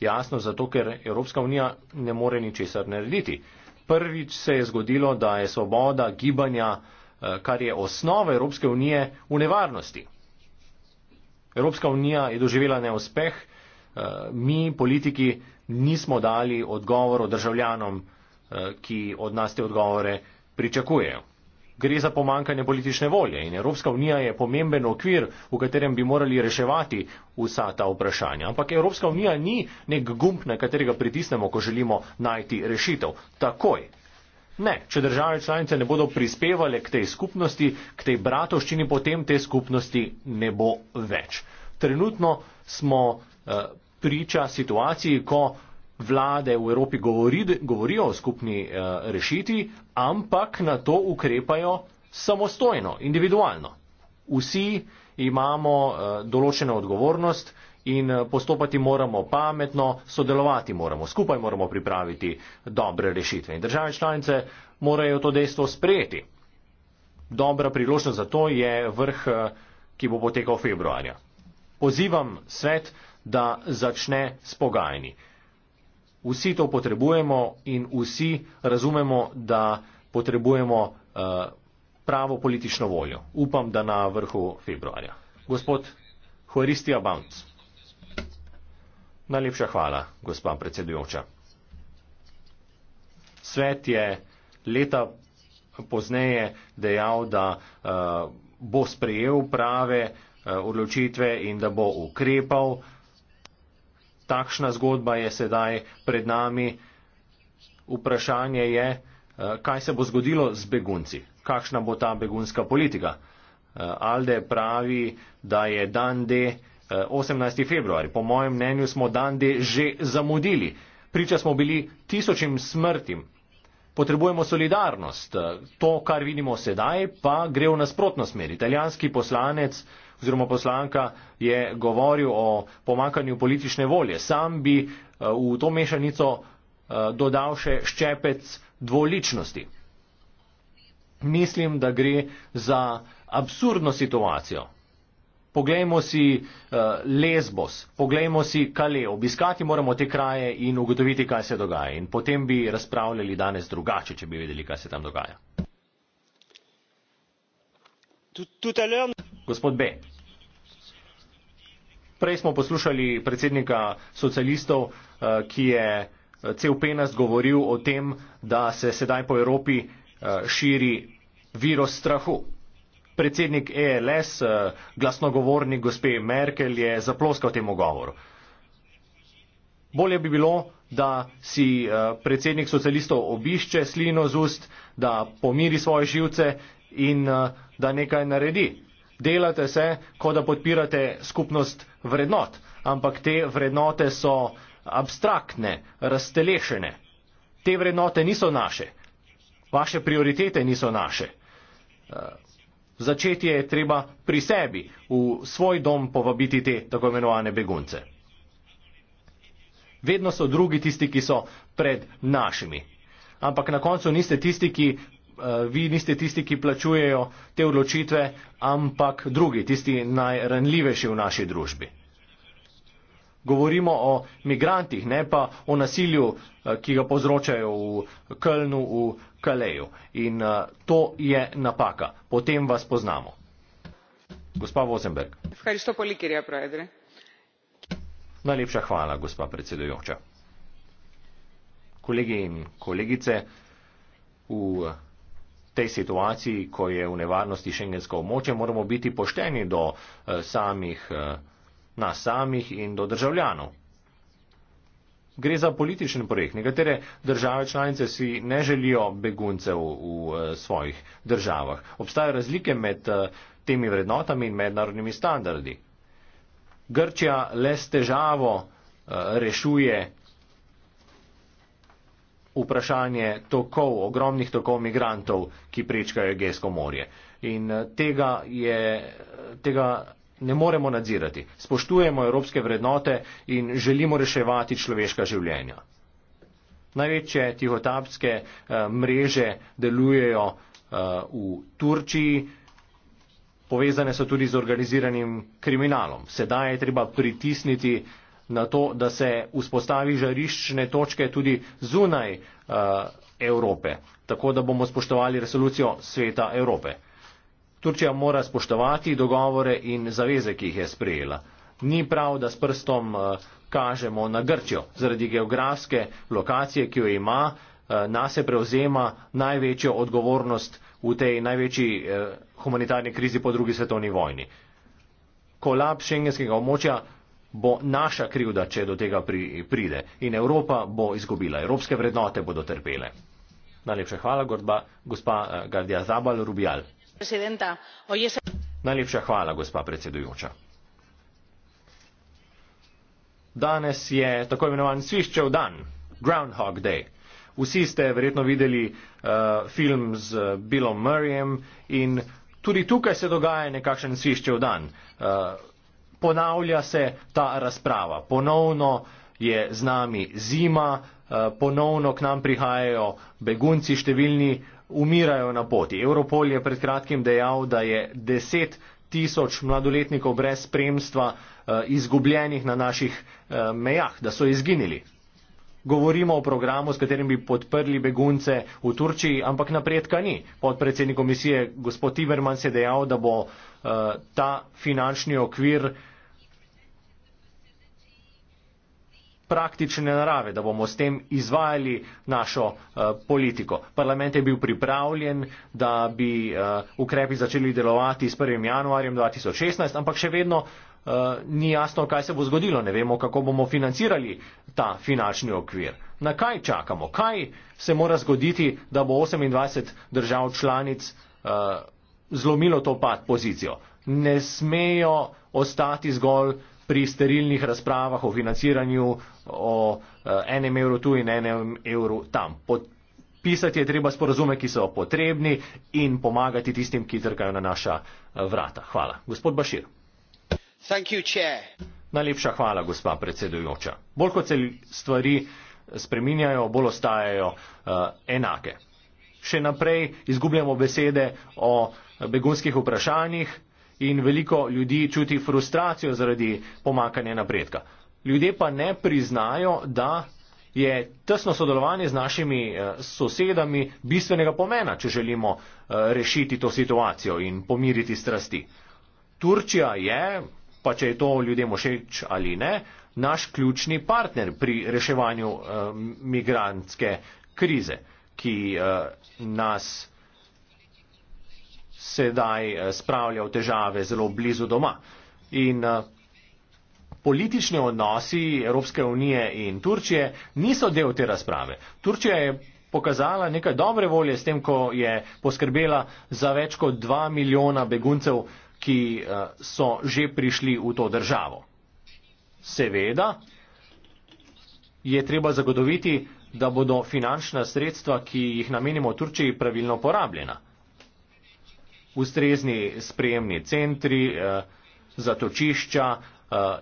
jasno, zato ker Evropska unija ne more ničesar narediti. Prvič se je zgodilo, da je svoboda gibanja, eh, kar je osnova Evropske unije, v nevarnosti. Evropska unija je doživela neuspeh, eh, mi politiki nismo dali odgovorov državljanom, eh, ki od nas te odgovore pričakujejo. Gre za pomankanje politične volje in Evropska unija je pomemben okvir, v katerem bi morali reševati vsa ta vprašanja. Ampak Evropska unija ni nek gumb, na katerega pritisnemo, ko želimo najti rešitev. Takoj. Ne, če države članice ne bodo prispevale k tej skupnosti, k tej bratovščini, potem te skupnosti ne bo več. Trenutno smo eh, priča situaciji, ko vlade v Evropi govori, govorijo o skupni eh, rešitvi, ampak na to ukrepajo samostojno, individualno. Vsi imamo eh, določeno odgovornost, in eh, postopati moramo pametno, sodelovati moramo, skupaj moramo pripraviti dobre rešitve. In države članice morajo to dejstvo sprejeti. Dobra priložnost za to je vrh, eh, ki bo potekal februarja. Pozivam svet, da začne s pogajanji. Vsi to potrebujemo in vsi razumemo, da potrebujemo eh, pravo politično voljo. Upam, da na vrhu februarja. Gospod Horistija Bounce. Najlepša hvala, gospa predsedujoča. Svet je leta pozneje dejal, da uh, bo sprejel prave uh, odločitve in da bo ukrepal. Takšna zgodba je sedaj pred nami. Vprašanje je, uh, kaj se bo zgodilo z begunci, kakšna bo ta begunska politika. Uh, Alde pravi, da je dan D. De 18. Eh, februar. Po mojem mnenju smo dan D že zamudili. Priča smo bili tisočim smrtim. Potrebujemo solidarnost. Eh, to, kar vidimo sedaj, pa gre v nasprotno smer. Italijanski poslanec oziroma poslanka je govoril o pomakanju politične volje. Sam bi eh, v to mešanico dodal še ščepec dvoličnosti. Mislim, da gre za absurdno situacijo. Poglejmo si eh, Lesbos, poglejmo si Kale, obiskati moramo te kraje in ugotoviti, kaj se dogaja. In potem bi razpravljali danes drugače, če bi vedeli, kaj se tam dogaja. Gospod B. Prej smo poslušali predsednika socialistov, eh, ki je eh, cel penast govoril o tem, da se sedaj po Evropi širi virus strahu predsednik ELS, eh, glasnogovornik gospe Merkel, je zaploskal temu govoru. Bolje bi bilo, da si eh, predsednik socialistov obišče slino z ust, da pomiri svoje živce in eh, da nekaj naredi. Delate se, kot da podpirate skupnost vrednot, ampak te vrednote so abstraktne, raztelešene. Te vrednote niso naše. Vaše prioritete niso naše. Začetje je treba pri sebi, v svoj dom povabiti te tako imenovane begunce. Vedno so drugi tisti, ki so pred našimi. Ampak na koncu niste tisti, ki, eh, vi niste tisti, ki plačujejo te odločitve, ampak drugi, tisti najranljivejši v naši družbi. Govorimo o migrantih, ne pa o nasilju, eh, ki ga povzročajo v Kölnu, v Kaleju. In uh, to je napaka. Potem vas poznamo. Gospa Vozenberg. Najlepša hvala, gospa predsedujoča. Kolegi in kolegice, v tej situaciji, ko je v nevarnosti šengensko območje, moramo biti pošteni do eh, samih, eh, nas samih in do državljanov. Gre za političen projekt. Nekatere države članice si ne želijo beguncev v, v eh, svojih državah. Obstajajo razlike med eh, temi vrednotami in mednarodnimi standardi. Grčija le s težavo eh, rešuje vprašanje tokov, ogromnih tokov migrantov, ki prečkajo Gesko morje. In tega je, tega ne moremo nadzirati. Spoštujemo evropske vrednote in želimo reševati človeška življenja. Največje tihotapske eh, mreže delujejo eh, v Turčiji, povezane so tudi z organiziranim kriminalom. Sedaj je treba pritisniti na to, da se vzpostavi žariščne točke tudi zunaj eh, Evrope, tako da bomo spoštovali resolucijo Sveta Evrope. Turčija mora spoštovati dogovore in zaveze, ki jih je sprejela. Ni prav, da s prstom eh, kažemo na Grčjo, zaradi geografske lokacije, ki jo ima, eh, nase prevzema največjo odgovornost v tej največji eh, humanitarni krizi po drugi svetovni vojni. Kolaps šengenskega območja bo naša krivda, če do tega pri, pride. In Evropa bo izgubila, evropske vrednote bodo trpele. Najlepša hvala, gospa Gardia Zabal, Rubijal najlepša hvala gospa predsedujoča danes je tako imenovan sviščev dan groundhog day vsi ste verjetno videli uh, film z billom murrayem in tudi tukaj se dogaja nekakšen sviščev dan uh, ponavlja se ta razprava ponovno je z nami zima, uh, ponovno k nam prihajajo begunci številni, umirajo na poti. Europol je pred kratkim dejal, da je deset tisoč mladoletnikov brez spremstva eh, izgubljenih na naših eh, mejah, da so izginili. Govorimo o programu, s katerim bi podprli begunce v Turčiji, ampak napredka ni. Podpredsednik komisije gospod Timerman se je dejal, da bo eh, ta finančni okvir praktične narave, da bomo s tem izvajali našo uh, politiko. Parlament je bil pripravljen, da bi uh, ukrepi začeli delovati s 1. januarjem 2016, ampak še vedno uh, ni jasno, kaj se bo zgodilo. Ne vemo, kako bomo financirali ta finančni okvir. Na kaj čakamo? Kaj se mora zgoditi, da bo 28 držav članic uh, zlomilo to pad pozicijo? Ne smejo ostati zgolj pri sterilnih razpravah o financiranju o eh, enem evru tu in enem evru tam. Pisati je treba sporozume, ki so potrebni in pomagati tistim, ki trkajo na naša eh, vrata. Hvala. Gospod Bašir. You, Najlepša hvala, gospa predsedujoča. Bolj kot se stvari spreminjajo, bolj ostajajo uh, enake. Še naprej izgubljamo besede o begunskih vprašanjih in veliko ljudi čuti frustracijo zaradi pomakanja napredka. Ljudje pa ne priznajo, da je tesno sodelovanje z našimi eh, sosedami bistvenega pomena, če želimo eh, rešiti to situacijo in pomiriti strasti. Turčija je, pa če je to ljudem všeč ali ne, naš ključni partner pri reševanju eh, migrantske krize, ki nas sedaj eh, spravlja v težave zelo blizu doma. In eh, politični odnosi Evropske unije in Turčije niso del te razprave. Turčija je pokazala nekaj dobre volje s tem, ko je poskrbela za več kot dva milijona beguncev, ki eh, so že prišli v to državo. Seveda je treba zagotoviti, da bodo finančna sredstva, ki jih namenimo Turčiji, pravilno porabljena ustrezni sprejemni centri, eh, zatočišča, eh,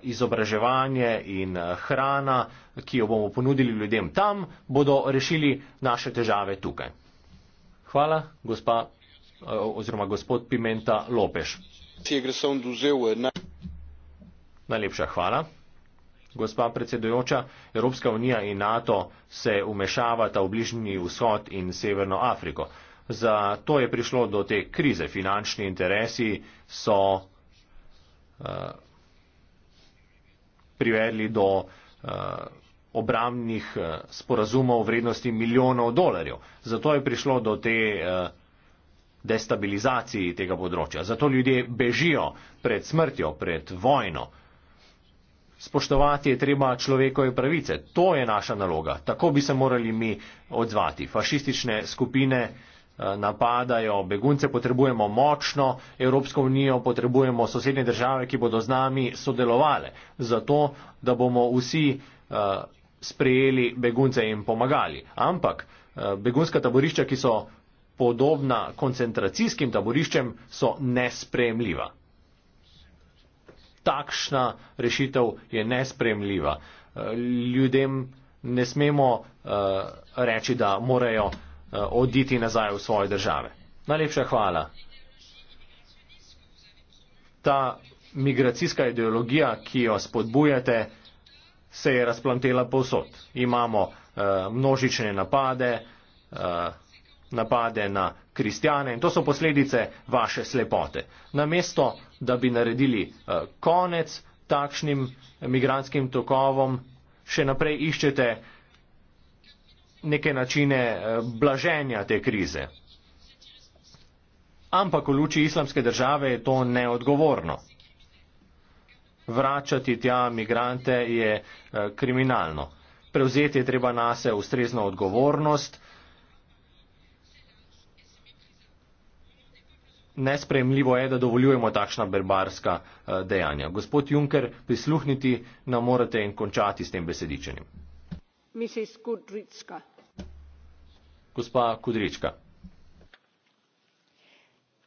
izobraževanje in eh, hrana, ki jo bomo ponudili ljudem tam, bodo rešili naše težave tukaj. Hvala, gospa oziroma gospod Pimenta Lopeš. Najlepša hvala. Gospa predsedujoča, Evropska unija in NATO se umešavata v bližnji vzhod in severno Afriko. Zato je prišlo do te krize. Finančni interesi so uh, privedli do uh, eh, obramnih uh, eh, sporazumov vrednosti milijonov dolarjev. Zato je prišlo do te uh, destabilizacije tega področja. Zato ljudje bežijo pred smrtjo, pred vojno. Spoštovati je treba človekove pravice. To je naša naloga. Tako bi se morali mi odzvati. Fašistične skupine uh, Eh, napadajo. Begunce potrebujemo močno, Evropsko unijo potrebujemo sosednje države, ki bodo z nami sodelovali, zato da bomo vsi eh, sprejeli begunce in pomagali. Ampak eh, begunska taborišča, ki so podobna koncentracijskim taboriščem, so nespremljiva. Takšna rešitev je nespremljiva. Ljudem ne smemo reči, da morajo Eh, oditi nazaj v svoje države. Najlepša hvala. Ta migracijska ideologija, ki jo spodbujate, se je razplantela povsod. Imamo uh, množične napade, uh, napade na kristjane in to so posledice vaše slepote. Namesto, da bi naredili uh, konec takšnim migranskim tokovom, še naprej iščete uh, neke načine eh, blaženja te krize. Ampak v luči islamske države je to neodgovorno. Vračati tja migrante je eh, kriminalno. Prevzeti je treba nase ustrezno odgovornost. Nespremljivo je, da dovoljujemo takšna berbarska eh, dejanja. Gospod Juncker, prisluhniti nam morate in končati s tem besedičenjem. Mrs. Goodrich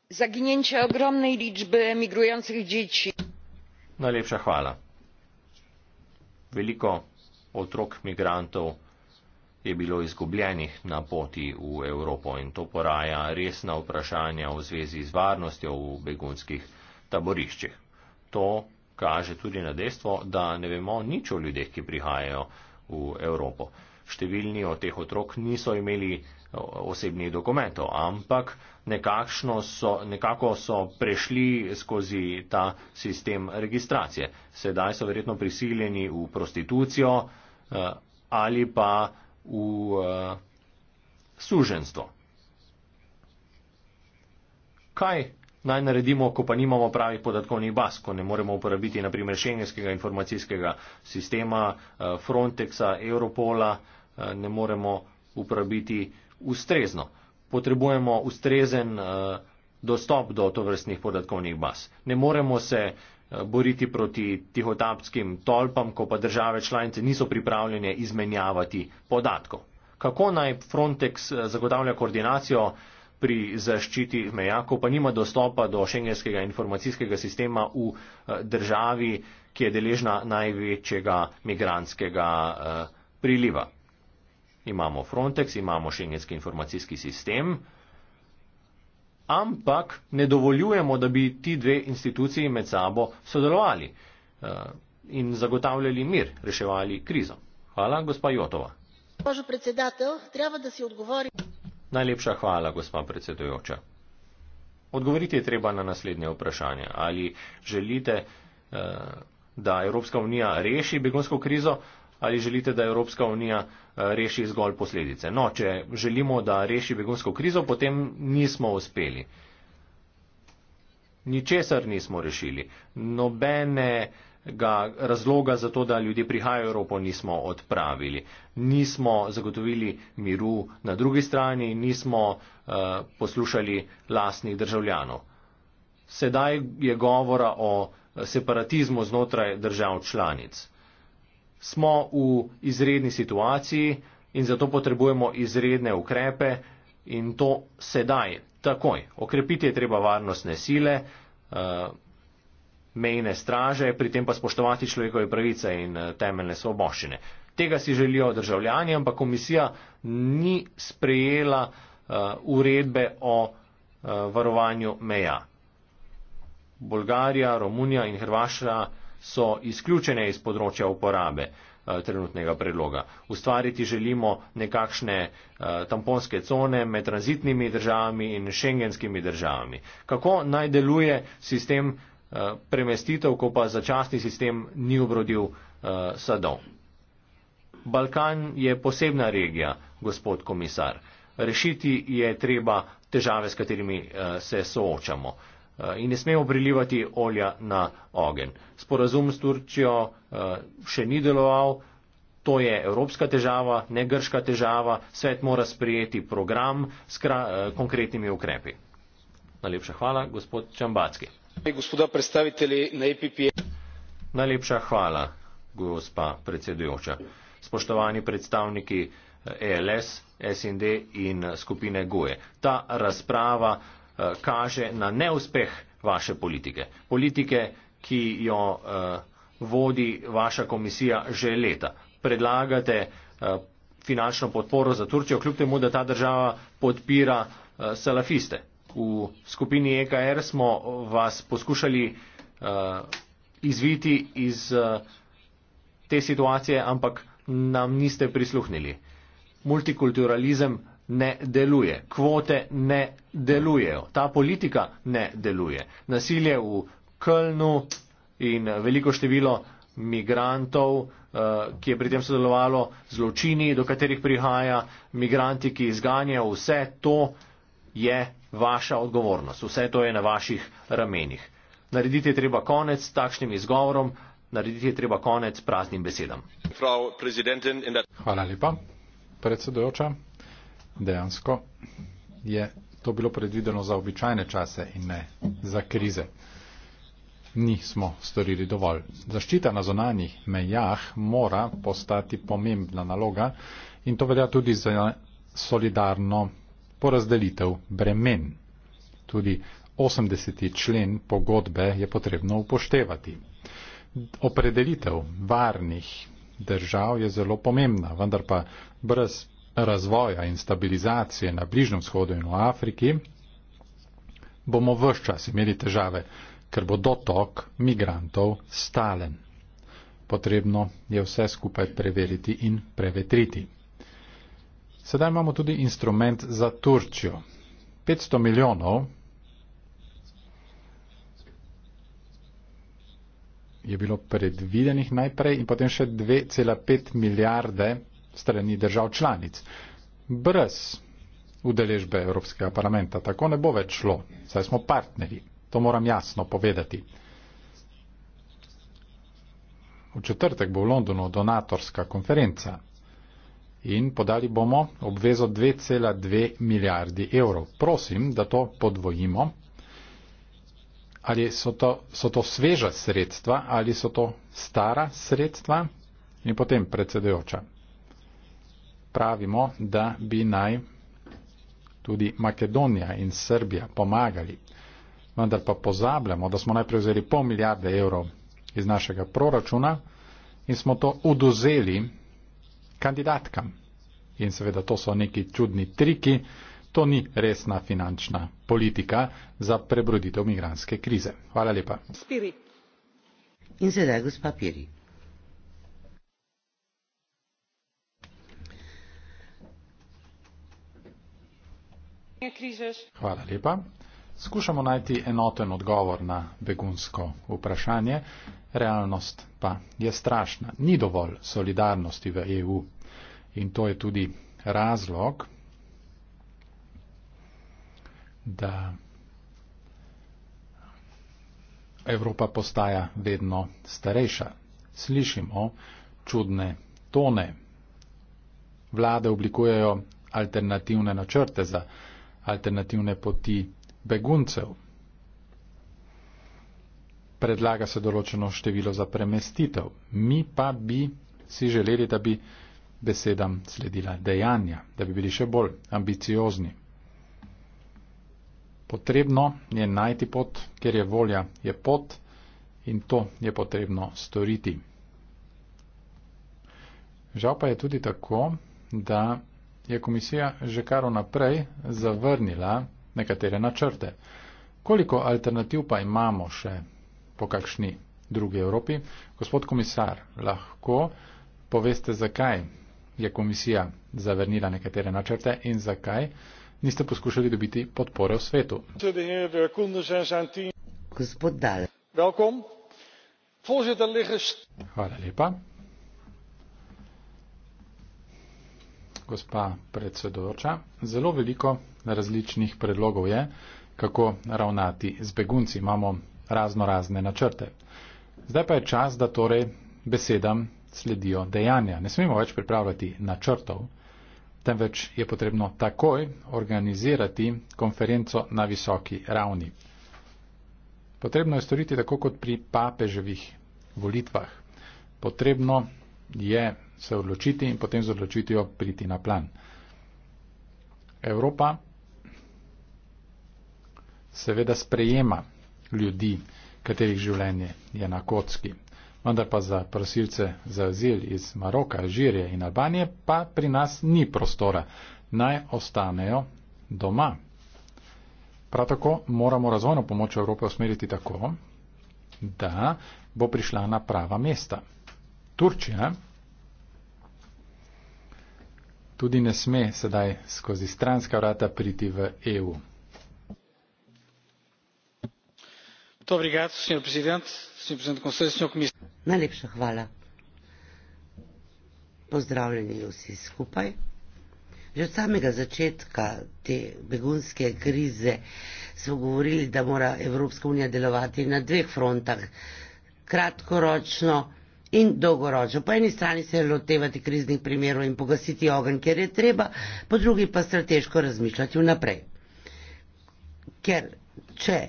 zaginięcie ogromnej liczby emigrujących dzieci najlepša hvala veliko otrok migrantov je bilo izgubljenih na poti v Evropo in to poraja resna vprašanja v zvezi z varnostjo v begunskih taboriščih. To kaže tudi na dejstvo, da ne vemo nič o ljudeh, ki prihajajo v Evropo. Številni od teh otrok niso imeli osebnih dokumentov, ampak so, nekako so prešli skozi ta sistem registracije. Sedaj so verjetno prisiljeni v prostitucijo eh, ali pa v eh, suženstvo. Kaj naj naredimo, ko pa nimamo pravih podatkovnih baz, ko ne moremo uporabiti naprimer šengenskega informacijskega sistema, eh, Frontexa, Europola, eh, ne moremo uporabiti ustrezno. Potrebujemo ustrezen eh, dostop do tovrstnih podatkovnih baz. Ne moremo se boriti proti tihotapskim tolpam, ko pa države članice niso pripravljene izmenjavati podatkov. Kako naj Frontex zagotavlja koordinacijo pri zaščiti meja, ko pa nima dostopa do šengenskega informacijskega sistema v eh, državi, ki je deležna največjega migranskega eh, priliva. Imamo Frontex, imamo šengenski informacijski sistem, ampak ne dovoljujemo, da bi ti dve instituciji med sabo sodelovali eh, in zagotavljali mir, reševali krizo. Hvala, gospa Jotova. Pažu predsedatelj, treba, da si odgovori. Najlepša hvala, gospa predsedujoča. Odgovoriti je treba na naslednje vprašanje. Ali želite, eh, da Evropska unija reši begonsko krizo, ali želite, da Evropska unija eh, reši zgolj posledice? No, če želimo, da reši begonsko krizo, potem nismo uspeli. Ničesar nismo rešili. Nobene razloga za to, da ljudje prihajajo v Evropo, nismo odpravili. Nismo zagotovili miru na drugi strani, nismo uh, poslušali lastnih državljanov. Sedaj je govora o separatizmu znotraj držav članic. Smo v izredni situaciji in zato potrebujemo izredne ukrepe in to sedaj, takoj. Okrepiti je treba varnostne sile. Uh, mejne straže, pri tem pa spoštovati človekove pravice in eh, temeljne svoboščine. Tega si želijo državljani, ampak komisija ni sprejela uh, uredbe o uh, varovanju meja. Bolgarija, Romunija in Hrvaša so izključene iz področja uporabe trenutnega predloga. Ustvariti želimo nekakšne uh, tamponske cone med tranzitnimi državami in šengenskimi državami. Kako naj deluje sistem uh, Eh, premestitev, ko pa začasni sistem ni obrodil uh, sadov. Balkan je posebna regija, gospod komisar. Rešiti je treba težave, s katerimi uh, se soočamo. Uh, in ne smemo prilivati olja na ogen. Sporazum s Turčjo uh, še ni deloval. To je evropska težava, ne grška težava. Svet mora sprijeti program s kra, uh, konkretnimi ukrepi. Najlepša hvala, gospod Čambacki. E najlepša hvala gospa predsedujoča spoštovani predstavniki els eh, e snd in eh, skupine goje ta razprava eh, kaže na neuspeh vaše politike politike ki jo vodi vaša komisija že leta predlagate finančno podporo za turčijo kljub temu da ta država podpira salafiste V skupini EKR smo vas poskušali uh, izviti iz uh, te situacije, ampak nam niste prisluhnili. Multikulturalizem ne deluje, kvote ne delujejo, ta politika ne deluje. Nasilje v Kölnu in veliko število migrantov, uh, ki je pri tem sodelovalo, zločini, do katerih prihaja, migranti, ki izganjajo vse to, je vaša odgovornost. Vse to je na vaših ramenih. Narediti je treba konec takšnim izgovorom, narediti je treba konec praznim besedam. Hvala lepa, predsedojoča. Dejansko je to bilo predvideno za običajne čase in ne za krize. Nismo storili dovolj. Zaščita na zonanjih mejah mora postati pomembna naloga in to velja tudi za solidarno porazdelitev bremen. Tudi 80. člen pogodbe je potrebno upoštevati. Opredelitev varnih držav je zelo pomembna, vendar pa brez razvoja in stabilizacije na Bližnjem vzhodu in v Afriki bomo v vse čas imeli težave, ker bo dotok migrantov stalen. Potrebno je vse skupaj preveriti in prevetriti. Sedaj imamo tudi instrument za Turčjo. 500 milijonov je bilo predvidenih najprej in potem še 2,5 milijarde strani držav članic. Brez udeležbe Evropskega parlamenta tako ne bo več šlo. Saj smo partnerji. To moram jasno povedati. V četrtek bo v Londonu donatorska konferenca in podali bomo obvezo 2,2 milijardi evrov. Prosim, da to podvojimo. Ali so to, so to sveža sredstva ali so to stara sredstva? In potem predsedujoča. Pravimo, da bi naj tudi Makedonija in Srbija pomagali. Vendar pa pozabljamo, da smo najprej vzeli pol milijarde evrov iz našega proračuna in smo to oduzeli kandidatkam. In seveda to so neki čudni triki, to ni resna finančna politika za prebroditev migranske krize. Hvala lepa. Spiri. In sedaj gospa Piri. Hvala lepa. Skušamo najti enoten odgovor na begunsko vprašanje. Realnost pa je strašna. Ni dovolj solidarnosti v EU In to je tudi razlog, da Evropa postaja vedno starejša. Slišimo čudne tone. Vlade oblikujejo alternativne načrte za alternativne poti beguncev. Predlaga se določeno število za premestitev. Mi pa bi si želeli, da bi besedam sledila dejanja, da bi bili še bolj ambiciozni. Potrebno je najti pot, ker je volja, je pot in to je potrebno storiti. Žal pa je tudi tako, da je komisija že kar naprej zavrnila nekatere načrte. Koliko alternativ pa imamo še po kakšni drugi Evropi? Gospod komisar, lahko poveste, zakaj je komisija zavrnila nekatere načrte in zakaj niste poskušali dobiti podpore v svetu. Gospod Dal. Welkom. Voorzitter, er liggen. Hvala lepa. Gospa predsedujoča, zelo veliko različnih predlogov je, kako ravnati z begunci. Imamo razno razne načrte. Zdaj pa je čas, da torej besedam sledijo dejanja. Ne smemo več pripravljati načrtov, temveč je potrebno takoj organizirati konferenco na visoki ravni. Potrebno je storiti tako kot pri papeževih volitvah. Potrebno je se odločiti in potem z odločitvijo priti na plan. Evropa seveda sprejema ljudi, katerih življenje je na kocki vendar pa za prosilce za azil iz Maroka, Alžirije in Albanije pa pri nas ni prostora. Naj ostanejo doma. Prav tako moramo razvojno pomoč Evrope usmeriti tako, da bo prišla na prava mesta. Turčija tudi ne sme sedaj skozi stranska vrata priti v EU. najlepša hvala pozdravljeni vsi skupaj že od samega začetka te begunske krize smo govorili da mora evropska unija delovati na dveh frontah kratkoročno in dolgoročno po eni strani se lotevati kriznih primerov in pogasiti ogenj kjer je treba po drugi pa strateško razmišljati vnaprej ker če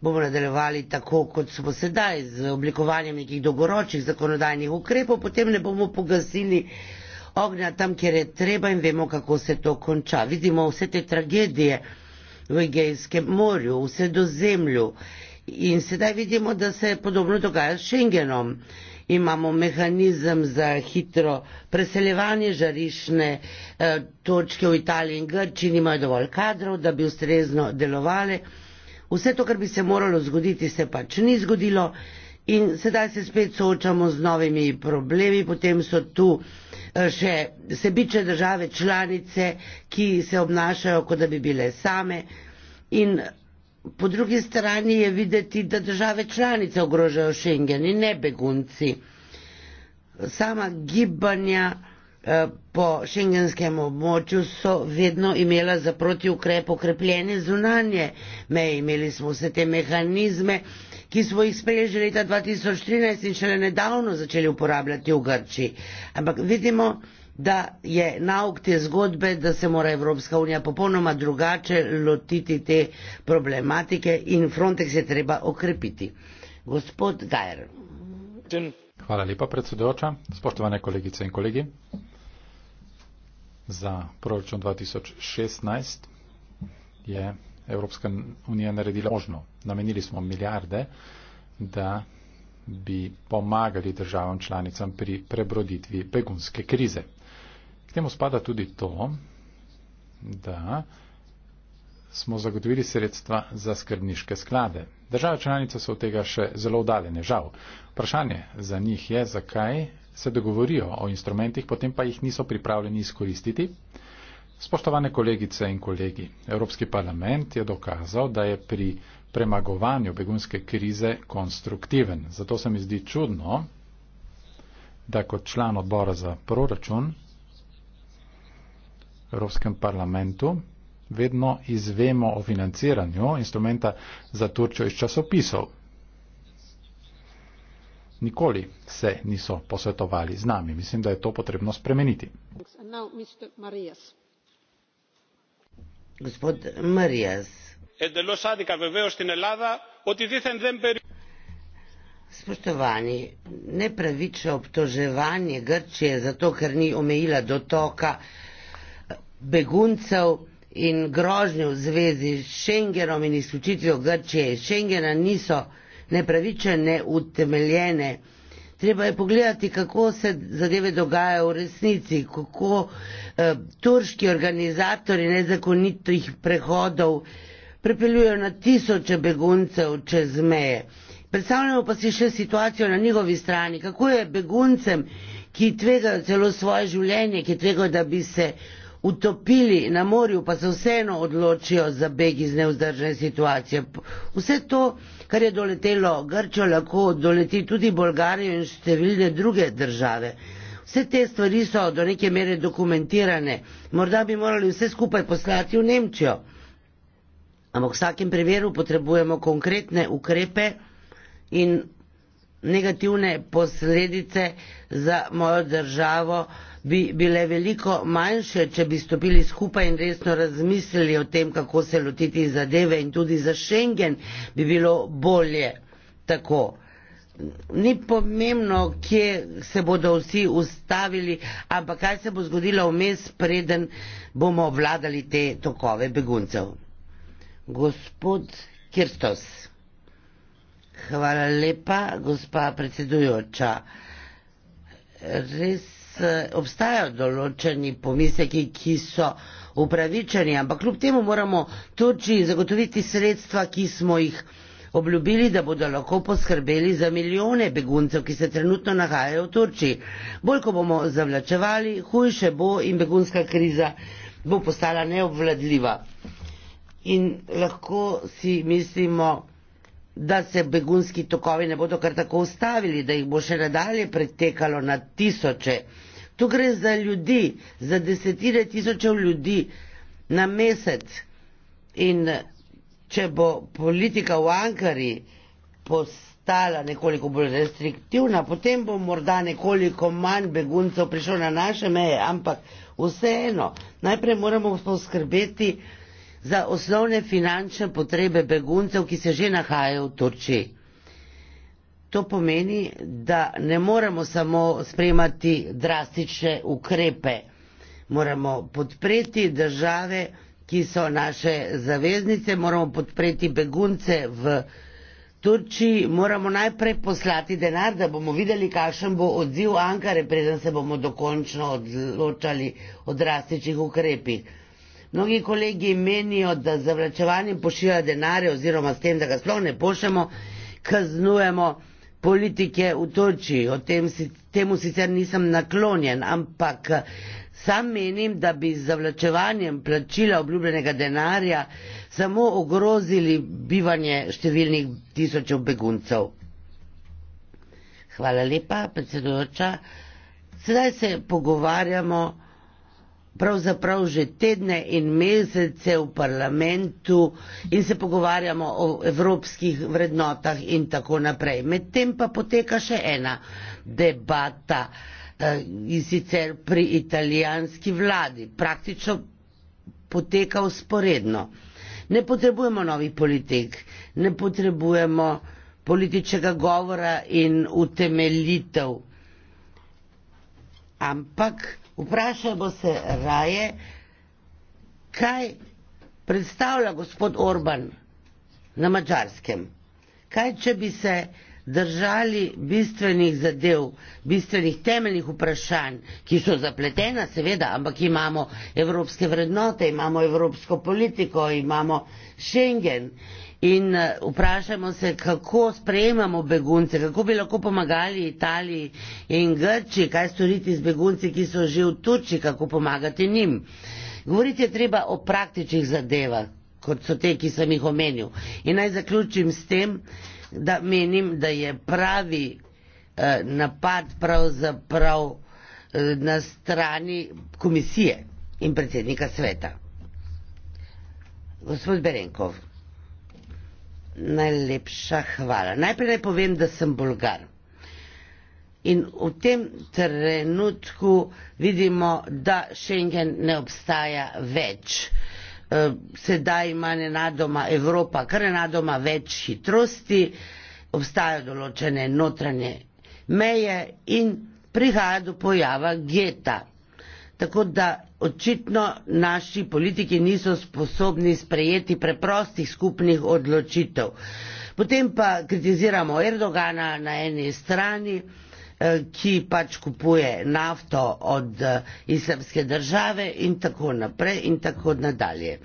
bomo nadaljevali tako, kot smo sedaj, z oblikovanjem nekih dolgoročnih zakonodajnih ukrepov, potem ne bomo pogasili ognja tam, kjer je treba in vemo, kako se to konča. Vidimo vse te tragedije v Egejskem morju, vse do zemlju in sedaj vidimo, da se podobno dogaja s Schengenom. Imamo mehanizem za hitro preseljevanje žarišne eh, točke v Italiji in Grčiji, nimajo dovolj kadrov, da bi ustrezno delovali vse to, kar bi se moralo zgoditi, se pač ni zgodilo in sedaj se spet soočamo z novimi problemi, potem so tu eh, še sebične države članice, ki se obnašajo, kot da bi bile same in po drugi strani je videti, da države članice ogrožajo Schengen in ne begunci. Sama gibanja Eh, po šengenskem območju so vedno imela za protiukrep okrepljene zunanje meje. Imeli smo vse te mehanizme, ki smo jih sprejeli že leta 2013 in šele nedavno začeli uporabljati v Grči. Ampak vidimo, da je nauk te zgodbe, da se mora Evropska unija popolnoma drugače lotiti te problematike in Frontex je treba okrepiti. Gospod Gajer. Hvala lepa predsedujoča, spoštovane kolegice in kolegi za proračun 2016 je Evropska unija naredila možno. Namenili smo milijarde, da bi pomagali državam članicam pri prebroditvi begunske krize. K temu spada tudi to, da smo zagotovili sredstva za skrbniške sklade. Države članice so od tega še zelo oddaljene, žal. Vprašanje za njih je, zakaj se dogovorijo o instrumentih, potem pa jih niso pripravljeni izkoristiti. Spoštovane kolegice in kolegi, Evropski parlament je dokazal, da je pri premagovanju begunske krize konstruktiven. Zato se mi zdi čudno, da kot član odbora za proračun v Evropskem parlamentu vedno izvemo o financiranju instrumenta za Turčjo iz časopisov nikoli se niso posvetovali z nami. Mislim, da je to potrebno spremeniti. Gospod Marijas. Spoštovani, nepravično obtoževanje Grčije zato, ker ni omejila dotoka eh, beguncev in grožnjo v zvezi s Schengenom in izključitvijo Grčije iz Schengena niso nepravičene, utemeljene. Treba je pogledati, kako se zadeve dogajajo v resnici, kako eh, turški organizatori nezakonitih prehodov prepeljujejo na tisoče beguncev čez meje. Predstavljamo pa si še situacijo na njihovi strani, kako je beguncem, ki tvegajo celo svoje življenje, ki tvegajo, da bi se utopili na morju, pa se vseeno odločijo za beg iz neudržne situacije. Vse to kar je doletelo Grčo, lahko doleti tudi Bolgarijo in številne druge države. Vse te stvari so do neke mere dokumentirane, morda bi morali vse skupaj poslati v Nemčijo. Ampak v vsakem primeru potrebujemo konkretne ukrepe in negativne posledice za mojo državo bi bile veliko manjše, če bi stopili skupaj in resno razmislili o tem, kako se lotiti zadeve in tudi za Schengen bi bilo bolje tako. Ni pomembno, kje se bodo vsi ustavili, ampak kaj se bo zgodilo vmes, preden bomo vladali te tokove beguncev. Gospod Kirstos. Hvala lepa, gospa predsedujoča. Res Eh, obstajajo določeni pomisleki, ki so upravičeni, ampak kljub temu moramo Turčiji zagotoviti sredstva, ki smo jih obljubili, da bodo lahko poskrbeli za milijone beguncev, ki se trenutno nahajajo v Turčiji. Bolj, ko bomo zavlačevali, hujše bo in begunska kriza bo postala neobvladljiva. In lahko si mislimo, da se begunski tokovi ne bodo kar tako ustavili, da jih bo še nadalje pretekalo na tisoče. Tu gre za ljudi, za desetine tisočev ljudi na mesec. In če bo politika v Ankari postala nekoliko bolj restriktivna, potem bo morda nekoliko manj beguncev prišlo na naše meje, ampak vseeno, najprej moramo poskrbeti za osnovne finančne potrebe beguncev, ki se že nahajajo v Turčiji. To pomeni, da ne moremo samo sprejemati drastične ukrepe. Moramo podpreti države, ki so naše zaveznice, moramo podpreti begunce v Turčiji, moramo najprej poslati denar, da bomo videli, kakšen bo odziv Ankare, preden se bomo dokončno odločali o drastičnih ukrepih. Mnogi kolegi menijo, da z zavračevanjem pošiljajo denarje oziroma s tem, da ga sploh ne pošljemo, kaznujemo politike v Turčiji. Tem, temu sicer nisem naklonjen, ampak eh, sam menim, da bi z zavlačevanjem plačila obljubljenega denarja samo ogrozili bivanje številnih tisočev beguncev. Hvala lepa, predsedujoča. Sedaj se pogovarjamo pravzaprav že tedne in mesece v parlamentu in se pogovarjamo o evropskih vrednotah in tako naprej. Medtem pa poteka še ena debata eh, in sicer pri italijanski vladi. Praktično poteka usporedno. Ne potrebujemo novih politik, ne potrebujemo političnega govora in utemeljitev. Ampak Vprašajmo se raje, kaj predstavlja gospod Orban na mačarskem. Kaj, če bi se držali bistvenih zadev, bistvenih temeljnih vprašanj, ki so zapletena, seveda, ampak imamo evropske vrednote, imamo evropsko politiko, imamo Schengen, in eh, vprašajmo se, kako sprejemamo begunce, kako bi lahko pomagali Italiji in Grči, kaj storiti z begunci, ki so že v Turčji, kako pomagati njim. Govoriti je treba o praktičnih zadevah, kot so te, ki sem jih omenil. In naj zaključim s tem, da menim, da je pravi eh, napad pravzaprav eh, na strani komisije in predsednika sveta. Gospod Berenkov najlepša hvala. Najprej naj povem, da sem bolgar. In v tem trenutku vidimo, da Schengen ne obstaja več. E, sedaj ima nenadoma Evropa kar nenadoma več hitrosti, obstajajo določene notranje meje in prihaja do pojava geta. Tako da očitno naši politiki niso sposobni sprejeti preprostih skupnih odločitev. Potem pa kritiziramo Erdogana na eni strani, eh, ki pač kupuje nafto od eh, islamske države in tako naprej in tako nadalje.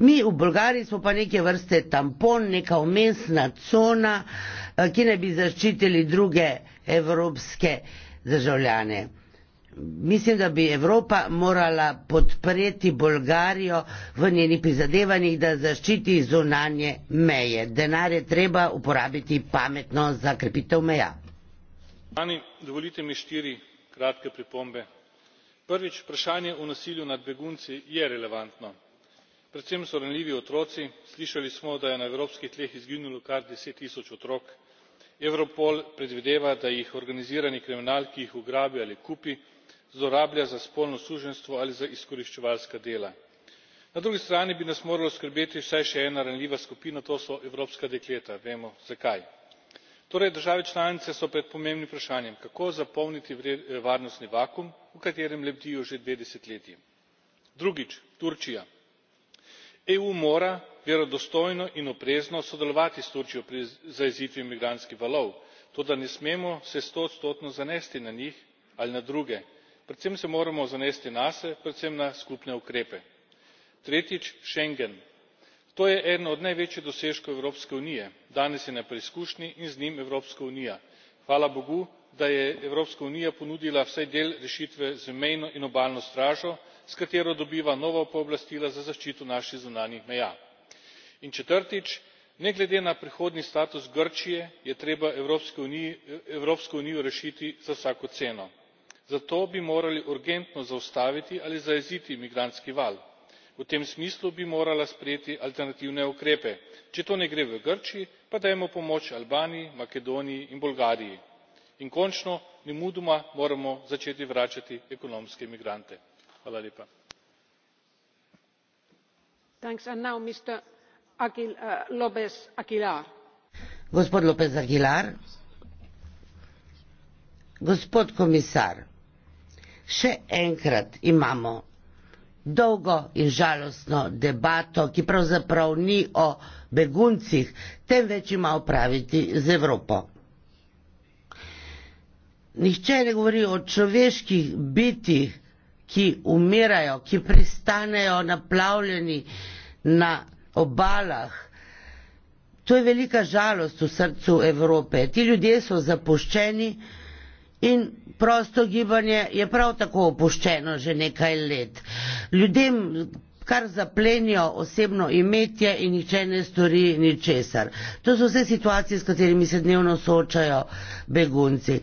Mi v Bolgariji smo pa neke vrste tampon, neka omesna cona, eh, ki ne bi zaščitili druge evropske državljane. Mislim, da bi Evropa morala podpreti Bolgarijo v njeni prizadevanjih, da zaščiti zunanje meje. Denar je treba uporabiti pametno za krepitev meja. Dani, dovolite mi štiri kratke pripombe. Prvič, vprašanje o nasilju nad begunci je relevantno. Predvsem so ranljivi otroci. Slišali smo, da je na evropskih tleh izginilo kar deset tisoč otrok. Europol predvideva, da jih organizirani kriminal, ki jih ugrabi ali kupi, zlorablja za spolno suženjstvo ali za izkoriščevalska dela. na drugi strani bi nas moralo skrbeti vsaj še ena ranljiva skupina to so evropska dekleta vemo zakaj. torej države članice so pred pomembnim vprašanjem kako zapolniti varnostni vakuum v katerem lebdijo že dve desetletji. drugič turčija eu mora verodostojno in oprezno sodelovati s turčijo pri zajezitvi migrantskih valov toda ne smemo se stoodstotno zanesti na njih ali na druge predvsem se moramo zanesti nase predvsem na skupne ukrepe. tretjič schengen to je eden od največjih dosežkov evropske unije danes je na preizkušnji in z njim evropska unija. hvala bogu da je evropska unija ponudila vsaj del rešitve z mejno in obalno stražo s katero dobiva nova pooblastila za zaščito naših zunanjih meja. in četrtič ne glede na prihodnji status grčije je treba evropsko unijo rešiti za vsako ceno zato bi morali urgentno zaustaviti ali zajeziti migrantski val. v tem smislu bi morala sprejeti alternativne ukrepe če to ne gre v grčiji pa dajmo pomoč albaniji makedoniji in bolgariji. in končno nemudoma moramo začeti vračati ekonomske migrante še enkrat imamo dolgo in žalostno debato, ki pravzaprav ni o beguncih, temveč ima opraviti z Evropo. Nihče ne govori o človeških bitih, ki umirajo, ki pristanejo naplavljeni na obalah. To je velika žalost v srcu Evrope. Ti ljudje so zapuščeni in prosto gibanje je prav tako opuščeno že nekaj let. Ljudem kar zaplenijo osebno imetje in nihče ne stori ničesar. To so vse situacije, s katerimi se dnevno soočajo begunci.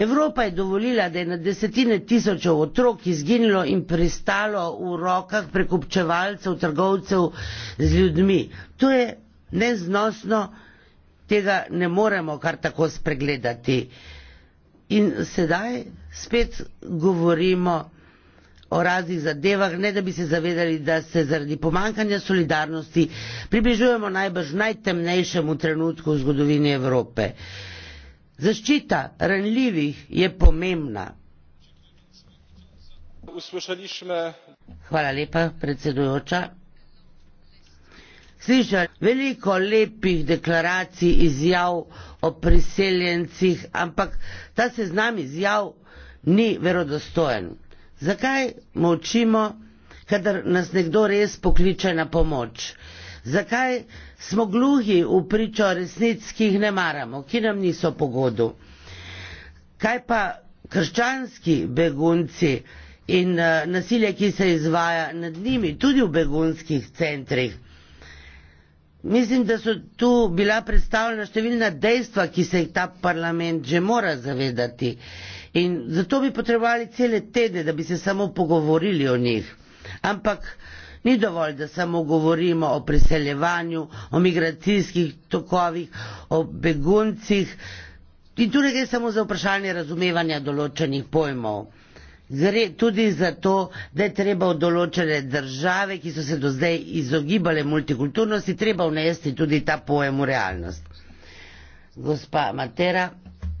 Evropa je dovolila, da je na desetine tisočev otrok izginilo in pristalo v rokah prekupčevalcev, trgovcev z ljudmi. To je neznosno, tega ne moremo kar tako spregledati. In sedaj spet govorimo o raznih zadevah, ne da bi se zavedali, da se zaradi pomankanja solidarnosti približujemo najbrž najtemnejšemu trenutku v zgodovini Evrope. Zaščita ranljivih je pomembna. Hvala lepa, predsedujoča slišali veliko lepih deklaracij, izjav o priseljencih, ampak ta seznam izjav ni verodostojen. Zakaj močimo, kadar nas nekdo res pokliče na pomoč? Zakaj smo gluhi v pričo resnic, ki jih ne maramo, ki nam niso pogodu? Kaj pa krščanski begunci in eh, nasilje, ki se izvaja nad njimi, tudi v begunskih centrih? Mislim, da so tu bila predstavljena številna dejstva, ki se jih ta parlament že mora zavedati. In zato bi potrebovali cele tedne, da bi se samo pogovorili o njih. Ampak ni dovolj, da samo govorimo o priseljevanju, o migracijskih tokovih, o beguncih. In tu ne gre samo za vprašanje razumevanja določenih pojmov. Zre, tudi zato, da je treba v določene države, ki so se do zdaj izogibale multikulturnosti, treba vnesti tudi ta pojem v realnost. Gospa Matera.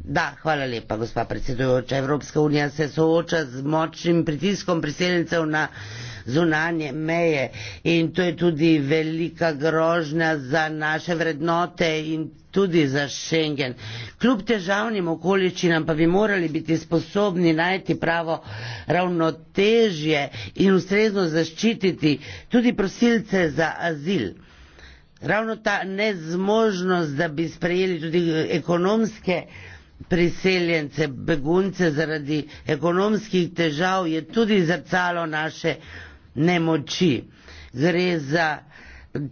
Da, hvala lepa, gospa predsedujoča. Evropska unija se sooča z močnim pritiskom priseljencev na zunanje meje in to je tudi velika grožnja za naše vrednote in tudi za Schengen. Kljub težavnim okoličinam pa bi morali biti sposobni najti pravo ravnotežje in ustrezno zaščititi tudi prosilce za azil. Ravno ta nezmožnost, da bi sprejeli tudi ekonomske priseljence, begunce zaradi ekonomskih težav, je tudi zrcalo naše nemoči. Gre za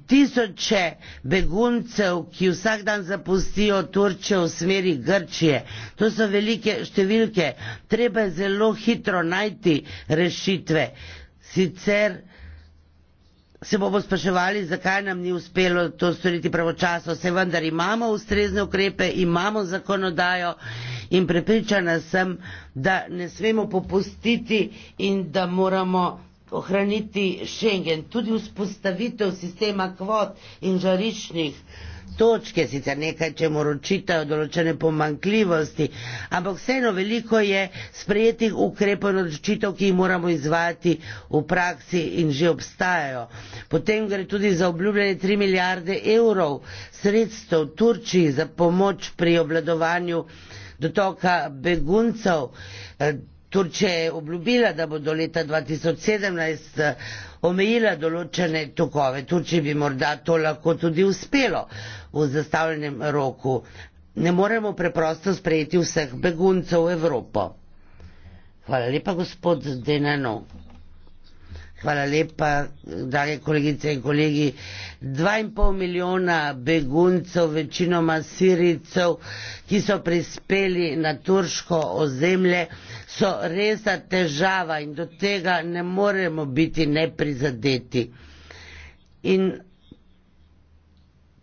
tisoče beguncev, ki vsak dan zapustijo Turčijo v smeri Grčije. To so velike številke. Treba je zelo hitro najti rešitve. Sicer se bomo spraševali, zakaj nam ni uspelo to storiti pravočasno. Se vendar imamo ustrezne ukrepe, imamo zakonodajo in prepričana sem, da ne smemo popustiti in da moramo ohraniti Schengen, tudi vzpostavitev sistema kvot in žariščnih točk je sicer nekaj, če mora očitajo določene pomankljivosti, ampak vseeno veliko je sprejetih ukrepov in odločitev, ki jih moramo izvajati v praksi in že obstajajo. Potem gre tudi za obljubljene 3 milijarde evrov sredstev Turčiji za pomoč pri obladovanju dotoka beguncev. Turčija je obljubila, da bo do leta 2017 eh, omejila določene tokove. Turčiji bi morda to lahko tudi uspelo v zastavljenem roku. Ne moremo preprosto sprejeti vseh beguncev v Evropo. Hvala lepa, gospod Denano. Hvala lepa, drage kolegice in kolegi. 2,5 milijona beguncev, večinoma siricev, ki so prispeli na turško ozemlje, so resa težava in do tega ne moremo biti neprizadeti. In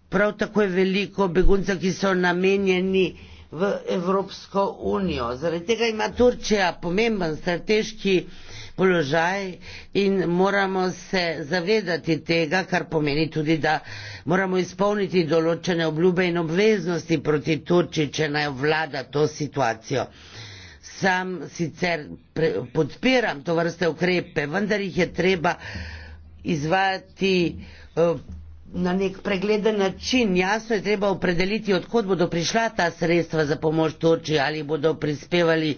prav tako je veliko beguncev, ki so namenjeni v Evropsko unijo. Zaradi tega ima Turčija pomemben strateški položaj in moramo se zavedati tega, kar pomeni tudi, da moramo izpolniti določene obljube in obveznosti proti Turčiji, če naj vlada to situacijo. Sam sicer pre, podpiram to vrste ukrepe, vendar jih je treba izvajati eh, na nek pregleden način. Jasno je treba opredeliti, odkot bodo prišla ta sredstva za pomoč Turčiji, ali bodo prispevali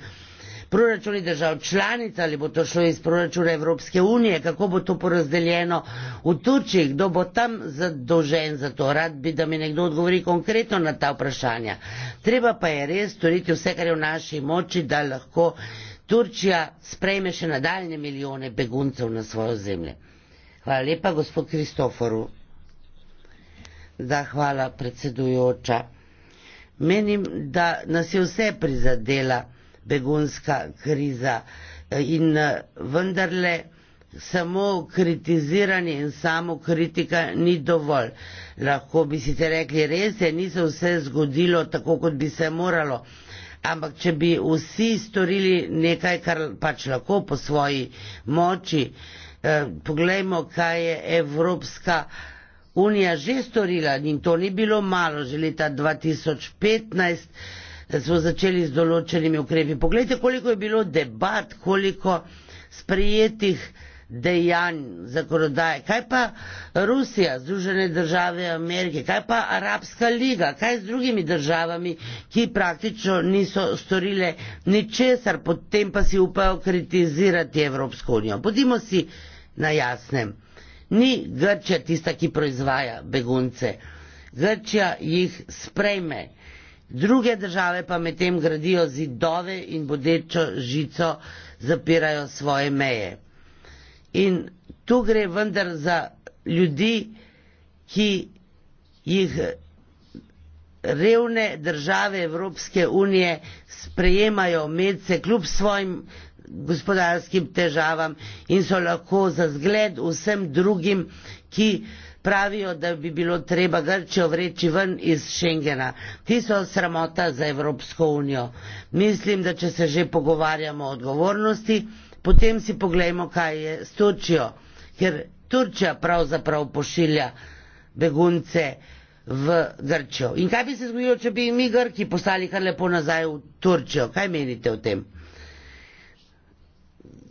proračuni držav članic, ali bo to šlo iz proračuna Evropske unije, kako bo to porazdeljeno v Turčiji, kdo bo tam zadolžen za to. Rad bi, da mi nekdo odgovori konkretno na ta vprašanja. Treba pa je res storiti vse, kar je v naši moči, da lahko Turčija sprejme še nadaljne milijone beguncev na svojo zemljo. Hvala lepa, gospod Kristoforu. Da, hvala, predsedujoča. Menim, da nas je vse prizadela begunska kriza. In eh, vendarle samo kritiziranje in samo kritika ni dovolj. Lahko bi si te rekli, res je, niso vse zgodilo tako, kot bi se moralo. Ampak, če bi vsi storili nekaj, kar pač lahko po svoji moči, eh, poglejmo, kaj je Evropska unija že storila in to ni bilo malo, že leta 2015 smo začeli z določenimi ukrepi. Poglejte, koliko je bilo debat, koliko sprejetih dejanj zakonodaje. Kaj pa Rusija, Združene države Amerike, kaj pa Arabska liga, kaj z drugimi državami, ki praktično niso storile ničesar, potem pa si upajo kritizirati Evropsko unijo. Bodimo si na jasnem. Ni Grčija tista, ki proizvaja begunce. Grčija jih sprejme. Druge države pa medtem gradijo zidove in bodečo žico zapirajo svoje meje. In tu gre vendar za ljudi, ki jih revne države Evropske unije sprejemajo medse kljub svojim gospodarskim težavam in so lahko za zgled vsem drugim, ki pravijo, da bi bilo treba Grčijo vreči ven iz Schengena. Ti so sramota za Evropsko unijo. Mislim, da če se že pogovarjamo o odgovornosti, potem si poglejmo, kaj je s Turčijo. Ker Turčija pravzaprav pošilja begunce v Grčijo. In kaj bi se zgodilo, če bi mi Grki poslali kar lepo nazaj v Turčijo? Kaj menite o tem?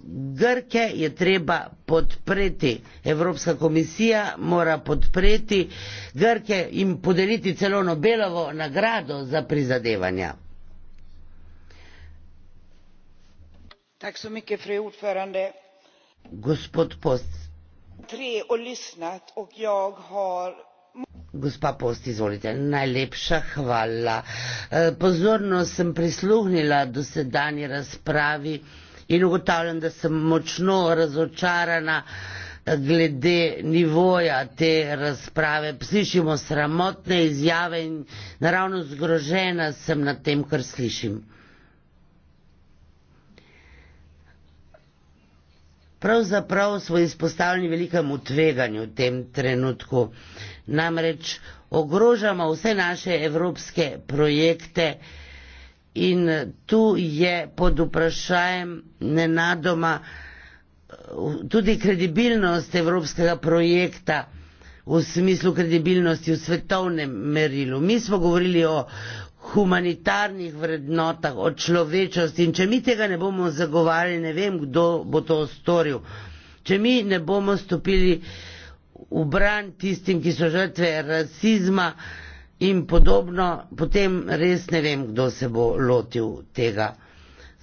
Grke je treba podpreti, Evropska komisija mora podpreti Grke in podeliti celo Nobelovo nagrado za prizadevanja. Tak so mike, fri odferande. Gospod Post. Tri olisnat, ok, jog, hor. Gospa Post, izvolite, najlepša hvala. E, pozorno sem prisluhnila do sedanje razpravi in ugotavljam, da sem močno razočarana eh, glede nivoja te razprave. Slišimo sramotne izjave in naravno zgrožena sem nad tem, kar slišim. Pravzaprav smo izpostavljeni velikemu tveganju v tem trenutku. Namreč ogrožamo vse naše evropske projekte, in tu je pod vprašajem nenadoma eh, tudi kredibilnost evropskega projekta v smislu kredibilnosti v svetovnem merilu. Mi smo govorili o humanitarnih vrednotah, o človečnosti in če mi tega ne bomo zagovarjali, ne vem, kdo bo to storil. Če mi ne bomo stopili v bran tistim, ki so žrtve rasizma, in podobno, potem res ne vem, kdo se bo lotil tega.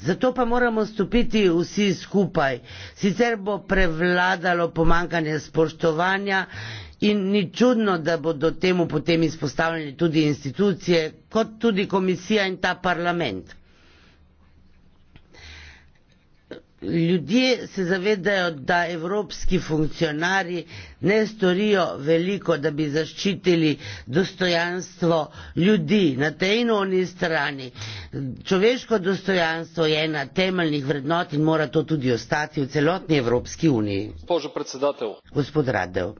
Zato pa moramo stopiti vsi skupaj, sicer bo prevladalo pomankanje spoštovanja in ni čudno, da bodo temu potem izpostavljeni tudi institucije, kot tudi komisija in ta parlament. ljudje se zavedajo, da evropski funkcionarji ne storijo veliko, da bi zaščitili dostojanstvo ljudi na tej in oni strani. Človeško dostojanstvo je ena temeljnih vrednot in mora to tudi ostati v celotni Evropski uniji. Gospod Radev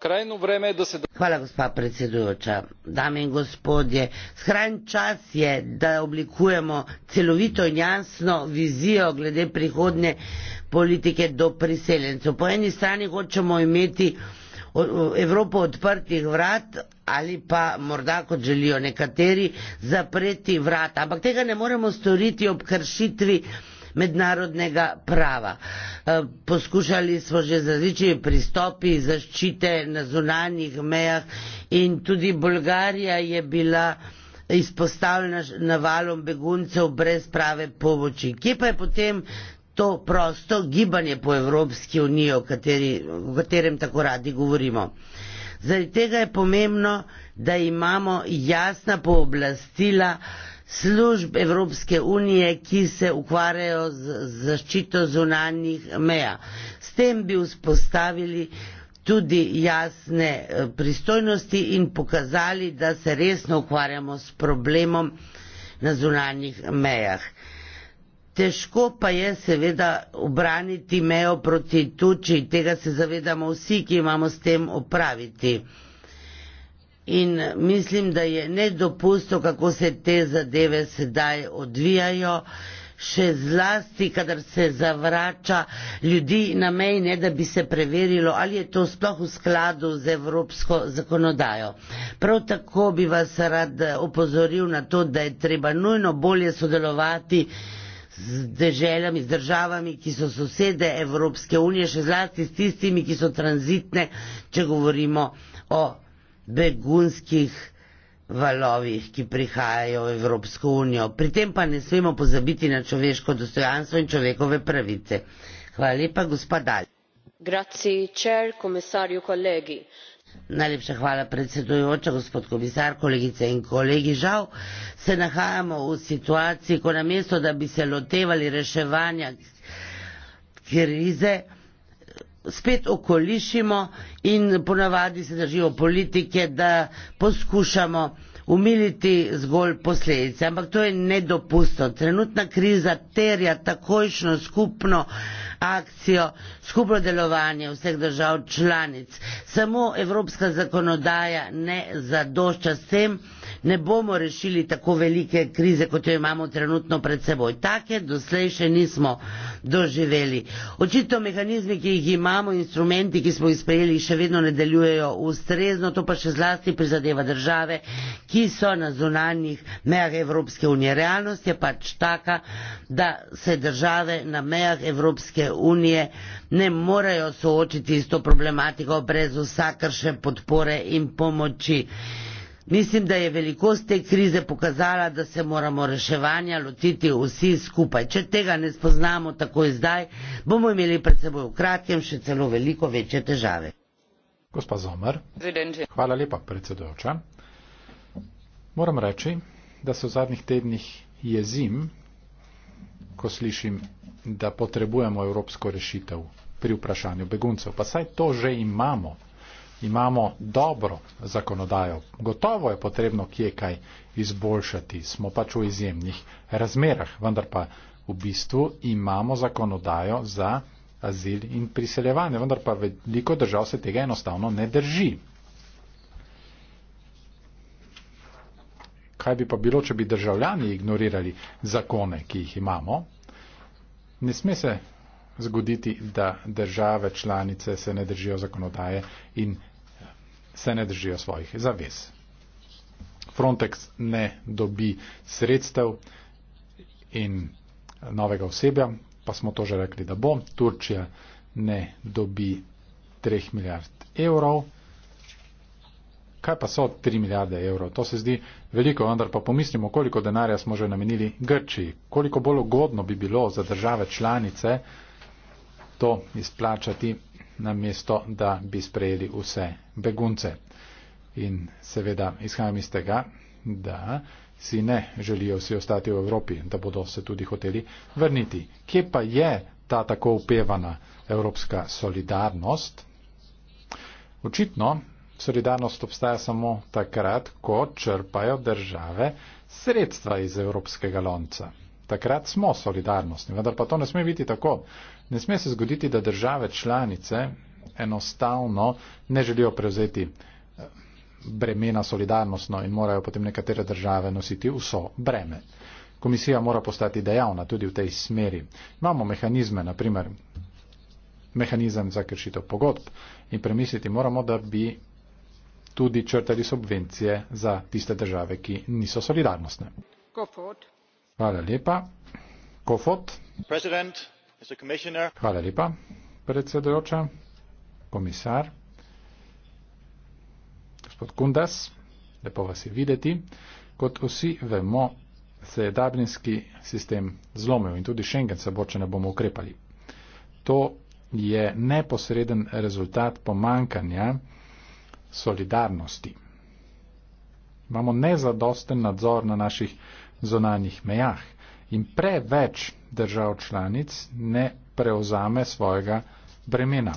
krajno vreme je da se... Hvala gospa predsedujoča. Dame in gospodje, skrajni čas je, da oblikujemo celovito in jasno vizijo glede prihodne politike do priseljencev. Po eni strani hočemo imeti Evropo odprtih vrat ali pa morda, kot želijo nekateri, zapreti vrat. Ampak tega ne moremo storiti ob kršitvi mednarodnega prava. Eh, poskušali smo že z različnimi pristopi zaščite na zunanjih mejah in tudi Bolgarija je bila izpostavljena navalom beguncev brez prave pomoči. Kje pa je potem to prosto gibanje po Evropski uniji, o, kateri, o katerem tako radi govorimo? Zaradi tega je pomembno, da imamo jasna pooblastila, služb Evropske unije, ki se ukvarjajo z zaščito zunanjih meja. S tem bi vzpostavili tudi jasne eh, pristojnosti in pokazali, da se resno ukvarjamo s problemom na zunanjih mejah. Težko pa je seveda obraniti mejo proti tuči, tega se zavedamo vsi, ki imamo s tem opraviti in mislim, da je nedopustno, kako se te zadeve sedaj odvijajo. Še zlasti, kadar se zavrača ljudi na mej, ne da bi se preverilo, ali je to sploh v skladu z evropsko zakonodajo. Prav tako bi vas rad opozoril na to, da je treba nujno bolje sodelovati z deželjami, z državami, ki so sosede Evropske unije, še zlasti s tistimi, ki so tranzitne, če govorimo o begunskih valovih, ki prihajajo v Evropsko unijo. Pri tem pa ne smemo pozabiti na človeško dostojanstvo in človekove pravice. Hvala lepa, gospod Dal. Grazie, čer, komisarju, kolegi. Najlepša hvala, predsedujoča, gospod komisar, kolegice in kolegi. Žal se nahajamo v situaciji, ko namesto, da bi se lotevali reševanja krize, spet okolišimo in ponavadi se držimo politike, da poskušamo umiliti zgolj posledice. Ampak to je nedopustno. Trenutna kriza terja takojšno skupno akcijo, skupno delovanje vseh držav članic. Samo evropska zakonodaja ne zadošča s tem, ne bomo rešili tako velike krize, kot jo imamo trenutno pred seboj. Take doslej še nismo doživeli. Očitno mehanizmi, ki jih imamo, instrumenti, ki smo jih sprejeli, še vedno ne delujejo ustrezno, to pa še zlasti prizadeva države, ki so na zunanjih mejah Evropske unije. Realnost je pač taka, da se države na mejah Evropske unije ne morejo soočiti s to problematiko brez vsakršne podpore in pomoči. Mislim, da je velikost te krize pokazala, da se moramo reševanja lotiti vsi skupaj. Če tega ne spoznamo takoj zdaj, bomo imeli pred seboj v kratkem še celo veliko večje težave. Gospa Zomer, hvala lepa, predsedujoča. Moram reči, da se v zadnjih tednih jezim, ko slišim, da potrebujemo evropsko rešitev pri vprašanju beguncev. Pa saj to že imamo, imamo dobro zakonodajo. Gotovo je potrebno kje kaj izboljšati, smo pač v izjemnih razmerah, vendar pa v bistvu imamo zakonodajo za azil in priseljevanje, vendar pa veliko držav se tega enostavno ne drži. Kaj bi pa bilo, če bi državljani ignorirali zakone, ki jih imamo? Ne sme se zgoditi, da države članice se ne držijo zakonodaje in se ne držijo svojih zavez. Frontex ne dobi sredstev in novega osebja, pa smo to že rekli, da bo. Turčija ne dobi 3 milijard evrov. Kaj pa so 3 milijarde evrov? To se zdi veliko, vendar pa pomislimo, koliko denarja smo že namenili Grčiji. Koliko bolj ugodno bi bilo za države članice to izplačati namesto, da bi sprejeli vse begunce. In seveda izhajam iz tega, da si ne želijo vsi ostati v Evropi, da bodo se tudi hoteli vrniti. Kje pa je ta tako upevana evropska solidarnost? Očitno solidarnost obstaja samo takrat, ko črpajo države sredstva iz evropskega lonca. Takrat smo solidarnostni, vendar pa to ne sme biti tako. Ne sme se zgoditi, da države članice enostavno ne želijo prevzeti eh, bremena solidarnostno in morajo potem nekatere države nositi vso breme. Komisija mora postati dejavna tudi v tej smeri. Imamo mehanizme, naprimer mehanizem za kršitev pogodb in premisliti moramo, da bi tudi črtali subvencije za tiste države, ki niso solidarnostne. Hvala lepa. Kofot. Hvala lepa, predsedujoča, komisar, gospod Kundas, lepo vas je videti. Kot vsi vemo, se je dublinski sistem zlomil in tudi Schengen se bo, če ne bomo ukrepali. To je neposreden rezultat pomankanja solidarnosti. Imamo nezadosten nadzor na naših zonanjih mejah in preveč držav članic ne prevzame svojega bremena.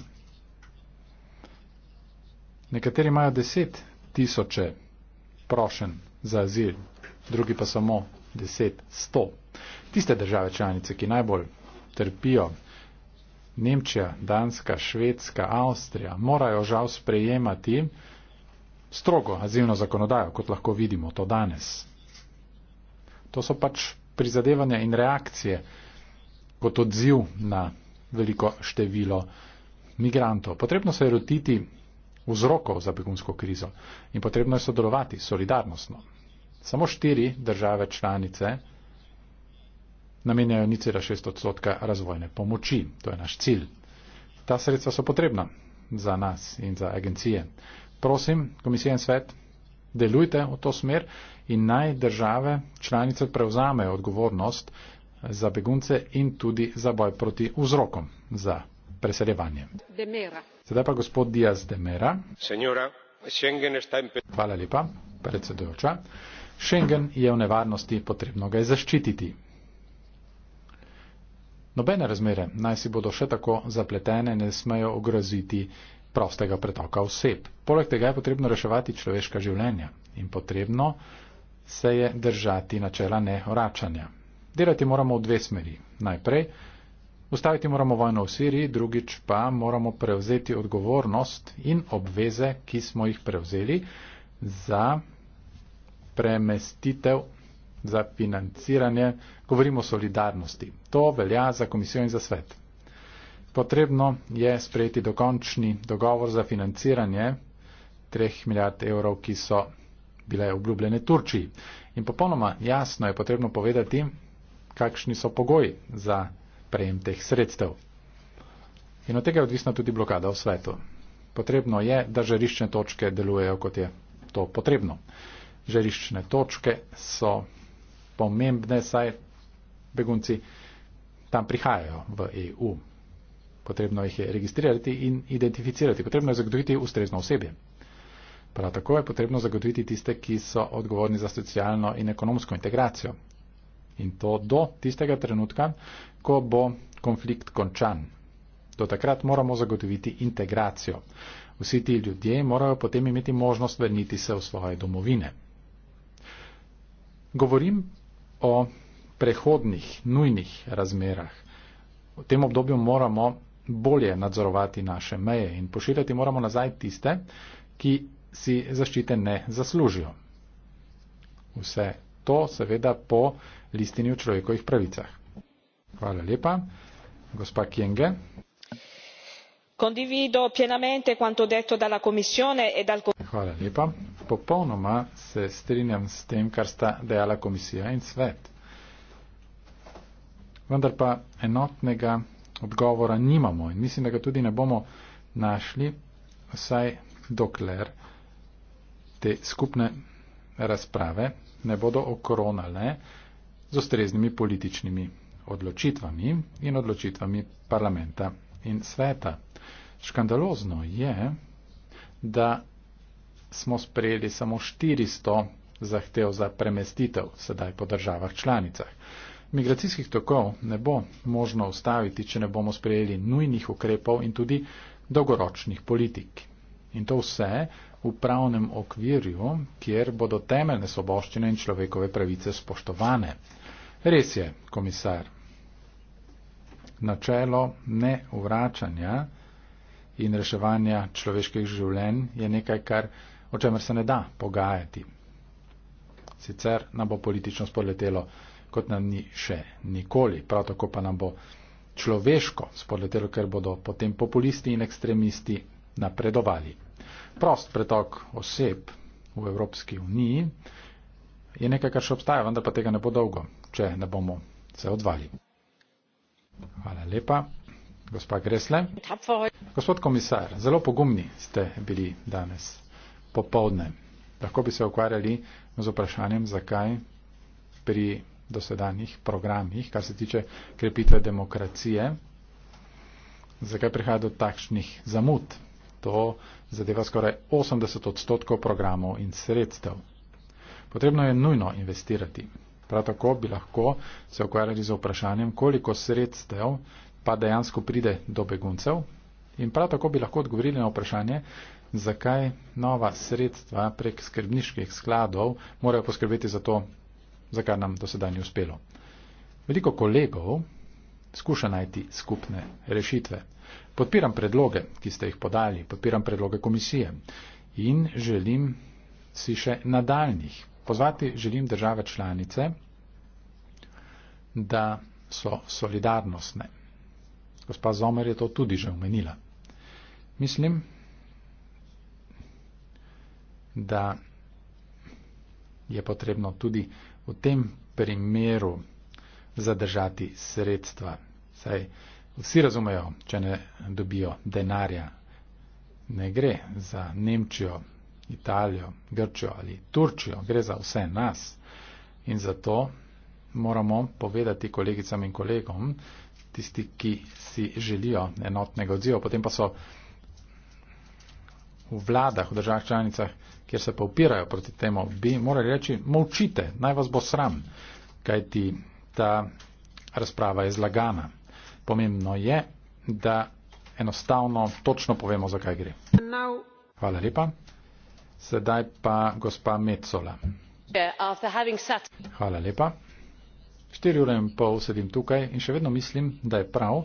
Nekateri imajo deset tisoče prošen za azil, drugi pa samo deset, sto. Tiste države članice, ki najbolj trpijo, Nemčija, Danska, Švedska, Avstrija, morajo žal sprejemati strogo azilno zakonodajo, kot lahko vidimo to danes. To so pač prizadevanja in reakcije kot odziv na veliko število migrantov. Potrebno se je rotiti vzrokov za begunsko krizo in potrebno je sodelovati solidarnostno. Samo štiri države članice namenjajo ni cela šest odstotka razvojne pomoči. To je naš cilj. Ta sredstva so potrebna za nas in za agencije. Prosim, komisija in svet, delujte v to smer in naj države članice prevzamejo odgovornost za begunce in tudi za boj proti vzrokom za preseljevanje. Sedaj pa gospod Diaz de Mera. Senora, pe... Hvala lepa, predsedujoča. Schengen je v nevarnosti, potrebno ga je zaščititi. Nobene razmere, naj si bodo še tako zapletene, ne smejo ogroziti prostega pretoka oseb. Poleg tega je potrebno reševati človeška življenja in potrebno se je držati načela nehoračanja. Delati moramo v dve smeri. Najprej, ustaviti moramo vojno v Siriji, drugič pa moramo prevzeti odgovornost in obveze, ki smo jih prevzeli za premestitev, za financiranje, govorimo o solidarnosti. To velja za komisijo in za svet. Potrebno je sprejeti dokončni dogovor za financiranje 3 milijard evrov, ki so bile obljubljene Turčiji. In popolnoma jasno je potrebno povedati, kakšni so pogoji za prejem teh sredstev. In od tega je odvisna tudi blokada v svetu. Potrebno je, da žarišne točke delujejo, kot je to potrebno. Žarišne točke so pomembne, saj begunci tam prihajajo v EU. Potrebno jih je registrirati in identificirati. Potrebno je zagotoviti ustrezno osebje. Prav tako je potrebno zagotoviti tiste, ki so odgovorni za socialno in ekonomsko integracijo. In to do tistega trenutka, ko bo konflikt končan. Do takrat moramo zagotoviti integracijo. Vsi ti ljudje morajo potem imeti možnost vrniti se v svoje domovine. Govorim o prehodnih, nujnih razmerah. V tem obdobju moramo bolje nadzorovati naše meje in pošiljati moramo nazaj tiste, ki si zaščite ne zaslužijo. Vse to seveda po listini o človekovih pravicah. Hvala lepa. Gospa Kienge. Condivido pienamente quanto detto dalla Commissione e dal Hvala lepa. Popolnoma se strinjam s tem, kar sta dejala Komisija in svet. Vendar pa enotnega odgovora nimamo in mislim, da ga tudi ne bomo našli, vsaj dokler te skupne razprave ne bodo okronale z ustreznimi političnimi odločitvami in odločitvami parlamenta in sveta. Škandalozno je, da smo sprejeli samo 400 zahtev za premestitev sedaj po državah članicah. Migracijskih tokov ne bo možno ustaviti, če ne bomo sprejeli nujnih ukrepov in tudi dolgoročnih politik. In to vse v pravnem okvirju, kjer bodo temeljne svoboščine in človekove pravice spoštovane. Res je, komisar, načelo neuvračanja in reševanja človeških življenj je nekaj, kar, o čemer se ne da pogajati. Sicer nam bo politično spodletelo, kot nam ni še nikoli, prav tako pa nam bo človeško spodletelo, ker bodo potem populisti in ekstremisti napredovali prost pretok oseb v Evropski uniji je nekaj, kar še obstaja, vendar pa tega ne bo dolgo, če ne bomo se odvali. Hvala lepa, gospa Gresle. Gospod komisar, zelo pogumni ste bili danes popovdne. Lahko bi se ukvarjali z vprašanjem, zakaj pri dosedanjih programih, kar se tiče krepitve demokracije, zakaj prihaja do takšnih zamud To zadeva skoraj 80 odstotkov programov in sredstev. Potrebno je nujno investirati. Prav tako bi lahko se ukvarjali z vprašanjem, koliko sredstev pa dejansko pride do beguncev. In prav tako bi lahko odgovorili na vprašanje, zakaj nova sredstva prek skrbniških skladov morajo poskrbeti za to, za kar nam do sedaj ni uspelo. Veliko kolegov skuša najti skupne rešitve. Podpiram predloge, ki ste jih podali, podpiram predloge komisije in želim si še nadaljnih. Pozvati želim države članice, da so solidarnostne. Gospa Zomer je to tudi že omenila. Mislim, da je potrebno tudi v tem primeru zadržati sredstva. Saj, uh, Vsi razumejo, če ne dobijo denarja. Ne gre za Nemčijo, Italijo, Grčijo ali Turčijo, gre za vse nas. In zato moramo povedati kolegicam in kolegom, tisti, ki si želijo enotnega odziva, potem pa so v vladah, v državah članicah, kjer se pa upirajo proti temu, bi morali reči, molčite, naj vas bo sram, kajti ta razprava je zlagana pomembno je, da enostavno točno povemo, zakaj gre. Now... Hvala lepa. Sedaj pa gospa Mecola. Yeah, sat... Hvala lepa. Štiri ure in pol sedim tukaj in še vedno mislim, da je prav,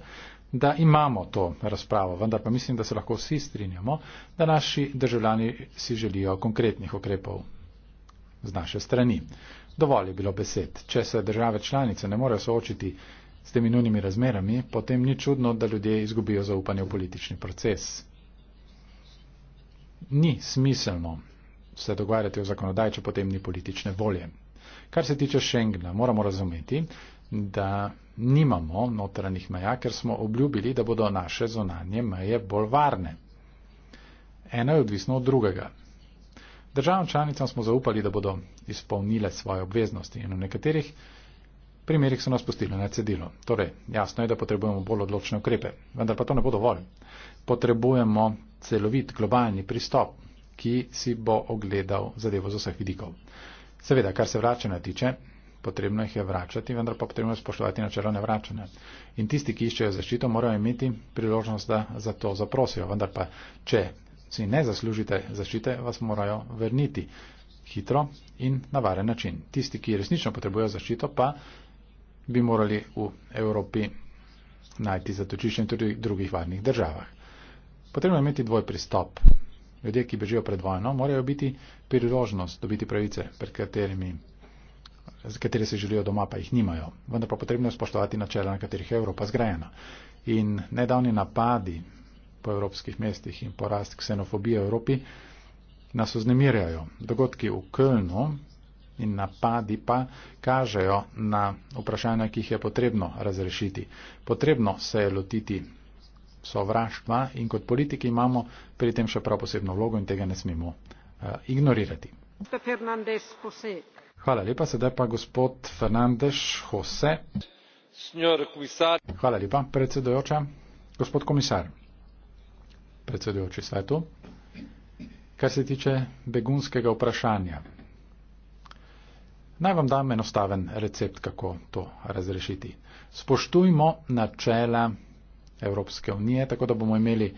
da imamo to razpravo, vendar pa mislim, da se lahko vsi strinjamo, da naši državljani si želijo konkretnih ukrepov z naše strani. Dovolj je bilo besed. Če se države članice ne morejo soočiti S temi nujnimi razmerami potem ni čudno, da ljudje izgubijo zaupanje v politični proces. Ni smiselno se dogovarjati o zakonodaji, če potem ni politične volje. Kar se tiče Schengna, moramo razumeti, da nimamo notranjih meja, ker smo obljubili, da bodo naše zonanje meje bolj varne. Eno je odvisno od drugega. Državam članicam smo zaupali, da bodo izpolnile svoje obveznosti in v nekaterih primerih so nas pustili na cedilo. Torej, jasno je, da potrebujemo bolj odločne ukrepe, vendar pa to ne bo dovolj. Potrebujemo celovit globalni pristop, ki si bo ogledal zadevo z vseh vidikov. Seveda, kar se vračanja tiče, potrebno jih je vračati, vendar pa potrebno je spoštovati načelo nevračanja. In tisti, ki iščejo zaščito, morajo imeti priložnost, da za to zaprosijo. Vendar pa, če si ne zaslužite zaščite, vas morajo vrniti hitro in na varen način. Tisti, ki resnično potrebujejo zaščito, pa bi morali v Evropi najti zatočišče tudi v drugih varnih državah. Potrebno je imeti dvoj pristop. Ljudje, ki bežijo pred vojno, morajo biti priložnost dobiti pravice, pred katerimi, katere se želijo doma, pa jih nimajo. Vendar pa potrebno je spoštovati načela, na katerih je Evropa zgrajena. In nedavni napadi po evropskih mestih in porast ksenofobije v Evropi nas oznemirjajo. Dogodki v Kölnu, in napadi pa kažejo na vprašanja, ki jih je potrebno razrešiti. Potrebno se je lotiti sovraštva in kot politiki imamo pri tem še prav posebno vlogo in tega ne smemo uh, ignorirati. Hvala lepa, sedaj pa gospod Fernandez Jose. Hvala lepa, predsedujoča. Gospod komisar, predsedujoči svetu, kar se tiče begunskega vprašanja. Naj vam dam enostaven recept, kako to razrešiti. Spoštujmo načela Evropske unije, tako da bomo imeli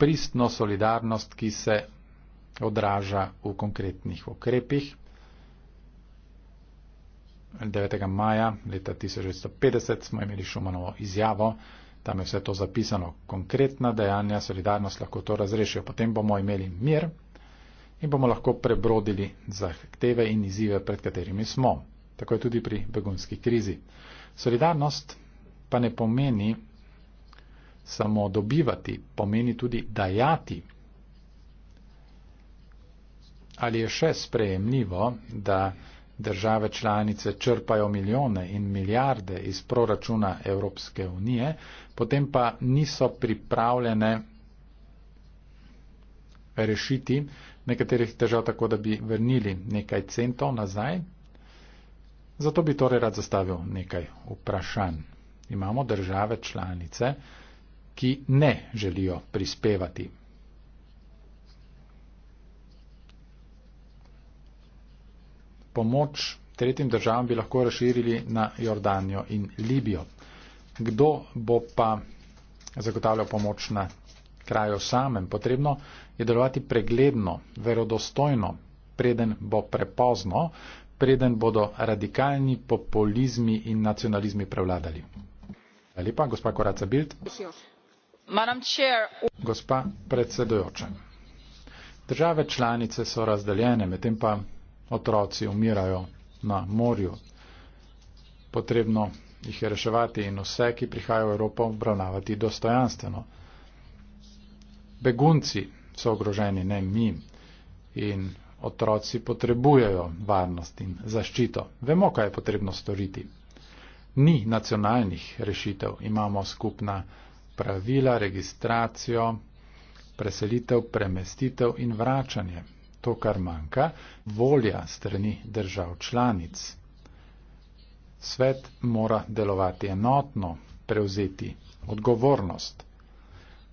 pristno solidarnost, ki se odraža v konkretnih ukrepih. 9. maja leta 1950 smo imeli Šumanovo izjavo, tam je vse to zapisano. Konkretna dejanja solidarnost lahko to razrešijo. Potem bomo imeli mir in bomo lahko prebrodili zahteve in izzive, pred katerimi smo. Tako je tudi pri begunski krizi. Solidarnost pa ne pomeni samo dobivati, pomeni tudi dajati. Ali je še sprejemljivo, da države članice črpajo milijone in milijarde iz proračuna Evropske unije, potem pa niso pripravljene rešiti nekaterih težav tako, da bi vrnili nekaj centov nazaj. Zato bi torej rad zastavil nekaj vprašanj. Imamo države članice, ki ne želijo prispevati. Pomoč tretjim državam bi lahko razširili na Jordanijo in Libijo. Kdo bo pa zagotavljal pomoč na kraju samem potrebno, je delovati pregledno, verodostojno, preden bo prepozno, preden bodo radikalni populizmi in nacionalizmi prevladali. Lepa, gospa Koraca Bild. Gospa predsedujoča. Države članice so razdeljene, medtem pa otroci umirajo na morju. Potrebno jih je reševati in vse, ki prihajajo v Evropo, obravnavati dostojanstveno begunci so ogroženi, ne mi. In otroci potrebujejo varnost in zaščito. Vemo, kaj je potrebno storiti. Ni nacionalnih rešitev. Imamo skupna pravila, registracijo, preselitev, premestitev in vračanje. To, kar manjka, volja strani držav članic. Svet mora delovati enotno, prevzeti odgovornost.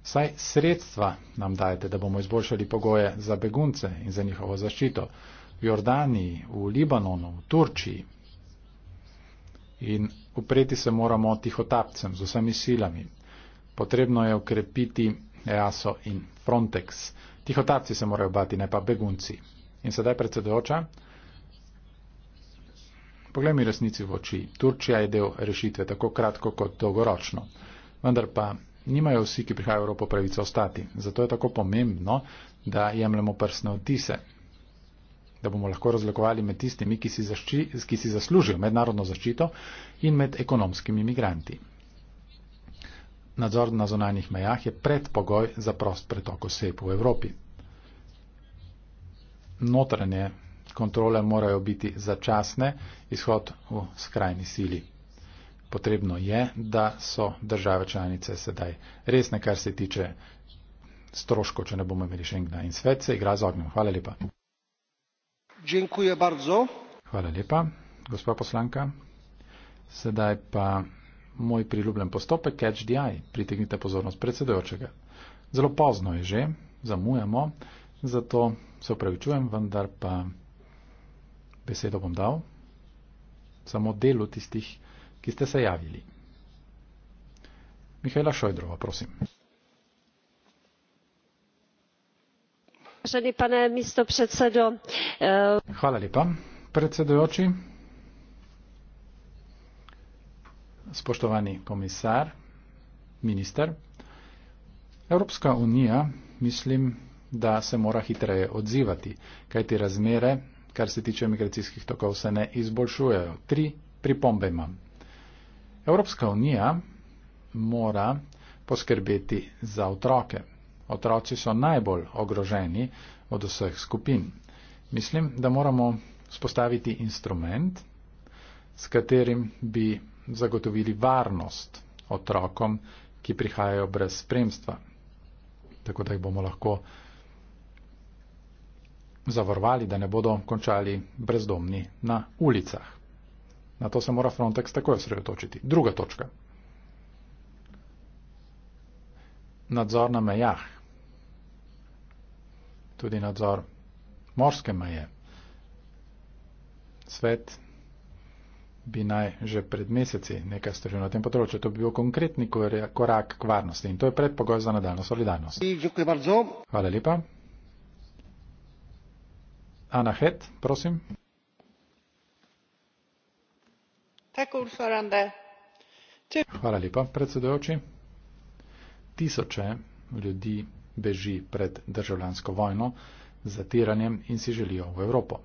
Saj sredstva nam dajete, da bomo izboljšali pogoje za begunce in za njihovo zaščito v Jordaniji, v Libanonu, v Turčiji. In upreti se moramo tihotapcem z vsemi silami. Potrebno je ukrepiti EASO in Frontex. Tihotapci se morajo bati, ne pa begunci. In sedaj predsedoča. Poglej mi resnici v oči. Turčija je del rešitve, tako kratko kot dolgoročno. Vendar pa nimajo vsi, ki prihajajo v Evropo, pravico ostati. Zato je tako pomembno, da jemljemo prsne odtise, da bomo lahko razlikovali med tistimi, ki si, zašči, ki si zaslužijo mednarodno zaščito in med ekonomskimi imigranti. Nadzor na zonanjih mejah je predpogoj za prost pretok oseb v Evropi. Notranje kontrole morajo biti začasne, izhod v skrajni sili potrebno je, da so države članice sedaj resne, kar se tiče stroško, če ne bomo imeli šengna. In svet se igra z ognjem. Hvala lepa. Hvala lepa, gospa poslanka. Sedaj pa moj priljubljen postopek, catch the eye, pritegnite pozornost predsedojočega. Zelo pozno je že, zamujamo, zato se upravičujem, vendar pa besedo bom dal samo delu tistih, ki ste se javili. Mihajla Šojdrova, prosim. Vražani pane misto predsedo. Eh, Hvala lepa, predsedojoči. Spoštovani komisar, minister. Evropska unija, mislim, da se mora hitreje odzivati, kaj ti razmere, kar se tiče migracijskih tokov, se ne izboljšujejo. Tri pripombe imam. Evropska unija mora poskrbeti za otroke. Otroci so najbolj ogroženi od vseh skupin. Mislim, da moramo spostaviti instrument, s katerim bi zagotovili varnost otrokom, ki prihajajo brez spremstva, tako da jih bomo lahko zavarovali, da ne bodo končali brezdomni na ulicah. Na to se mora Frontex takoj osredotočiti. Druga točka. Nadzor na mejah. Tudi nadzor morske meje. Svet bi naj že pred meseci nekaj storil na tem področju. To bi bil konkretni korak k varnosti in to je predpogoj za nadaljno solidarnost. Hvala lepa. Ana Het, prosim. Hvala lepa, predsedujoči. Tisoče ljudi beži pred državljansko vojno, zatiranjem in si želijo v Evropo.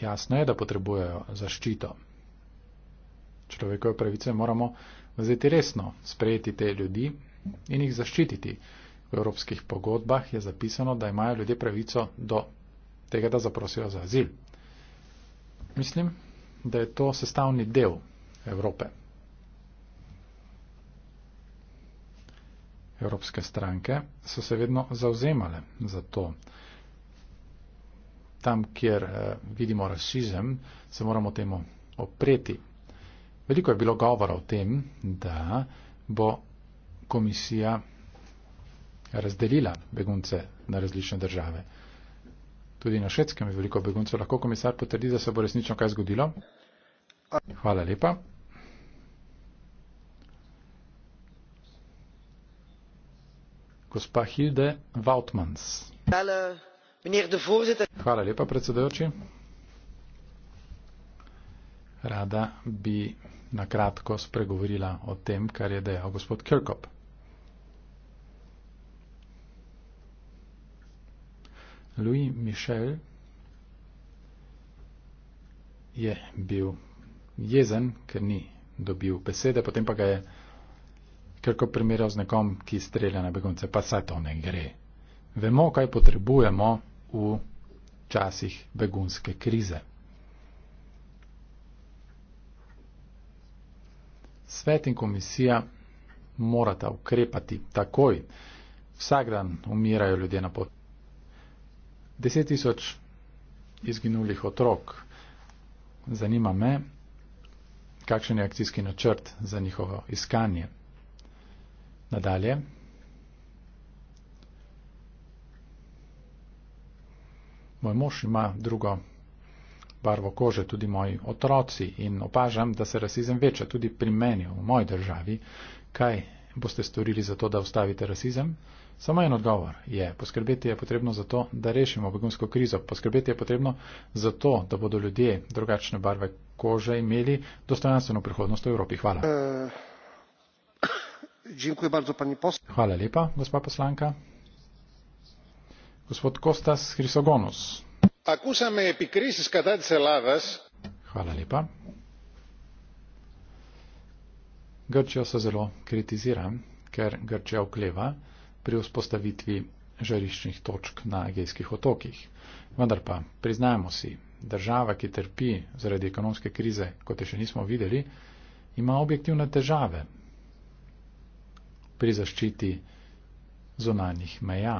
Jasno je, da potrebujejo zaščito. Človekove pravice moramo vzeti resno, sprejeti te ljudi in jih zaščititi. V evropskih pogodbah je zapisano, da imajo ljudje pravico do tega, da zaprosijo za azil. Mislim, da je to sestavni del Evrope. Evropske stranke so se vedno zauzemale za to. Tam, kjer eh, vidimo rasizem, se moramo temu opreti. Veliko je bilo govora o tem, da bo komisija razdelila begunce na različne države. Tudi na švedskem je veliko beguncev. Lahko komisar potrdi, da se bo resnično kaj zgodilo? Hvala lepa. Gospa Hilde Vautmans. Hvala lepa, predsedujoči. Rada bi na kratko spregovorila o tem, kar je dejal gospod Kirkop. Louis Michel je bil jezen, ker ni dobil besede, potem pa ga je krko primerjal z nekom, ki strelja na begunce, pa saj to ne gre. Vemo, kaj potrebujemo v časih begunske krize. Svet in komisija morata ukrepati takoj. Vsak dan umirajo ljudje na poti deset tisoč izginulih otrok. Zanima me, kakšen je akcijski načrt za njihovo iskanje. Nadalje. Moj mož ima drugo barvo kože, tudi moji otroci in opažam, da se rasizem veča tudi pri meni v moji državi. Kaj boste storili za to, da ustavite rasizem? Samo en odgovor je, poskrbeti je potrebno za to, da rešimo begunsko krizo. Poskrbeti je potrebno za to, da bodo ljudje drugačne barve kože imeli dostojanstveno prihodnost v Evropi. Hvala. Eh, Hvala lepa, gospa poslanka. Gospod Kostas Hrisogonus. Hvala lepa. Grčijo se zelo kritizira, ker Grčija okleva pri vzpostavitvi žariščnih točk na Egejskih otokih. Vendar pa priznajmo si, država, ki trpi zaradi ekonomske krize, kot je še nismo videli, ima objektivne težave pri zaščiti zonanih meja.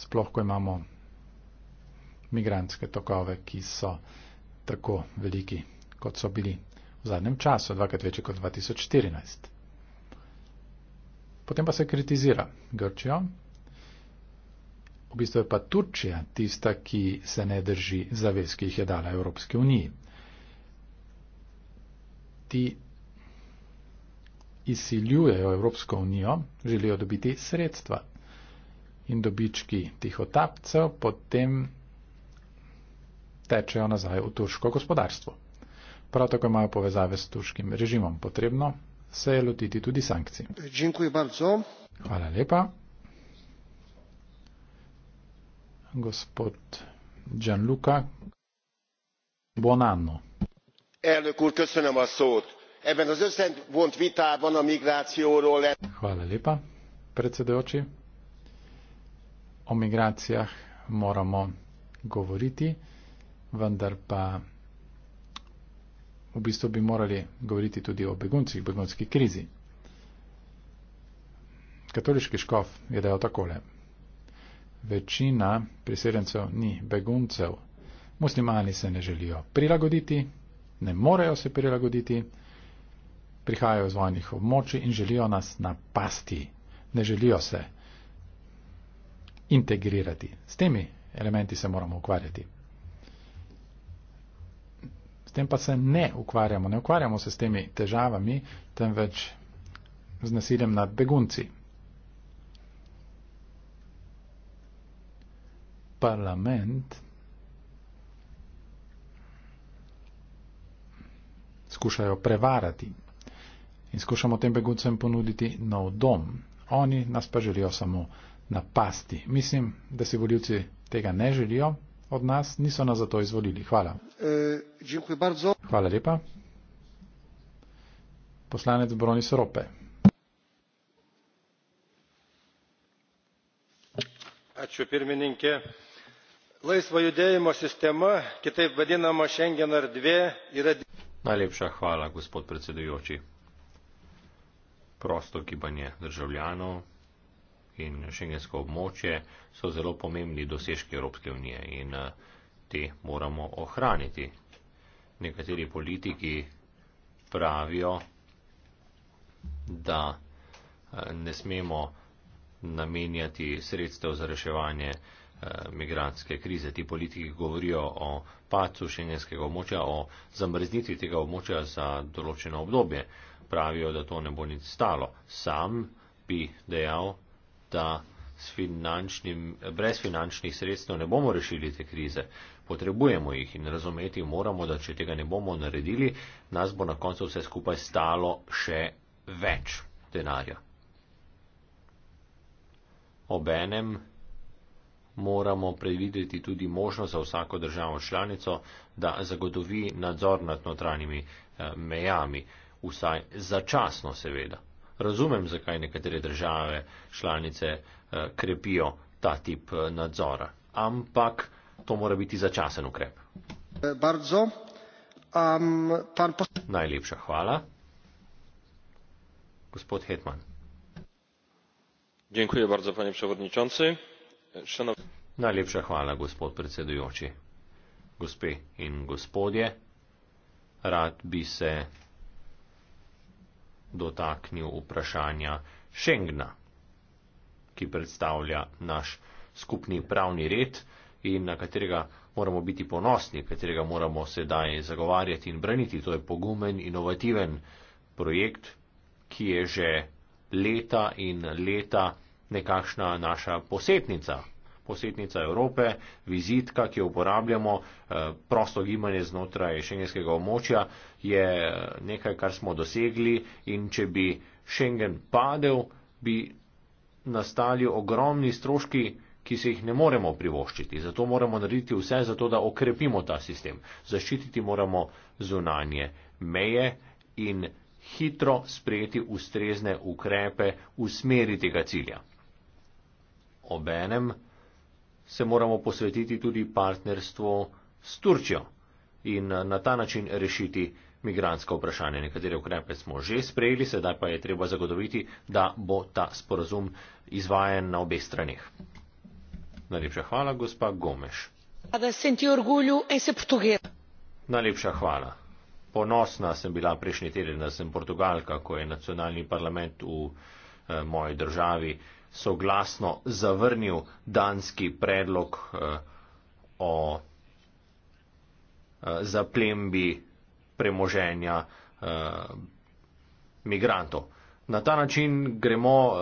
Sploh, ko imamo migrantske tokove, ki so tako veliki, kot so bili v zadnjem času, dvakrat večji kot 2014. Potem pa se kritizira Grčijo. V bistvu je pa Turčija tista, ki se ne drži zavez, ki jih je dala Evropske unije. Ti izsiljujejo Evropsko unijo, želijo dobiti sredstva in dobički tihotapcev potem tečejo nazaj v turško gospodarstvo. Prav tako imajo povezave s turškim režimom potrebno, se je lotiti tudi sankcij. Hvala lepa. Gospod Gianluca Bonanno. Elnök úr, köszönöm a szót. Ebben az összevont vitában a migrációról lett. Hvala lepa, predsedujoči. O migracijah moramo govoriti, vendar pa v bistvu bi morali govoriti tudi o beguncih, begunski krizi. Katoliški škof je dejal takole. Večina priseljencev ni beguncev. Muslimani se ne želijo prilagoditi, ne morejo se prilagoditi, prihajajo iz vojnih območij in želijo nas napasti. Ne želijo se integrirati. S temi elementi se moramo ukvarjati. S tem pa se ne ukvarjamo, ne ukvarjamo se s temi težavami, temveč z nasiljem nad begunci. Parlament skušajo prevarati in skušamo tem beguncem ponuditi nov dom. Oni nas pa želijo samo napasti. Mislim, da si voljivci tega ne želijo, od nas, niso nas zato izvolili. Hvala. E, Hvala lepa. Poslanec Broni Sorope. Ačiū pirmininkė. Laisvo judėjimo sistema, kitaip vadinama Schengen ar dvi, yra. Najlepša hvala, gospod predsedujoči. Prosto gibanje državljanov, in šengensko območje so zelo pomembni dosežki Evropske unije in eh, te moramo ohraniti. Nekateri politiki pravijo, da eh, ne smemo namenjati sredstev za reševanje eh, migranske krize. Ti politiki govorijo o pacu šengenskega območja, o zamrznitvi tega območja za določeno obdobje. Pravijo, da to ne bo nič stalo. Sam bi dejal, da s finančnim, brez finančnih sredstev ne bomo rešili te krize. Potrebujemo jih in razumeti moramo, da če tega ne bomo naredili, nas bo na koncu vse skupaj stalo še več denarja. Obenem moramo predvideti tudi možnost za vsako državo članico, da zagotovi nadzor nad notranjimi eh, mejami, vsaj začasno seveda razumem, zakaj nekatere države članice eh, krepijo ta tip eh, nadzora. Ampak to mora biti začasen ukrep. Um, post... Najlepša hvala. Gospod Hetman. Dziękuję bardzo, panie przewodniczący. Szanow... Najlepša hvala, gospod predsedujoči. Gospe in gospodje, rad bi se dotaknil vprašanja Schengna, ki predstavlja naš skupni pravni red in na katerega moramo biti ponosni, katerega moramo sedaj zagovarjati in braniti. To je pogumen, inovativen projekt, ki je že leta in leta nekakšna naša posetnica, posetnica Evrope, vizitka, ki jo uporabljamo, eh, prosto gibanje znotraj šengenskega območja je eh, nekaj, kar smo dosegli in če bi šengen padel, bi nastali ogromni stroški, ki se jih ne moremo privoščiti. Zato moramo narediti vse, zato da okrepimo ta sistem. Zaščititi moramo zunanje meje in hitro sprejeti ustrezne ukrepe v smeri tega cilja. Obenem, se moramo posvetiti tudi partnerstvu s Turčjo in eh, na ta način rešiti migransko vprašanje. Nekatere ukrepe smo že sprejeli, sedaj pa je treba zagotoviti, da bo ta sporazum izvajen na obeh straneh. Najlepša hvala, gospa Gomeš. Najlepša hvala. Ponosna sem bila prejšnji teden, da sem Portugalka, ko je nacionalni parlament v eh, moji državi eh, soglasno zavrnil danski predlog eh, o eh, zaplembi premoženja eh, migrantov. Na ta način gremo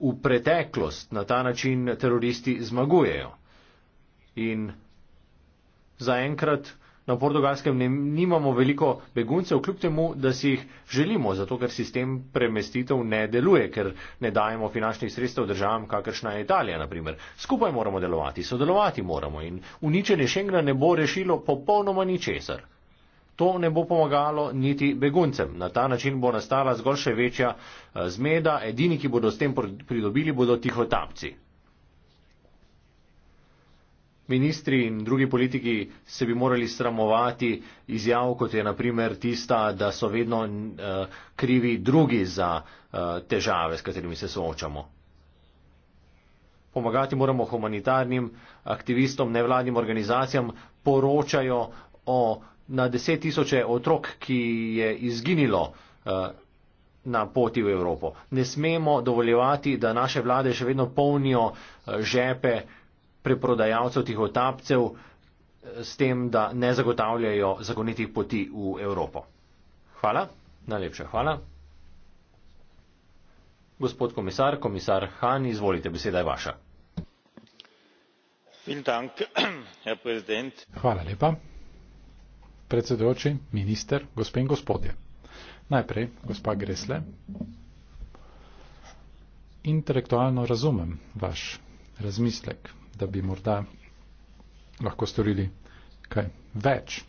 v preteklost, na ta način teroristi zmagujejo. In zaenkrat na portugalskem ne, nimamo veliko beguncev, kljub temu, da si jih želimo, zato ker sistem premestitev ne deluje, ker ne dajemo finančnih sredstev državam, kakršna je Italija, naprimer. Skupaj moramo delovati, sodelovati moramo in uničenje Schengena ne bo rešilo popolnoma ničesar. To ne bo pomagalo niti beguncem. Na ta način bo nastala zgolj še večja eh, zmeda. Edini, ki bodo s tem pridobili, bodo tihotapci ministri in drugi politiki se bi morali sramovati izjav, kot je naprimer tista, da so vedno uh, krivi drugi za uh, težave, s katerimi se soočamo. Pomagati moramo humanitarnim aktivistom, nevladnim organizacijam, poročajo o na deset tisoče otrok, ki je izginilo uh, na poti v Evropo. Ne smemo dovoljevati, da naše vlade še vedno polnijo uh, žepe uh, preprodajalcev tih otapcev eh, s tem, da ne zagotavljajo zakonitih poti v Evropo. Hvala, najlepša hvala. Gospod komisar, komisar Han, izvolite, beseda je vaša. Dank, Herr hvala lepa. Predsedujoči, minister, gospe in gospodje. Najprej, gospa Gresle, intelektualno razumem vaš razmislek, da bi morda lahko storili kaj več.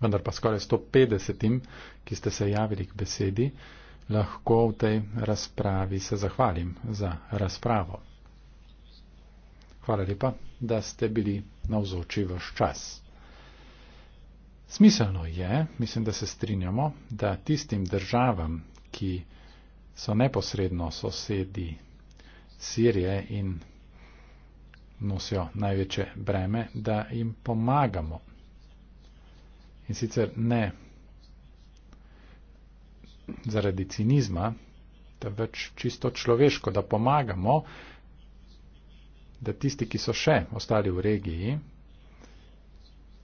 Vendar pa skoraj 150, ki ste se javili k besedi, lahko v tej razpravi se zahvalim za razpravo. Hvala lepa, da ste bili navzoči vaš čas. Smiselno je, mislim, da se strinjamo, da tistim državam, ki so neposredno sosedi Sirije in nosijo največje breme, da jim pomagamo. In sicer ne zaradi cinizma, temveč čisto človeško, da pomagamo, da tisti, ki so še ostali v regiji,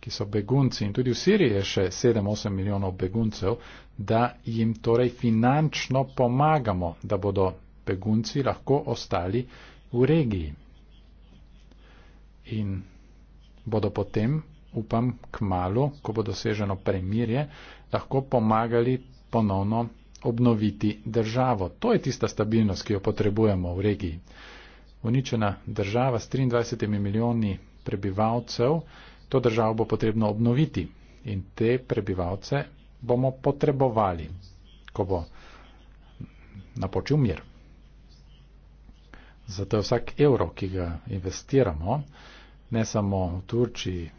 ki so begunci in tudi v Siriji je še 7-8 milijonov beguncev, da jim torej finančno pomagamo, da bodo begunci lahko ostali v regiji in bodo potem, upam, k malu, ko bo doseženo premirje, lahko pomagali ponovno obnoviti državo. To je tista stabilnost, ki jo potrebujemo v regiji. Uničena država s 23 milijoni prebivalcev, to državo bo potrebno obnoviti in te prebivalce bomo potrebovali, ko bo napočil mir. Zato je vsak evro, ki ga investiramo, ne samo v Turčiji,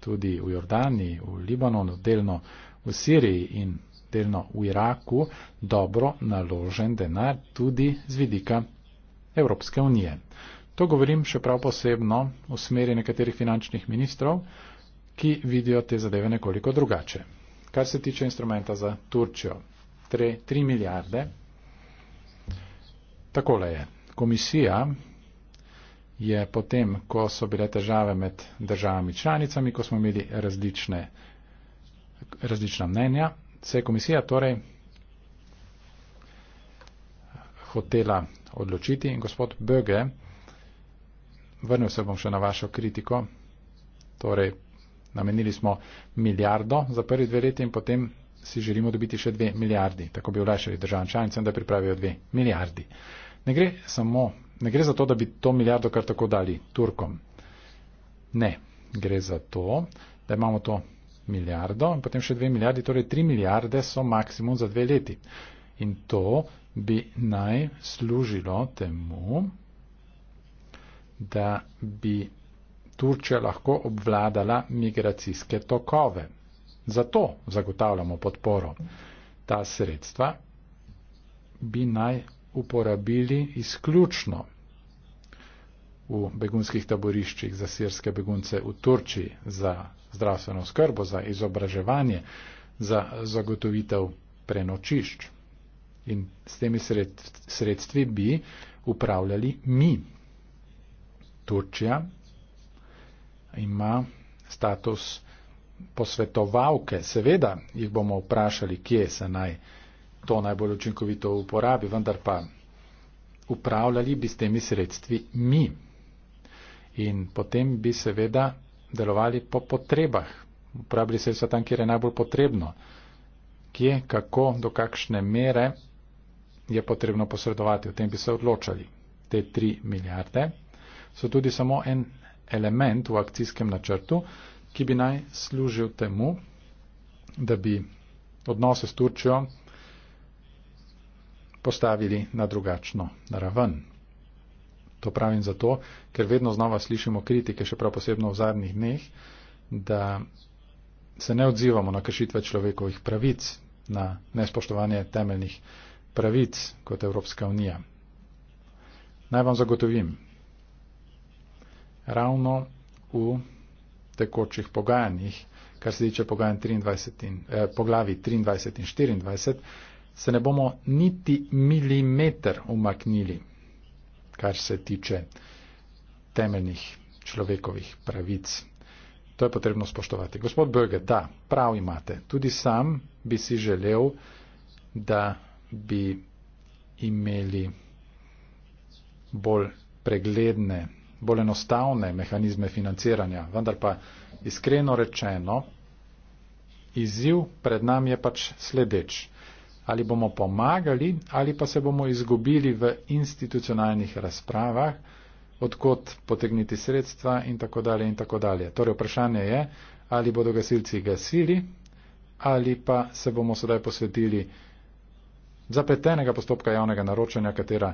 tudi v Jordaniji, v Libanonu, delno v Siriji in delno v Iraku, dobro naložen denar tudi z vidika Evropske unije. To govorim še prav posebno v smeri nekaterih finančnih ministrov, ki vidijo te zadeve nekoliko drugače. Kar se tiče instrumenta za Turčijo, 3 milijarde, takole je. Komisija je potem, ko so bile težave med državami članicami, ko smo imeli različne, različna mnenja, se je komisija torej hotela odločiti in gospod Böge, vrnil se bom še na vašo kritiko, torej namenili smo milijardo za prvi dve leti in potem si želimo dobiti še dve milijardi, tako bi olajšali državam članicam, da pripravijo dve milijardi. Ne gre samo Ne gre za to, da bi to milijardo kar tako dali Turkom. Ne, gre za to, da imamo to milijardo in potem še dve milijardi, torej tri milijarde so maksimum za dve leti. In to bi naj služilo temu, da bi Turčija lahko obvladala migracijske tokove. Zato zagotavljamo podporo. Ta sredstva bi naj uporabili izključno v begunskih taboriščih za sirske begunce v Turčiji, za zdravstveno skrbo, za izobraževanje, za zagotovitev prenočišč. In s temi sredstvi bi upravljali mi. Turčija ima status posvetovalke. Seveda jih bomo vprašali, kje se naj to najbolj učinkovito uporabi, vendar pa upravljali bi s temi sredstvi mi in potem bi seveda delovali po potrebah, uporabili sredstva tam, kjer je najbolj potrebno, kje, kako, do kakšne mere je potrebno posredovati. O tem bi se odločali. Te tri milijarde so tudi samo en element v akcijskem načrtu, ki bi naj služil temu, da bi odnose s Turčjo postavili na drugačno raven. Na To pravim zato, ker vedno znova slišimo kritike, še prav posebno v zadnjih dneh, da se ne odzivamo na kršitve človekovih pravic, na nespoštovanje temeljnih pravic kot Evropska unija. Naj vam zagotovim, ravno v tekočih pogajanjih, kar se tiče pogajanj 23 in, eh, poglavi 23 in 24, se ne bomo niti milimeter umaknili kar se tiče temeljnih človekovih pravic. To je potrebno spoštovati. Gospod Böge, da, prav imate. Tudi sam bi si želel, da bi imeli bolj pregledne, bolj enostavne mehanizme financiranja. Vendar pa, iskreno rečeno, izziv pred nami je pač sledeč ali bomo pomagali, ali pa se bomo izgubili v institucionalnih razpravah, odkot potegniti sredstva in tako dalje in tako dalje. Torej vprašanje je, ali bodo gasilci gasili, ali pa se bomo sedaj posvetili zapletenega postopka javnega naročanja, katera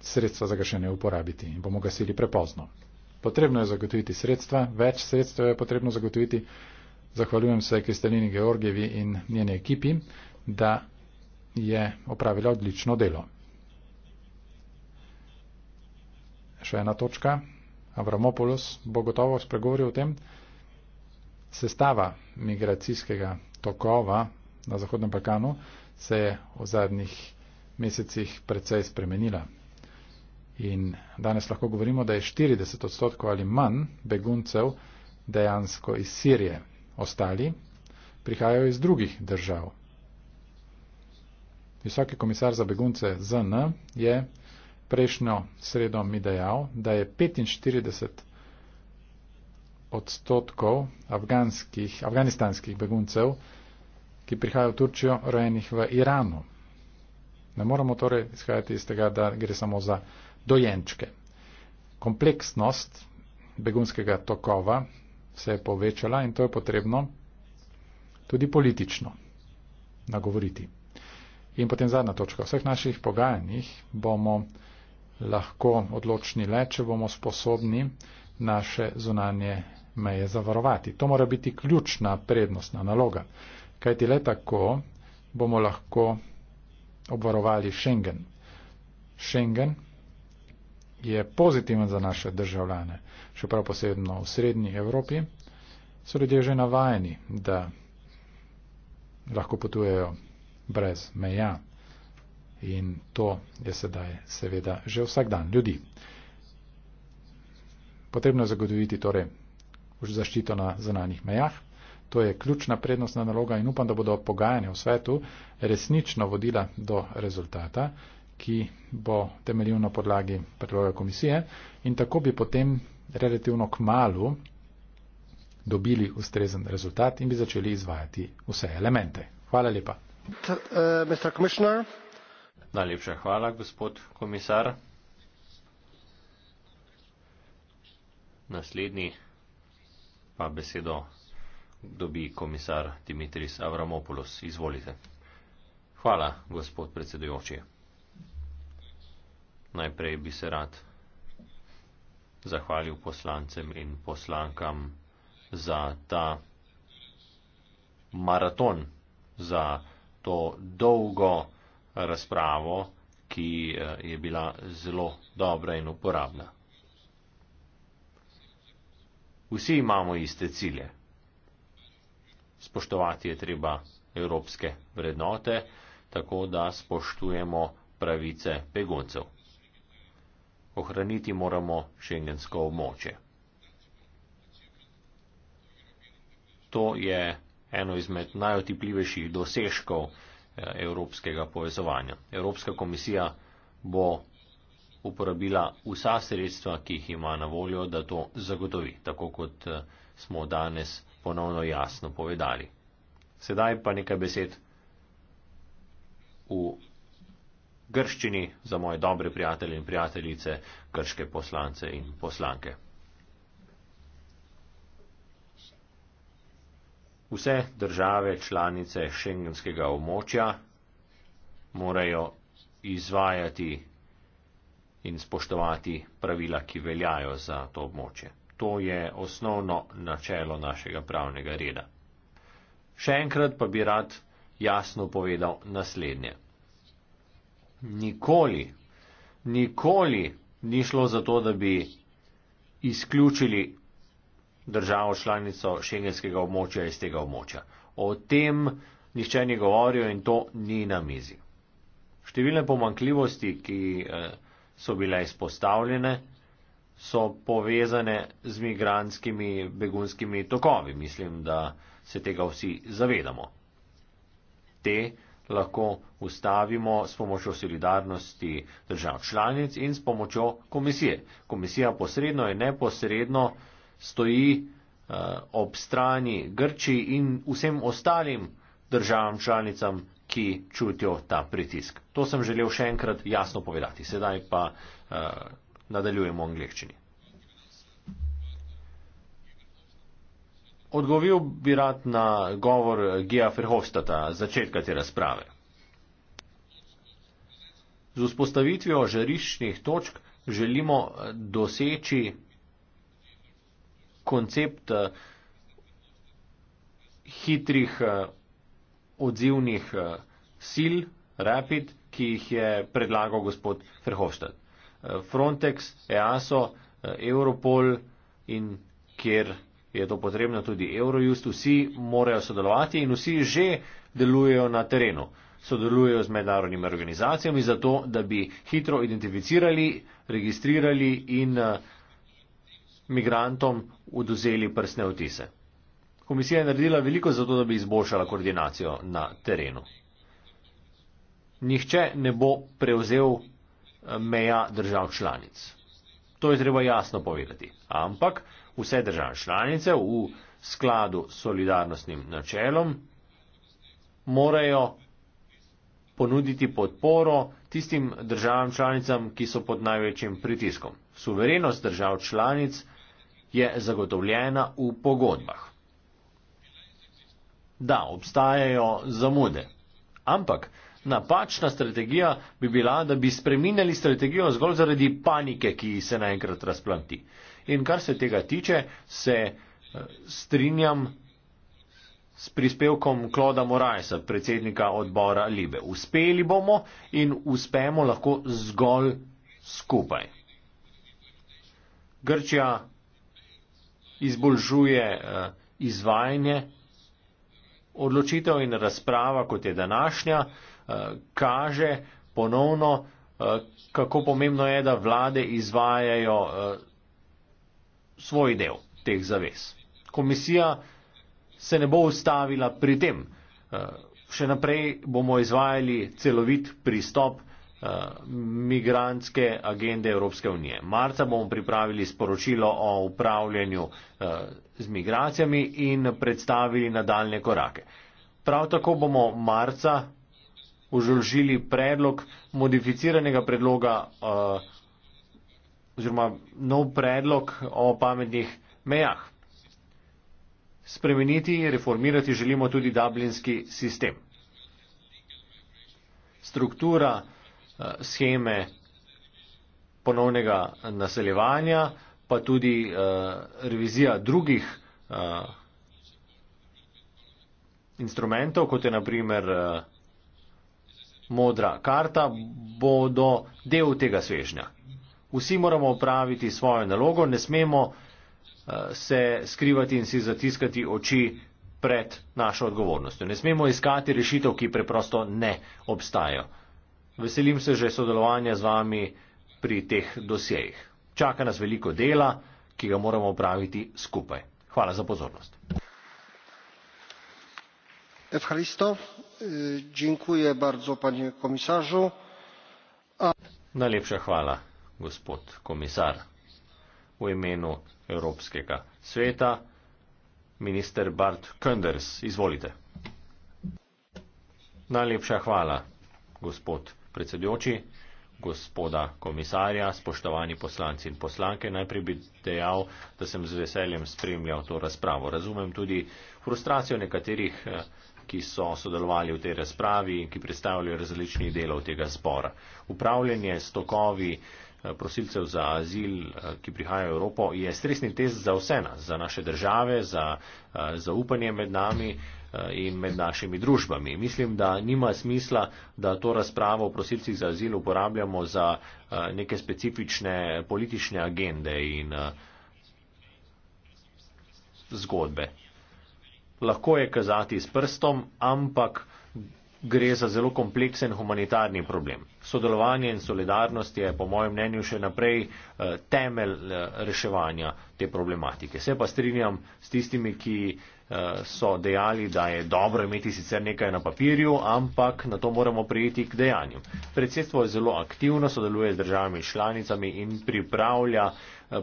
sredstva za gašenje uporabiti in bomo gasili prepozno. Potrebno je zagotoviti sredstva, več sredstva je potrebno zagotoviti. Zahvaljujem se Kristalini Georgijevi in njeni ekipi, da je opravila odlično delo. Še ena točka. Avramopolos bo gotovo spregovoril o tem, sestava migracijskega tokova na Zahodnem Balkanu se je v zadnjih mesecih precej spremenila. In danes lahko govorimo, da je 40 odstotkov ali manj beguncev dejansko iz Sirije. Ostali prihajajo iz drugih držav. Visoki komisar za begunce ZN je prejšnjo sredo mi dejal, da je 45 odstotkov afganskih, afganistanskih beguncev, ki prihajajo v Turčijo, rojenih v Iranu. Ne moramo torej izhajati iz tega, da gre samo za dojenčke. Kompleksnost begunskega tokova se je povečala in to je potrebno tudi politično nagovoriti. In potem zadnja točka. V vseh naših pogajanjih bomo lahko odločni le, če bomo sposobni naše zunanje meje zavarovati. To mora biti ključna prednostna naloga. Kajti le tako bomo lahko obvarovali Schengen. Schengen je pozitiven za naše državljane, še prav posebno v srednji Evropi. So ljudje že navajeni, da lahko potujejo brez meja. In to je sedaj seveda že vsak dan ljudi. Potrebno je zagotoviti torej už zaščito na zananih mejah. To je ključna prednostna naloga in upam, da bodo pogajanja v svetu resnično vodila do rezultata, ki bo temeljil na podlagi predloga komisije in tako bi potem relativno k malu dobili ustrezen rezultat in bi začeli izvajati vse elemente. Hvala lepa. E, najlepša hvala gospod komisar naslednji pa besedo dobi komisar Dimitris Avramopoulos izvolite hvala gospod predsedujoči najprej bi se rad zahvalil poslancem in poslankam za ta maraton za to dolgo razpravo, ki eh, je bila zelo dobra in uporabna. Vsi imamo iste cilje. Spoštovati je treba evropske vrednote, tako da spoštujemo pravice beguncev. Ohraniti moramo šengensko območje. To je eno izmed najotipljivejših dosežkov eh, evropskega povezovanja. Evropska komisija bo uporabila vsa sredstva, ki jih ima na voljo, da to zagotovi, tako kot eh, smo danes ponovno jasno povedali. Sedaj pa nekaj besed v grščini za moje dobre prijatelje in prijateljice, grške poslance in poslanke. Vse države članice šengenskega območja morajo izvajati in spoštovati pravila, ki veljajo za to območje. To je osnovno načelo našega pravnega reda. Še enkrat pa bi rad jasno povedal naslednje. Nikoli, nikoli ni šlo za to, da bi izključili državo članico šengenskega območja iz tega območja. O tem nihče ni govoril in to ni na mizi. Številne pomankljivosti, ki eh, so bile izpostavljene, so povezane z migranskimi begunskimi tokovi. Mislim, da se tega vsi zavedamo. Te lahko ustavimo s pomočjo solidarnosti držav članic in s pomočjo komisije. Komisija posredno in neposredno stoji eh, ob strani Grčiji in vsem ostalim državam članicam, ki čutijo ta pritisk. To sem želel še enkrat jasno povedati. Sedaj pa eh, nadaljujemo v angleščini. Odgovoril bi rad na govor Gija Ferhofstata, začetka te razprave. Z vzpostavitvijo žariščnih točk želimo doseči koncept eh, hitrih eh, odzivnih eh, sil, rapid, ki jih je predlagal gospod Verhofstadt. Frontex, EASO, Europol in kjer je to potrebno tudi Eurojust, vsi morajo sodelovati in vsi že delujejo na terenu. Sodelujejo z mednarodnimi organizacijami zato, da bi hitro identificirali, registrirali in uh, migrantom oduzeli prsne otise. Komisija je naredila veliko za to, da bi izboljšala koordinacijo na terenu. Nihče ne bo prevzel eh, meja držav članic. To je treba jasno povedati. Ampak vse države članice v skladu s solidarnostnim načelom morajo ponuditi podporo tistim državam članicam, ki so pod največjim pritiskom. Suverenost držav članic je zagotovljena v pogodbah. Da, obstajajo zamude. Ampak napačna strategija bi bila, da bi spreminjali strategijo zgolj zaradi panike, ki se naenkrat razplanti. In kar se tega tiče, se eh, strinjam s prispevkom Kloda Morajsa, predsednika odbora Libe. Uspeli bomo in uspemo lahko zgolj skupaj. Grčija izboljšuje eh, izvajanje odločitev in razprava, kot je današnja, eh, kaže ponovno, eh, kako pomembno je, da vlade izvajajo svoj del teh zavez. Komisija se ne bo ustavila pri tem. Še naprej bomo izvajali celovit pristop Eh, migrantske agende Evropske unije. Marca bomo pripravili sporočilo o upravljanju eh, z migracijami in predstavili nadaljne korake. Prav tako bomo marca užložili predlog modificiranega predloga eh, oziroma nov predlog o pametnih mejah. Spremeniti in reformirati želimo tudi dublinski sistem. Struktura Eh, scheme ponovnega naseljevanja, pa tudi eh, revizija drugih eh, instrumentov, kot je naprimer modra karta, bodo del tega svežnja. Vsi moramo opraviti svojo nalogo, ne smemo se skrivati in si zatiskati oči pred našo odgovornostjo. Ne smemo iskati rešitev, ki preprosto ne obstajajo. Veselim se že sodelovanja z vami pri teh dosjejih. Čaka nas veliko dela, ki ga moramo upraviti skupaj. Hvala za pozornost. Evharisto, dziękuję bardzo panie komisarzu. A... Najlepša hvala, gospod komisar. V imenu Evropskega sveta, minister Bart Könders, izvolite. Najlepša hvala, gospod komisar predsedujoči, gospoda komisarja, spoštovani poslanci in poslanke. Najprej bi dejal, da sem z veseljem spremljal to razpravo. Razumem tudi frustracijo nekaterih, eh, ki so sodelovali v tej razpravi in ki predstavljajo različnih delov tega spora. Upravljanje s tokovi Eh, prosilcev za azil, eh, ki prihajajo v Evropo, je stresni test za vse nas, za naše države, za eh, zaupanje med nami in med našimi družbami. Mislim, da nima smisla, da to razpravo o prosilcih za azil uporabljamo za neke specifične politične agende in zgodbe. Lahko je kazati s prstom, ampak gre za zelo kompleksen humanitarni problem. Sodelovanje in solidarnost je, po mojem mnenju, še naprej eh, temelj eh, reševanja te problematike. Se pa strinjam s tistimi, ki eh, so dejali, da je dobro imeti sicer nekaj na papirju, ampak na to moramo prijeti k dejanju. Predsedstvo je zelo aktivno, sodeluje z državami članicami in pripravlja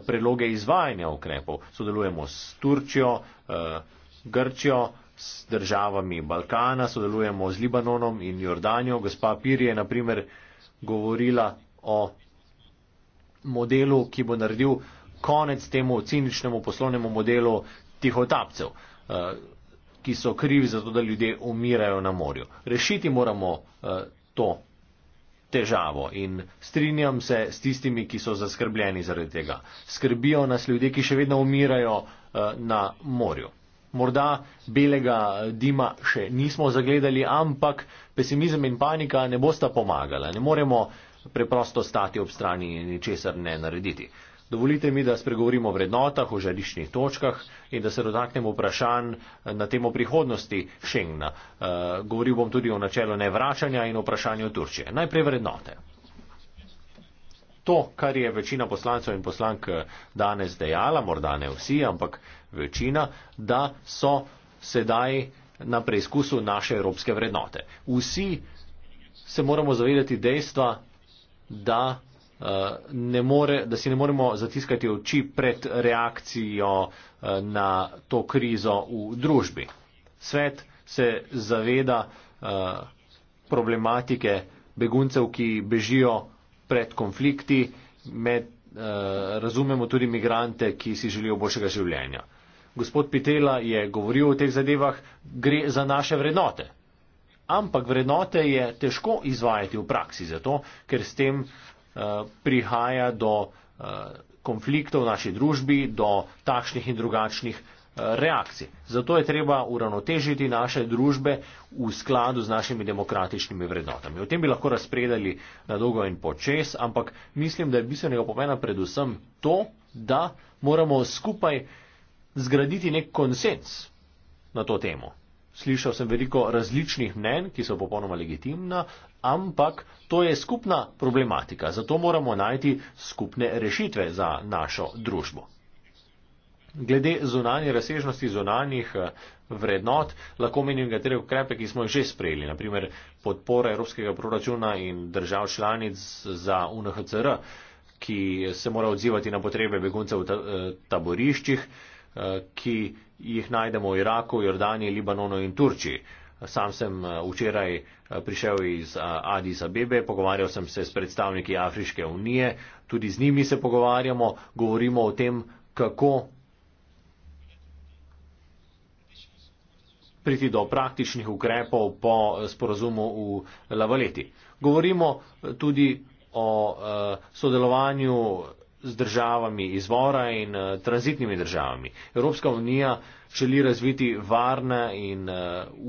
predloge izvajanja ukrepov. Sodelujemo s Turčjo, Grčjo, s državami Balkana, sodelujemo z Libanonom in Jordanijo. Gospa Pir je naprimer govorila o modelu, ki bo naredil konec temu ciničnemu poslovnemu modelu tihotapcev, eh, ki so krivi za to, da ljudje umirajo na morju. Rešiti moramo eh, to težavo in strinjam se s tistimi, ki so zaskrbljeni zaradi tega. Skrbijo nas ljudje, ki še vedno umirajo eh, na morju. Morda belega dima še nismo zagledali, ampak pesimizem in panika ne bosta pomagala. Ne moremo preprosto stati ob strani in ničesar ne narediti. Dovolite mi, da spregovorimo o vrednotah, o žariščnih točkah in da se dotaknemo vprašanj na temo prihodnosti Schengna. Eh, govoril bom tudi o načelu nevračanja in o vprašanju Turčije. Najprej vrednote to, kar je večina poslancev in poslank eh, danes dejala, morda ne vsi, ampak večina, da so sedaj na preizkusu naše evropske vrednote. Vsi se moramo zavedati dejstva, da, uh, ne more, da si ne moremo zatiskati oči pred reakcijo uh, na to krizo v družbi. Svet se zaveda uh, problematike beguncev, ki bežijo pred konflikti, med, eh, razumemo tudi migrante, ki si želijo boljšega življenja. Gospod Pitela je govoril o teh zadevah, gre za naše vrednote. Ampak vrednote je težko izvajati v praksi, zato ker s tem eh, prihaja do eh, konfliktov v naši družbi, do takšnih in drugačnih reakcij. Zato je treba uravnotežiti naše družbe v skladu z našimi demokratičnimi vrednotami. O tem bi lahko razpredali na dolgo in počes, ampak mislim, da je bistvenega pomena predvsem to, da moramo skupaj zgraditi nek konsens na to temo. Slišal sem veliko različnih mnen, ki so popolnoma legitimna, ampak to je skupna problematika. Zato moramo najti skupne rešitve za našo družbo. Glede zunanje razsežnosti zunanjih eh, vrednot, lahko menim nekatere ukrepe, ki smo jih že sprejeli, naprimer podpora evropskega proračuna in držav članic za UNHCR, ki se mora odzivati na potrebe beguncev v eh, taboriščih, eh, ki jih najdemo v Iraku, Jordani, Libanonu in Turčiji. Sam sem včeraj prišel iz Adis Abebe, pogovarjal sem se s predstavniki Afriške unije, tudi z njimi se pogovarjamo, govorimo o tem, kako priti do praktičnih ukrepov po eh, sporazumu v Lavaleti. Govorimo eh, tudi o eh, sodelovanju z državami izvora in tranzitnimi državami. Evropska unija želi razviti varne in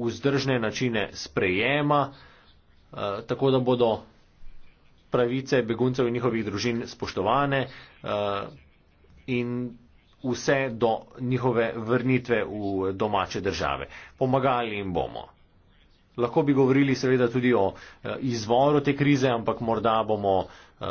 vzdržne načine sprejema, tako da bodo pravice beguncev in njihovih družin spoštovane in vse do njihove vrnitve v domače države. Pomagali jim bomo. Lahko bi govorili seveda tudi o eh, izvoru te krize, ampak morda bomo eh,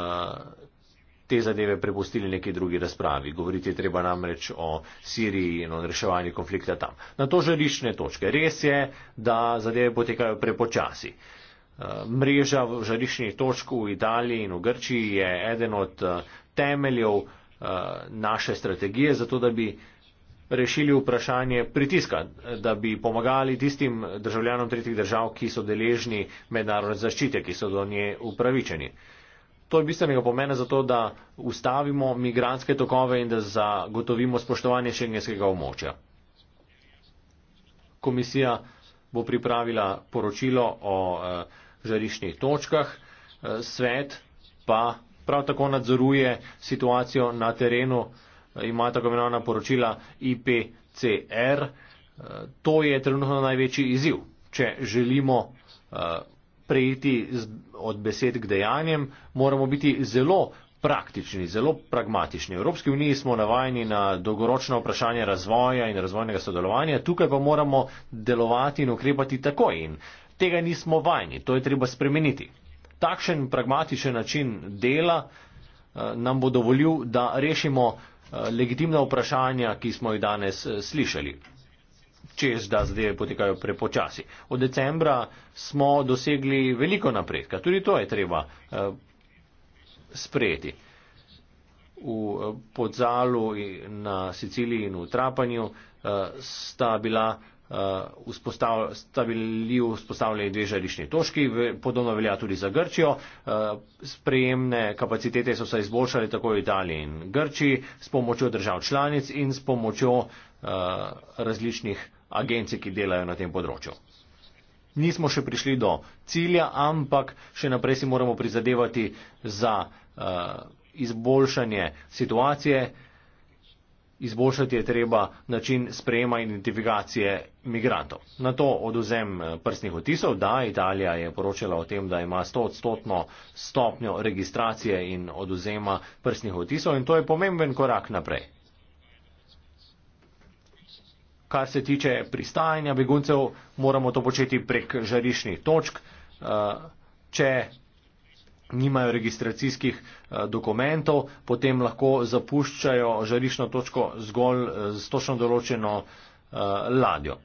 te zadeve prepustili neki drugi razpravi. Govoriti je treba namreč o Siriji in o reševanju konflikta tam. Na to žarišne točke. Res je, da zadeve potekajo prepočasi. Eh, mreža žariščnih točk v Italiji in v Grčiji je eden od temeljev Eh, naše strategije, zato da bi rešili vprašanje pritiska, da bi pomagali tistim državljanom tretjih držav, ki so deležni mednarodne zaščite, ki so do nje upravičeni. To je bistvenega pomena zato, da ustavimo migranske tokove in da zagotovimo spoštovanje šengenskega območja. Komisija bo pripravila poročilo o eh, žariščnih točkah, eh, svet pa prav tako nadzoruje situacijo na terenu, eh, ima tako imenovana poročila IPCR. Eh, to je trenutno največji izziv, če želimo eh, prejiti od besed k dejanjem, moramo biti zelo praktični, zelo pragmatični. V Evropski uniji smo navajeni na dolgoročno vprašanje razvoja in razvojnega sodelovanja, tukaj pa moramo delovati in ukrepati takoj in tega nismo vajeni, to je treba spremeniti takšen pragmatičen način dela eh, nam bo dovolil, da rešimo eh, legitimna vprašanja, ki smo jih danes eh, slišali. Čez, da zdaj potekajo prepočasi. Od decembra smo dosegli veliko napredka, tudi to je treba sprejeti. V podzalu na Siciliji in v Trapanju sta bila Eh, sta bili vzpostavljeni dve žarišni točki, podobno velja tudi za Grčijo. Eh, sprejemne kapacitete so se izboljšali tako v Italiji in Grčiji s pomočjo držav članic in s pomočjo eh, različnih agencij, ki delajo na tem področju. Nismo še prišli do cilja, ampak še naprej si moramo prizadevati za izboljšanje situacije izboljšati je treba način sprejema in identifikacije migrantov. Na to oduzem eh, prstnih otisov, da Italija je poročala o tem, da ima 100-odstotno stopnjo registracije in oduzema prstnih otisov in to je pomemben korak naprej. Kar se tiče pristajanja beguncev, moramo to početi prek žariščnih točk. Eh, Če nimajo registracijskih eh, dokumentov, potem lahko zapuščajo žariščno točko zgolj eh, s točno določeno eh, ladjo.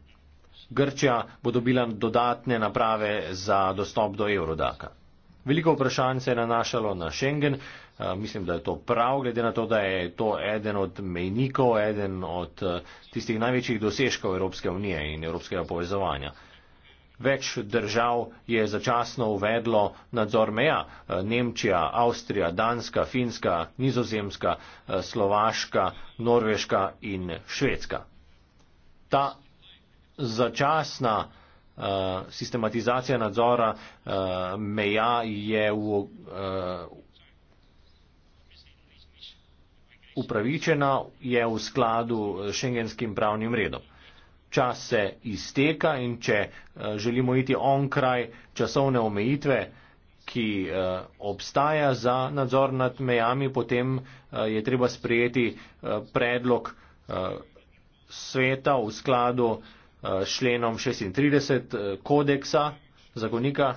Grčija bo dobila dodatne naprave za dostop do Eurodaka. Veliko vprašanj se je nanašalo na Schengen. Mislim, da je to prav, glede na to, da je to eden od mejnikov, eden od tistih največjih dosežkov Evropske unije in Evropskega povezovanja. Več držav je začasno uvedlo nadzor meja. Eh, Nemčija, Avstrija, Danska, Finska, Nizozemska, eh, Slovaška, Norveška in Švedska. Ta začasna eh, sistematizacija nadzora meja je v, upravičena, je v skladu s šengenskim pravnim redom čas se izteka in če eh, želimo iti onkraj časovne omejitve, ki eh, obstaja za nadzor nad mejami, potem eh, je treba sprejeti predlog sveta v skladu s členom 36 kodeksa zakonika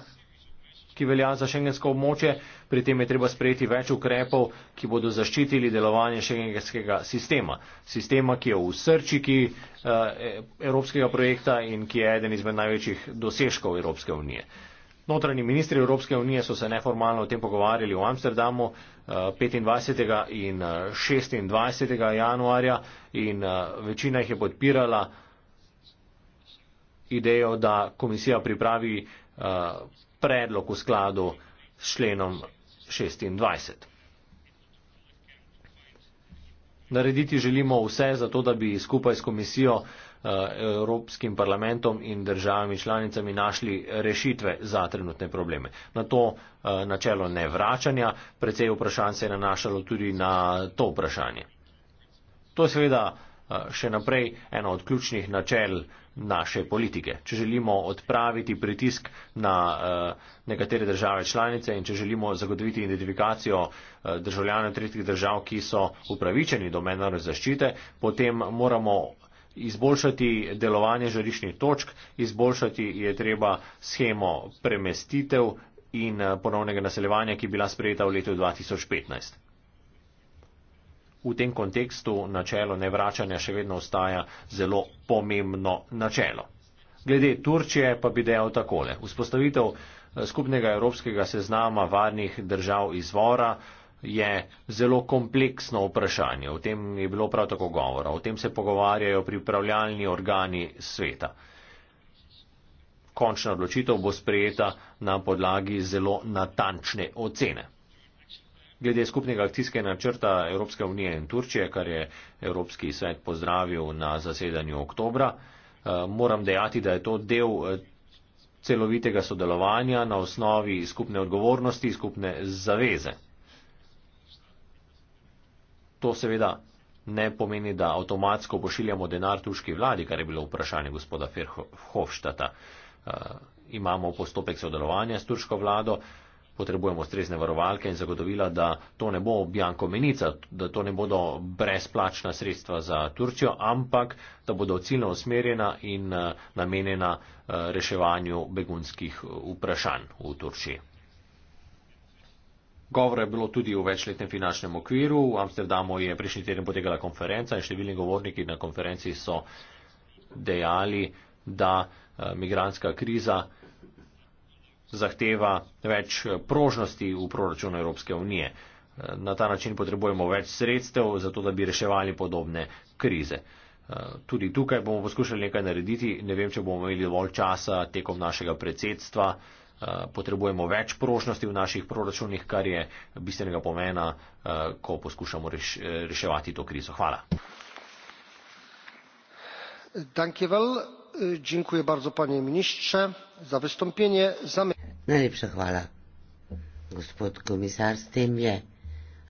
ki velja za šengensko območje. Pri tem je treba sprejeti več ukrepov, ki bodo zaščitili delovanje šengenskega sistema. Sistema, ki je v srčiki uh, eh, evropskega projekta in ki je eden izmed največjih dosežkov Evropske unije. Notranji ministri Evropske unije so se neformalno o tem pogovarjali v Amsterdamu 25. Eh, in 26. Eh, januarja in večina jih je podpirala idejo, da komisija pripravi predlog v skladu s členom 26. Narediti želimo vse za to, da bi skupaj s komisijo, eh, Evropskim parlamentom in državami članicami našli rešitve za trenutne probleme. Na to eh, načelo nevračanja precej vprašanj se je nanašalo tudi na to vprašanje. To je seveda eh, še naprej eno od ključnih načel naše politike. Če želimo odpraviti pritisk na eh, nekatere države članice in če želimo zagotoviti identifikacijo eh, državljanov tretjih držav, ki so upravičeni do mednarodne zaščite, potem moramo izboljšati delovanje žariščnih točk, izboljšati je treba schemo premestitev in eh, ponovnega naseljevanja, ki je bila sprejeta v letu 2015 v tem kontekstu načelo nevračanja še vedno ostaja zelo pomembno načelo. Glede Turčije pa bi dejal takole. Vzpostavitev eh, skupnega evropskega seznama varnih držav izvora je zelo kompleksno vprašanje. O tem je bilo prav tako govora. O tem se pogovarjajo pripravljalni organi sveta. Končna odločitev bo sprejeta na podlagi zelo natančne ocene glede skupnega akcijskega načrta Evropske unije in Turčije, kar je Evropski svet pozdravil na zasedanju oktobra. Eh, moram dejati, da je to del eh, celovitega sodelovanja na osnovi skupne odgovornosti, skupne zaveze. To seveda ne pomeni, da avtomatsko pošiljamo denar tuški vladi, kar je bilo vprašanje gospoda Ferhofštata. Uh, eh, imamo postopek sodelovanja s turško vlado, uh, potrebujemo strezne varovalke in zagotovila, da to ne bo bjanko menica, da to ne bodo brezplačna sredstva za Turčijo, ampak da bodo ciljno usmerjena in eh, namenjena eh, reševanju begunskih eh, vprašanj v Turčiji. Govore je bilo tudi o večletnem finančnem okviru. V Amsterdamu je prejšnji teden potekala konferenca in številni govorniki na konferenci so dejali, da migranska kriza zahteva več eh, prožnosti v proračunu Evropske unije. Eh, na ta način potrebujemo več sredstev, zato da bi reševali podobne krize. Eh, tudi tukaj bomo poskušali nekaj narediti, ne vem, če bomo imeli dovolj časa tekom našega predsedstva. Potrebujemo več prožnosti v naših proračunih, kar je bistvenega pomena, ko poskušamo reš reševati to krizo. Hvala. Danke, well dziękuję bardzo panie ministrze za wystąpienie. najlepsza chwała gospod komisarz tym je.